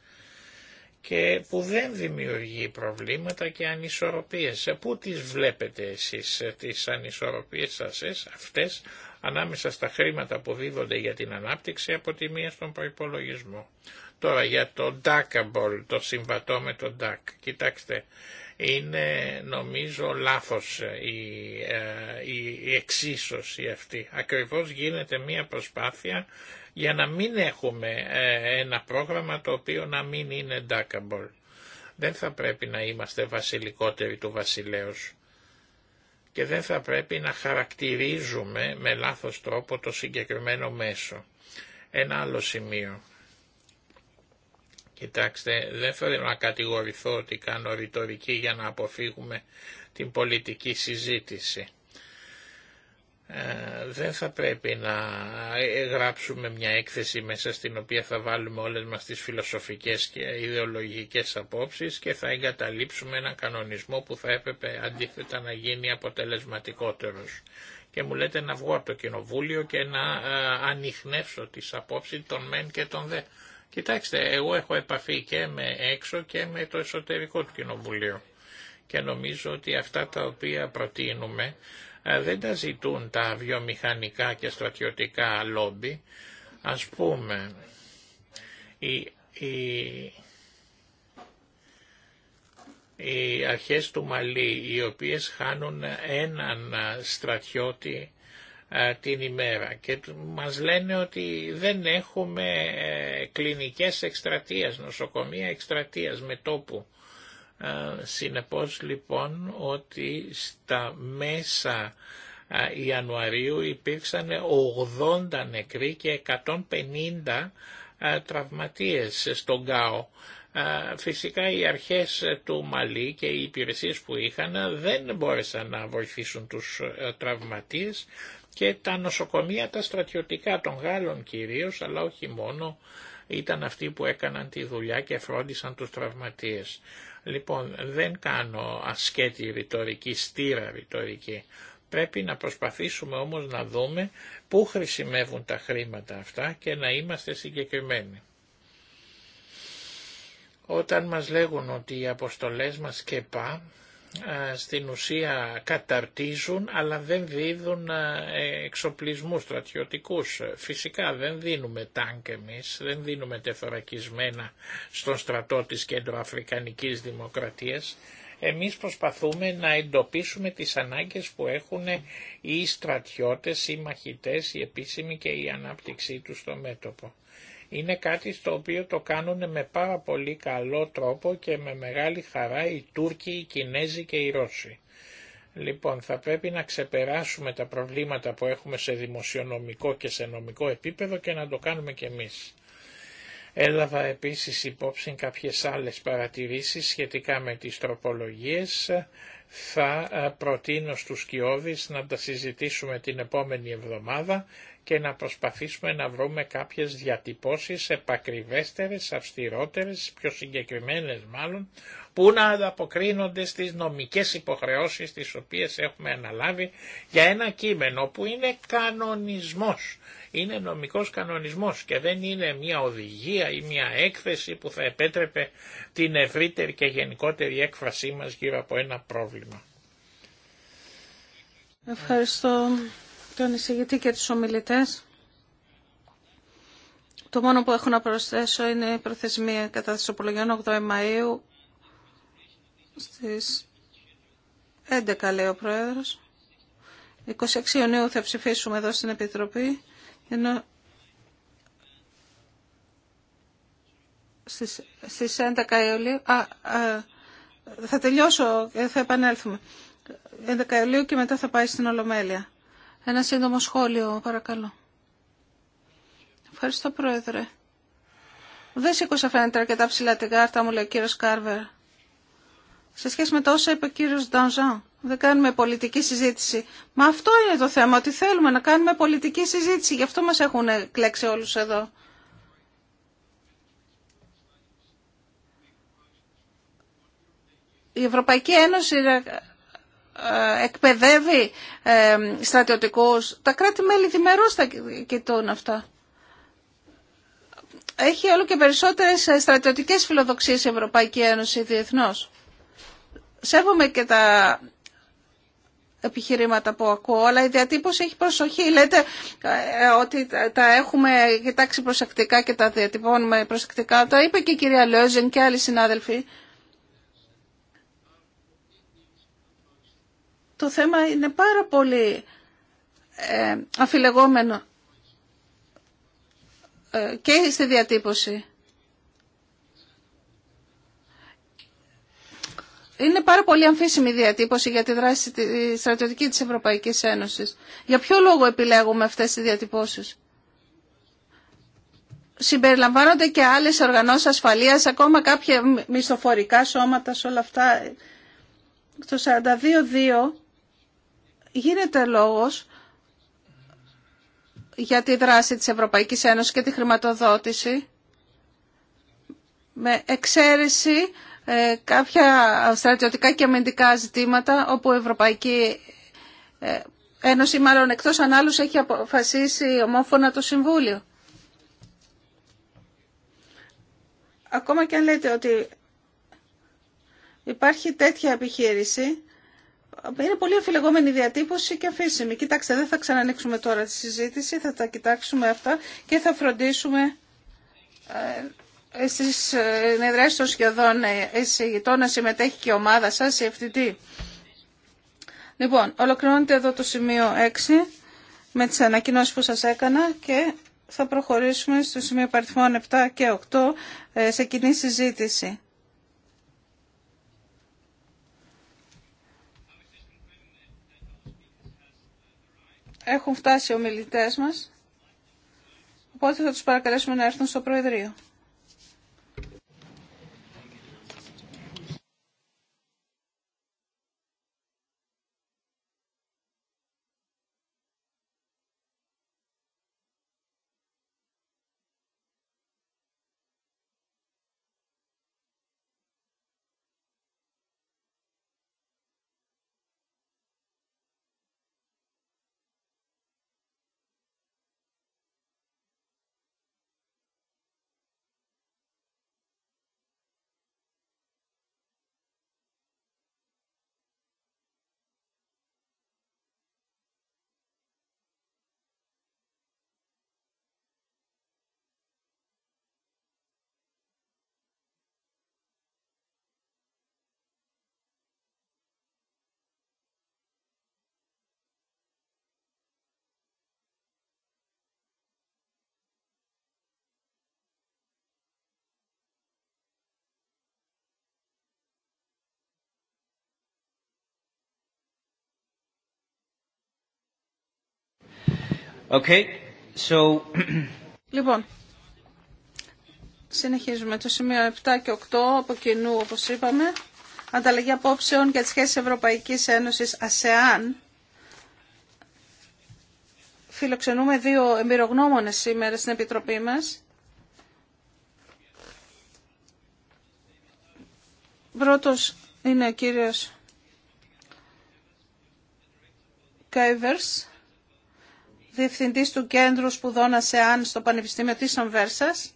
και που δεν δημιουργεί προβλήματα και ανισορροπίες. Ε, πού τις βλέπετε εσείς τις ανισορροπίες σας αυτές ανάμεσα στα χρήματα που δίδονται για την ανάπτυξη από τη μία στον προϋπολογισμό. Τώρα για το DACABLE, το συμβατό με το DAC. Κοιτάξτε, είναι νομίζω λάθος ε, ε, η, η εξίσωση αυτή. Ακριβώς γίνεται μία προσπάθεια για να μην έχουμε ε, ένα πρόγραμμα το οποίο να μην είναι DACABLE. Δεν θα πρέπει να είμαστε βασιλικότεροι του βασιλέως και δεν θα πρέπει να χαρακτηρίζουμε με λάθος τρόπο το συγκεκριμένο μέσο. Ένα άλλο σημείο. Κοιτάξτε, δεν θέλω να κατηγορηθώ ότι κάνω ρητορική για να αποφύγουμε την πολιτική συζήτηση. Ε, δεν θα πρέπει να γράψουμε μια έκθεση μέσα στην οποία θα βάλουμε όλες μας τις φιλοσοφικές και ιδεολογικές απόψεις και θα εγκαταλείψουμε έναν κανονισμό που θα έπρεπε αντίθετα να γίνει αποτελεσματικότερος. Και μου λέτε να βγω από το κοινοβούλιο και να ε, ανοιχνεύσω τις απόψεις των μεν και των δε. Κοιτάξτε, εγώ έχω επαφή και με έξω και με το εσωτερικό του Κοινοβουλίου και νομίζω ότι αυτά τα οποία προτείνουμε δεν τα ζητούν τα βιομηχανικά και στρατιωτικά λόμπι. Ας πούμε, οι αρχές του Μαλή, οι οποίες χάνουν έναν στρατιώτη την ημέρα και μας λένε ότι δεν έχουμε ε, κλινικές εκστρατείας, νοσοκομεία εκστρατείας με τόπου. Συνεπώς λοιπόν ότι στα μέσα Ιανουαρίου υπήρξαν 80 νεκροί και 150 τραυματίες στον ΚΑΟ. Φυσικά οι αρχές του Μαλή και οι υπηρεσίες που είχαν δεν μπόρεσαν να βοηθήσουν τους τραυματίες και τα νοσοκομεία τα στρατιωτικά των Γάλλων κυρίως, αλλά όχι μόνο, ήταν αυτοί που έκαναν τη δουλειά και φρόντισαν τους τραυματίες. Λοιπόν, δεν κάνω ασκέτη ρητορική, στήρα ρητορική. Πρέπει να προσπαθήσουμε όμως να δούμε πού χρησιμεύουν τα χρήματα αυτά και να είμαστε συγκεκριμένοι. Όταν μας λέγουν ότι οι αποστολές μας και πά, ε, στην ουσία καταρτίζουν αλλά δεν δίδουν ε, εξοπλισμούς στρατιωτικούς. Φυσικά δεν δίνουμε τάγκ εμείς, δεν δίνουμε τεθωρακισμένα στον στρατό της Κέντρο Αφρικανικής Δημοκρατίας. Εμείς προσπαθούμε να εντοπίσουμε τις ανάγκες που έχουν οι στρατιώτες, οι μαχητές, οι επίσημοι και η ανάπτυξή τους στο μέτωπο είναι κάτι στο οποίο το κάνουν με πάρα πολύ καλό τρόπο και με μεγάλη χαρά οι Τούρκοι, οι Κινέζοι και οι Ρώσοι. Λοιπόν, θα πρέπει να ξεπεράσουμε τα προβλήματα που έχουμε σε δημοσιονομικό και σε νομικό επίπεδο και να το κάνουμε και εμείς. Έλαβα επίσης υπόψη κάποιες άλλες παρατηρήσεις σχετικά με τις τροπολογίες. Θα ε, προτείνω στους Κιώδης να τα συζητήσουμε την επόμενη εβδομάδα και να προσπαθήσουμε να βρούμε κάποιες διατυπώσεις επακριβέστερες, αυστηρότερες, πιο συγκεκριμένες μάλλον, που να ανταποκρίνονται στις νομικές υποχρεώσεις τις οποίες έχουμε αναλάβει για ένα κείμενο που είναι κανονισμός. Είναι νομικός κανονισμός και δεν είναι μια οδηγία ή μια έκθεση που θα επέτρεπε την ευρύτερη και γενικότερη έκφρασή μας γύρω από ένα πρόβλημα. Ευχαριστώ τον εισηγητή και τους ομιλητές. Το μόνο που έχω να προσθέσω είναι η προθεσμία κατά απολογιών 8 Μαΐου στις 11 λέει ο Πρόεδρος. 26 Ιουνίου θα ψηφίσουμε εδώ στην Επιτροπή ενώ στις, στις 11 Ιουλίου θα τελειώσω και θα επανέλθουμε. 11 Ιουλίου και μετά θα πάει στην Ολομέλεια. Ένα σύντομο σχόλιο, παρακαλώ. Ευχαριστώ, Πρόεδρε. Δεν σήκωσα φαίνεται αρκετά ψηλά την κάρτα μου, λέει ο κύριο Κάρβερ. Σε σχέση με τα όσα είπε ο κύριο Ντανζάν. Δεν κάνουμε πολιτική συζήτηση. Μα αυτό είναι το θέμα, ότι θέλουμε να κάνουμε πολιτική συζήτηση. Γι' αυτό μας έχουν κλέξει όλους εδώ. Η Ευρωπαϊκή Ένωση ε, εκπαιδεύει ε, στρατιωτικούς. Τα κράτη-μέλη διμερώς τα κοιτούν αυτά. Έχει όλο και περισσότερες ε, στρατιωτικές φιλοδοξίες η Ευρωπαϊκή Ένωση διεθνώς. Σέβομαι και τα επιχειρήματα που ακούω, αλλά η διατύπωση έχει προσοχή. Λέτε ότι τα έχουμε κοιτάξει προσεκτικά και τα διατυπώνουμε προσεκτικά. Τα είπε και η κυρία Λόζεν και άλλοι συνάδελφοι. το θέμα είναι πάρα πολύ ε, αφιλεγόμενο ε, και στη διατύπωση. Είναι πάρα πολύ αμφίσιμη η διατύπωση για τη δράση τη στρατιωτική της Ευρωπαϊκής Ένωσης. Για ποιο λόγο επιλέγουμε αυτές τις διατυπώσεις. Συμπεριλαμβάνονται και άλλες οργανώσεις ασφαλείας, ακόμα κάποια μισθοφορικά σώματα σε όλα αυτά. Το 42.2 γίνεται λόγος για τη δράση της Ευρωπαϊκής Ένωσης και τη χρηματοδότηση με εξαίρεση ε, κάποια στρατιωτικά και αμυντικά ζητήματα όπου η Ευρωπαϊκή ε, Ένωση μάλλον εκτός αν έχει αποφασίσει ομόφωνα το Συμβούλιο. Ακόμα και αν λέτε ότι υπάρχει τέτοια επιχείρηση είναι πολύ αφιλεγόμενη διατύπωση και αφήσιμη. Κοιτάξτε, δεν θα ξανανοίξουμε τώρα τη συζήτηση, θα τα κοιτάξουμε αυτά και θα φροντίσουμε ε, στις ε, νεδράσεις των σχεδόν ε, εισηγητών να συμμετέχει και η ομάδα σας, η ευθυντή. Λοιπόν, ολοκληρώνεται εδώ το σημείο 6 με τις ανακοινώσεις που σας έκανα και θα προχωρήσουμε στο σημείο παριθμών 7 και 8 σε κοινή συζήτηση. Έχουν φτάσει οι ομιλητές μας, οπότε θα τους παρακαλέσουμε να έρθουν στο Προεδρείο. Okay. So... Λοιπόν, συνεχίζουμε το σημείο 7 και 8 από κοινού, όπως είπαμε. Ανταλλαγή απόψεων για τις σχέσεις Ευρωπαϊκής Ένωσης ΑΣΕΑΝ. Φιλοξενούμε δύο εμπειρογνώμονες σήμερα στην Επιτροπή μας. Πρώτος είναι ο κύριος Κάιβερς, διευθυντής του Κέντρου Σπουδών ΑΣΕΑΝ στο Πανεπιστήμιο της Αμβέρσας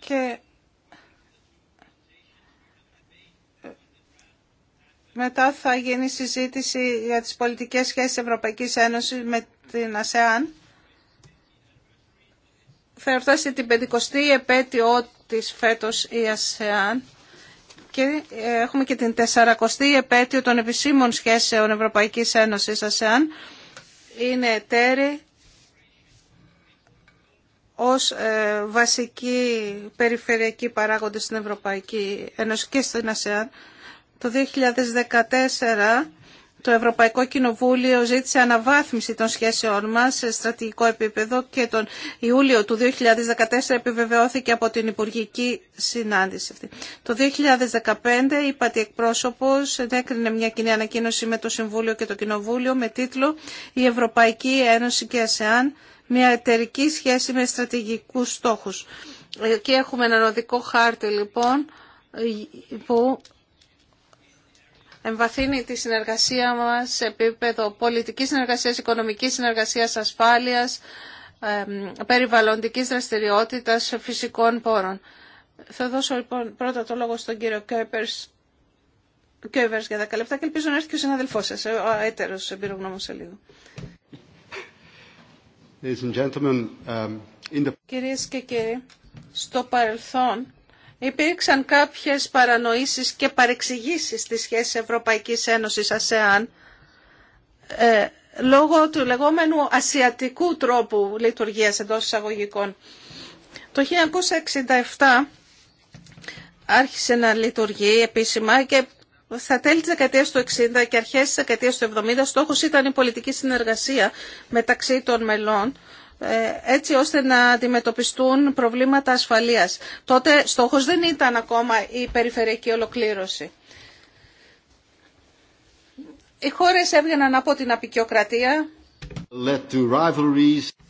και μετά θα γίνει συζήτηση για τις πολιτικές σχέσεις Ευρωπαϊκής Ένωσης με την ΑΣΕΑΝ. Θα εορτάσει την 50η επέτειο της φέτος η ΑΣΕΑΝ και έχουμε και την 40η επέτειο των επισήμων σχέσεων Ευρωπαϊκής Ένωσης ΑΣΕΑΝ είναι εταίροι ως ε, βασική περιφερειακή παράγοντες στην Ευρωπαϊκή Ένωση και στην ΑΣΕΑΝ. Το 2014 το Ευρωπαϊκό Κοινοβούλιο ζήτησε αναβάθμιση των σχέσεών μας σε στρατηγικό επίπεδο και τον Ιούλιο του 2014 επιβεβαιώθηκε από την Υπουργική Συνάντηση αυτή. Το 2015 η Πατή Εκπρόσωπος ενέκρινε μια κοινή ανακοίνωση με το Συμβούλιο και το Κοινοβούλιο με τίτλο «Η Ευρωπαϊκή Ένωση και ΑΣΕΑΝ μια εταιρική σχέση με στρατηγικούς στόχους». Εκεί έχουμε έναν οδικό χάρτη λοιπόν ε, που εμβαθύνει τη συνεργασία μας σε επίπεδο πολιτικής συνεργασίας, οικονομικής συνεργασίας, ασφάλειας, περιβαλλοντικής δραστηριότητας φυσικών πόρων. Θα δώσω λοιπόν πρώτα το λόγο στον κύριο Κέπερς για 10 λεπτά και ελπίζω να έρθει και ο συναδελφός σας, ο έτερος εμπειρογνώμος σε λίγο. Um, Κυρίες και κύριοι, στο παρελθόν Υπήρξαν κάποιες παρανοήσεις και παρεξηγήσεις στη σχέση Ευρωπαϊκής Ένωσης ΑΣΕΑΝ ε, λόγω του λεγόμενου ασιατικού τρόπου λειτουργίας εντός εισαγωγικών. Το 1967 άρχισε να λειτουργεί επίσημα και στα τέλη της δεκαετίας του 60 και αρχές της δεκαετίας του 70 στόχος ήταν η πολιτική συνεργασία μεταξύ των μελών ε, έτσι ώστε να αντιμετωπιστούν προβλήματα ασφαλείας. Τότε στόχος δεν ήταν ακόμα η περιφερειακή ολοκλήρωση. Οι χώρες έβγαιναν από την απεικιοκρατία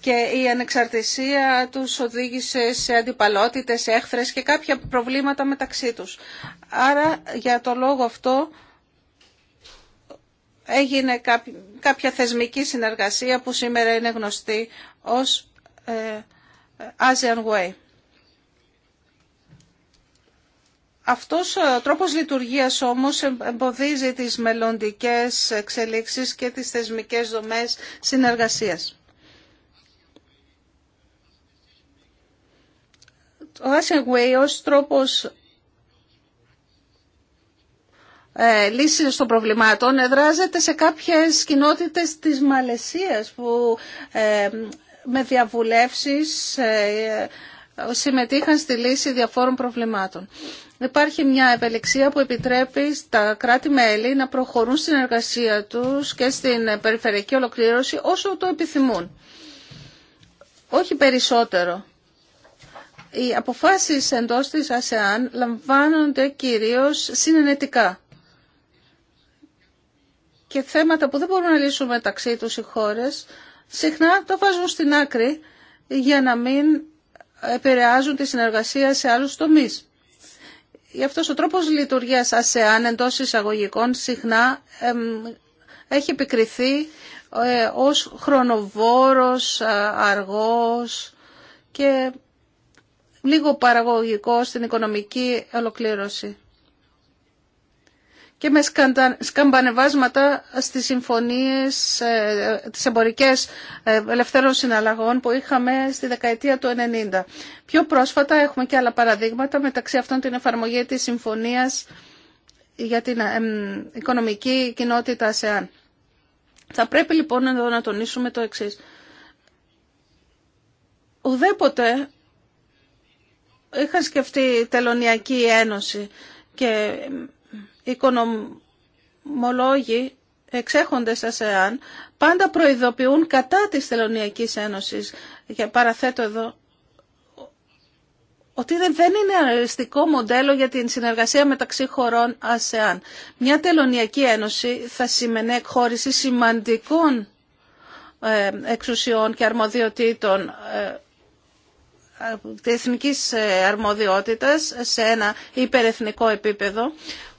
και η ανεξαρτησία τους οδήγησε σε αντιπαλότητες, σε και κάποια προβλήματα μεταξύ τους. Άρα για το λόγο αυτό έγινε κάποια θεσμική συνεργασία που σήμερα είναι γνωστή ως ε, Asian Way. Αυτός ο ε, τρόπος λειτουργίας όμως εμποδίζει τις μελλοντικές εξελίξεις και τις θεσμικές δομές συνεργασίας. Ο Asian Way ως τρόπος ε, των προβλημάτων εδράζεται σε κάποιες κοινότητες της Μαλαισίας που ε, με διαβουλεύσεις ε, ε, συμμετείχαν στη λύση διαφόρων προβλημάτων. Υπάρχει μια ευελιξία που επιτρέπει στα κράτη-μέλη να προχωρούν στην εργασία τους και στην περιφερειακή ολοκλήρωση όσο το επιθυμούν. Όχι περισσότερο. Οι αποφάσεις εντός της ΑΣΕΑΝ λαμβάνονται κυρίως συνενετικά. Και θέματα που δεν μπορούν να λύσουν μεταξύ τους οι χώρες συχνά το βάζουν στην άκρη για να μην επηρεάζουν τη συνεργασία σε άλλους τομείς. Γι' αυτός ο τρόπος λειτουργίας ΑΣΕΑΝ εντός εισαγωγικών συχνά έχει επικριθεί ε, ως χρονοβόρος, αργός και λίγο παραγωγικό στην οικονομική ολοκλήρωση και με σκαμπανεβάσματα στις συμφωνίες, ε, τις εμπορικές ε, ελευθέρων συναλλαγών που είχαμε στη δεκαετία του 90. Πιο πρόσφατα έχουμε και άλλα παραδείγματα, μεταξύ αυτών την εφαρμογή της συμφωνίας για την ε, οικονομική κοινότητα ΑΣΕΑΝ. Θα πρέπει λοιπόν εδώ να τονίσουμε το εξής. Ουδέποτε είχαν σκεφτεί τελωνιακή ένωση και οικονομολόγοι εξέχοντες ΑΣΕΑΝ πάντα προειδοποιούν κατά της Θελωνιακής Ένωσης Για παραθέτω εδώ ότι δεν είναι αριστικό μοντέλο για την συνεργασία μεταξύ χωρών ΑΣΕΑΝ. Μια τελωνιακή ένωση θα σημαίνει εκχώρηση σημαντικών ε, εξουσιών και αρμοδιοτήτων ε, ε, εθνικής αρμοδιότητας σε ένα υπερεθνικό επίπεδο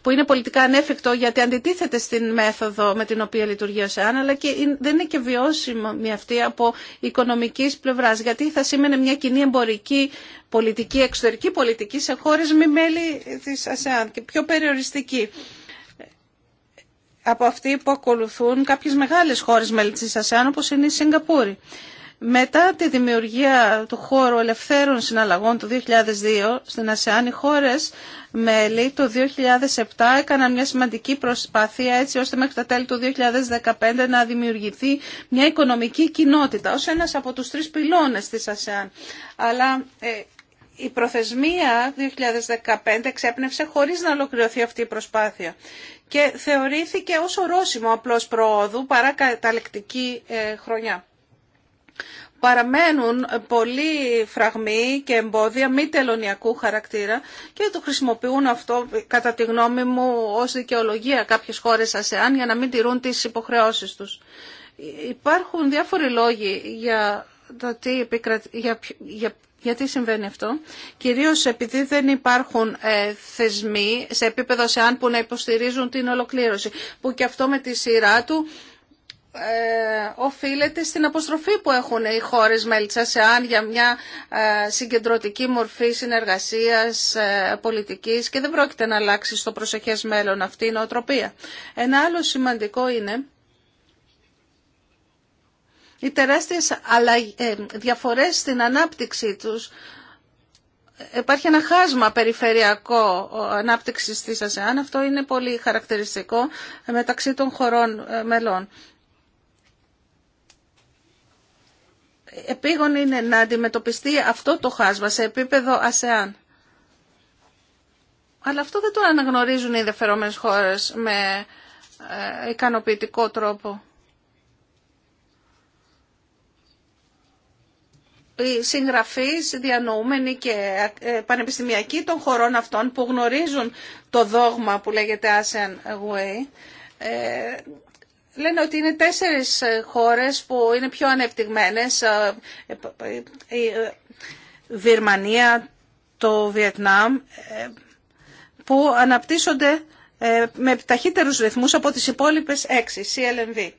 που είναι πολιτικά ανέφικτο γιατί αντιτίθεται στην μέθοδο με την οποία λειτουργεί ο ΣΕΑΝ, αλλά και δεν είναι και βιώσιμη αυτή από οικονομικής πλευράς, γιατί θα σήμαινε μια κοινή εμπορική πολιτική, εξωτερική πολιτική σε χώρες μη μέλη τη ΑΣΕΑΝ και πιο περιοριστική από αυτοί που ακολουθούν κάποιες μεγάλες χώρες μέλη της ΑΣΕΑΝ όπως είναι η Σιγκαπούρη. Μετά τη δημιουργία του χώρου ελευθέρων συναλλαγών του 2002 στην ΑΣΕΑΝ, οι χώρες μέλη το 2007 έκαναν μια σημαντική προσπάθεια έτσι ώστε μέχρι τα τέλη του 2015 να δημιουργηθεί μια οικονομική κοινότητα ως ένας από τους τρεις πυλώνες της ΑΣΕΑΝ. Αλλά ε, η προθεσμία 2015 ξέπνευσε χωρίς να ολοκληρωθεί αυτή η προσπάθεια και θεωρήθηκε ως ορόσημο απλώς προόδου παρά καταλεκτική ε, χρονιά παραμένουν πολλοί φραγμοί και εμπόδια μη τελωνιακού χαρακτήρα και το χρησιμοποιούν αυτό κατά τη γνώμη μου ως δικαιολογία κάποιες χώρες ΑΣΕΑΝ για να μην τηρούν τις υποχρεώσεις τους. Υπάρχουν διάφοροι λόγοι για το τι για... γιατί συμβαίνει αυτό. Κυρίως επειδή δεν υπάρχουν ε, θεσμοί σε επίπεδο ΑΣΕΑΝ που να υποστηρίζουν την ολοκλήρωση, που και αυτό με τη σειρά του ε, οφείλεται στην αποστροφή που έχουν οι χώρες μέλη της ΑΣΕΑΝ για μια ε, συγκεντρωτική μορφή συνεργασίας ε, πολιτικής και δεν πρόκειται να αλλάξει στο προσεχές μέλλον αυτή η νοοτροπία. Ένα άλλο σημαντικό είναι οι τεράστιες διαφορές στην ανάπτυξή τους Υπάρχει ένα χάσμα περιφερειακό ανάπτυξη τη ΑΣΕΑΝ. Αυτό είναι πολύ χαρακτηριστικό μεταξύ των χωρών μελών. επίγον είναι να αντιμετωπιστεί αυτό το χάσμα σε επίπεδο ΑΣΕΑΝ. Αλλά αυτό δεν το αναγνωρίζουν οι ενδιαφερόμενες χώρες με ε, ικανοποιητικό τρόπο. οι συγγραφείς διανοούμενοι και ε, πανεπιστημιακοί των χωρών αυτών που γνωρίζουν το δόγμα που λέγεται Asian Way ε, Λένε ότι είναι τέσσερις ε, χώρες που είναι πιο ανεπτυγμένες, η ε, ε, Βυρμανία, το Βιετνάμ, που αναπτύσσονται με ταχύτερους ρυθμούς από τις υπόλοιπες έξι, CLMV.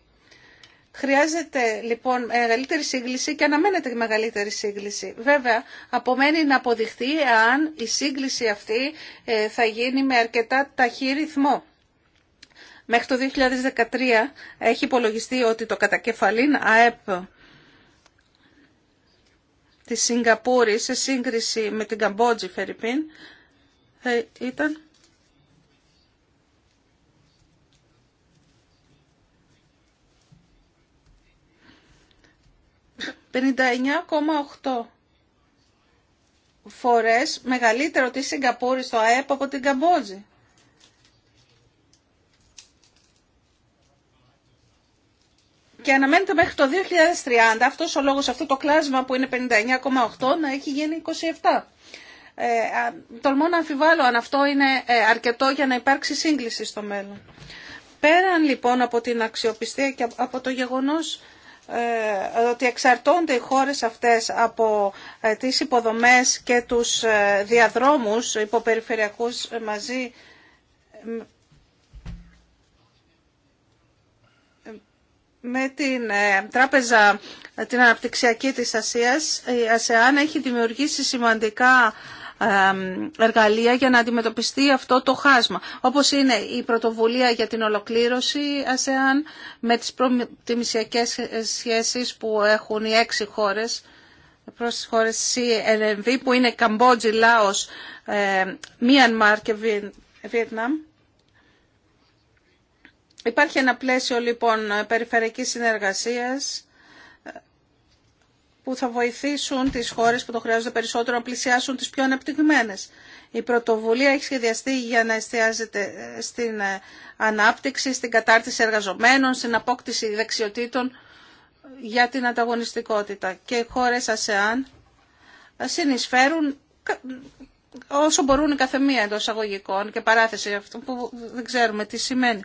Χρειάζεται λοιπόν μεγαλύτερη σύγκληση και αναμένεται μεγαλύτερη σύγκληση. Βέβαια, απομένει να αποδειχθεί αν η σύγκληση αυτή θα γίνει με αρκετά ταχύ ρυθμό. Μέχρι το 2013 έχει υπολογιστεί ότι το κατακεφαλήν ΑΕΠ της Σιγκαπούρη σε σύγκριση με την Καμπότζη Φερρυπίν ε, ήταν 59,8 φορές μεγαλύτερο τη Σιγκαπούρη στο ΑΕΠ από την Καμπότζη. και αναμένεται μέχρι το 2030 αυτός ο λόγος, αυτό το κλάσμα που είναι 59,8 να έχει γίνει 27. Ε, τολμώ να αμφιβάλλω αν αυτό είναι ε, αρκετό για να υπάρξει σύγκληση στο μέλλον. Πέραν λοιπόν από την αξιοπιστία και από το γεγονός ε, ότι εξαρτώνται οι χώρες αυτές από ε, τις υποδομές και τους διαδρόμους υποπεριφερειακούς μαζί με την ε, τράπεζα ε, την αναπτυξιακή της Ασίας, η ΑΣΕΑΝ έχει δημιουργήσει σημαντικά εργαλεία για να αντιμετωπιστεί αυτό το χάσμα. Όπως είναι η πρωτοβουλία για την ολοκλήρωση ΑΣΕΑΝ με τις προτιμησιακές σχέσεις που έχουν οι έξι χώρες προς τις χώρες CNV που είναι Καμπότζη, Λάος, ε, Μίανμαρ και Βιετνάμ. Υπάρχει ένα πλαίσιο λοιπόν περιφερειακής συνεργασίας ε, που θα βοηθήσουν τις χώρες που το χρειάζονται περισσότερο να πλησιάσουν τις πιο αναπτυγμένες. Η πρωτοβουλία έχει σχεδιαστεί για να εστιάζεται ε, στην ε, ανάπτυξη, στην κατάρτιση εργαζομένων, στην απόκτηση δεξιοτήτων για την ανταγωνιστικότητα. Και οι χώρες ΑΣΕΑΝ συνεισφέρουν όσο μπορούν η καθεμία εντό αγωγικών και παράθεση αυτό που δεν ξέρουμε τι σημαίνει.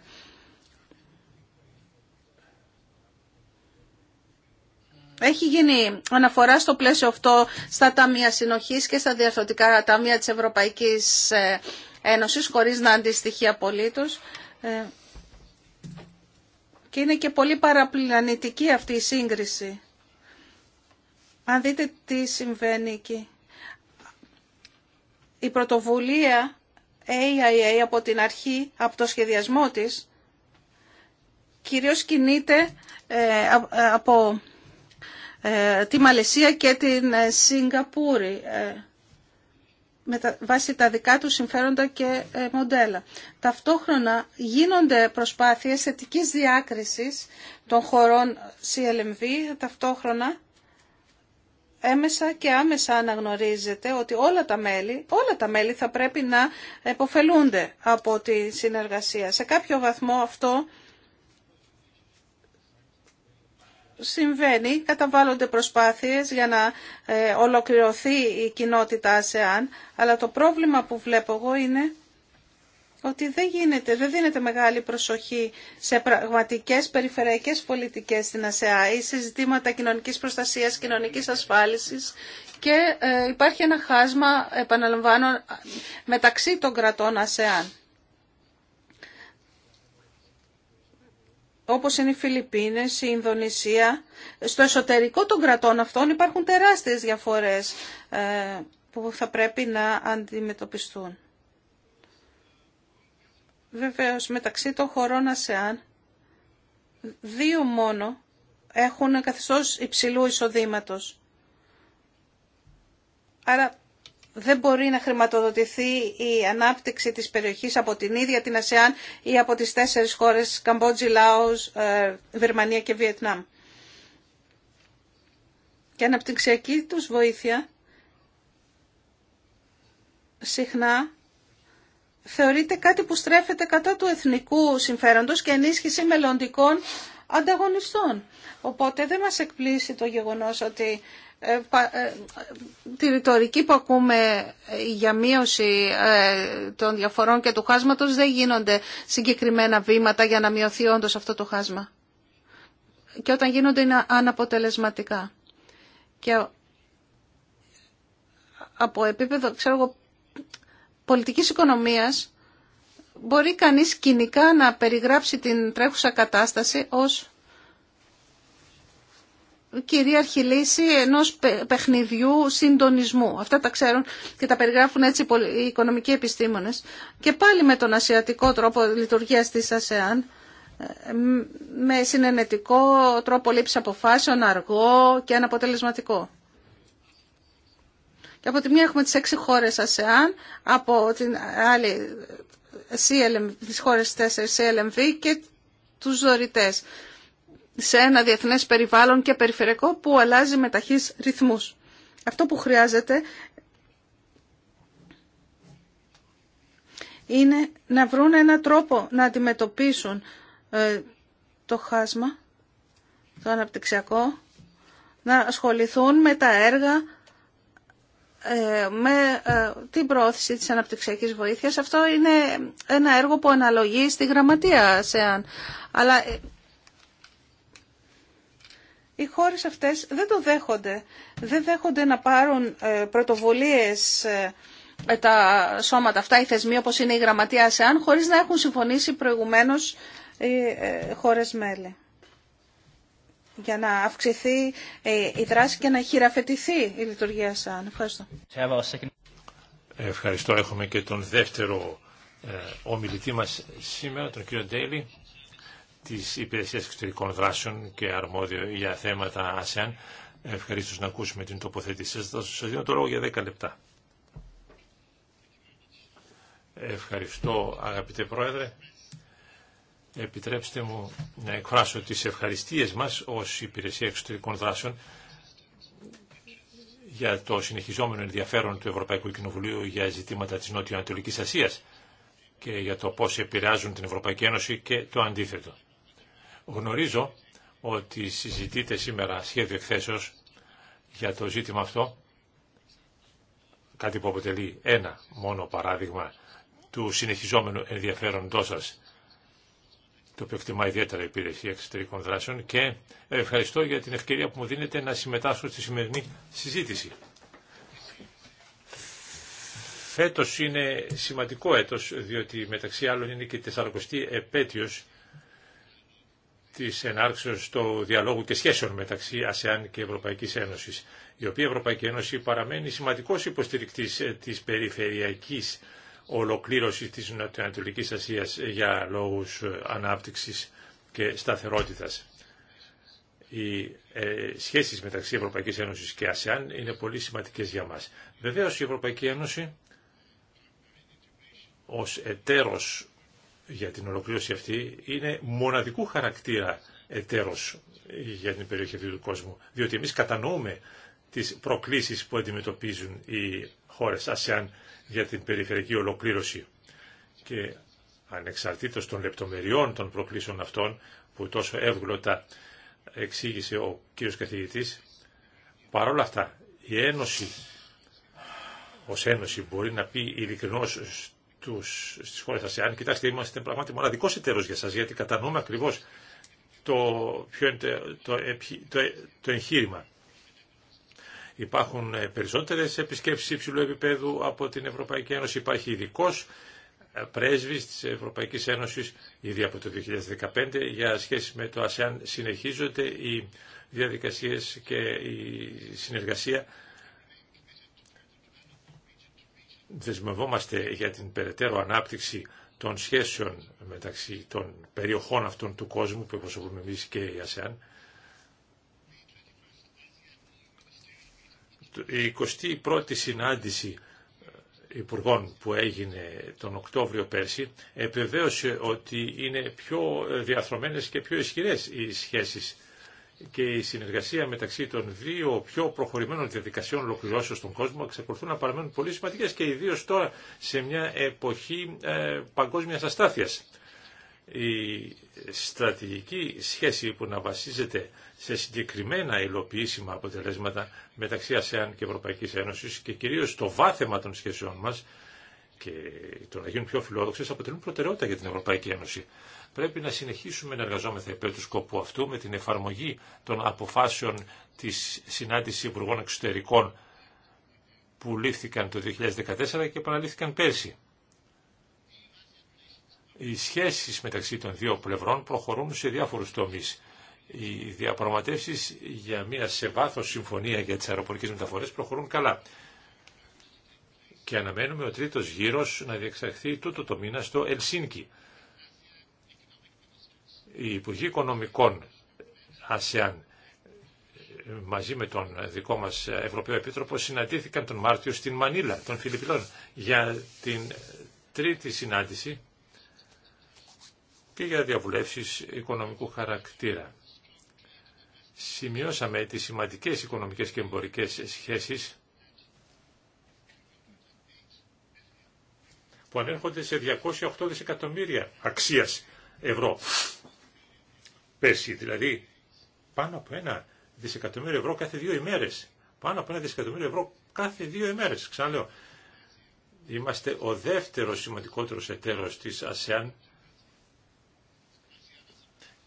Έχει γίνει αναφορά στο πλαίσιο αυτό στα ταμεία συνοχής και στα διαρθρωτικά ταμεία της Ευρωπαϊκής ε, Ένωσης, χωρίς να αντιστοιχεί απολύτως. Ε, και είναι και πολύ παραπλανητική αυτή η σύγκριση. Αν δείτε τι συμβαίνει εκεί. Η πρωτοβουλία AIA από την αρχή, από το σχεδιασμό της, κυρίως κινείται ε, από ε, τη Μαλαισία και την ε, Σιγκαπούρη ε, με τα, βάσει τα δικά του συμφέροντα και μοντέλα. Ταυτόχρονα γίνονται προσπάθειες θετικής διάκρισης των χωρών CLMV, ταυτόχρονα έμεσα και άμεσα αναγνωρίζεται ότι όλα τα μέλη, όλα τα μέλη θα πρέπει να υποφελούνται από τη συνεργασία. Σε κάποιο βαθμό αυτό συμβαίνει, καταβάλλονται προσπάθειες για να ε, ολοκληρωθεί η κοινότητα ΑΣΕΑΝ, αλλά το πρόβλημα που βλέπω εγώ είναι ότι δεν γίνεται, δεν δίνεται μεγάλη προσοχή σε πραγματικές περιφερειακές πολιτικές στην ΑΣΕΑ ή σε ζητήματα κοινωνικής προστασίας, κοινωνικής ασφάλισης και ε, υπάρχει ένα χάσμα, επαναλαμβάνω, μεταξύ των κρατών ΑΣΕΑΝ. όπως είναι οι Φιλιππίνες, η Ινδονησία, στο εσωτερικό των κρατών αυτών υπάρχουν τεράστιες διαφορές ε, που θα πρέπει να αντιμετωπιστούν. Βεβαίως, μεταξύ των χωρών ΑΣΕΑΝ, δύο μόνο έχουν καθεστώς υψηλού εισοδήματος. Άρα δεν μπορεί να χρηματοδοτηθεί η ανάπτυξη της περιοχής από την ίδια την ΑΣΕΑΝ ή από τις τέσσερις χώρες Καμπότζη, Λάος, ε, Βερμανία και Βιετνάμ. Και αναπτυξιακή τους βοήθεια συχνά θεωρείται κάτι που στρέφεται κατά του εθνικού συμφέροντος και ενίσχυση μελλοντικών ανταγωνιστών. Οπότε δεν μας εκπλήσει το γεγονός ότι ε, ε, τη ρητορική που ακούμε για μείωση ε, των διαφορών και του χάσματος δεν γίνονται συγκεκριμένα βήματα για να μειωθεί όντω αυτό το χάσμα. Και όταν γίνονται είναι αναποτελεσματικά. Και από επίπεδο, ξέρω εγώ, πολιτικής οικονομίας μπορεί κανείς κοινικά να περιγράψει την τρέχουσα κατάσταση ως κυρίαρχη λύση ενός παιχνιδιού συντονισμού. Αυτά τα ξέρουν και τα περιγράφουν έτσι οι οικονομικοί επιστήμονες. Και πάλι με τον ασιατικό τρόπο λειτουργίας της ΑΣΕΑΝ, με συνενετικό τρόπο λήψης αποφάσεων, αργό και αναποτελεσματικό. Και από τη μία έχουμε τις έξι χώρες ΑΣΕΑΝ, από την άλλη CLM, τις χώρες 4 CLMV και τους δωρητές σε ένα διεθνές περιβάλλον και περιφερειακό που αλλάζει με ταχύς ρυθμούς. Αυτό που χρειάζεται είναι να βρουν ένα τρόπο να αντιμετωπίσουν ε, το χάσμα, το αναπτυξιακό, να ασχοληθούν με τα έργα ε, με ε, την πρόθεση της αναπτυξιακής βοήθειας. Αυτό είναι ένα έργο που αναλογεί στη γραμματεία ΣΕΑΝ. Αλλά ε, οι χώρες αυτές δεν το δέχονται. Δεν δέχονται να πάρουν πρωτοβουλίες τα σώματα αυτά, οι θεσμοί όπως είναι η γραμματεία ΣΕΑΝ, χωρίς να έχουν συμφωνήσει προηγουμένως οι χώρες μέλη για να αυξηθεί ε, η δράση και να χειραφετηθεί η λειτουργία σαν. Ευχαριστώ. Ευχαριστώ. Έχουμε και τον δεύτερο ε, ομιλητή μας σήμερα, τον κύριο Ντέιλι της Υπηρεσίας Εξωτερικών Δράσεων και αρμόδιο για θέματα ASEAN. Ευχαριστώ να ακούσουμε την τοποθέτησή σας. Σας δίνω το λόγο για 10 λεπτά. Ευχαριστώ αγαπητέ Πρόεδρε. Επιτρέψτε μου να εκφράσω τις ευχαριστίες μας ως Υπηρεσία Εξωτερικών Δράσεων για το συνεχιζόμενο ενδιαφέρον του Ευρωπαϊκού Κοινοβουλίου για ζητήματα της Νότιο-Ανατολικής Ασίας και για το πώς επηρεάζουν την Ευρωπαϊκή Ένωση και το αντίθετο. Γνωρίζω ότι συζητείτε σήμερα σχέδιο εκθέσεως για το ζήτημα αυτό, κάτι που αποτελεί ένα μόνο παράδειγμα του συνεχιζόμενου ενδιαφέροντός σας το οποίο εκτιμά ιδιαίτερα η υπηρεσία εξωτερικών δράσεων και ευχαριστώ για την ευκαιρία που μου δίνετε να συμμετάσχω στη σημερινή συζήτηση. Φέτος είναι σημαντικό έτος, διότι μεταξύ άλλων είναι και η 40η επέτειος της ενάρξεως του διαλόγου και σχέσεων μεταξύ ΑΣΕΑΝ και Ευρωπαϊκής Ένωσης, η οποία Ευρωπαϊκή Ένωση παραμένει σημαντικός υποστηρικτής της περιφερειακής ολοκλήρωση της Νοτιοανατολικής Ασίας για λόγους ανάπτυξης και σταθερότητας. Οι ε, σχέσεις μεταξύ Ευρωπαϊκής Ένωσης και Ασιαν είναι πολύ σημαντικές για μας. Βεβαίως η Ευρωπαϊκή Ένωση ως εταίρος για την ολοκλήρωση αυτή είναι μοναδικού χαρακτήρα εταίρος για την περιοχή αυτή του κόσμου, διότι εμείς κατανοούμε τις προκλήσεις που αντιμετωπίζουν οι χώρες ΑΣΕΑΝ για την περιφερειακή ολοκλήρωση. Και ανεξαρτήτως των λεπτομεριών των προκλήσεων αυτών που τόσο εύγλωτα εξήγησε ο κύριος καθηγητής, παρόλα αυτά η Ένωση ως Ένωση μπορεί να πει ειλικρινώς στους, στις χώρες αν κοιτάξτε είμαστε πραγματικά μοναδικός εταίρος για σας γιατί κατανοούμε ακριβώς το, ποιο είναι το, το, το, το εγχείρημα. Υπάρχουν ε, περισσότερες επισκέψεις υψηλού επίπεδου από την Ευρωπαϊκή Ένωση. Υπάρχει ειδικό ε, πρέσβης της Ευρωπαϊκής Ένωσης ήδη από το 2015 για σχέση με το ΑΣΕΑΝ συνεχίζονται οι διαδικασίες και η συνεργασία δεσμευόμαστε για την περαιτέρω ανάπτυξη των σχέσεων μεταξύ των περιοχών αυτών του κόσμου που εκπροσωπούμε εμεί και η ΑΣΕΑΝ η 21η συνάντηση ε, υπουργών που έγινε τον Οκτώβριο πέρσι επιβεβαίωσε ότι είναι πιο διαθρωμένες και πιο ισχυρές οι σχέσεις και η συνεργασία μεταξύ των δύο πιο προχωρημένων διαδικασιών ολοκληρώσεως στον κόσμο εξακολουθούν να παραμένουν πολύ σημαντικές και ιδίως τώρα σε μια εποχή ε, παγκόσμιας αστάθειας η στρατηγική σχέση που να βασίζεται σε συγκεκριμένα υλοποιήσιμα αποτελέσματα μεταξύ ΑΣΕΑΝ και Ευρωπαϊκής Ένωσης και κυρίως το βάθεμα των σχέσεών μας και το να γίνουν πιο φιλόδοξες αποτελούν προτεραιότητα για την Ευρωπαϊκή Ένωση. Πρέπει να συνεχίσουμε να εργαζόμεθα υπέρ του σκοπού αυτού με την εφαρμογή των αποφάσεων της συνάντησης Υπουργών Εξωτερικών που λήφθηκαν το 2014 και επαναλήφθηκαν πέρσι. Οι σχέσεις μεταξύ των δύο πλευρών προχωρούν σε διάφορους τομείς. Οι διαπραγματεύσει για μια σε βάθος συμφωνία για τις αεροπορικές μεταφορές προχωρούν καλά. Και αναμένουμε ο τρίτος γύρος να διεξαχθεί τούτο το μήνα στο Ελσίνκι. Οι Υπουργοί Οικονομικών ΑΣΕΑΝ μαζί με τον δικό μας Ευρωπαίο Επίτροπο συναντήθηκαν τον Μάρτιο στην Μανίλα των Φιλιππινών για την τρίτη συνάντηση και για διαβουλεύσεις οικονομικού χαρακτήρα. Σημειώσαμε τις σημαντικές οικονομικές και εμπορικές σχέσεις που ανέρχονται σε 208 δισεκατομμύρια αξίας ευρώ. Πέρσι δηλαδή πάνω από ένα δισεκατομμύριο ευρώ κάθε δύο ημέρες. Πάνω από ένα δισεκατομμύριο ευρώ κάθε δύο ημέρες. Ξαναλέω, είμαστε ο δεύτερος σημαντικότερος εταίρος της ΑΣΕΑΝ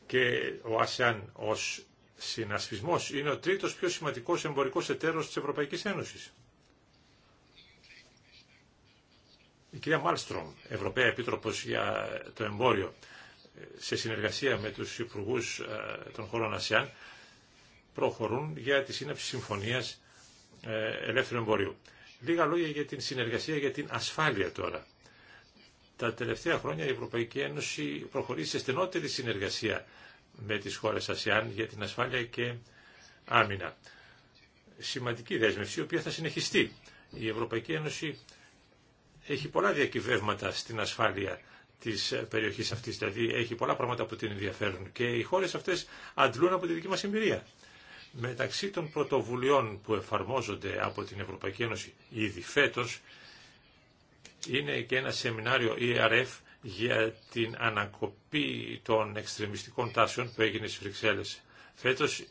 και ο ΑΣΕΑΝ ως συνασπισμός είναι ο τρίτος πιο σημαντικός εμπορικός εταίρος της Ευρωπαϊκής Ένωσης. Η κυρία Μάλστρομ, Ευρωπαία Επίτροπος για το Εμπόριο, σε συνεργασία με τους υπουργού ε, των χωρών ΑΣΕΑΝ, προχωρούν για τη σύναψη συμφωνίας ε, ελεύθερου εμπορίου. Λίγα λόγια για την συνεργασία για την ασφάλεια τώρα. Τα τελευταία χρόνια η Ευρωπαϊκή Ένωση προχωρεί σε στενότερη συνεργασία με τις χώρες ΑΣΙΑΝ για την ασφάλεια και άμυνα. Σημαντική δέσμευση, η οποία θα συνεχιστεί. Η Ευρωπαϊκή Ένωση έχει πολλά διακυβεύματα στην ασφάλεια της περιοχής αυτής, δηλαδή έχει πολλά πράγματα που την ενδιαφέρουν και οι χώρες αυτές αντλούν από τη δική μας εμπειρία. Μεταξύ των πρωτοβουλειών που εφαρμόζονται από την Ευρωπαϊκή Ένωση ήδη φέτος είναι και ένα σεμινάριο ERF για την ανακοπή των εξτρεμιστικών τάσεων που έγινε στις Βρυξέλλες. Φέτος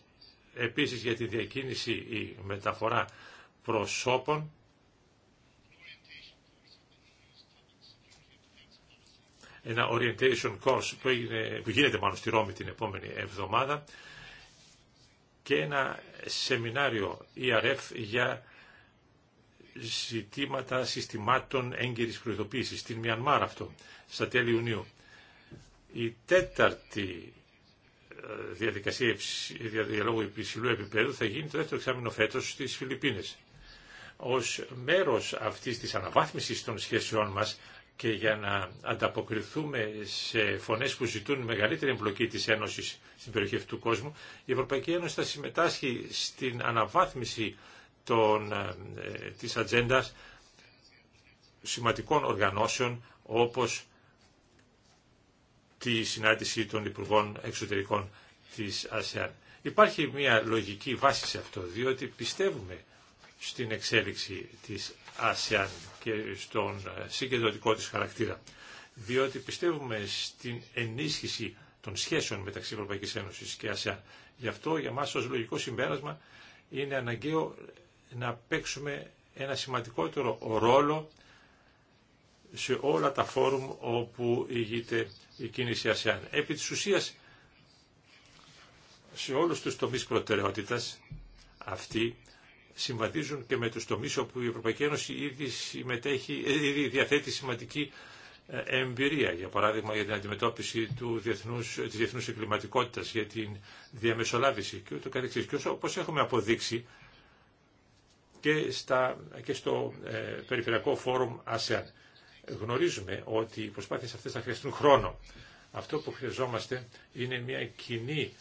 επίσης για τη διακίνηση ή μεταφορά προσώπων ένα orientation course που, που γίνεται μάλλον στη Ρώμη την επόμενη εβδομάδα και ένα σεμινάριο ERF για ζητήματα συστημάτων έγκυρης προειδοποίησης, στην Μιανμάρ αυτό, στα τέλη Ιουνίου. Η τέταρτη ε, διαδικασία διαλόγου υψηλού επίπεδου θα γίνει το δεύτερο εξάμεινο φέτος στις Φιλιππίνες. Ως μέρος αυτής της αναβάθμισης των σχέσεών μας και για να ανταποκριθούμε σε φωνές που ζητούν μεγαλύτερη εμπλοκή της Ένωσης στην περιοχή αυτού του κόσμου, η Ευρωπαϊκή Ένωση θα συμμετάσχει στην αναβάθμιση των, ε, της ατζέντα σημαντικών οργανώσεων όπως τη συνάντηση των Υπουργών Εξωτερικών της ΑΣΕΑΝ. Υπάρχει μια λογική βάση σε αυτό, διότι πιστεύουμε στην εξέλιξη της ΑΣΕΑΝ και στον ε, συγκεντρωτικό της χαρακτήρα, διότι πιστεύουμε στην ενίσχυση των σχέσεων μεταξύ Ευρωπαϊκής Ένωσης και ΑΣΕΑΝ. Γι' αυτό για μας ως λογικό συμπέρασμα είναι αναγκαίο να παίξουμε ένα σημαντικότερο ρόλο σε όλα τα φόρουμ όπου ηγείται η κίνηση ΑΣΕΑΝ. Επί της ουσίας, σε όλους τους τομείς προτεραιότητας αυτοί συμβαδίζουν και με τους τομείς όπου η Ευρωπαϊκή Ένωση ήδη, συμμετέχει, ε, ήδη διαθέτει σημαντική ε, εμπειρία, για παράδειγμα για την αντιμετώπιση του διεθνούς, της διεθνούς εγκληματικότητας, για την διαμεσολάβηση και ούτω καθεξής. Και όπως έχουμε αποδείξει, και, στα, και στο ε, Περιφερειακό Φόρουμ ΑΣΕΑΝ. Γνωρίζουμε ότι οι προσπάθειες αυτές θα χρειαστούν χρόνο. Αυτό που χρειαζόμαστε είναι μια κοινή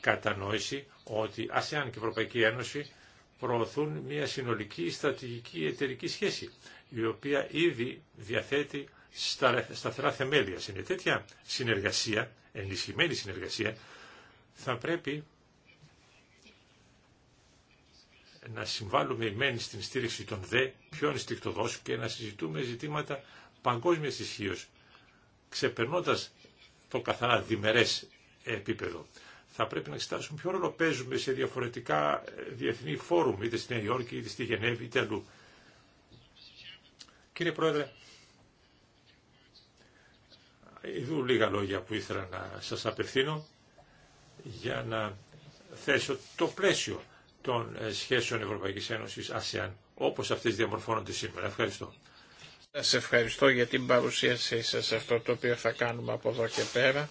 κατανόηση ότι ΑΣΕΑΝ και Ευρωπαϊκή Ένωση προωθούν μια συνολική στρατηγική εταιρική σχέση, η οποία ήδη διαθέτει σταθερά θεμέλια. Σε τέτοια συνεργασία, ενισχυμένη συνεργασία, θα πρέπει να συμβάλλουμε μεν στην στήριξη των δε πιο ενστικτοδός και να συζητούμε ζητήματα παγκόσμιας ισχύω, ξεπερνώντας το καθαρά διμερές επίπεδο. Θα πρέπει να εξετάσουμε ποιο ρόλο παίζουμε σε διαφορετικά ε, διεθνή φόρουμ, είτε στη Νέα Υόρκη, είτε στη Γενέβη, είτε αλλού. Κύριε Πρόεδρε, ειδού λίγα λόγια που ήθελα να σας απευθύνω για να θέσω το πλαίσιο των ε, σχέσεων Ευρωπαϊκής Ένωσης ΑΣΕΑΝ όπως αυτές διαμορφώνονται σήμερα. Ευχαριστώ. Σας ευχαριστώ για την παρουσίασή σας. Αυτό το οποίο θα κάνουμε από εδώ και πέρα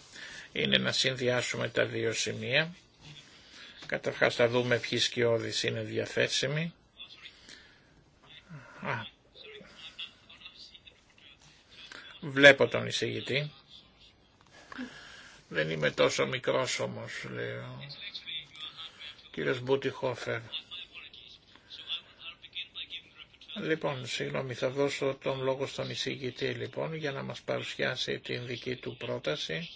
είναι να συνδυάσουμε τα δύο σημεία. Καταρχάς θα δούμε ποιοι σκιώδεις είναι διαθέσιμοι. Βλέπω τον εισηγητή. Δεν είμαι τόσο μικρός όμως, λέω. Κύριος Μπουτιχόφερ. Λοιπόν, συγγνώμη, θα δώσω τον λόγο στον εισηγητή λοιπόν για να μας παρουσιάσει την δική του πρόταση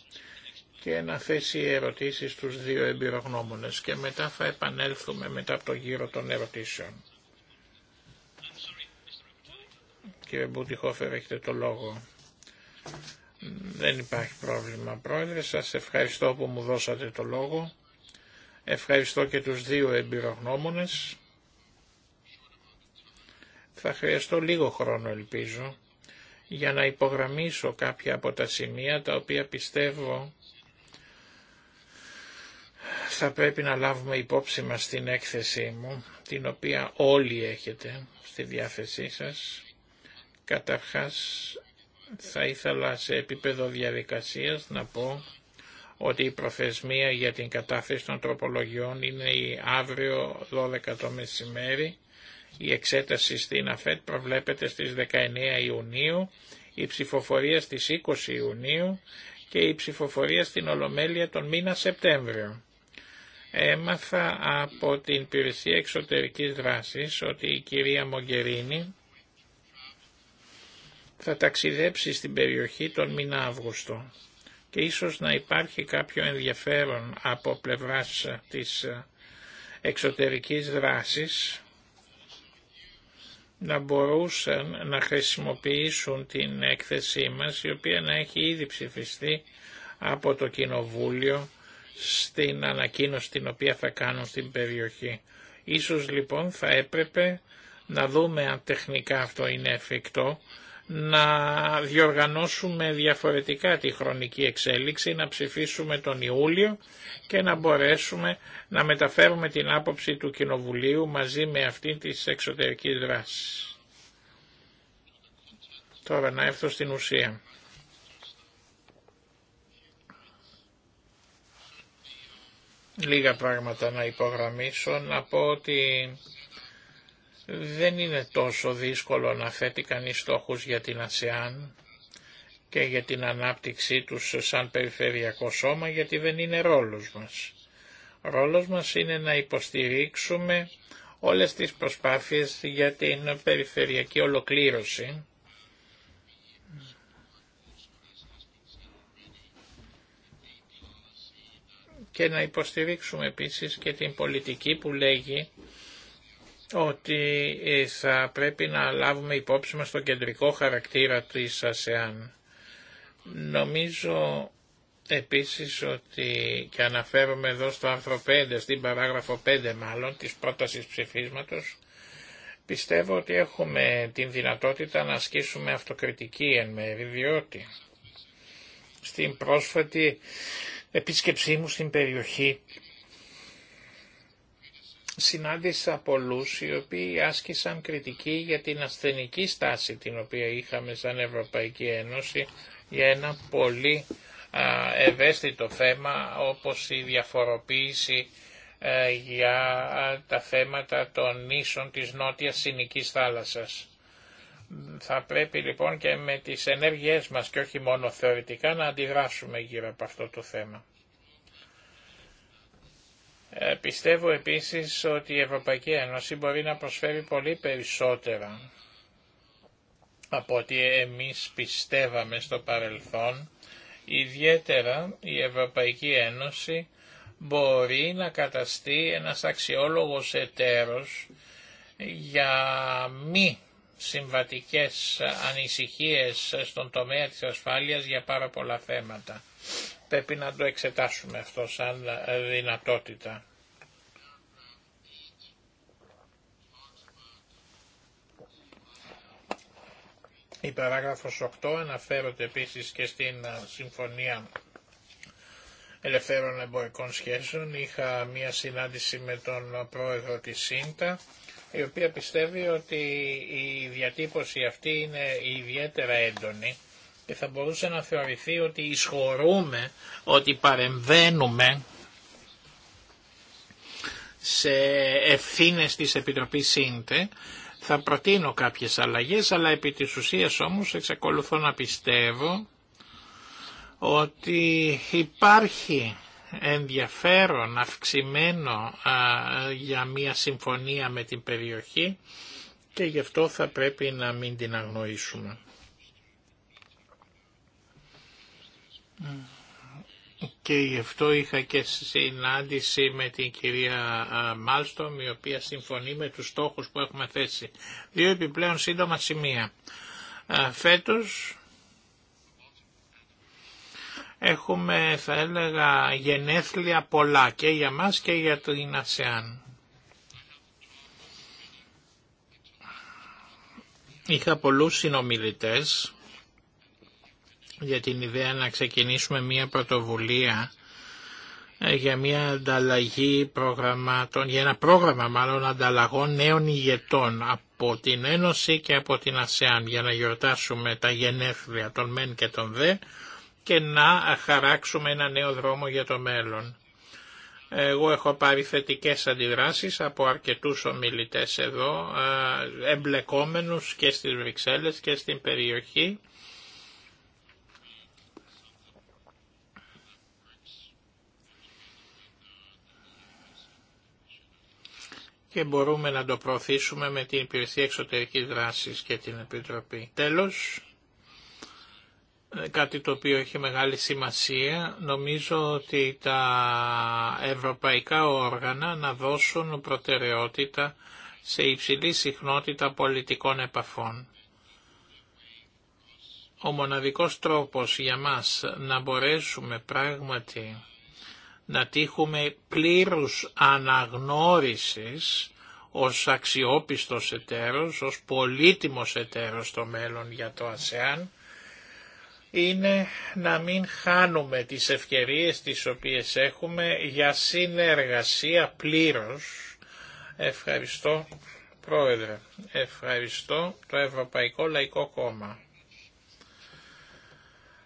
και να θέσει ερωτήσεις στους δύο εμπειρογνώμονες και μετά θα επανέλθουμε μετά από το γύρο των ερωτήσεων. Κύριε Μπουτιχόφερ, έχετε το λόγο. Δεν υπάρχει πρόβλημα, Πρόεδρε. Σας ευχαριστώ που μου δώσατε το λόγο. Ευχαριστώ και τους δύο εμπειρογνώμονες. Θα χρειαστώ λίγο χρόνο ελπίζω για να υπογραμμίσω κάποια από τα σημεία τα οποία πιστεύω θα πρέπει να λάβουμε υπόψη μας στην έκθεσή μου, την οποία όλοι έχετε στη διάθεσή σας. Καταρχάς θα ήθελα σε επίπεδο διαδικασίας να πω ότι η προθεσμία για την κατάθεση των τροπολογιών είναι η αύριο 12 το μεσημέρι. Η εξέταση στην ΑΦΕΤ προβλέπεται στις 19 Ιουνίου, η ψηφοφορία στις 20 Ιουνίου και η ψηφοφορία στην Ολομέλεια τον μήνα Σεπτέμβριο. Έμαθα από την Υπηρεσία Εξωτερικής Δράσης ότι η κυρία Μογκερίνη θα ταξιδέψει στην περιοχή τον μήνα Αύγουστο και ίσως να υπάρχει κάποιο ενδιαφέρον από πλευράς της εξωτερικής δράσης να μπορούσαν να χρησιμοποιήσουν την έκθεσή μας η οποία να έχει ήδη ψηφιστεί από το Κοινοβούλιο στην ανακοίνωση την οποία θα κάνουν στην περιοχή. Ίσως λοιπόν θα έπρεπε να δούμε αν τεχνικά αυτό είναι εφικτό να διοργανώσουμε διαφορετικά τη χρονική εξέλιξη, να ψηφίσουμε τον Ιούλιο και να μπορέσουμε να μεταφέρουμε την άποψη του Κοινοβουλίου μαζί με αυτή της εξωτερικής δράσης. Τώρα να έρθω στην ουσία. Λίγα πράγματα να υπογραμμίσω, να πω ότι δεν είναι τόσο δύσκολο να θέτει κανείς στόχους για την ΑΣΕΑΝ και για την ανάπτυξή τους σαν περιφερειακό σώμα γιατί δεν είναι ρόλος μας. Ρόλος μας είναι να υποστηρίξουμε όλες τις προσπάθειες για την περιφερειακή ολοκλήρωση και να υποστηρίξουμε επίσης και την πολιτική που λέγει ότι ε, θα πρέπει να λάβουμε υπόψη μας το κεντρικό χαρακτήρα της ΑΣΕΑΝ. Νομίζω επίσης ότι και αναφέρομαι εδώ στο άρθρο 5, στην παράγραφο 5 μάλλον, της πρότασης ψηφίσματος, πιστεύω ότι έχουμε την δυνατότητα να ασκήσουμε αυτοκριτική εν μέρη, διότι στην πρόσφατη επίσκεψή μου στην περιοχή συνάντησα πολλούς οι οποίοι άσκησαν κριτική για την ασθενική στάση την οποία είχαμε σαν Ευρωπαϊκή Ένωση για ένα πολύ ευαίσθητο θέμα όπως η διαφοροποίηση ε, για τα θέματα των νήσων της νότιας συνικής θάλασσας. Θα πρέπει λοιπόν και με τις ενέργειές μας και όχι μόνο θεωρητικά να αντιδράσουμε γύρω από αυτό το θέμα. Ε, πιστεύω επίσης ότι η Ευρωπαϊκή Ένωση μπορεί να προσφέρει πολύ περισσότερα από ό,τι εμείς πιστεύαμε στο παρελθόν. Ιδιαίτερα η Ευρωπαϊκή Ένωση μπορεί να καταστεί ένας αξιόλογος εταίρος για μη συμβατικές ανησυχίες στον τομέα της ασφάλειας για πάρα πολλά θέματα. Πρέπει να το εξετάσουμε αυτό σαν ε, δυνατότητα. Η παράγραφος 8 αναφέρονται επίσης και στην ε, Συμφωνία Ελευθέρων Εμπορικών Σχέσεων. Είχα μία συνάντηση με τον πρόεδρο της ΣΥΝΤΑ, η οποία πιστεύει ότι η διατύπωση αυτή είναι ιδιαίτερα έντονη και θα μπορούσε να θεωρηθεί ότι ισχωρούμε, ότι παρεμβαίνουμε σε ευθύνες της Επιτροπής ΣΥΝΤΕ, θα προτείνω κάποιες αλλαγές, αλλά επί της ουσίας όμως εξακολουθώ να πιστεύω ότι υπάρχει ενδιαφέρον αυξημένο για μια συμφωνία με την περιοχή και γι' αυτό θα πρέπει να μην την αγνοήσουμε. Και γι' αυτό είχα και συνάντηση με την κυρία Μάλστομ, η οποία συμφωνεί με τους στόχους που έχουμε θέσει. Δύο επιπλέον σύντομα σημεία. Φέτος έχουμε, θα έλεγα, γενέθλια πολλά και για μας και για την ΑΣΕΑΝ. Είχα πολλούς συνομιλητές για την ιδέα να ξεκινήσουμε μια πρωτοβουλία ε, για μια ανταλλαγή προγραμμάτων, για ένα πρόγραμμα μάλλον ανταλλαγών νέων ηγετών από την Ένωση και από την ΑΣΕΑΝ για να γιορτάσουμε τα γενέθλια των ΜΕΝ και των ΔΕ και να χαράξουμε ένα νέο δρόμο για το μέλλον. Εγώ έχω πάρει θετικές αντιδράσεις από αρκετούς ομιλητές εδώ, ε, εμπλεκόμενους και στις Βρυξέλλες και στην περιοχή και μπορούμε να το προωθήσουμε με την Υπηρεσία Εξωτερικής Δράσης και την Επιτροπή. Τέλος, ε, κάτι το οποίο έχει μεγάλη σημασία, νομίζω ότι τα ευρωπαϊκά όργανα να δώσουν προτεραιότητα σε υψηλή συχνότητα πολιτικών επαφών. Ο μοναδικός τρόπος για μας να μπορέσουμε πράγματι να τύχουμε πλήρους αναγνώρισης ως αξιόπιστος εταίρος, ως πολύτιμος εταίρος στο μέλλον για το ΑΣΕΑΝ, είναι να μην χάνουμε τις ευκαιρίες τις οποίες έχουμε για συνεργασία πλήρως. Ευχαριστώ, Πρόεδρε. Ευχαριστώ το Ευρωπαϊκό Λαϊκό Κόμμα.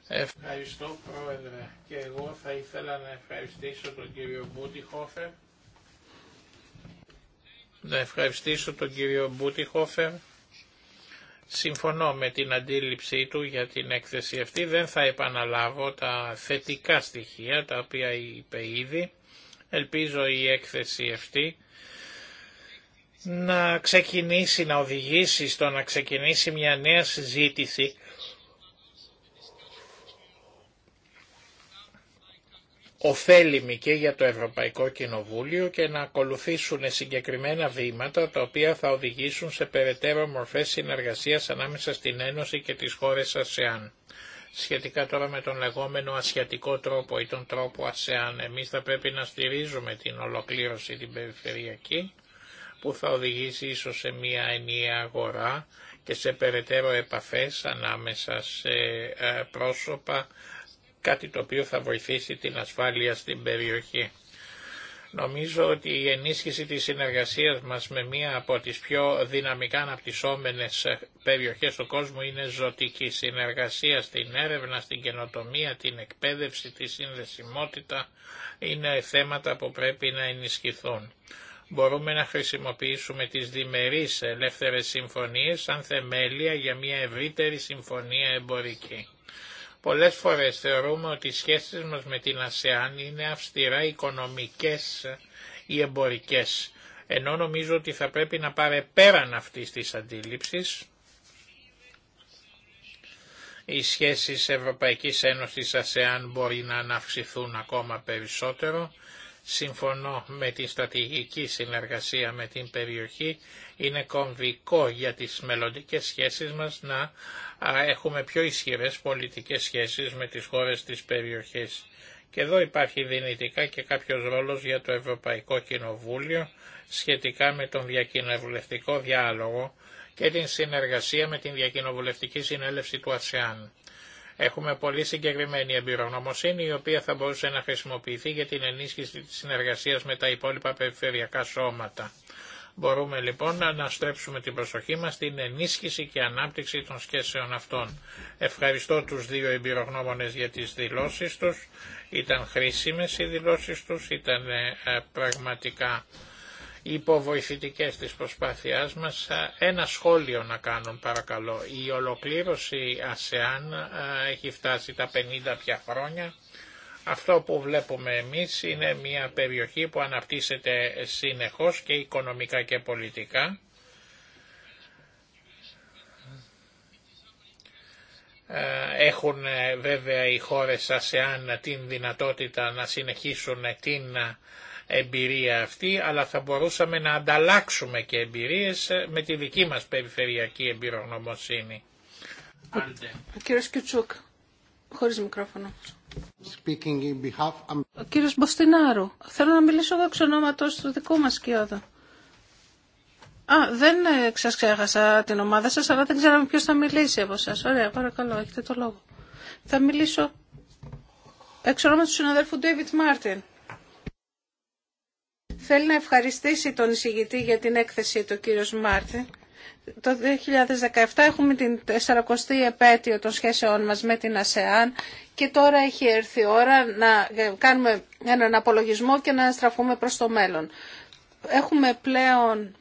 Ευχαριστώ Πρόεδρε και εγώ θα ήθελα να ευχαριστήσω τον κύριο Μπούτιχόφερ να ευχαριστήσω τον κύριο Μπούτιχόφερ Συμφωνώ με την αντίληψή του για την έκθεση αυτή. Δεν θα επαναλάβω τα θετικά στοιχεία τα οποία είπε ήδη. Ελπίζω η έκθεση αυτή να ξεκινήσει, να οδηγήσει στο να ξεκινήσει μια νέα συζήτηση ωφέλιμη και για το Ευρωπαϊκό Κοινοβούλιο και να ακολουθήσουν συγκεκριμένα βήματα τα οποία θα οδηγήσουν σε περαιτέρω μορφές συνεργασίας ανάμεσα στην Ένωση και τις χώρες ΑΣΕΑΝ. Σχετικά τώρα με τον λεγόμενο ασιατικό τρόπο ή τον τρόπο ΑΣΕΑΝ, εμείς θα πρέπει να στηρίζουμε την ολοκλήρωση την περιφερειακή που θα οδηγήσει ίσως σε μια ενιαία αγορά και σε περαιτέρω επαφές ανάμεσα σε ε, πρόσωπα κάτι το οποίο θα βοηθήσει την ασφάλεια στην περιοχή. Νομίζω ότι η ενίσχυση της συνεργασίας μας με μία από τις πιο δυναμικά αναπτυσσόμενες περιοχές του κόσμου είναι ζωτική συνεργασία στην έρευνα, στην καινοτομία, την εκπαίδευση, τη συνδεσιμότητα είναι θέματα που πρέπει να ενισχυθούν. Μπορούμε να χρησιμοποιήσουμε τις διμερείς ελεύθερες συμφωνίες σαν θεμέλια για μια ευρύτερη συμφωνία εμπορική. Πολλές φορές θεωρούμε ότι οι σχέσεις μας με την ΑΣΕΑΝ είναι αυστηρά οικονομικές ή εμπορικές, ενώ νομίζω ότι θα πρέπει να πάρε πέραν αυτής της αντίληψης οι σχέσεις Ευρωπαϊκής Ένωσης ΑΣΕΑΝ μπορεί να αναυξηθούν ακόμα περισσότερο Συμφωνώ με τη στρατηγική συνεργασία με την περιοχή. Είναι κομβικό για τις μελλοντικές σχέσεις μας να έχουμε πιο ισχυρές πολιτικές σχέσεις με τις χώρες της περιοχής. Και εδώ υπάρχει δυνητικά και κάποιος ρόλος για το Ευρωπαϊκό Κοινοβούλιο σχετικά με τον διακοινοβουλευτικό διάλογο και την συνεργασία με την διακοινοβουλευτική συνέλευση του ΑΣΕΑΝ. Έχουμε πολύ συγκεκριμένη εμπειρογνωμοσύνη η οποία θα μπορούσε να χρησιμοποιηθεί για την ενίσχυση της συνεργασίας με τα υπόλοιπα περιφερειακά σώματα. Μπορούμε λοιπόν να αναστρέψουμε την προσοχή μας στην ενίσχυση και ανάπτυξη των σχέσεων αυτών. Ευχαριστώ τους δύο εμπειρογνώμονες για τις δηλώσεις τους. Ήταν χρήσιμες οι δηλώσεις τους, ήταν ε, πραγματικά υποβοηθητικές της προσπάθειάς μας. Ένα σχόλιο να κάνουν παρακαλώ. Η ολοκλήρωση ΑΣΕΑΝ έχει φτάσει τα 50 πια χρόνια. Αυτό που βλέπουμε εμείς είναι μια περιοχή που αναπτύσσεται συνεχώς και οικονομικά και πολιτικά. Έχουν ε, βέβαια οι χώρες ΑΣΕΑΝ την δυνατότητα να συνεχίσουν την εμπειρία αυτή, αλλά θα μπορούσαμε να ανταλλάξουμε και εμπειρίες ε, με τη δική μας περιφερειακή εμπειρογνωμοσύνη. Ο κύριος Κιουτσούκ, χωρίς μικρόφωνο. Ο κύριος Μποστινάρου, θέλω να μιλήσω εγώ εξ του δικού μας κοιόδου. Α, δεν ε, σα ξέχασα την ομάδα σας, αλλά δεν ξέραμε ποιο θα μιλήσει από εσά. Ωραία, παρακαλώ, έχετε το λόγο. Θα μιλήσω εξ ονόματο του συναδέλφου David Μάρτιν. Θέλει να ευχαριστήσει τον εισηγητή για την έκθεση του κύριου Μάρτιν. Το 2017 έχουμε την 40η επέτειο των σχέσεών μας με την ΑΣΕΑΝ και τώρα έχει έρθει η ώρα να κάνουμε έναν απολογισμό και να στραφούμε προς το μέλλον. Έχουμε πλέον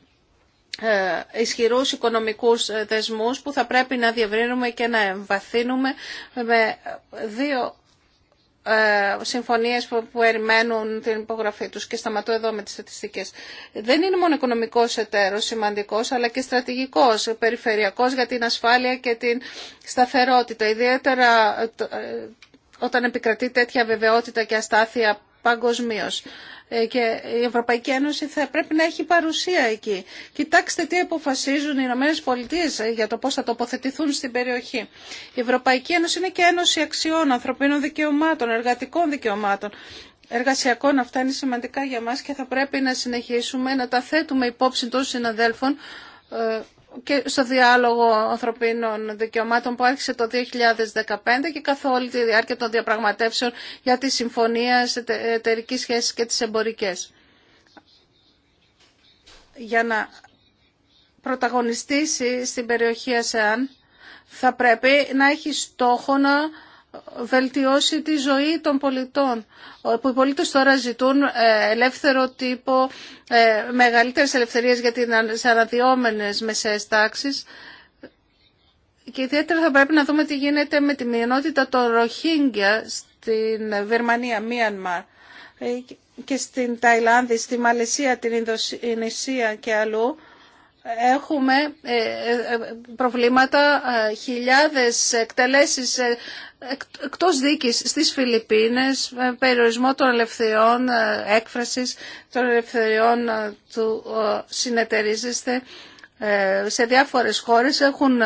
ε, ισχυρούς οικονομικούς ε, δεσμούς που θα πρέπει να διευρύνουμε και να εμβαθύνουμε με δύο ε, συμφωνίες που ερημένουν την υπογραφή τους και σταματώ εδώ με τις στατιστικές. Δεν είναι μόνο οικονομικός εταίρος σημαντικός αλλά και στρατηγικός, περιφερειακός για την ασφάλεια και την σταθερότητα. Ιδιαίτερα ε, ε, όταν επικρατεί τέτοια βεβαιότητα και αστάθεια παγκοσμίω. Ε, και η Ευρωπαϊκή Ένωση θα πρέπει να έχει παρουσία εκεί. Κοιτάξτε τι αποφασίζουν οι Ηνωμένε Πολιτείε ε, για το πώς θα τοποθετηθούν στην περιοχή. Η Ευρωπαϊκή Ένωση είναι και ένωση αξιών, ανθρωπίνων δικαιωμάτων, εργατικών δικαιωμάτων. Εργασιακών αυτά είναι σημαντικά για μας και θα πρέπει να συνεχίσουμε να τα θέτουμε υπόψη των συναδέλφων ε, και στο διάλογο ανθρωπίνων δικαιωμάτων που άρχισε το 2015 και καθ' όλη τη διάρκεια των διαπραγματεύσεων για τη Συμφωνία Εταιρικής Σχέσης και τις Εμπορικές. Για να πρωταγωνιστήσει στην περιοχή ΑΣΕΑΝ θα πρέπει να έχει στόχο να βελτιώσει τη ζωή των πολιτών. Που οι πολίτες τώρα ζητούν ε, ελεύθερο τύπο, ε, μεγαλύτερες ελευθερίες για τις αναδυόμενες μεσαίες τάξεις. Και ιδιαίτερα θα πρέπει να δούμε τι γίνεται με τη μειονότητα των Ροχίνγκια στην Βερμανία, Μίανμαρ ε, και στην Ταϊλάνδη, στη Μαλαισία, την Ινδονησία και αλλού έχουμε προβλήματα, χιλιάδες εκτελέσεις εκτός δίκης στις Φιλιππίνες με περιορισμό των ελευθεριών ε, έκφρασης, των ελευθεριών ε, του ε, συνεταιρίζεστε σε διάφορες χώρες έχουν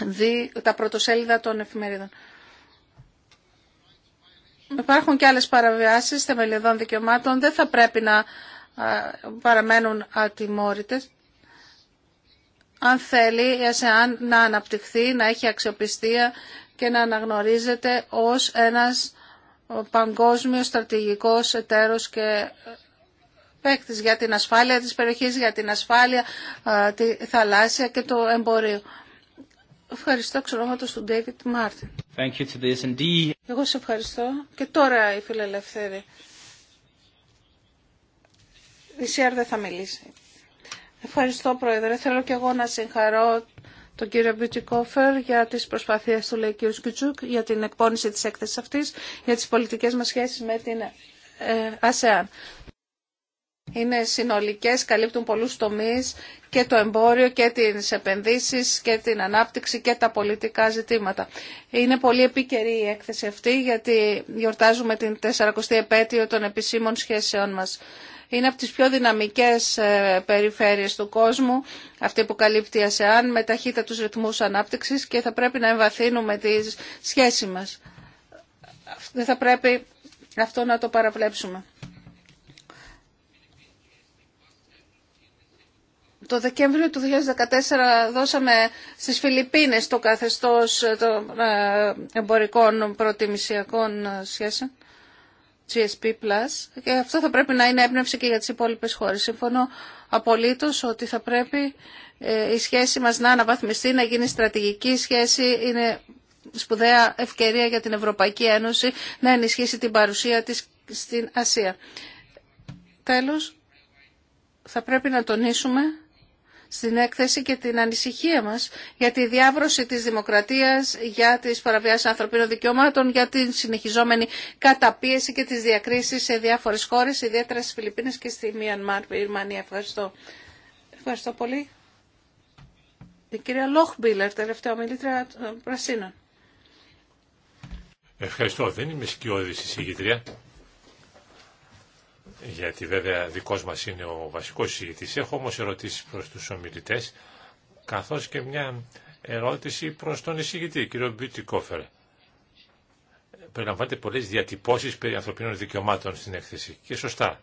δει τα πρωτοσέλιδα των εφημερίδων. Υπάρχουν και άλλες παραβιάσεις θεμελιωδών δικαιωμάτων. Δεν θα πρέπει να παραμένουν ατιμόρυτες. Αν θέλει η να αναπτυχθεί, να έχει αξιοπιστία και να αναγνωρίζεται ως ένας παγκόσμιος στρατηγικός εταίρος και παίκτης για την ασφάλεια της περιοχής, για την ασφάλεια, τη θαλάσσια και το εμπορίο. Ευχαριστώ ξερώματος του David Μάρτιν. Εγώ σε ευχαριστώ. Και τώρα η φιλελευθέρη. Η ΣΥΑΡ δεν θα μιλήσει. Ευχαριστώ Πρόεδρε. Θέλω και εγώ να συγχαρώ τον κύριο Κόφερ για τι προσπάθειες του, λέει ο για την εκπόνηση τη έκθεση αυτή για τι πολιτικέ μα σχέσει με την ε, ΑΣΕΑΝ. Είναι συνολικές, καλύπτουν πολλούς τομείς και το εμπόριο και τι επενδύσει και την ανάπτυξη και τα πολιτικά ζητήματα. Είναι πολύ επίκαιρη η έκθεση αυτή γιατί γιορτάζουμε την 40η επέτειο των επισήμων σχέσεών μα. Είναι από τις πιο δυναμικές ε, περιφέρειες του κόσμου, αυτή που καλύπτει η ΑΣΕΑΝ, με ταχύτητα τους ρυθμούς ανάπτυξης και θα πρέπει να εμβαθύνουμε τη σχέση μας. Δεν θα πρέπει αυτό να το παραβλέψουμε. Το Δεκέμβριο του 2014 δώσαμε στις Φιλιππίνες το καθεστώς των ε, εμπορικών προτιμησιακών σχέσεων. GSP+, και αυτό θα πρέπει να είναι έμπνευση και για τις υπόλοιπες χώρες. Συμφωνώ απολύτως ότι θα πρέπει ε, η σχέση μας να αναβαθμιστεί, να γίνει στρατηγική σχέση, είναι σπουδαία ευκαιρία για την Ευρωπαϊκή Ένωση να ενισχύσει την παρουσία της στην Ασία. Τέλος, θα πρέπει να τονίσουμε στην έκθεση και την ανησυχία μας για τη διάβρωση της δημοκρατίας, για τις παραβιάσεις ανθρωπίνων δικαιωμάτων, για την συνεχιζόμενη καταπίεση και τις διακρίσεις σε διάφορες χώρες, ιδιαίτερα στις Φιλιππίνες και στη Μιανμάρ, Ιρμανία. Ευχαριστώ. Ευχαριστώ πολύ. Η κυρία Λόχμπίλερ, τελευταία ομιλήτρια των Πρασίνων. Ευχαριστώ. Δεν είμαι σκιώδης εισηγητρία γιατί βέβαια δικός μας είναι ο βασικός συγητής. Έχω όμως ερωτήσεις προς τους ομιλητές, καθώς και μια ερώτηση προς τον εισηγητή, κύριο Μπιουτικόφερ. Περιλαμβάνεται πολλές διατυπώσεις περί ανθρωπίνων δικαιωμάτων στην έκθεση και σωστά.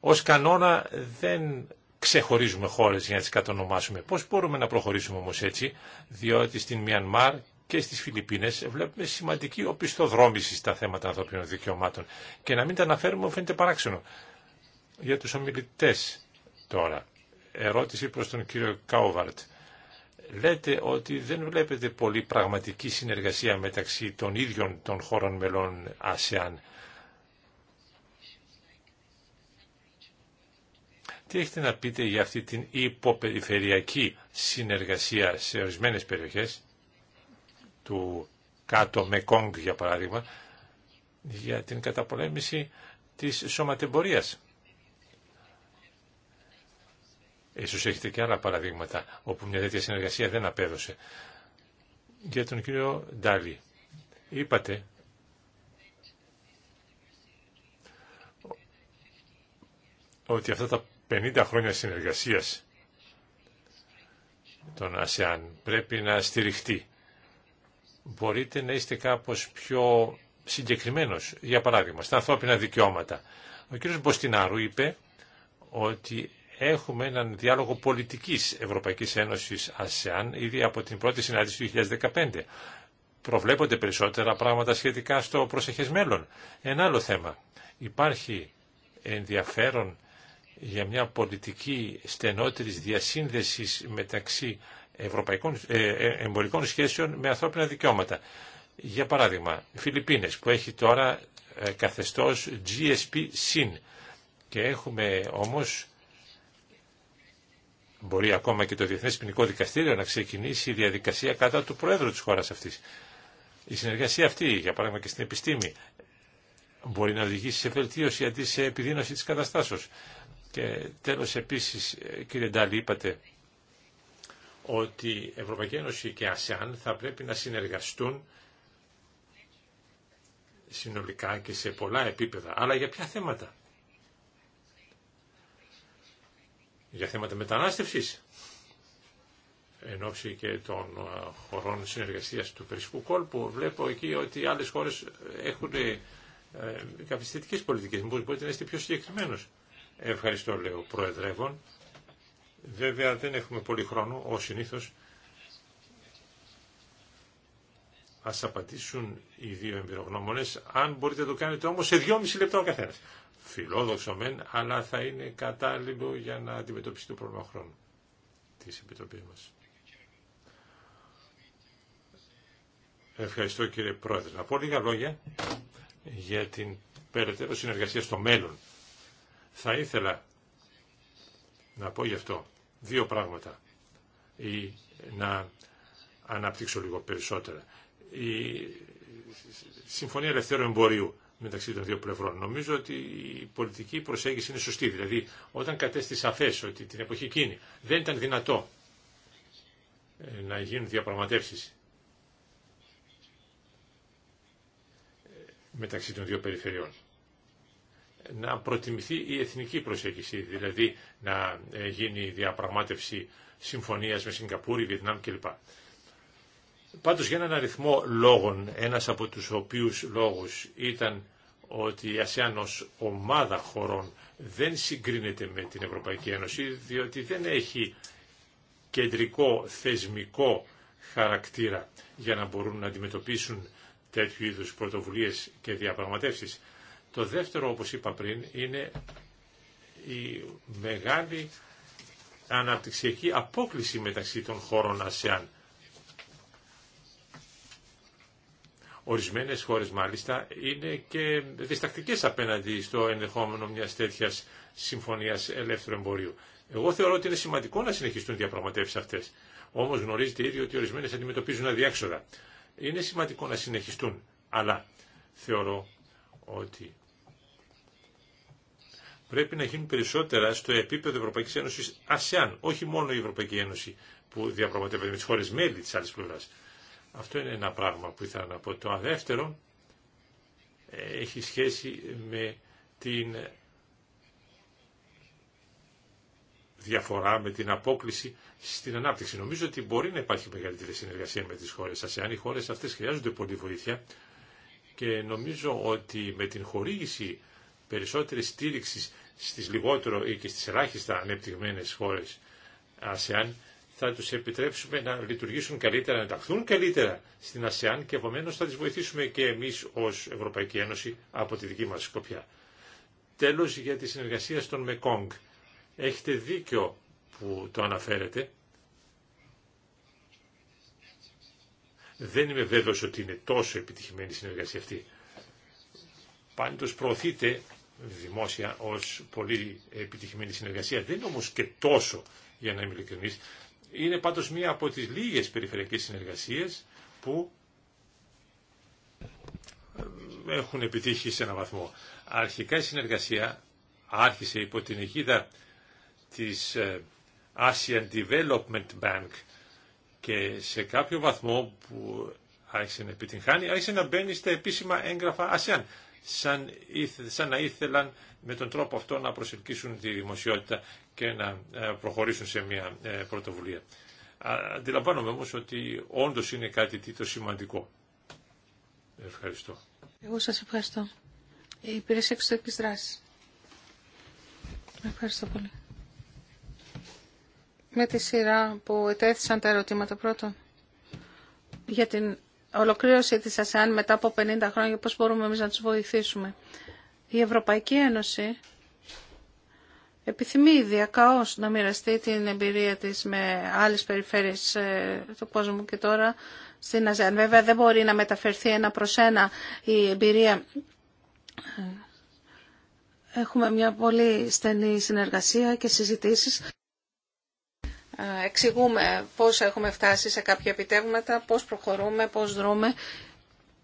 Ως κανόνα δεν ξεχωρίζουμε χώρες για να τις κατονομάσουμε. Πώς μπορούμε να προχωρήσουμε όμως έτσι, διότι στην Μιανμάρ και στις Φιλιππίνες βλέπουμε σημαντική οπισθοδρόμηση στα θέματα ανθρωπίνων δικαιωμάτων. Και να μην τα αναφέρουμε φαίνεται παράξενο. Για τους ομιλητές τώρα, ερώτηση προς τον κύριο Κάουβαρτ. Λέτε ότι δεν βλέπετε πολύ πραγματική συνεργασία μεταξύ των ίδιων των χώρων μελών ΑΣΕΑΝ. Τι έχετε να πείτε για αυτή την υποπεριφερειακή συνεργασία σε ορισμένες περιοχές του κάτω Μεκόγκ για παράδειγμα για την καταπολέμηση της σωματεμπορίας. Ίσως έχετε και άλλα παραδείγματα όπου μια τέτοια συνεργασία δεν απέδωσε. Για τον κύριο Ντάλι, είπατε ότι αυτά τα 50 χρόνια συνεργασίας των ΑΣΕΑΝ πρέπει να στηριχτεί μπορείτε να είστε κάπως πιο συγκεκριμένος, για παράδειγμα, στα ανθρώπινα δικαιώματα. Ο κύριος Μποστινάρου είπε ότι έχουμε έναν διάλογο πολιτικής Ευρωπαϊκής Ένωσης ΑΣΕΑΝ ήδη από την πρώτη συνάντηση του 2015. Προβλέπονται περισσότερα πράγματα σχετικά στο προσεχές μέλλον. Ένα άλλο θέμα. Υπάρχει ενδιαφέρον για μια πολιτική στενότερης διασύνδεσης μεταξύ ευρωπαϊκών, ε, ε, εμπορικών σχέσεων με ανθρώπινα δικαιώματα. Για παράδειγμα, Φιλιππίνες που έχει τώρα ε, καθεστώς GSP συν και έχουμε όμως μπορεί ακόμα και το Διεθνές Ποινικό Δικαστήριο να ξεκινήσει η διαδικασία κατά του Προέδρου της χώρας αυτής. Η συνεργασία αυτή, για παράδειγμα και στην επιστήμη, μπορεί να οδηγήσει σε βελτίωση αντί σε επιδείνωση της καταστάσεως. Και τέλος επίσης, κύριε Ντάλη, είπατε ότι η Ευρωπαϊκή Ένωση και η ΑΣΕΑΝ θα πρέπει να συνεργαστούν συνολικά και σε πολλά επίπεδα. Αλλά για ποια θέματα. Για θέματα μετανάστευσης εν ώψη και των ε, χωρών συνεργασίας του Περισσικού Κόλπου, βλέπω εκεί ότι άλλες χώρες έχουν ε, ε, κάποιες θετικές πολιτικές. Μπορείτε να είστε πιο συγκεκριμένος. Ευχαριστώ, λέω, Προεδρεύων. Βέβαια δεν έχουμε πολύ χρόνο, ως συνήθως. Ας απαντήσουν οι δύο εμπειρογνώμονες, αν μπορείτε να το κάνετε όμως σε δυόμιση λεπτά ο καθένας. Φιλόδοξο μεν, αλλά θα είναι κατάλληλο για να αντιμετωπίσει το πρόβλημα χρόνου της Επιτροπής μας. Ευχαριστώ κύριε Πρόεδρε. Να πω λίγα λόγια για την περαιτέρω συνεργασία στο μέλλον. Θα ήθελα να πω γι' αυτό δύο πράγματα ή να αναπτύξω λίγο περισσότερα. Η Συμφωνία Ελευθέρου Εμπορίου μεταξύ των δύο πλευρών. Νομίζω ότι η πολιτική προσέγγιση είναι σωστή. Δηλαδή, όταν κατέστη σαφέ ότι την εποχή εκείνη δεν ήταν δυνατό ε, να γίνουν διαπραγματεύσεις ε, μεταξύ των δύο την εποχη εκεινη δεν ηταν δυνατο να γινουν διαπραγματεύσει μεταξυ των δυο περιφερειων να προτιμηθεί η εθνική προσέγγιση, δηλαδή να ε, γίνει διαπραγμάτευση συμφωνίας με Σιγκαπούρη, Βιετνάμ κλπ. Πάντως για έναν αριθμό λόγων, ένας από τους οποίους λόγους ήταν ότι η ΑΣΕΑΝ ομάδα χωρών δεν συγκρίνεται με την Ευρωπαϊκή Ένωση, διότι δεν έχει κεντρικό θεσμικό χαρακτήρα για να μπορούν να αντιμετωπίσουν τέτοιου είδους πρωτοβουλίες και διαπραγματεύσεις. Το δεύτερο, όπως είπα πριν, είναι η μεγάλη αναπτυξιακή απόκληση μεταξύ των χωρών ΑΣΕΑΝ. Ορισμένες χώρες μάλιστα είναι και διστακτικές απέναντι στο ενδεχόμενο μιας τέτοιας συμφωνίας ελεύθερου εμπορίου. Εγώ θεωρώ ότι είναι σημαντικό να συνεχιστούν διαπραγματεύσεις αυτές. Όμως γνωρίζετε ήδη ότι ορισμένες αντιμετωπίζουν αδιέξοδα. Είναι σημαντικό να συνεχιστούν, αλλά θεωρώ ότι πρέπει να γίνουν περισσότερα στο επίπεδο Ευρωπαϊκή Ένωση ΑΣΕΑΝ, όχι μόνο η Ευρωπαϊκή Ένωση που διαπραγματεύεται με τι χώρε μέλη τη άλλη πλευρά. Αυτό είναι ένα πράγμα που ήθελα να πω. Το δεύτερο ε, έχει σχέση με την διαφορά, με την απόκληση στην ανάπτυξη. Νομίζω ότι μπορεί να υπάρχει μεγαλύτερη συνεργασία με τις χώρες ΑΣΕΑΝ. Οι χώρες αυτές χρειάζονται πολύ βοήθεια και νομίζω ότι με την χορήγηση περισσότερη στήριξη στις λιγότερο ή και στις ελάχιστα ανεπτυγμένες χώρες ΑΣΕΑΝ θα τους επιτρέψουμε να λειτουργήσουν καλύτερα, να ενταχθούν καλύτερα στην ΑΣΕΑΝ και επομένω θα τις βοηθήσουμε και εμείς ως Ευρωπαϊκή Ένωση από τη δική μας σκοπιά. Τέλος για τη συνεργασία στον Μεκόγκ. Έχετε δίκιο που το αναφέρετε. Δεν είμαι βέβαιος ότι είναι τόσο επιτυχημένη η συνεργασία αυτή. Πάντως προωθείται δημόσια ως πολύ επιτυχημένη συνεργασία. Δεν είναι όμως και τόσο, για να είμαι ειλικρινής. Είναι πάντως μία από τις λίγες περιφερειακές συνεργασίες που ε, έχουν επιτύχει σε έναν βαθμό. Αρχικά η συνεργασία άρχισε υπό την αιγίδα της ε, Asian Development Bank και σε κάποιο βαθμό που άρχισε να επιτυγχάνει, άρχισε να μπαίνει στα επίσημα έγγραφα ASEAN σαν, να ήθελαν με τον τρόπο αυτό να προσελκύσουν τη δημοσιότητα και να ε, προχωρήσουν σε μια ε, πρωτοβουλία. Αντιλαμβάνομαι όμως ότι όντως είναι κάτι το σημαντικό. Ευχαριστώ. Εγώ σας ευχαριστώ. Η υπηρεσία εξωτερικής δράσης. Ευχαριστώ πολύ. Με τη σειρά που ετέθησαν τα ερωτήματα πρώτα για την ολοκλήρωση της ΑΣΕΑΝ μετά από 50 χρόνια, πώς μπορούμε εμείς να τους βοηθήσουμε. Η Ευρωπαϊκή Ένωση επιθυμεί διακαώς να μοιραστεί την εμπειρία της με άλλες περιφέρειες ε, του κόσμου και τώρα στην ΑΣΕΑΝ. Βέβαια δεν μπορεί να μεταφερθεί ένα προς ένα η εμπειρία. Έχουμε μια πολύ στενή συνεργασία και συζητήσεις εξηγούμε πώς έχουμε φτάσει σε κάποια επιτεύγματα, πώς προχωρούμε, πώς δρούμε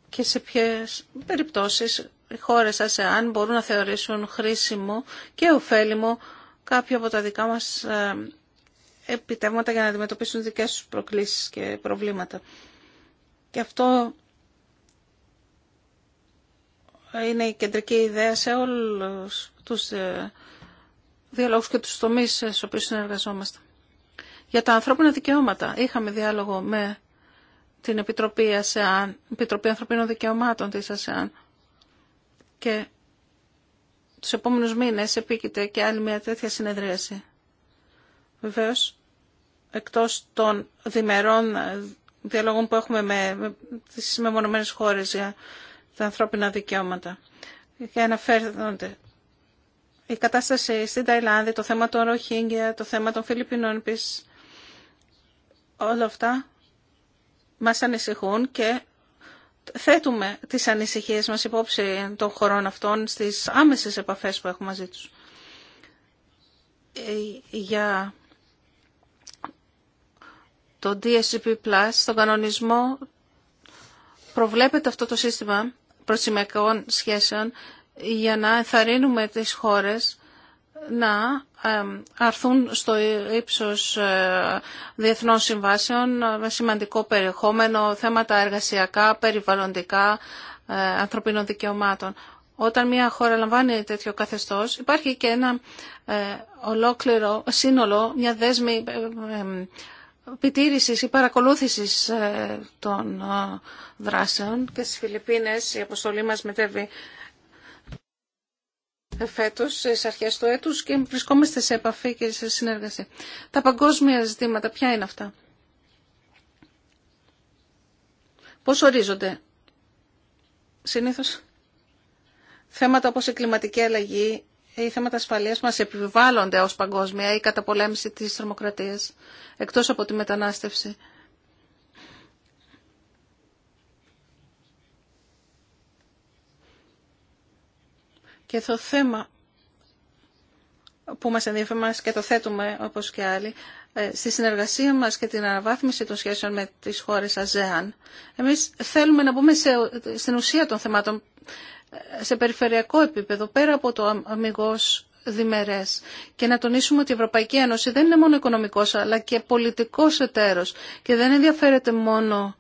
και σε ποιες περιπτώσεις οι χώρες εάν μπορούν να θεωρήσουν χρήσιμο και ωφέλιμο κάποια από τα δικά μας ε, επιτεύγματα για να αντιμετωπίσουν δικές τους προκλήσεις και προβλήματα. Και αυτό είναι η κεντρική ιδέα σε όλους τους ε, διαλόγους και τους τομείς στους οποίους συνεργαζόμαστε. Για τα ανθρώπινα δικαιώματα είχαμε διάλογο με την Επιτροπή, ΑΣΕΑΝ, Επιτροπή Ανθρωπίνων Δικαιωμάτων της ΑΣΕΑΝ και τους επόμενους μήνες επίκειται και άλλη μια τέτοια συνεδρίαση. Βεβαίως, εκτός των διμερών διαλόγων που έχουμε με, με τις μεμονωμένες χώρες για τα ανθρώπινα δικαιώματα και αναφέρονται η κατάσταση στην Ταϊλάνδη, το θέμα των Ροχίνγκια, το θέμα των Φιλιππινών επίσης όλα αυτά μας ανησυχούν και θέτουμε τις ανησυχίες μας υπόψη των χωρών αυτών στις άμεσες επαφές που έχουμε μαζί τους. Ε, για το DSGP+, στον κανονισμό προβλέπεται αυτό το σύστημα προσημεκών σχέσεων για να ενθαρρύνουμε τις χώρες να αρθούν στο ύψος ε, διεθνών συμβάσεων με σημαντικό περιεχόμενο, θέματα εργασιακά, περιβαλλοντικά, ε, ανθρωπίνων δικαιωμάτων. Όταν μια χώρα λαμβάνει τέτοιο καθεστώς, υπάρχει και ένα ε, ολόκληρο σύνολο, μια δέσμη επιτήρησης ή παρακολούθησης των δράσεων. Και στις Φιλιππίνες η αποστολή μας μετέβει φέτο, στι αρχές του έτους και βρισκόμαστε σε επαφή και σε συνεργασία. Τα παγκόσμια ζητήματα, ποια είναι αυτά. Πώ ορίζονται. Συνήθως θέματα όπως η κλιματική αλλαγή ή θέματα ασφαλείας μας επιβάλλονται ως παγκόσμια ή καταπολέμηση της τρομοκρατίας, εκτός από τη μετανάστευση. Και το θέμα που μας ενδιαφέρει μας και το θέτουμε όπως και άλλοι, ε, στη συνεργασία μας και την αναβάθμιση των σχέσεων με τις χώρες ΑΖΕΑΝ, εμείς θέλουμε να μπούμε στην ουσία των θεμάτων ε, σε περιφερειακό επίπεδο, πέρα από το αμυγός διμερές και να τονίσουμε ότι η Ευρωπαϊκή Ένωση δεν είναι μόνο οικονομικός αλλά και πολιτικός εταίρος και δεν ενδιαφέρεται μόνο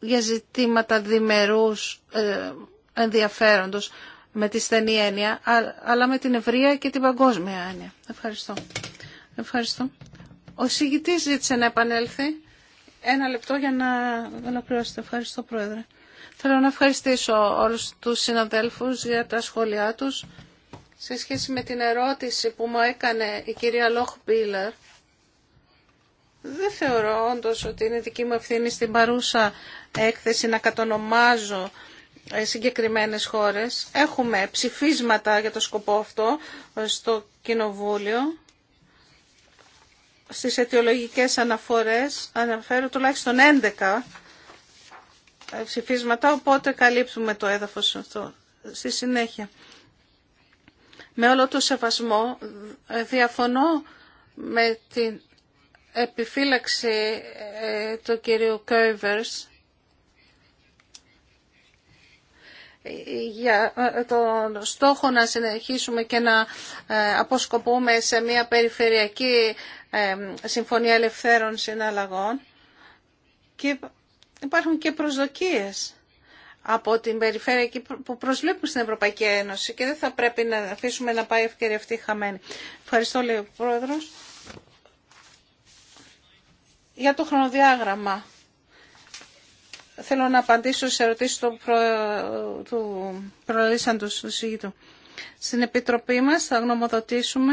για ζητήματα διμερούς ε, ενδιαφέροντος με τη στενή έννοια, αλλά με την ευρεία και την παγκόσμια έννοια. Ευχαριστώ. Ευχαριστώ. Ο συγητής ζήτησε να επανέλθει. Ένα λεπτό για να ολοκληρώσετε. Ευχαριστώ, Πρόεδρε. Θέλω να ευχαριστήσω όλους τους συναδέλφους για τα σχόλιά τους σε σχέση με την ερώτηση που μου έκανε η κυρία Λόχ Μπίλερ. Δεν θεωρώ όντω ότι είναι δική μου ευθύνη στην παρούσα έκθεση να κατονομάζω ε, συγκεκριμένες χώρες. Έχουμε ψηφίσματα για το σκοπό αυτό ε, στο Κοινοβούλιο. Στις αιτιολογικές αναφορές αναφέρω τουλάχιστον 11 ε, ψηφίσματα, οπότε καλύπτουμε το έδαφος αυτό στη συνέχεια. Με όλο το σεβασμό διαφωνώ με την επιφύλαξη του κυρίου Κέρβερς για ε, τον στόχο να συνεχίσουμε και να ε, αποσκοπούμε σε μια περιφερειακή ε, συμφωνία ελευθέρων συναλλαγών και υπάρχουν και προσδοκίες από την περιφέρεια που προσβλέπουν στην Ευρωπαϊκή Ένωση και δεν θα πρέπει να αφήσουμε να πάει ευκαιρία αυτή χαμένη. Ευχαριστώ λέει ο Πρόεδρος. Για το χρονοδιάγραμμα. Θέλω να απαντήσω σε ερωτήσει του, προ... του προλήσαντος Στην Επιτροπή μας θα γνωμοδοτήσουμε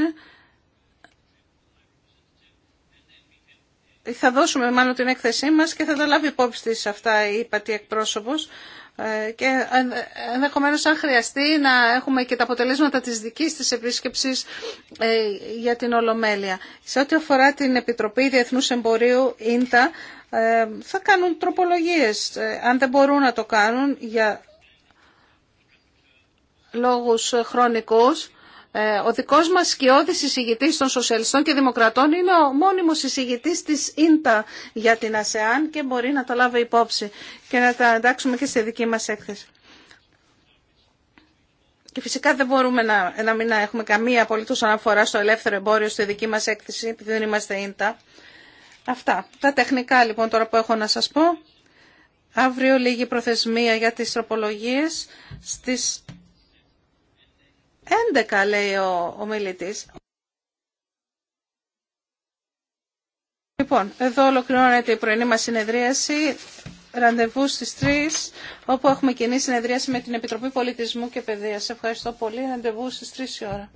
θα δώσουμε μάλλον την έκθεσή μας και θα τα λάβει υπόψη αυτά η πατή εκπρόσωπος ε, και ενδεχομένως αν χρειαστεί να έχουμε και τα αποτελέσματα της δικής της επίσκεψης ε, για την Ολομέλεια. Σε ό,τι αφορά την Επιτροπή Διεθνούς Εμπορίου, ΙΝΤΑ, ε, θα κάνουν τροπολογίες. Ε, αν δεν μπορούν να το κάνουν για λόγους χρονικούς, ε, ο δικός μας σκιώδης εισηγητής των Σοσιαλιστών και Δημοκρατών είναι ο μόνιμος εισηγητής της ΙΝΤΑ για την ΑΣΕΑΝ και μπορεί να το λάβει υπόψη και να τα εντάξουμε και στη δική μας έκθεση. Και φυσικά δεν μπορούμε να, να μην έχουμε καμία απολύτως αναφορά στο ελεύθερο εμπόριο στη δική μα έκθεση, επειδή δεν είμαστε ίντα. Αυτά. Τα τεχνικά λοιπόν τώρα που έχω να σας πω. Αύριο λίγη προθεσμία για τις τροπολογίες στις 11 λέει ο, ο μιλητής. Λοιπόν, εδώ ολοκληρώνεται η πρωινή μας συνεδρίαση. Ραντεβού στις 3, όπου έχουμε κοινή συνεδρίαση με την Επιτροπή Πολιτισμού και Παιδείας. Ευχαριστώ πολύ. Ραντεβού στις 3 η ώρα.